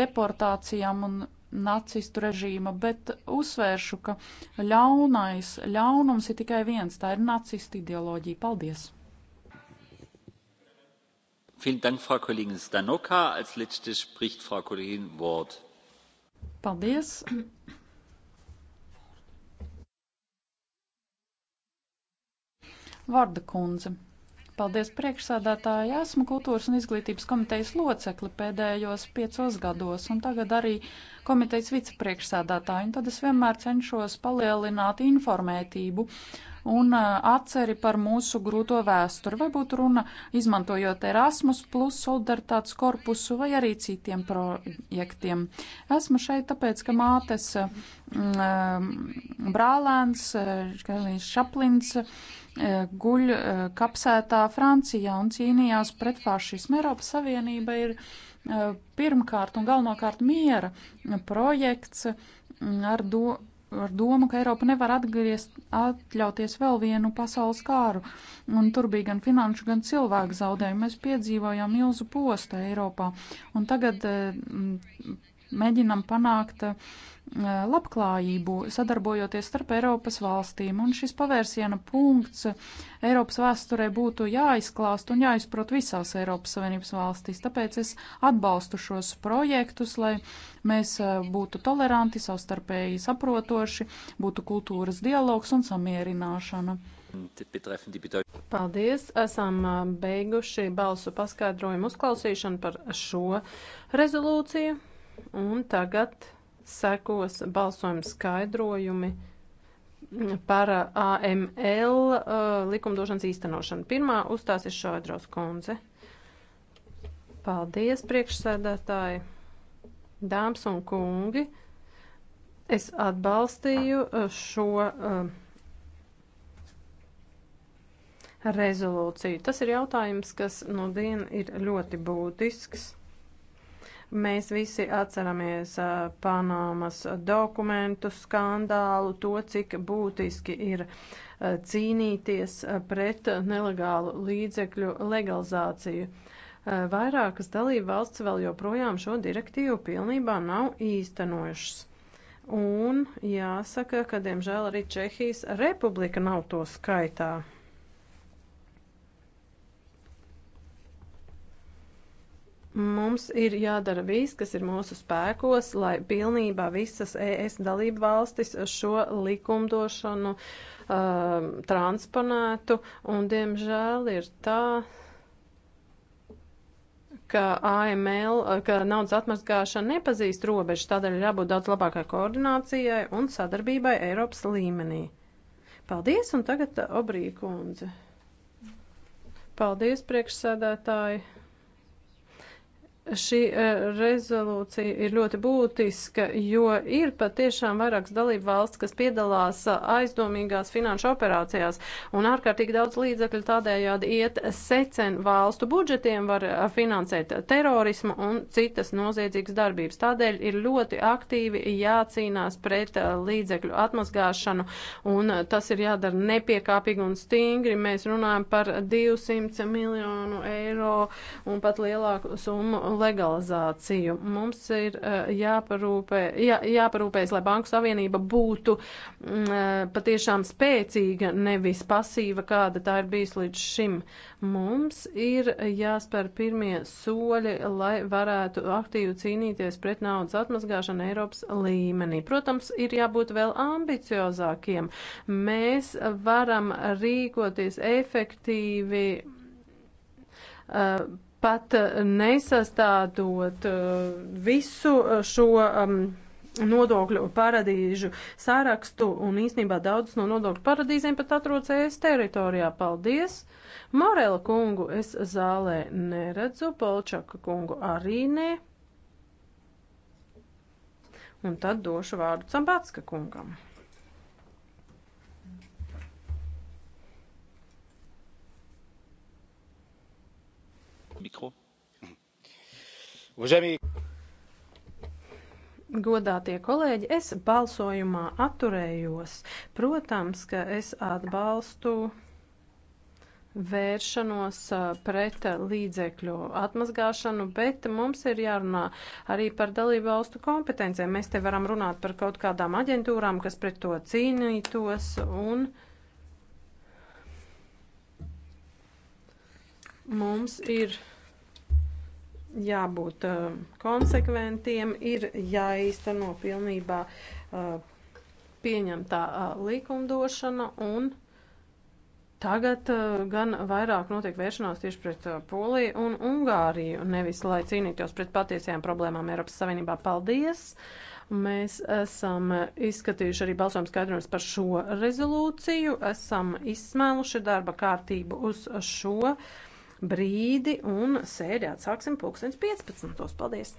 Speaker 7: deportācijām un nacistu režīma, bet uzsvēršu, ka ļaunais, ļaunums ir tikai viens, tā ir nacistu ideoloģija. Paldies!
Speaker 1: Vielen Dank, Frau Kollegin Stanoka. Als letzte spricht Frau Kollegin Ward.
Speaker 7: Paldies. Vārda kundze. Paldies priekšsādātāji. Esmu kultūras un izglītības komitejas locekli pēdējos piecos gados un tagad arī komitejas vicepriekšsādātāji. Un tad es vienmēr cenšos palielināt informētību un atceri par mūsu grūto vēsturi. Vai būtu runa izmantojot Erasmus plus solidaritātes korpusu vai arī citiem projektiem. Esmu šeit tāpēc, ka mātes m, brālēns, Kalīns Šaplins, Eh, guļ eh, kapsētā Francijā un cīnījās pret fašismu. Eiropas Savienība ir eh, pirmkārt un galvenokārt miera projekts mm, ar, do, ar domu, ka Eiropa nevar atgriezt, atļauties vēl vienu pasaules kāru. Un tur bija gan finanšu, gan cilvēku zaudējumi. Mēs piedzīvojām milzu postu Eiropā. Un tagad mēģinam panākt eh, labklājību, sadarbojoties starp Eiropas valstīm, un šis pavērsiena punkts Eiropas vēsturē būtu jāizklāst un jāizprot visās Eiropas Savienības valstīs. Tāpēc es atbalstu šos projektus, lai mēs eh, būtu toleranti, savstarpēji saprotoši, būtu kultūras
Speaker 6: dialogs un samierināšana. Paldies! Esam eh, beiguši balsu paskaidrojumu uzklausīšanu par šo rezolūciju. Un tagad sekos balsojuma skaidrojumi par uh, AML uh, likumdošanas īstenošanu. Pirmā uzstāsies Šoidros kundze. Paldies, priekšsēdētāji, dāmas un kungi. Es atbalstīju uh, šo rezolūciju. Tas ir jautājums, kas no diena ir ļoti būtisks. Mēs visi atceramies Panamas dokumentu skandālu, to, cik būtiski ir cīnīties pret nelegālu līdzekļu legalizāciju. Vairākas dalība valsts vēl joprojām šo direktīvu pilnībā nav īstenojušas. Un jāsaka, ka diemžēl arī Čehijas republika nav to skaitā. Mums ir jādara viss, kas ir mūsu spēkos, lai pilnībā visas ES dalību valstis šo likumdošanu uh, transponētu, un diemžēl ir tā, ka AML, ka naudas atmazgāšana nepazīst robežu, tādēļ ir jābūt daudz labākai koordinācijai un sadarbībai Eiropas līmenī. Paldies, un tagad Obrī kundze. Paldies, priekšsēdētāji. Šī e, rezolūcija ir ļoti būtiska, jo ir patiešām vairākas dalību valsts, kas piedalās e, aizdomīgās finanšu operācijās, un ārkārtīgi daudz līdzekļu tādējādi iet secen valstu budžetiem, var e, finansēt terorismu un citas noziedzīgas darbības. Tādēļ ir ļoti aktīvi jācīnās pret līdzekļu atmazgāšanu, un tas ir jādara nepiekāpīgi un stingri. Mēs runājam par 200 miljonu eiro un pat lielāku summu legalizāciju. Mums ir eh, jāparūpē, jā, jāparūpējas, lai Banku Savienība būtu m, mm, eh, patiešām spēcīga, nevis pasīva, kāda tā ir bijis līdz šim. Mums ir jāspēr pirmie soļi, lai varētu aktīvi cīnīties pret naudas atmazgāšanu Eiropas līmenī. Protams, ir jābūt vēl ambiciozākiem. Mēs varam rīkoties efektīvi eh, pat eh, nesastādot eh, visu eh, šo um, nodokļu paradīžu sārakstu, un īsnībā daudz no nodokļu paradīzēm pat atrodas ES teritorijā. Paldies! Morela kungu es zālē neredzu, Polčaka kungu arī nē. Un tad došu vārdu Cambatska kungam. Mikro. Godātie kolēģi, es balsojumā atturējos. Protams, ka es atbalstu vēršanos uh, pret līdzekļu atmazgāšanu, bet mums ir jārunā arī par dalību valstu kompetencijām. Mēs te varam runāt par kaut kādām aģentūrām, kas pret to cīnītos un uh, Mums ir jābūt uh, konsekventiem, ir jāīsteno pilnībā uh, pieņemtā uh, likumdošana un tagad uh, gan vairāk notiek vēršanās tieši pret uh, Poliju un Ungāriju, nevis lai cīnītos pret patiesajām problēmām Eiropas Savienībā. Paldies! Mēs esam izskatījuši arī balsojumu skaidrojumus par šo rezolūciju, esam izsmēluši darba kārtību uz šo. Uh, brīdi un sēdi atsāksim pulkstens 15. Paldies!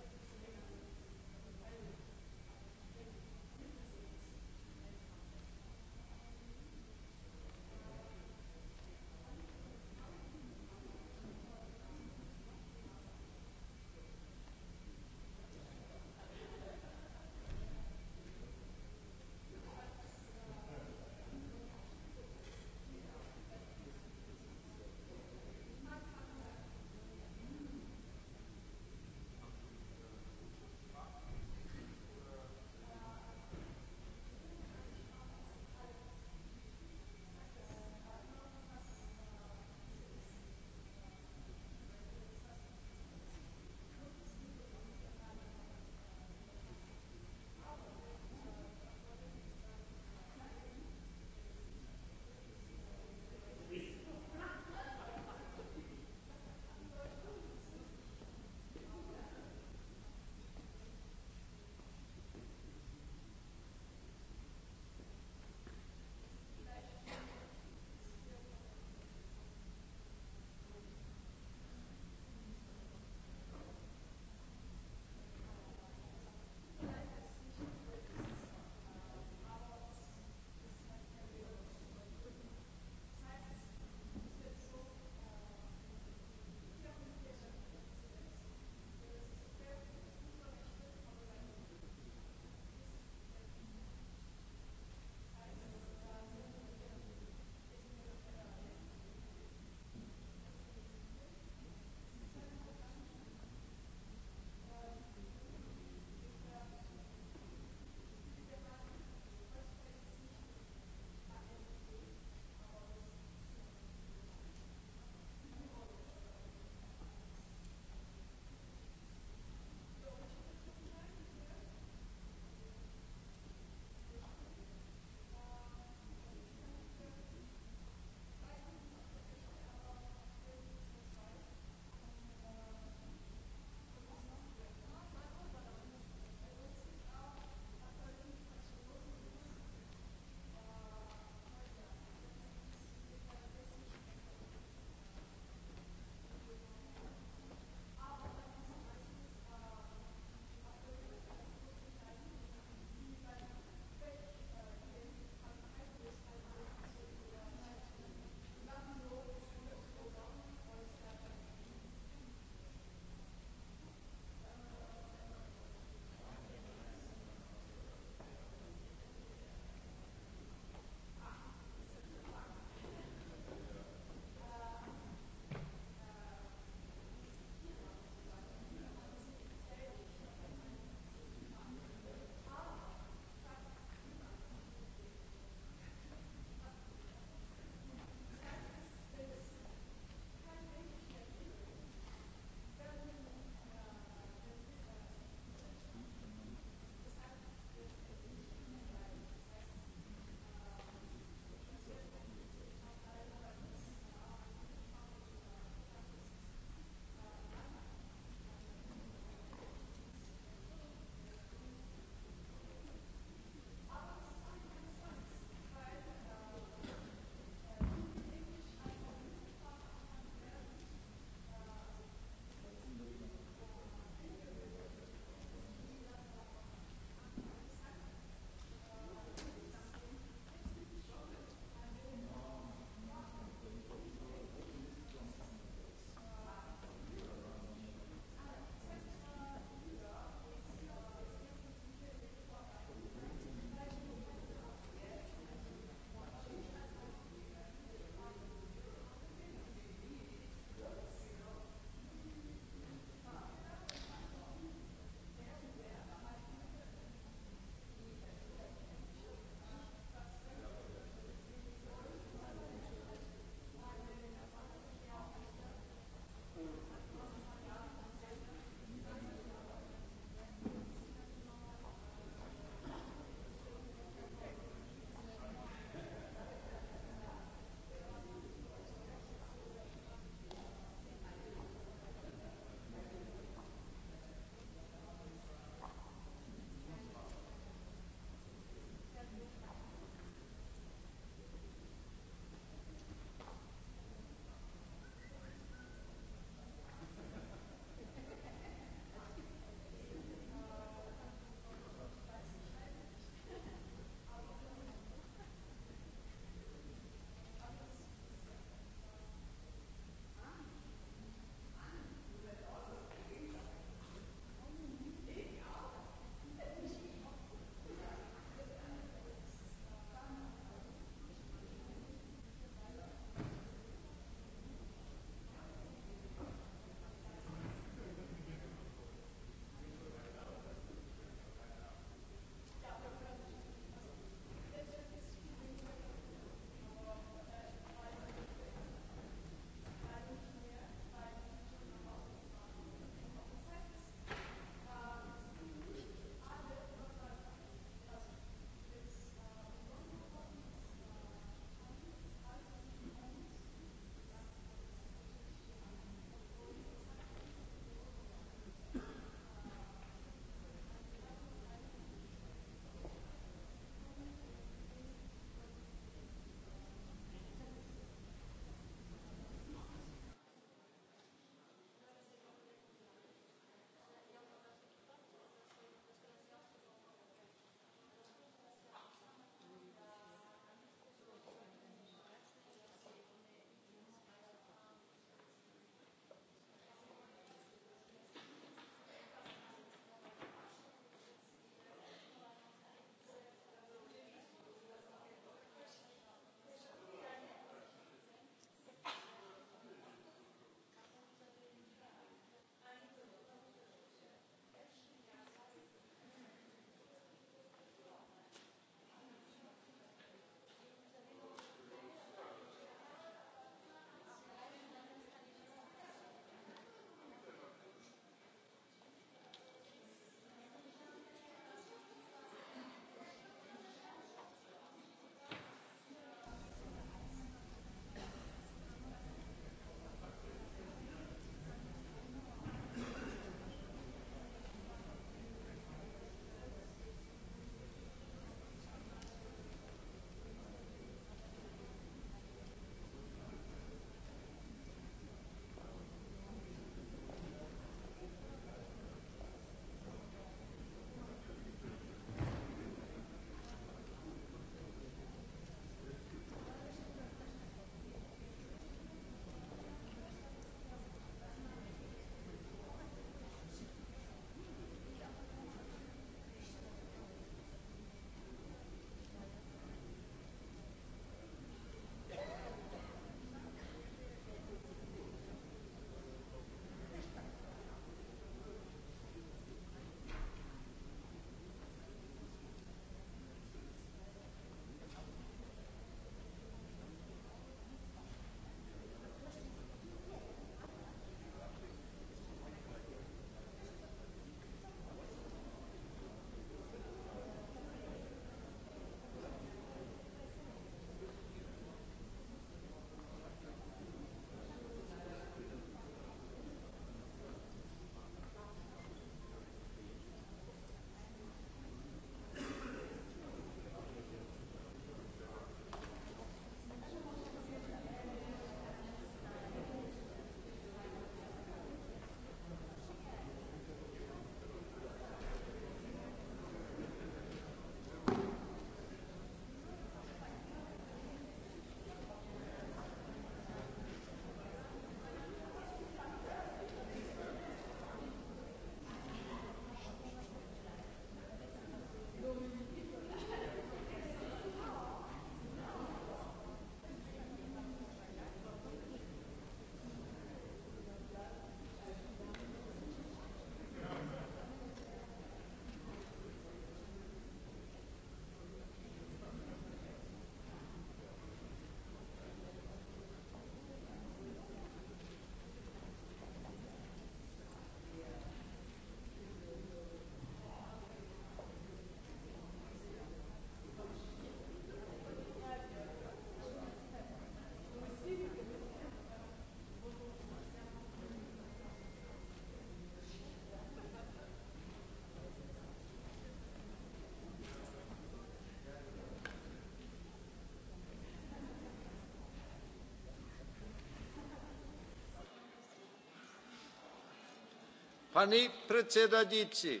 Speaker 1: Pani predsedajúci.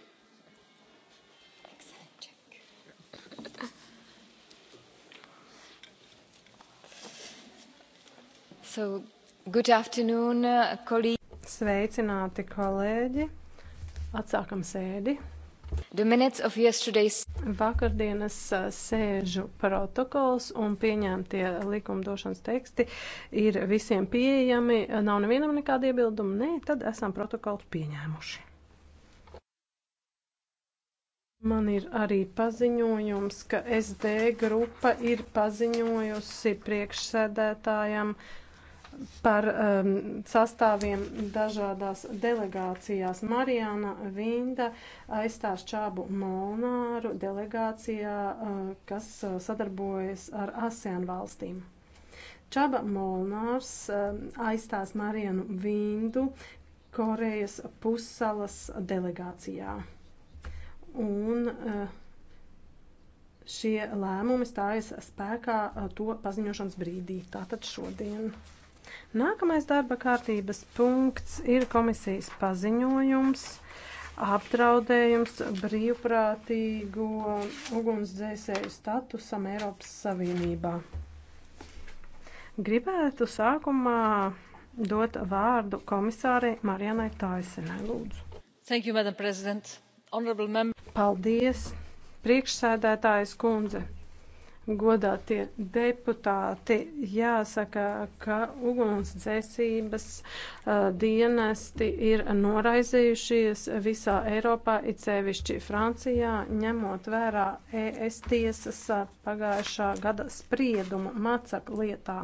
Speaker 5: So, good afternoon, uh, colleagues.
Speaker 6: Sveicināti, kolēģi. Atsākam sēdi. The minutes of yesterday's Vakardienas sēžu protokols un pieņemtie likumdošanas teksti ir visiem pieejami. Nav nevienam nekāda iebilduma. Nē, tad esam protokolu pieņēmuši. Man ir arī paziņojums, ka SD grupa ir paziņojusi priekšsēdētājam par um, sastāviem dažādās delegācijās. Marijāna Vinda aizstās Čābu Molnāru delegācijā, uh, kas uh, sadarbojas ar ASEAN valstīm. Čaba Molnārs uh, aizstās Marijanu Vindu Korejas pussalas delegācijā. Un uh, šie lēmumi stājas spēkā uh, to paziņošanas brīdī, tātad šodien. Nākamais darba kārtības punkts ir komisijas paziņojums apdraudējums brīvprātīgo ugunsdzēsēju statusam Eiropas Savienībā. Gribētu sākumā dot vārdu komisārei Marianai Taisenai, lūdzu.
Speaker 4: Thank you, Madam President. Honorable
Speaker 6: member. Paldies, priekšsēdētājas kundze godātie deputāti, jāsaka, ka ugunsdzēsības uh, dienesti ir noraizējušies visā Eiropā, it sevišķi Francijā, ņemot vērā ES tiesas uh, pagājušā gada spriedumu macak lietā.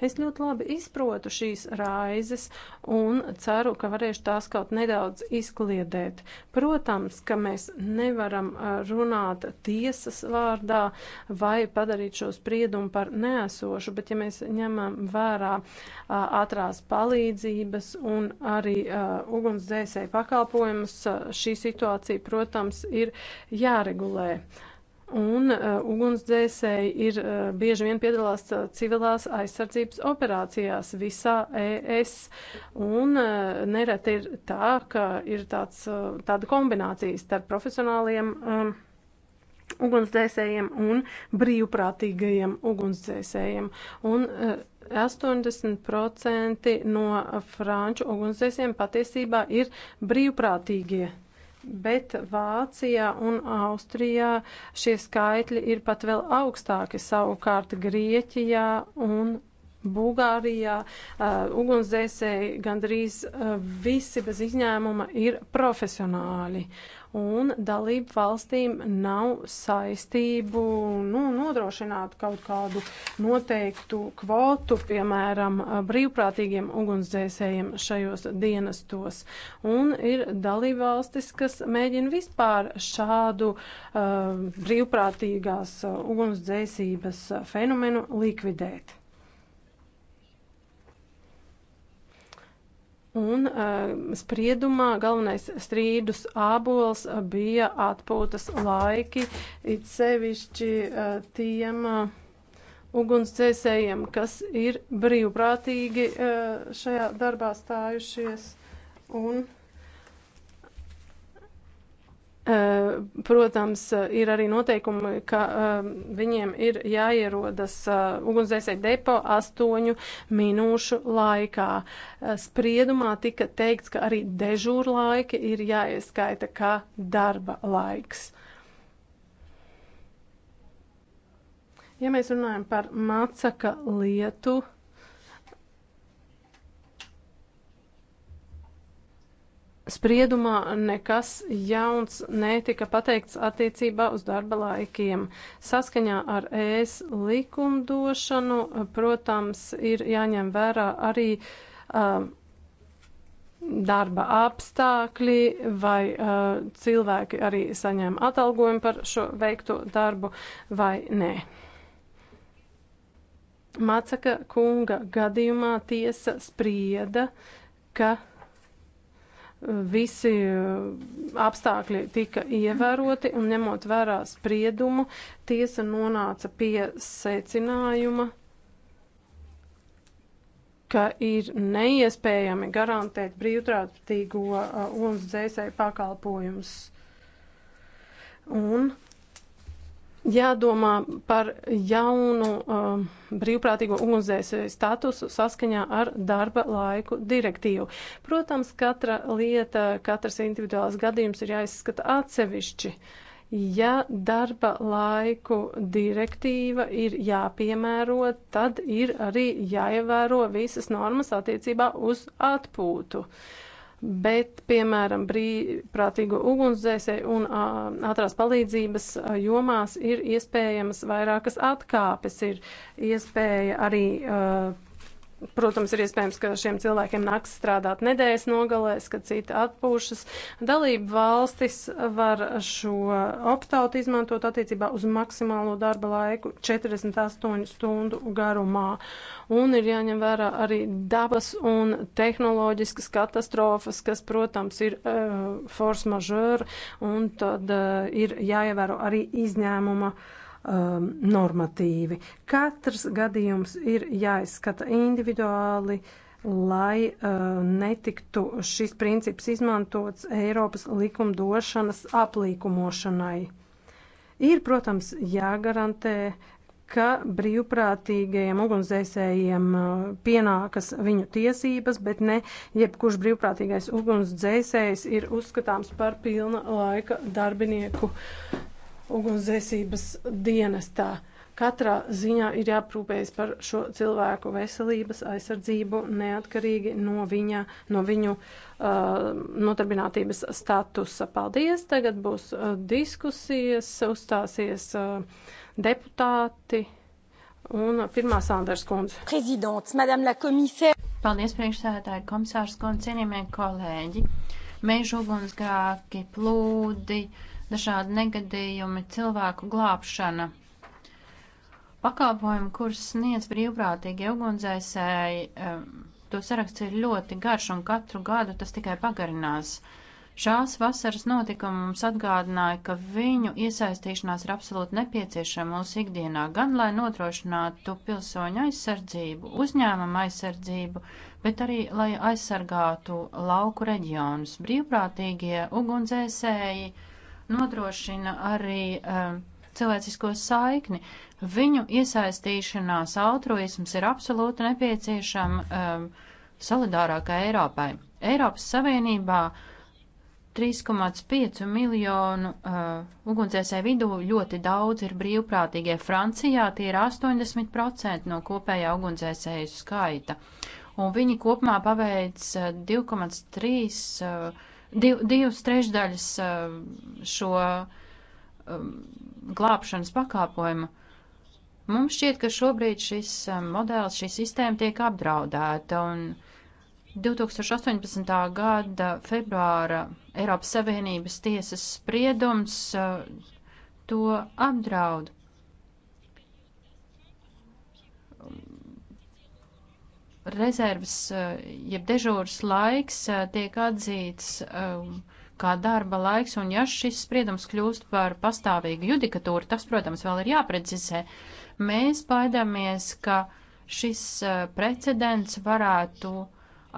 Speaker 6: Es ļoti labi izprotu šīs raizes un ceru, ka varēšu tās kaut nedaudz izkliedēt. Protams, ka mēs nevaram uh, runāt tiesas vārdā vai padarīt šo spriedumu par neesošu, bet ja mēs ņemam vērā ātrās palīdzības un arī ugunsdzēsēju pakalpojumus, šī situācija, protams, ir jāregulē. Un uh, ugunsdzēsēji ir uh, bieži vien piedalās uh, civilās aizsardzības operācijās visā ES. Un uh, nereti ir tā, ka ir tāds, uh, tāda kombinācija starp profesionāliem. Um, ugunsdzēsējiem un brīvprātīgajiem ugunsdzēsējiem. Un, uh, eh, 80% no franču ugunsdzēsiem patiesībā ir brīvprātīgie. Bet Vācijā un Austrijā šie skaitļi ir pat vēl augstāki, savukārt Grieķijā un Bulgārijā uh, ugunsdzēsēji gandrīz uh, visi bez izņēmuma ir profesionāļi. Uh, un dalību valstīm nav saistību nu, nodrošināt kaut kādu noteiktu kvotu, piemēram, brīvprātīgiem ugunsdzēsējiem šajos dienestos. Un ir dalību valstis, kas mēģina vispār šādu uh, brīvprātīgās uh, ugunsdzēsības fenomenu likvidēt. Un uh, spriedumā galvenais strīdus ābols uh, bija atpūtas laiki, it sevišķi uh, tiem uh, ugunsdzēsējiem, kas ir brīvprātīgi uh, šajā darbā stājušies. Un Eh, protams, eh, ir arī noteikumi, ka eh, viņiem ir jāierodas ugunsdzēsēji depo astoņu minūšu laikā. Spriedumā tika teikts, ka arī dežūra laiki ir jāieskaita kā darba laiks. Ja mēs runājam par Macaka lietu, Spriedumā nekas jauns netika pateikts attiecībā uz darba laikiem. Saskaņā ar ES likumdošanu, protams, ir jāņem vērā arī uh, darba apstākļi, vai uh, cilvēki arī saņem atalgojumu par šo veikto darbu, vai nē. Macaka kunga gadījumā tiesa sprieda, ka visi eh, apstākļi tika ievēroti un ņemot vērā spriedumu, tiesa nonāca pie secinājuma, ka ir neiespējami garantēt brīvprātīgo eh, ugunsdzēsēju pakalpojumus. Un jādomā par jaunu uh, brīvprātīgo ugunsdzēsēju statusu saskaņā ar darba laiku direktīvu. Protams, katra lieta, katrs individuāls gadījums ir jāizskata atsevišķi. Ja darba laiku direktīva ir jāpiemēro, tad ir arī jāievēro visas normas attiecībā uz atpūtu. Uh, bet, piemēram, brīvprātīgo ugunsdzēsēju un ātrās palīdzības jomās ir iespējamas vairākas atkāpes, ir iespēja arī Protams, ir iespējams, ka šiem cilvēkiem nāks strādāt nedēļas nogalēs, kad citi atpūšas. Dalība valstis var šo optautu izmantot attiecībā uz maksimālo darba laiku 48 stundu garumā. Un ir jāņem vērā arī dabas un tehnoloģiskas katastrofas, kas, protams, ir uh, force majeure, un tad uh, ir jāievēro arī izņēmuma uh, um, normatīvi. Katrs gadījums ir jāizskata individuāli, lai uh, netiktu šis princips izmantots Eiropas likumdošanas aplīkumošanai. Ir, protams, jāgarantē, ka brīvprātīgajiem ugunsdzēsējiem uh, pienākas viņu tiesības, bet ne jebkurš brīvprātīgais ugunsdzēsējs ir uzskatāms par pilna laika darbinieku. Uh, ugunsdzēsības dienestā. Katrā ziņā ir jāprūpējas par šo cilvēku veselības aizsardzību neatkarīgi no, viņa, no viņu uh, notarbinātības statusa. Paldies! Tagad būs uh, diskusijas,
Speaker 5: uzstāsies uh, deputāti un pirmā Sanders kundze. Prezidents, madame la komisāra. Paldies, priekšsēdētāji, komisārs kundze, cienījamie kolēģi. Mēžu ugunsgrāki, plūdi. Uh, dažādi negadījumi, cilvēku glābšana. Pakalpojumi, kurus sniedz brīvprātīgi ugunsdzēsēji, um, to saraksts ir ļoti garš un katru gadu tas tikai pagarinās. Šās vasaras notikumi mums atgādināja, ka viņu iesaistīšanās ir absolūti nepieciešama mūsu ikdienā, gan lai nodrošinātu pilsoņu aizsardzību, uzņēmumu aizsardzību, bet arī lai aizsargātu lauku reģionus. Brīvprātīgie ugunsdzēsēji nodrošina arī um, cilvēcisko saikni. Viņu iesaistīšanās altruisms ir absolūti nepieciešama um, solidārākai Eiropai. Eiropas Savienībā 3,5 miljonu uh, ugunsdzēsēju vidū ļoti daudz ir brīvprātīgie. Francijā tie ir 80% no kopējā ugunsdzēsēju skaita. Un viņi kopumā paveic 2,3 uh, div, divas trešdaļas eh, šo eh, glābšanas pakāpojumu. Mums šķiet, ka šobrīd šis eh, modelis, šī sistēma tiek apdraudēta, un 2018. gada februāra Eiropas Savienības tiesas spriedums to apdraud. rezervas, eh, jeb dežūras laiks eh, tiek atzīts eh, kā darba laiks, un ja šis spriedums kļūst par pastāvīgu judikatūru, tas, protams, vēl ir jāprecizē. Mēs baidāmies, ka šis precedents varētu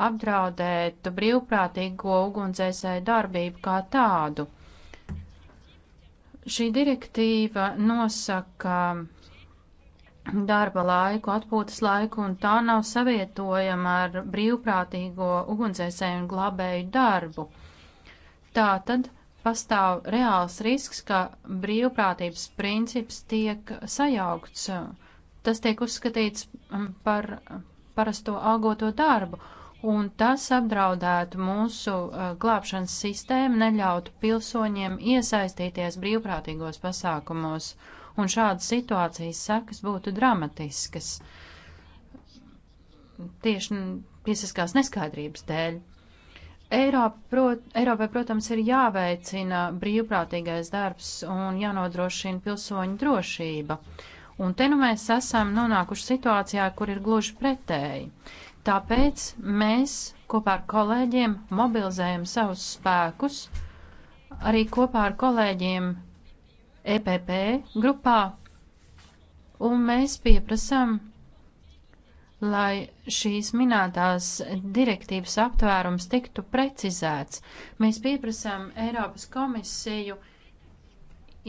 Speaker 5: apdraudēt brīvprātīgo ugunsdzēsēju darbību kā tādu. Šī direktīva nosaka darba laiku, atpūtas laiku, un tā nav savietojama ar brīvprātīgo ugunsdzēsēju un glābēju darbu. Tā tad pastāv reāls risks, ka brīvprātības princips tiek sajaukts. Tas tiek uzskatīts mm, par parasto algoto darbu, un tas apdraudētu mūsu eh, glābšanas sistēmu, neļautu pilsoņiem iesaistīties brīvprātīgos pasākumos. Uh, un šādas situācijas sekas būtu dramatiskas tieši tiesiskās neskaidrības dēļ. Eiropa, prot, Eiropai, protams, ir jāveicina brīvprātīgais darbs un jānodrošina pilsoņu drošība. Un te nu mēs esam nonākuši situācijā, kur ir gluži pretēji. Tāpēc mēs kopā ar kolēģiem mobilizējam savus spēkus, arī kopā ar kolēģiem EPP grupā, un mēs pieprasām, lai šīs minētās direktīvas aptvērums tiktu precizēts. Mēs pieprasām Eiropas komisiju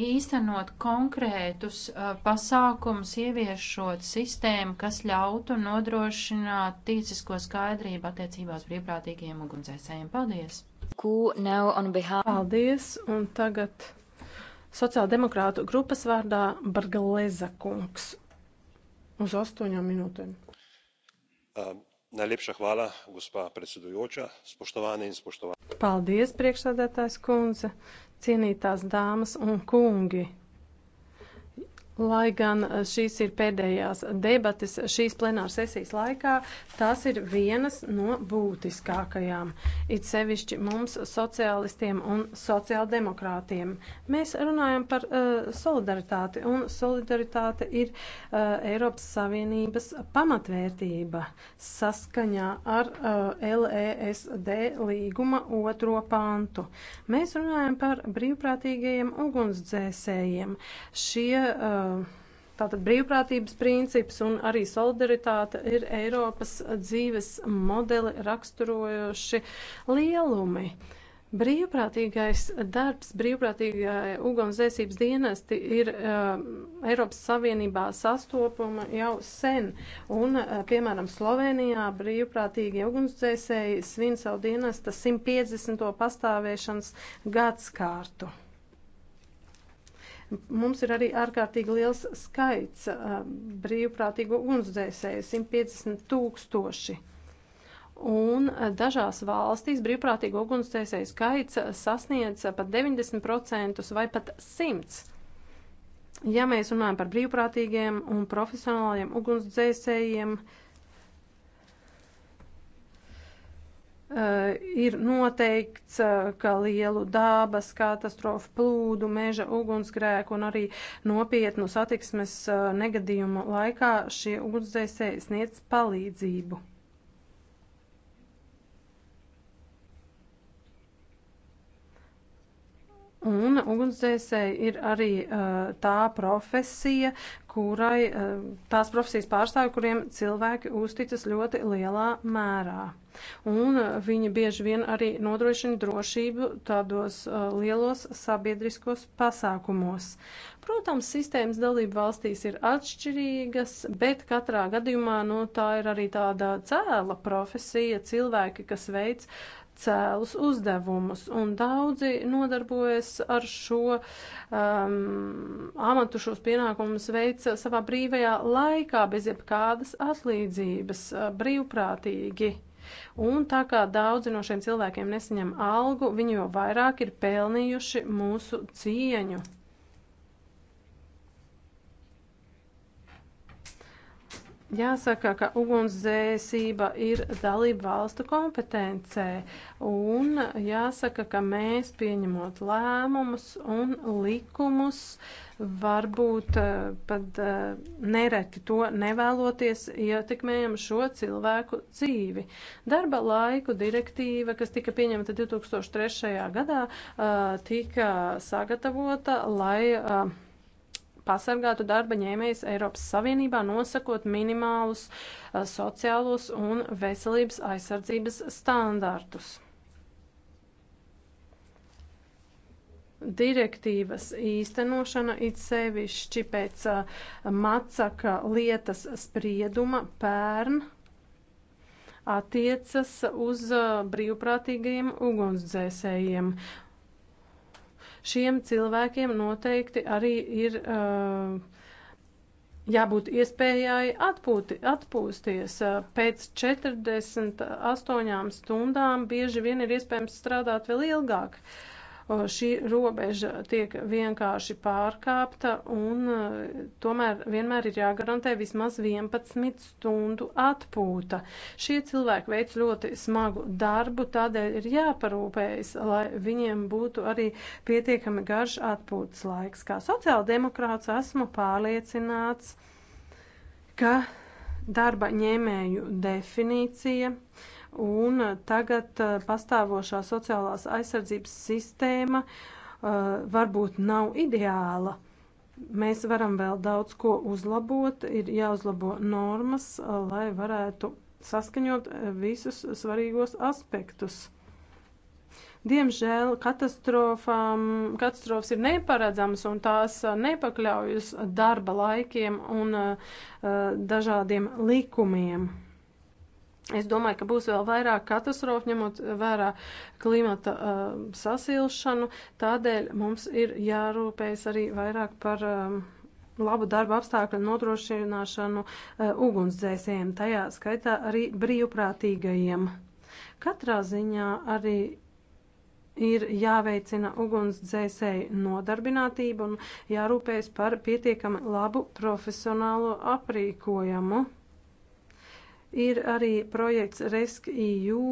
Speaker 5: īstenot konkrētus uh, pasākumus, ieviešot sistēmu, kas ļautu nodrošināt tiesisko skaidrību attiecībās brīvprātīgiem ugunsdzēsējiem. Paldies!
Speaker 6: Paldies, un tagad Sociāldemokrātu grupas vārdā Bargaleza kungs. Uz astoņām minūtēm.
Speaker 2: Um, Najlepša hvala, gospa predsedujoča, spoštovane in spoštovani.
Speaker 6: Paldies, priekšsādātājs kundze, cienītās dāmas un kungi. Lai gan eh, šīs ir pēdējās debates šīs plenāra sesijas laikā, tās ir vienas no būtiskākajām. It sevišķi mums, sociālistiem un sociāldemokrātiem. Mēs runājam par uh, solidaritāti, un solidaritāte ir uh, Eiropas Savienības pamatvērtība saskaņā ar uh, LESD līguma otro pantu. Mēs runājam par brīvprātīgajiem ugunsdzēsējiem. Šie, uh, Tātad brīvprātības princips un arī solidaritāte ir Eiropas dzīves modeli raksturojoši lielumi. Brīvprātīgais darbs, brīvprātīgā ugunsdzēsības dienesti ir uh, Eiropas Savienībā sastopama jau sen, un, uh, piemēram, Slovenijā brīvprātīgie ugunsdzēsēji svin savu dienesta 150. pastāvēšanas gadskārtu. Mums ir arī ārkārtīgi liels skaits um, brīvprātīgo ugunsdzēsēju - 150 tūkstoši. Un uh, dažās valstīs brīvprātīgo ugunsdzēsēju skaits uh, sasniedz uh, pat 90% vai pat 100%. Ja mēs runājam par brīvprātīgiem un profesionāliem ugunsdzēsējiem, uh, Eh, ir noteikts, eh, ka lielu dabas katastrofu, plūdu, meža ugunsgrēku un arī nopietnu satiksmes eh, negadījumu laikā šie ugunsdzēsēji sniedz palīdzību. Un ugunsdzēsēji ir arī uh, tā profesija, kurai uh, tās profesijas pārstāvju, kuriem cilvēki uzticas ļoti lielā mērā. Un uh, viņi bieži vien arī nodrošina drošību tādos uh, lielos sabiedriskos pasākumos. Protams, sistēmas dalību valstīs ir atšķirīgas, bet katrā gadījumā no nu, tā ir arī tāda cēla profesija, cilvēki, kas veids uh, cēlus uzdevumus, un daudzi nodarbojas ar šo um, amatu, šos pienākumus veica savā brīvajā laikā, bez jebkādas atlīdzības, uh, brīvprātīgi. Un tā kā daudzi no šiem cilvēkiem nesaņem algu, viņi jau vairāk ir pelnījuši mūsu cieņu. Jāsaka, ka ugunsdzēsība ir dalība valstu kompetencē, un jāsaka, ka mēs pieņemot lēmumus un likumus, varbūt eh, pat eh, nereti to nevēloties, ietekmējam šo cilvēku dzīvi. Darba laiku direktīva, kas tika pieņemta 2003. gadā, eh, tika sagatavota, lai pasargātu darba ņēmējus Eiropas Savienībā, nosakot minimālus eh, sociālos un veselības aizsardzības standartus. direktīvas īstenošana it sevišķi pēc uh, Macaka lietas sprieduma pērn attiecas uz uh, brīvprātīgajiem ugunsdzēsējiem. Šiem cilvēkiem noteikti arī ir. Uh, jābūt iespējai atpūti, atpūsties. Uh, pēc 48 stundām bieži vien ir iespējams strādāt vēl ilgāk. Uh, šī robeža tiek vienkārši pārkāpta un e, tomēr vienmēr ir jāgarantē vismaz 11 stundu atpūta. Šie cilvēki veic ļoti smagu darbu, tādēļ ir jāparūpējas, lai viņiem būtu arī pietiekami garš atpūtas laiks. Kā sociāldemokrāts esmu pārliecināts, ka darba ņēmēju definīcija un eh, tagad eh, pastāvošā sociālās aizsardzības sistēma eh, varbūt nav ideāla. Mēs varam vēl daudz ko uzlabot, ir jāuzlabo normas, lai varētu saskaņot visus svarīgos aspektus. Diemžēl katastrofām, katastrofas ir neparedzamas un tās nepakļaujas darba laikiem un uh, dažādiem likumiem. Es domāju, ka būs vēl vairāk katastrofu, ņemot vērā klimata uh, sasilšanu. Tādēļ mums ir jārūpējas arī vairāk par um, labu darba apstākļu nodrošināšanu uh, ugunsdzēsējiem, tajā skaitā arī brīvprātīgajiem. Katrā ziņā arī ir jāveicina ugunsdzēsēju nodarbinātība un jārūpējas par pietiekami labu profesionālo aprīkojumu. Ir arī projekts RESC-EU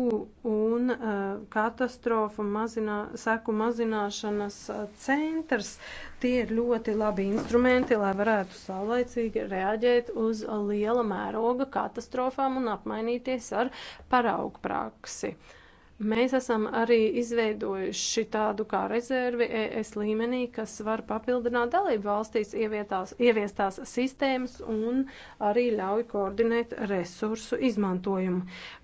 Speaker 6: un uh, katastrofu mazinā, seku mazināšanas uh, centrs. Tie ir ļoti labi instrumenti, lai varētu saulaicīgi reaģēt uz liela mēroga katastrofām un apmainīties ar paraugu praksi. Uh, Mēs esam arī izveidojuši tādu kā rezervi ES līmenī, kas var papildināt dalību valstīs ievietās, ieviestās sistēmas un arī ļauj koordinēt resursu izmantojumu.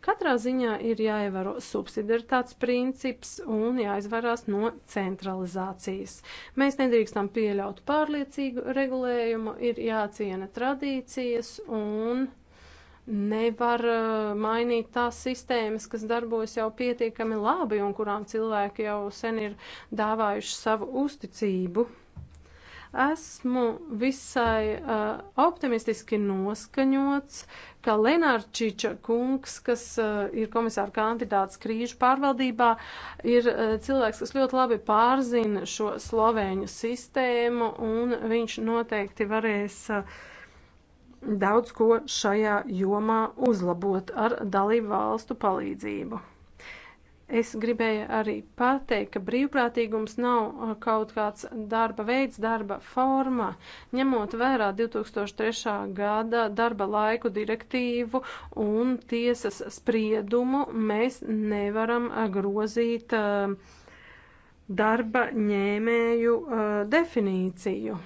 Speaker 6: Katrā ziņā ir jāievaro subsidiaritātes princips un jāizvarās no centralizācijas. Mēs nedrīkstam pieļaut pārliecīgu regulējumu, ir jāciena tradīcijas un nevar eh, mainīt tās sistēmas, kas darbojas jau pietiekami labi un kurām cilvēki jau sen ir dāvājuši savu uzticību. Esmu visai uh, optimistiski noskaņots, ka Lenārčiča kungs, kas uh, ir komisāra kandidāts krīžu pārvaldībā, ir uh, cilvēks, kas ļoti labi pārzina šo slovēņu sistēmu, un viņš noteikti varēs uh, daudz ko šajā jomā uzlabot ar dalību valstu palīdzību. Es gribēju arī pateikt, ka brīvprātīgums nav uh, kaut kāds darba veids, darba forma. Ņemot vērā 2003. gada darba laiku direktīvu un tiesas spriedumu, mēs nevaram uh, grozīt uh, darba ņēmēju definīciju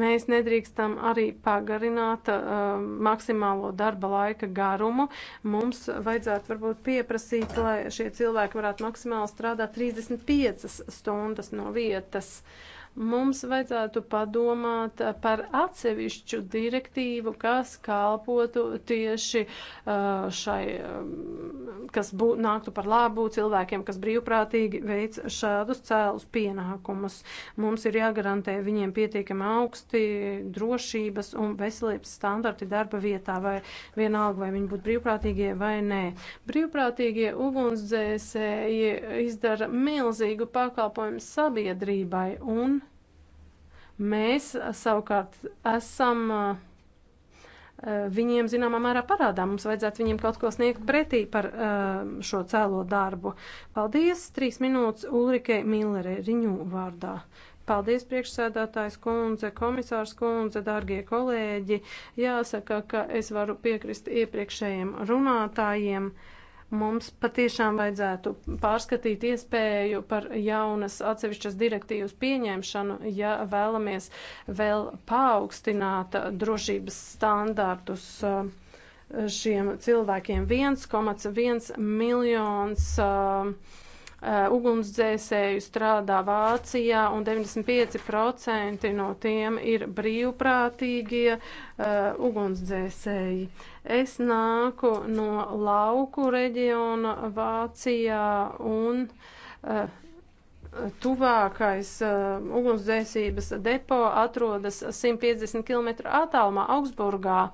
Speaker 6: Mēs nedrīkstam arī pagarināt uh, maksimālo darba laika garumu. Mums vajadzētu varbūt pieprasīt, lai šie cilvēki varētu maksimāli strādāt 35 stundas no vietas. Uh, Mums vajadzētu padomāt par atsevišķu direktīvu, kas kalpotu tieši uh, šai, um, kas bū, nāktu par labu cilvēkiem, kas brīvprātīgi veic šādus cēlus pienākumus. Mums ir jāgarantē viņiem pietiekami augsti drošības un veselības standarti darba vietā, vai vienalga, vai viņi būtu brīvprātīgie vai nē. Brīvprātīgie ugunsdzēsēji izdara milzīgu pakalpojumu sabiedrībai un Mēs savukārt esam viņiem zināmā mērā parādā. Mums vajadzētu viņiem kaut ko sniegt pretī par šo cēlo darbu. Paldies! Trīs minūtes Ulrike Millere riņu vārdā. Paldies, priekšsēdātājs kundze, komisārs kundze, dārgie kolēģi. Jāsaka, ka es varu piekrist iepriekšējiem runātājiem. Uh, Mums patiešām vajadzētu pārskatīt iespēju par jaunas atsevišķas direktīvas pieņemšanu, ja vēlamies vēl paaugstināt drošības standārtus uh, šiem cilvēkiem. 1,1 miljons uh, uh, ugunsdzēsēju strādā Vācijā, un 95% no tiem ir brīvprātīgie uh, ugunsdzēsēji. Es nāku no lauku reģiona Vācijā un uh, Tuvākais uh, ugunsdzēsības depo atrodas 150 km attālumā Augsburgā,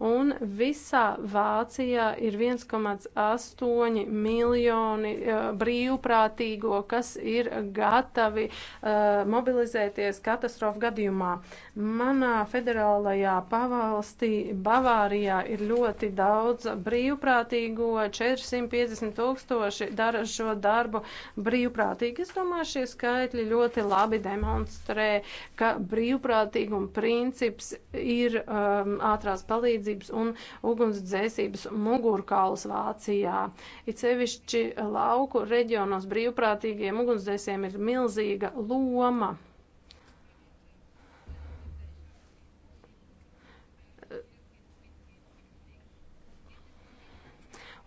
Speaker 6: un visā Vācijā ir 1,8 miljoni uh, brīvprātīgo, kas ir gatavi uh, mobilizēties katastrofu gadījumā. Manā federālajā pavalstī Bavārijā ir ļoti daudz brīvprātīgo, 450 tūkstoši dara šo darbu brīvprātīgi. Es domāju, šie skaitļi ļoti labi demonstrē, ka brīvprātīguma princips ir um, ātrās palīdzības un ugunsdzēsības mugurkauls Vācijā. It sevišķi lauku reģionos brīvprātīgiem ugunsdzēsiem ir milzīga loma.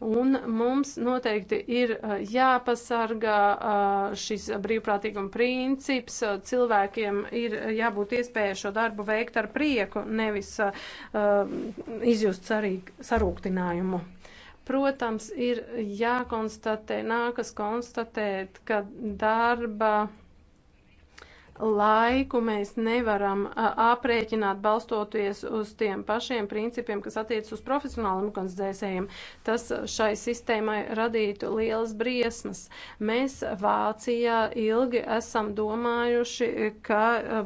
Speaker 6: Un mums noteikti ir uh, jāpasargā uh, šis brīvprātīguma princips. Uh, cilvēkiem ir jābūt iespēja šo darbu veikt ar prieku, nevis izjust sarūktinājumu. Protams, ir jākonstatē, nākas konstatēt, ka darba Laiku mēs nevaram aprēķināt balstoties uz tiem pašiem principiem, kas attiec uz profesionāliem ugunsdzēsējiem. Tas šai sistēmai radītu lielas briesmas. Mēs Vācijā ilgi esam domājuši, ka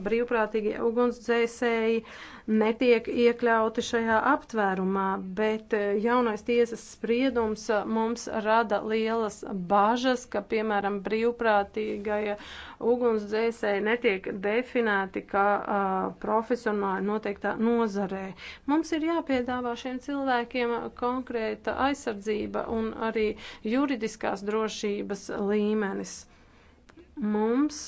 Speaker 6: brīvprātīgie ugunsdzēsēji uh, netiek iekļauti šajā aptvērumā, bet eh, jaunais tiesas spriedums eh, mums rada lielas bažas, ka, piemēram, brīvprātīgai eh, ugunsdzēsēji netiek definēti kā uh, profesionāli noteiktā nozarē. Mums ir jāpiedāvā šiem cilvēkiem konkrēta aizsardzība un arī juridiskās drošības līmenis. Mums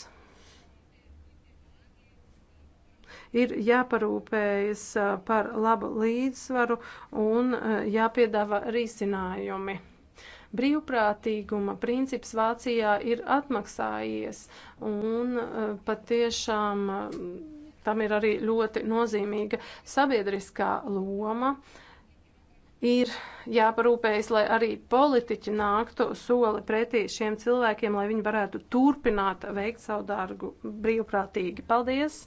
Speaker 6: ir jāparūpējas par labu līdzsvaru un jāpiedāvā risinājumi. Brīvprātīguma princips Vācijā ir atmaksājies un patiešām tam ir arī ļoti nozīmīga sabiedriskā loma ir jāparūpējas, lai arī politiķi nāktu soli pretī šiem cilvēkiem, lai viņi varētu turpināt veikt savu darbu brīvprātīgi. Paldies!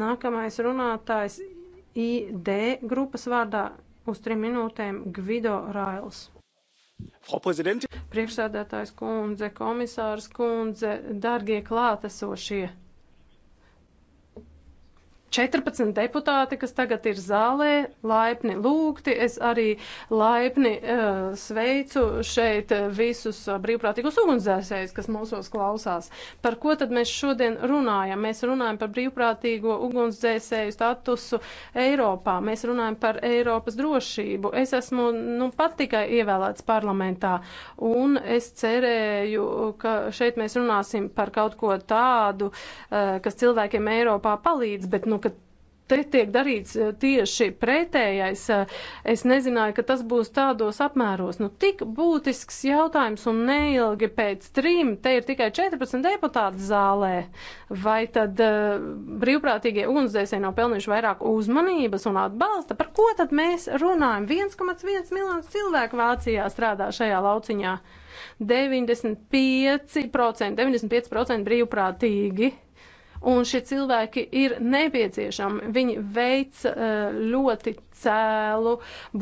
Speaker 6: Nākamais runātājs ID grupas vārdā uz trim minūtēm Gvido Rails. Priekšsēdētājs kundze, komisārs kundze, dargie klātesošie! 14 deputāti, kas tagad ir zālē, laipni lūgti. Es arī laipni uh, sveicu šeit visus brīvprātīgos ugunsdzēsējus, kas mūsos klausās. Par ko tad mēs šodien runājam? Mēs runājam par brīvprātīgo ugunsdzēsēju statusu Eiropā. Mēs runājam par Eiropas drošību. Es esmu nu, pat tikai ievēlēts parlamentā, un es cerēju, ka šeit mēs runāsim par kaut ko tādu, uh, kas cilvēkiem Eiropā palīdz, bet nu, te tiek darīts eh, tieši pretējais. Eh, es nezināju, ka tas būs tādos apmēros. Nu, tik būtisks jautājums un neilgi pēc trim, te ir tikai 14 deputāti zālē. Vai tad uh, brīvprātīgie ugunsdzēsēji nav pelnījuši vairāk uzmanības un atbalsta? Par ko tad mēs runājam? 1,1 miljonus cilvēku Vācijā strādā šajā lauciņā. 95%, 95% brīvprātīgi un šie cilvēki ir nepieciešami. Viņi veic eh, ļoti cēlu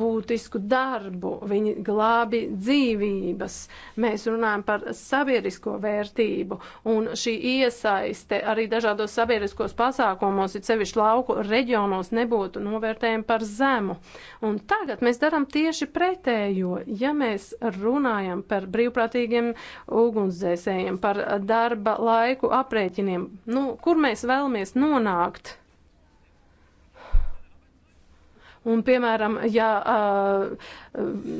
Speaker 6: būtisku darbu, viņi glābi dzīvības. Mēs runājam par sabiedrisko vērtību, un šī iesaiste arī dažādos sabiedriskos pasākumos, ir sevišķi lauku reģionos, nebūtu novērtējama par zemu. Un tagad mēs darām tieši pretējo. Ja mēs runājam par brīvprātīgiem ugunsdzēsējiem, par darba laiku aprēķiniem, nu, kur mēs vēlamies nonākt? Un, piemēram, ja uh,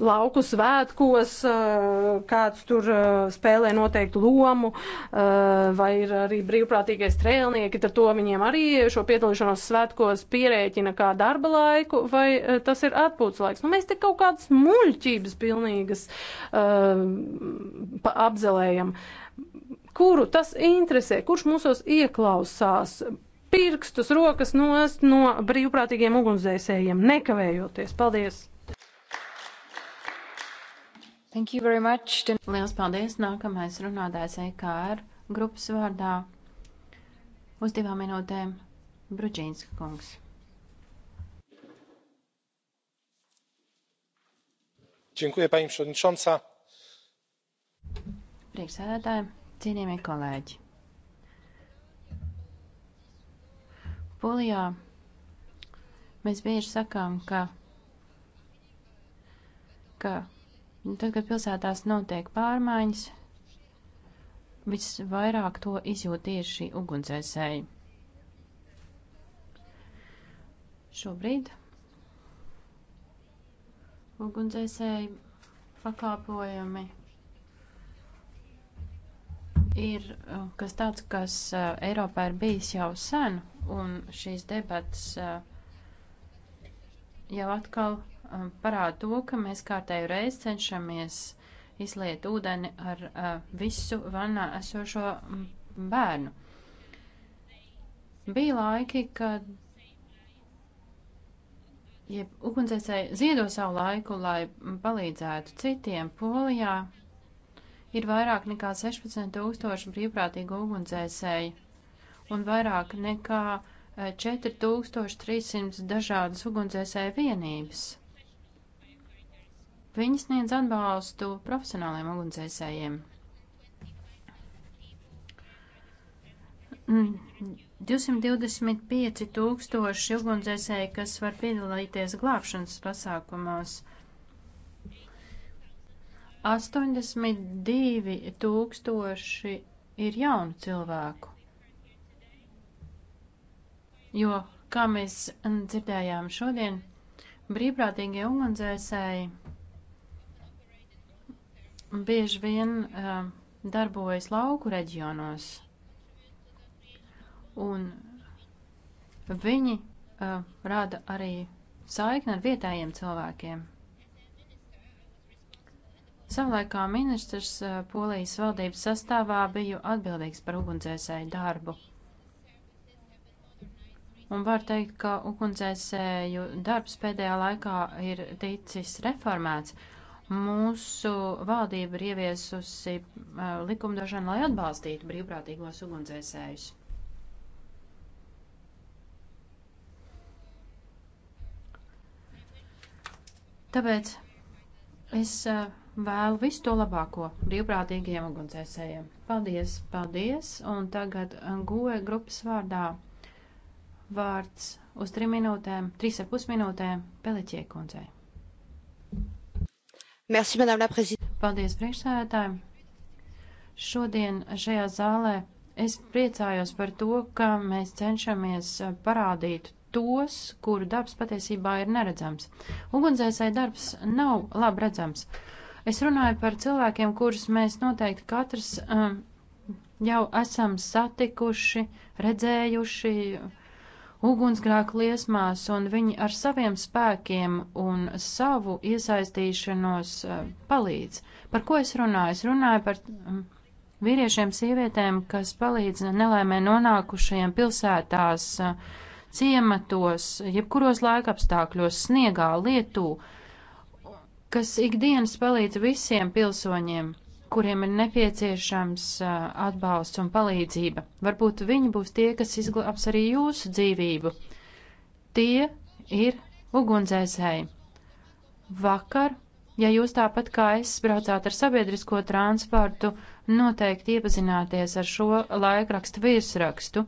Speaker 6: lauku svētkos uh, kāds tur uh, spēlē noteiktu lomu uh, vai ir arī brīvprātīgais trēlnieki, tad to viņiem arī šo piedalīšanos svētkos pierēķina kā darba laiku vai uh, tas ir atpūtas laiks. Nu, mēs te kaut kādas muļķības pilnīgas uh, apzelējam. Kuru tas interesē? Kurš mūsos ieklausās? pirkstus, rokas nost no brīvprātīgiem ugunsdzēsējiem, nekavējoties. Paldies!
Speaker 5: Thank you very much. Liels paldies! Nākamais runātājs EKR grupas vārdā. Uz divām minūtēm Brudžīnska kungs.
Speaker 2: Dziękuję, pani przewodnicząca.
Speaker 5: Priekšsēdētāji, cienījamie kolēģi! Polijā mēs bieži sakām, ka, ka tad, kad pilsētās notiek pārmaiņas, visvairāk to izjūt tieši ugunsdzēsēji. Šobrīd ugunsdzēsēji pakāpojami ir uh, kas tāds, kas uh, Eiropā ir bijis jau sen, un šīs debats uh, jau atkal um, parāda to, ka mēs kārtēju reizi cenšamies izliet ūdeni ar visu vannā esošo mm, bērnu. Bija laiki, kad jeb ugunsdzēsēji ziedo savu laiku, lai mm, palīdzētu citiem polijā ir vairāk nekā 16 tūkstoši brīvprātīgu ugunsdzēsēju un vairāk nekā 4300 eh, dažādas ugunsdzēsēju vienības. Viņi sniedz atbalstu profesionāliem ugunsdzēsējiem. 225 mm, tūkstoši ugunsdzēsēji, kas var piedalīties glābšanas pasākumos. 82 tūkstoši ir jaunu cilvēku. Jo, kā mēs dzirdējām šodien, brīvprātīgie ugunsdzēsēji bieži vien uh, darbojas lauku reģionos, un viņi uh, rada arī saikni ar vietējiem cilvēkiem. Savulaik kā ministrs eh, Polijas valdības sastāvā biju atbildīgs par ugunsdzēsēju darbu. Un var teikt, ka ugunsdzēsēju darbs pēdējā laikā ir ticis reformēts. Mūsu valdība ir ieviesusi eh, likumdošanu, lai atbalstītu brīvprātīgos ugunsdzēsējus. Tāpēc es uh, Vēlu visu to labāko brīvprātīgajiem ugunsdzēsējiem. Paldies, paldies, un tagad eh, goja e grupas vārdā vārds uz trim minūtēm, trīs ar pus minūtēm Peliķie kundzei. Merci, madame la prezidente. Paldies, priekšsēdētāji. Šodien šajā zālē es priecājos par to, ka mēs cenšamies eh, parādīt tos, kuru darbs patiesībā ir neredzams. Ugunsdzēsēja darbs nav labi redzams. Uh, Es runāju par cilvēkiem, kurus mēs noteikti katrs um, jau esam satikuši, redzējuši ugunsgrēku liesmās, un viņi ar saviem spēkiem un savu iesaistīšanos um, palīdz. Par ko es runāju? Es runāju par um, vīriešiem, sievietēm, kas palīdz nelaimē nonākušajiem pilsētās, uh, ciematos, jebkuros laikapstākļos, sniegā, lietū kas ikdienas palīdz visiem pilsoņiem, kuriem ir nepieciešams atbalsts un palīdzība. Varbūt viņi būs tie, kas izglābs arī jūsu dzīvību. Tie ir ugunsdzēsēji. Vakar, ja jūs tāpat kā es braucāt ar sabiedrisko transportu, noteikti iepazināties ar šo laikrakstu virsrakstu.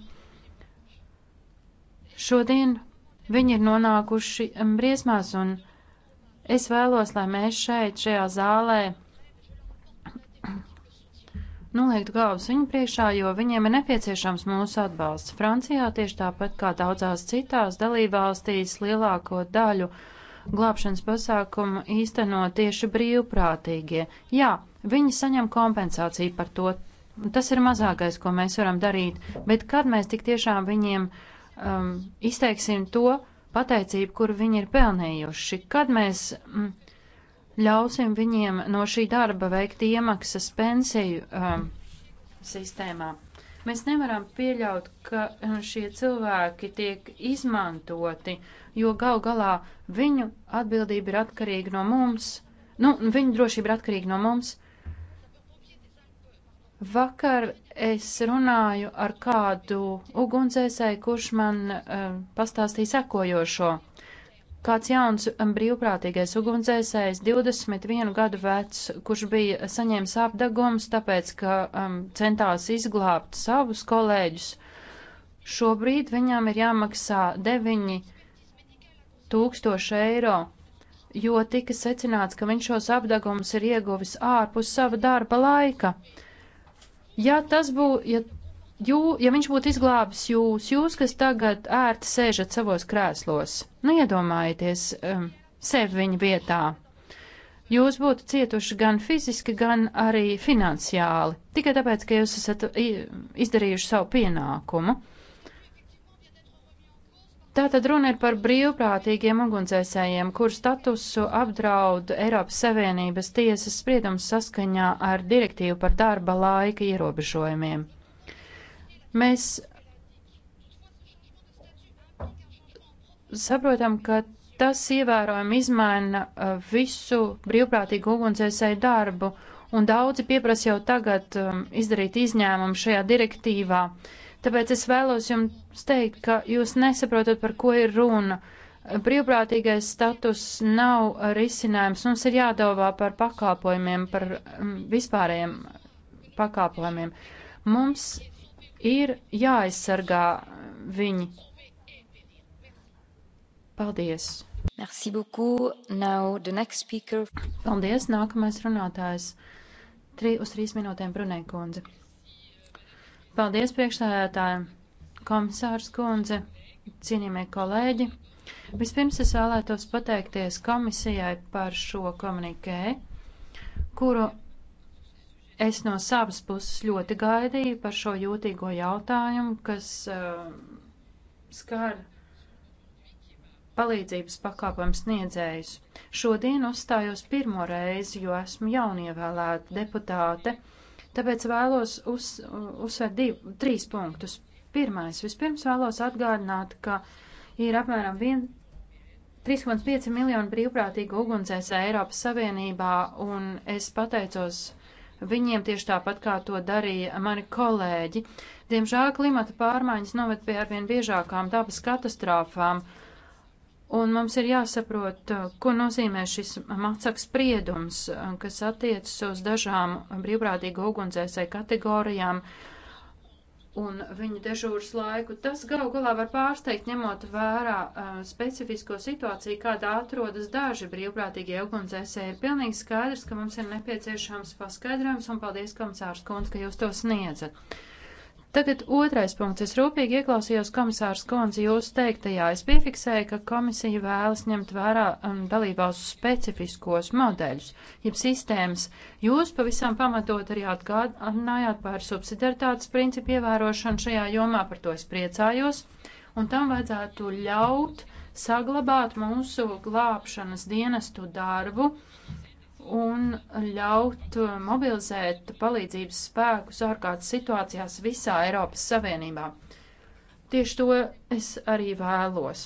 Speaker 5: Šodien viņi ir nonākuši briesmās un Es vēlos, lai mēs šeit, šajā zālē, noliektu galvas viņu priekšā, jo viņiem ir nepieciešams mūsu atbalsts. Francijā tieši tāpat kā daudzās citās dalībvalstīs lielāko daļu glābšanas pasākumu īsteno tieši brīvprātīgie. Jā, viņi saņem kompensāciju par to. Tas ir mazākais, ko mēs varam darīt, bet kad mēs tik tiešām viņiem um, izteiksim to, pateicību, kuru viņi ir pelnījuši. Kad mēs mm, ļausim viņiem no šī darba veikt iemaksas pensiju um, sistēmā, mēs nevaram pieļaut, ka um, šie cilvēki tiek izmantoti, jo gal galā viņu atbildība ir atkarīga no mums, nu, viņu drošība ir atkarīga no mums. Vakar es runāju ar kādu ugunsdzēsēju, kurš man uh, pastāstīja sekojošo. Kāds jauns um, brīvprātīgais ugunsdzēsējs, 21 gadu vecs, kurš bija saņēmis apdegums, tāpēc, ka um, centās izglābt savus kolēģus, šobrīd viņam ir jāmaksā 9 tūkstoši eiro, jo tika secināts, ka viņš šos apdegumus ir ieguvis ārpus sava darba laika. Uh, Ja tas būtu, ja, jū, ja viņš būtu izglābis jūs, jūs, kas tagad ērti sēžat savos krēslos, nu iedomājieties um, sevi viņa vietā. Jūs būtu cietuši gan fiziski, gan arī finansiāli, tikai tāpēc, ka jūs esat izdarījuši savu pienākumu. Tātad runa ir par brīvprātīgiem ugunsdzēsējiem, kur statusu apdraud Eiropas Savienības tiesas spriedums saskaņā ar direktīvu par darba laika ierobežojumiem. Mēs saprotam, ka tas ievērojami izmaina uh, visu brīvprātīgu ugunsdzēsēju darbu, un daudzi pieprasa jau tagad um, izdarīt izņēmumu šajā direktīvā. Uh, Tāpēc es vēlos jums teikt, ka jūs nesaprotat, par ko ir runa. Brīvprātīgais status nav risinājums. Mums ir jādomā par pakāpojumiem, par mm, vispārējiem pakāpojumiem. Mums ir jāaizsargā viņi. Paldies! Merci beaucoup. Now the next speaker. Paldies, nākamais runātājs. Tri, uz trīs minūtēm Brunē kundze. Paldies priekšstādātājiem, komisārs kundze, cienījamie kolēģi. Vispirms es vēlētos pateikties komisijai par šo komunikē, kuru es no savas puses ļoti gaidīju par šo jūtīgo jautājumu, kas uh, skar palīdzības pakāpojumu sniedzējus. Šodien uzstājos pirmo reizi, jo esmu jaunievēlēta deputāte. Uh, Tāpēc vēlos uz, uzsvērt div, trīs punktus. Pirmais, vispirms vēlos atgādināt, ka ir apmēram 3,5 miljonu brīvprātīgu ugunsdzēsē Eiropas Savienībā, un es pateicos viņiem tieši tāpat, kā to darīja mani kolēģi. Diemžēl klimata pārmaiņas noved pie arvien biežākām dabas katastrofām, Un mums ir jāsaprot, uh, ko nozīmē šis macaks spriedums, uh, kas attiecas uz dažām brīvprātīgu ugunsdzēsēju kategorijām un viņu dežūras laiku. Tas gal galā var pārsteigt, ņemot vērā uh, specifisko situāciju, kādā atrodas daži brīvprātīgie ugunsdzēsēji. Ir pilnīgi skaidrs, ka mums ir nepieciešams paskaidrojums, un paldies, komisārs Kunds, ka jūs to sniedzat. Tagad otrais punkts. Es rūpīgi ieklausījos komisārs Konzi jūsu teiktajā. Es piefiksēju, ka komisija vēlas ņemt vērā um, dalībās specifiskos modeļus, jeb sistēmas. Jūs pavisam pamatot arī atgādinājāt par subsidiaritātes principu ievērošanu šajā jomā, par to es priecājos. Un tam vajadzētu ļaut saglabāt mūsu glābšanas dienestu darbu un ļaut uh, mobilizēt palīdzības spēkus ārkārtas situācijās visā Eiropas Savienībā. Tieši to es arī vēlos.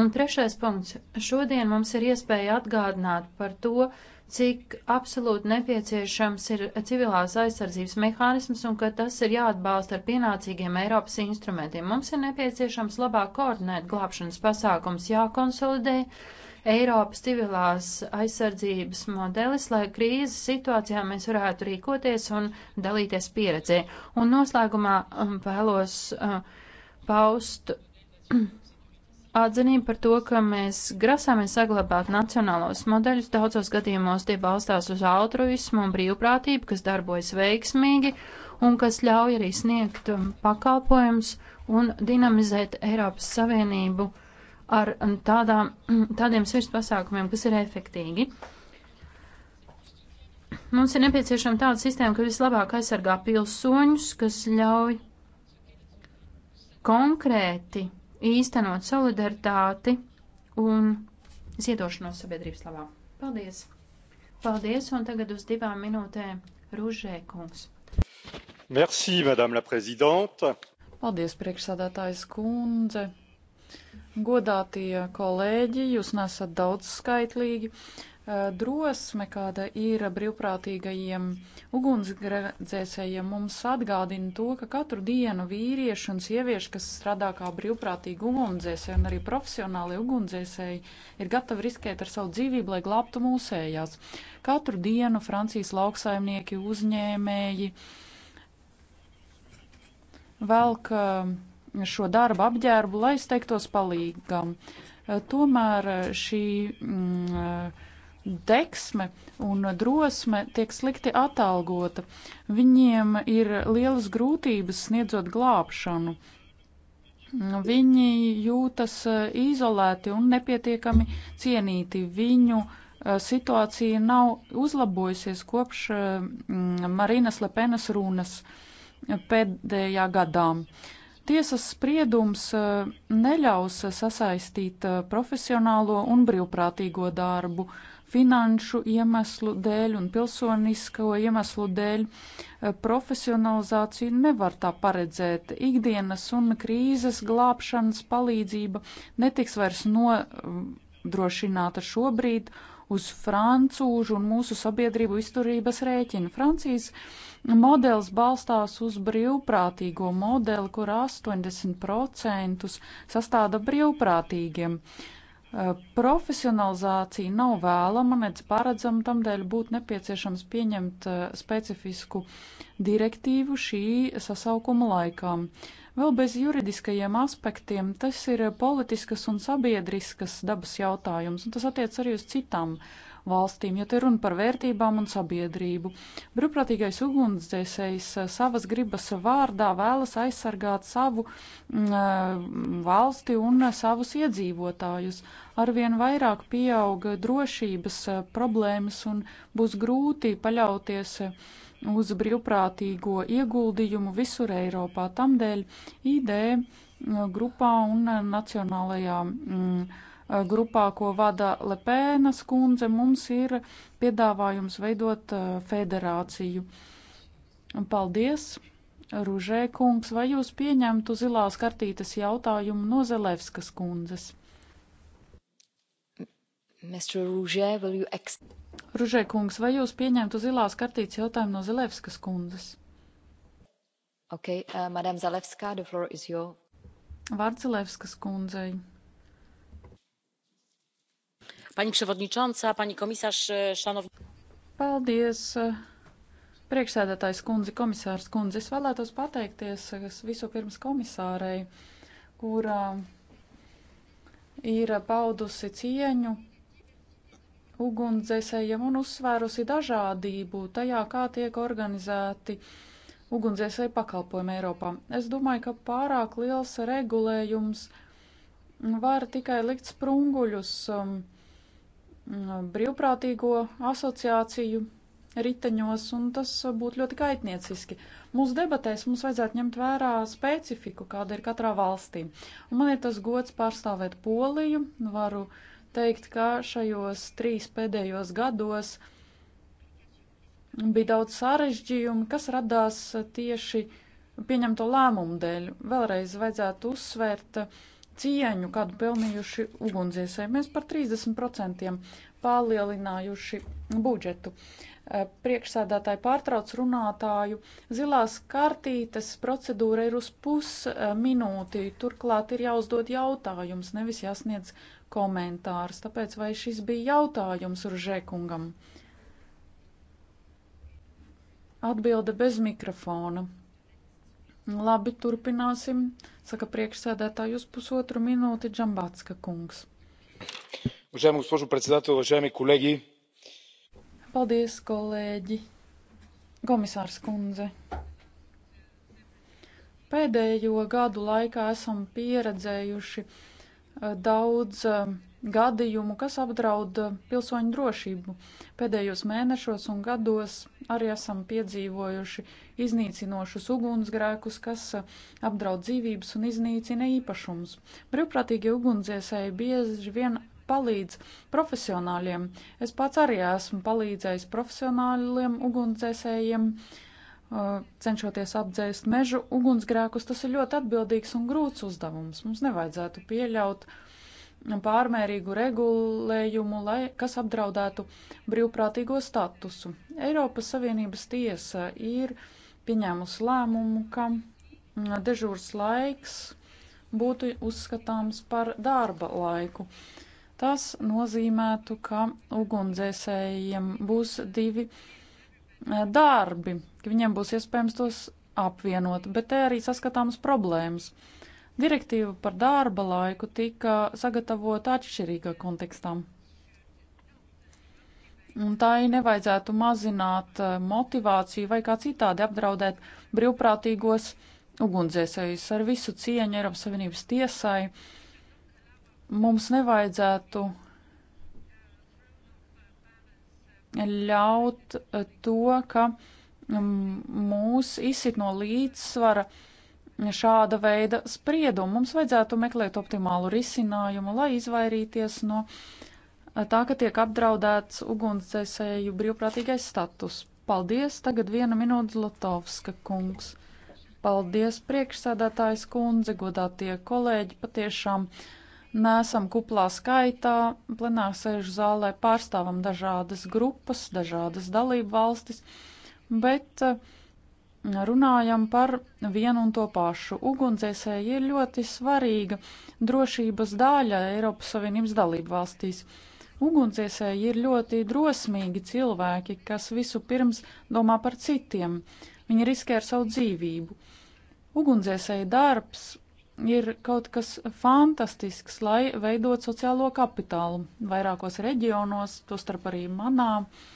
Speaker 5: Un trešais punkts. Šodien mums ir iespēja atgādināt par to, cik absolūti nepieciešams ir civilās aizsardzības mehānisms un ka tas ir jāatbalsta ar pienācīgiem Eiropas instrumentiem. Mums ir nepieciešams labāk koordinēt glābšanas pasākums, jākonsolidē Eiropas civilās aizsardzības modelis, lai krīzes situācijā mēs varētu rīkoties un dalīties pieredzē. Un noslēgumā um, vēlos uh, paust (clears throat) atzinību par to, ka mēs grasāmies saglabāt nacionālos modeļus. Daudzos gadījumos tie balstās uz altruismu un brīvprātību, kas darbojas veiksmīgi un kas ļauj arī sniegt um, pakalpojums un dinamizēt Eiropas Savienību ar um, tādām, um, tādiem sirds pasākumiem, kas ir efektīgi. Mums ir nepieciešama tāda sistēma, kas vislabāk aizsargā pilsoņus, kas ļauj konkrēti īstenot solidaritāti un ziedošanos sabiedrības labā. Paldies! Paldies, un tagad uz divām minūtēm Rūžē kungs.
Speaker 2: Merci, madame la présidente.
Speaker 5: Paldies, priekšsādātājs
Speaker 7: kundze. Godātie kolēģi, jūs nesat daudz skaitlīgi. Eh, drosme, kāda ir brīvprātīgajiem ugunsgrēdzēsējiem, mums atgādina to, ka katru dienu vīrieši un sievieši, kas strādā kā brīvprātīgi ugunsdzēsēji un arī profesionāli ugunsdzēsēji, ir gatavi riskēt ar savu dzīvību, lai glābtu mūsējās. Katru dienu Francijas lauksaimnieki, uzņēmēji velk eh, šo darbu apģērbu, lai steigtos palīgam. Eh, tomēr eh, šī mm, eh, deksme un drosme tiek slikti atalgota. Viņiem ir lielas grūtības sniedzot glābšanu. Viņi jūtas izolēti un nepietiekami cienīti. Viņu situācija nav uzlabojusies kopš mm, Marinas Lepenas runas pēdējā gadā. Uh, Tiesas spriedums eh, neļaus sasaistīt eh, profesionālo un brīvprātīgo darbu finanšu iemeslu dēļ un pilsonisko iemeslu dēļ. Eh, profesionalizāciju nevar tā paredzēt. Ikdienas un krīzes glābšanas palīdzība netiks vairs nodrošināta šobrīd uz francūžu un mūsu sabiedrību izturības rēķina. Francijas uh, modelis balstās uz brīvprātīgo modeli, kur 80% sastāda brīvprātīgiem. Eh, profesionalizācija nav vēlama, nedz paredzama, tamdēļ būtu nepieciešams pieņemt eh, specifisku direktīvu šī sasaukuma laikā. Vēl bez juridiskajiem aspektiem tas ir politiskas un sabiedriskas dabas jautājums, un tas attiec arī uz citām uh, valstīm, jo te runa par vērtībām un sabiedrību. Brīvprātīgais ugunsdzēsējs eh, savas gribas vārdā vēlas aizsargāt savu mm, eh, valsti un eh, savus iedzīvotājus. Arvien vairāk pieauga drošības problēmas un būs grūti paļauties uz brīvprātīgo ieguldījumu visur Eiropā. Tamdēļ ID grupā un nacionālajā mm, Uh, grupā, ko vada Lepēnas kundze, mums ir piedāvājums veidot uh, federāciju. Paldies, Ružē kungs, vai jūs pieņemtu zilās kartītes jautājumu no Zelevskas kundzes? Ružē, ex... Ružē kungs, vai jūs pieņemtu zilās kartītes jautājumu no Zelevskas kundzes? Okay,
Speaker 5: uh, Madam Zalewska, the floor is your.
Speaker 7: Vārds Zelevskas kundzei. Pani Prevodničonca, pani komisārs, e, šanov. Paldies! E, priekšsēdētājs kundze, komisārs kundze, es vēlētos pateikties e, visu pirms komisārei, kura ir paudusi cieņu ugunsdzēsējiem un uzsvērusi dažādību tajā, kā tiek organizēti ugunsdzēsēju pakalpojumi Eiropā. Es domāju, ka pārāk liels regulējums var tikai likt sprunguļus um, Mm, brīvprātīgo asociāciju riteņos, un tas uh, būtu ļoti kaitnieciski. Mūsu debatēs mums vajadzētu ņemt vērā specifiku, kāda ir katrā valstī. Un man ir tas gods pārstāvēt Poliju. Varu teikt, ka šajos trīs pēdējos gados bija daudz sarežģījumu, kas radās tieši pieņemto lēmumu dēļ. Vēlreiz vajadzētu uzsvērt uh, cieņu, kādu pelnījuši ugunsdzēsēji. Mēs par 30% palielinājuši budžetu. Eh, priekšsēdētāji pārtrauc runātāju. Zilās kartītes procedūra ir uz pusminūti. Eh, Turklāt ir jāuzdod jautājums, nevis jāsniedz komentārs. Tāpēc vai šis bija jautājums Uržēkungam? Atbilde bez mikrofona. Labi, turpināsim. Saka priekšsēdētāji uz pusotru minūti Džambatska kungs.
Speaker 5: Уважаема госпожо председател, уважаеми колеги!
Speaker 7: Paldies, kolēģi! Komisārs kundze! Pēdējo gadu laikā esam pieredzējuši eh, daudz uh, gadījumu, kas apdraud pilsoņu drošību. Pēdējos mēnešos un gados arī esam piedzīvojuši iznīcinošus ugunsgrēkus, kas apdraud dzīvības un iznīcina īpašumus. Brīvprātīgie ugunsdzēsēji bieži vien palīdz profesionāļiem. Es pats arī esmu palīdzējis profesionāļiem ugunsdzēsējiem, uh, cenšoties apdzēst mežu ugunsgrēkus. Tas ir ļoti atbildīgs un grūts uzdevums. Mums nevajadzētu pieļaut uh, pārmērīgu regulējumu, lai, kas apdraudētu brīvprātīgo statusu. Eiropas Savienības tiesa ir pieņēmusi lēmumu, ka dežūrs laiks būtu uzskatāms par darba laiku. Tas nozīmētu, ka ugunsdzēsējiem būs divi e, darbi, ka viņiem būs iespējams tos apvienot, bet te arī saskatāmas problēmas. Uh, Direktīva par darba laiku tika sagatavota atšķirīgā kontekstā. Un tā ir nevajadzētu mazināt eh, motivāciju vai kā citādi apdraudēt brīvprātīgos ugunsdzēsējus ar visu cieņu Eiropas Savienības tiesai. Mums nevajadzētu ļaut eh, to, ka mm, mūs izsit no līdzsvara uh, šāda veida spriedumu. Mums vajadzētu meklēt optimālu risinājumu, lai izvairīties no tā, ka tiek apdraudēts ugunsdzēsēju brīvprātīgais status. Paldies, tagad viena minūte Zlatovska kungs. Paldies, priekšsēdētājs kundze, godātie kolēģi, patiešām nesam kuplā skaitā, plenārsēžu zālē pārstāvam dažādas grupas, dažādas dalību valstis, bet uh, runājam par vienu un to pašu. Ugunsdzēsēji ir ļoti svarīga drošības daļa Eiropas Savienības dalību valstīs. Ugunsdzēsēji ir ļoti drosmīgi cilvēki, kas visu pirms domā par citiem. Viņi riskē ar savu dzīvību. Ugunsdzēsēji darbs ir kaut kas fantastisks, lai veidot sociālo kapitālu vairākos reģionos, tostarp arī manā. Uh,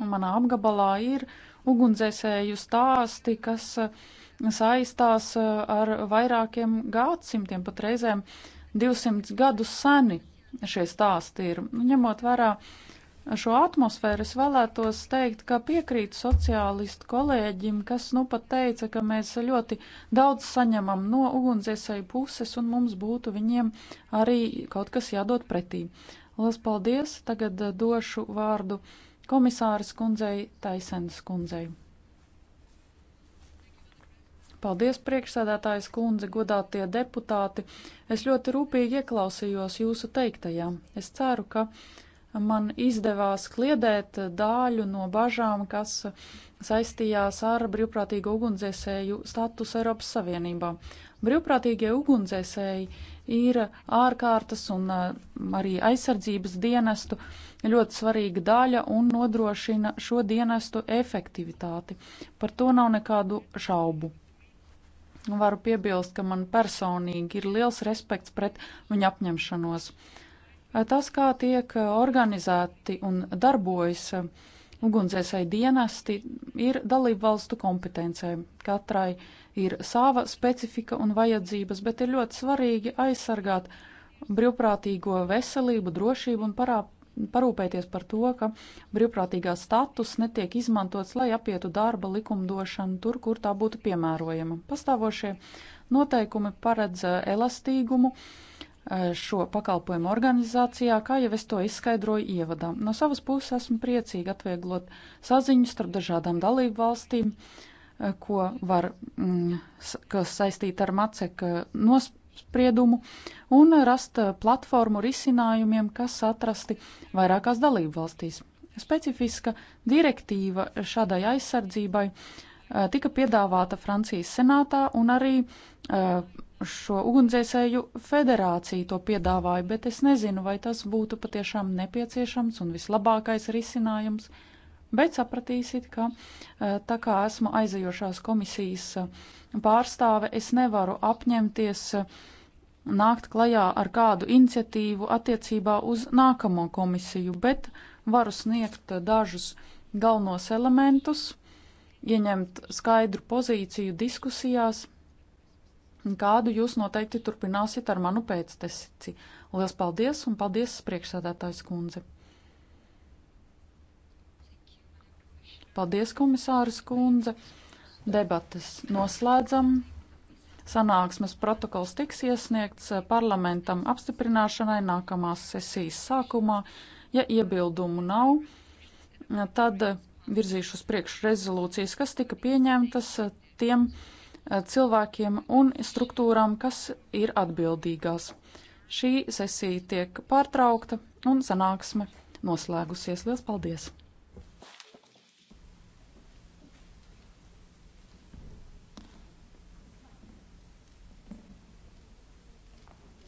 Speaker 7: Nu, manā apgabalā ir ugunsdzēsēju stāsti, kas uh, saistās uh, ar vairākiem gadsimtiem, pat reizēm 200 gadus seni šie stāsti ir. Nu, ņemot vērā šo atmosfēru, es vēlētos teikt, ka piekrītu sociālistu kolēģim, kas nu pat teica, ka mēs ļoti daudz saņemam no ugunsdzēsēju puses un mums būtu viņiem arī kaut kas jādod pretī. Lielas paldies! Tagad uh, došu vārdu komisāras kundzei Taisenes kundzei. Paldies, priekšsēdētājas kundze, godātie deputāti. Es ļoti rūpīgi ieklausījos jūsu teiktajā. Es ceru, ka man izdevās kliedēt dāļu no bažām, kas saistījās ar brīvprātīgo ugunsdzēsēju statusu Eiropas Savienībā. Brīvprātīgie ugunsdzēsēji ir ārkārtas un eh, arī aizsardzības dienestu ļoti svarīga daļa un nodrošina šo dienestu efektivitāti. Par to nav nekādu šaubu. Varu piebilst, ka man personīgi ir liels respekts pret viņu apņemšanos. Eh, tas, kā tiek organizēti un darbojas eh, Ugunsdzēsēji dienesti ir dalību valstu kompetencē. Katrai ir sava specifika un vajadzības, bet ir ļoti svarīgi aizsargāt brīvprātīgo veselību, drošību un parā, parūpēties par to, ka brīvprātīgā status netiek izmantots, lai apietu darba likumdošanu tur, kur tā būtu piemērojama. Pastāvošie noteikumi paredz eh, elastīgumu. Uh, Eh, šo pakalpojumu organizācijā, kā jau es to izskaidroju ievadā. No savas puses esmu priecīgi atvieglot saziņu starp dažādām dalību valstīm, eh, ko var, mm, kas saistīta ar maceka eh, nospriedumu, un rast platformu risinājumiem, kas atrasti vairākās dalību valstīs. Specifiska direktīva šādai aizsardzībai tika piedāvāta Francijas senātā un arī šo ugunsdzēsēju federāciju to piedāvāja, bet es nezinu, vai tas būtu patiešām nepieciešams un vislabākais risinājums. Bet sapratīsit, ka e, tā kā esmu aizejošās komisijas e, pārstāve, es nevaru apņemties e, nākt klajā ar kādu iniciatīvu attiecībā uz nākamo komisiju, bet varu sniegt dažus galvenos elementus, ieņemt skaidru pozīciju diskusijās kādu jūs noteikti turpināsiet ar manu pēcteci. Lielas paldies un paldies priekšsēdētājs kundze. Paldies, komisāras kundze. Debates noslēdzam. Sanāksmes protokols tiks iesniegts parlamentam apstiprināšanai nākamās sesijas sākumā. Ja iebildumu nav, tad virzīšu uz priekšu rezolūcijas, kas tika pieņemtas tiem. Eh, cilvēkiem un struktūrām, kas ir atbildīgās. Šī sesija tiek pārtraukta un sanāksme noslēgusies. Lielas paldies!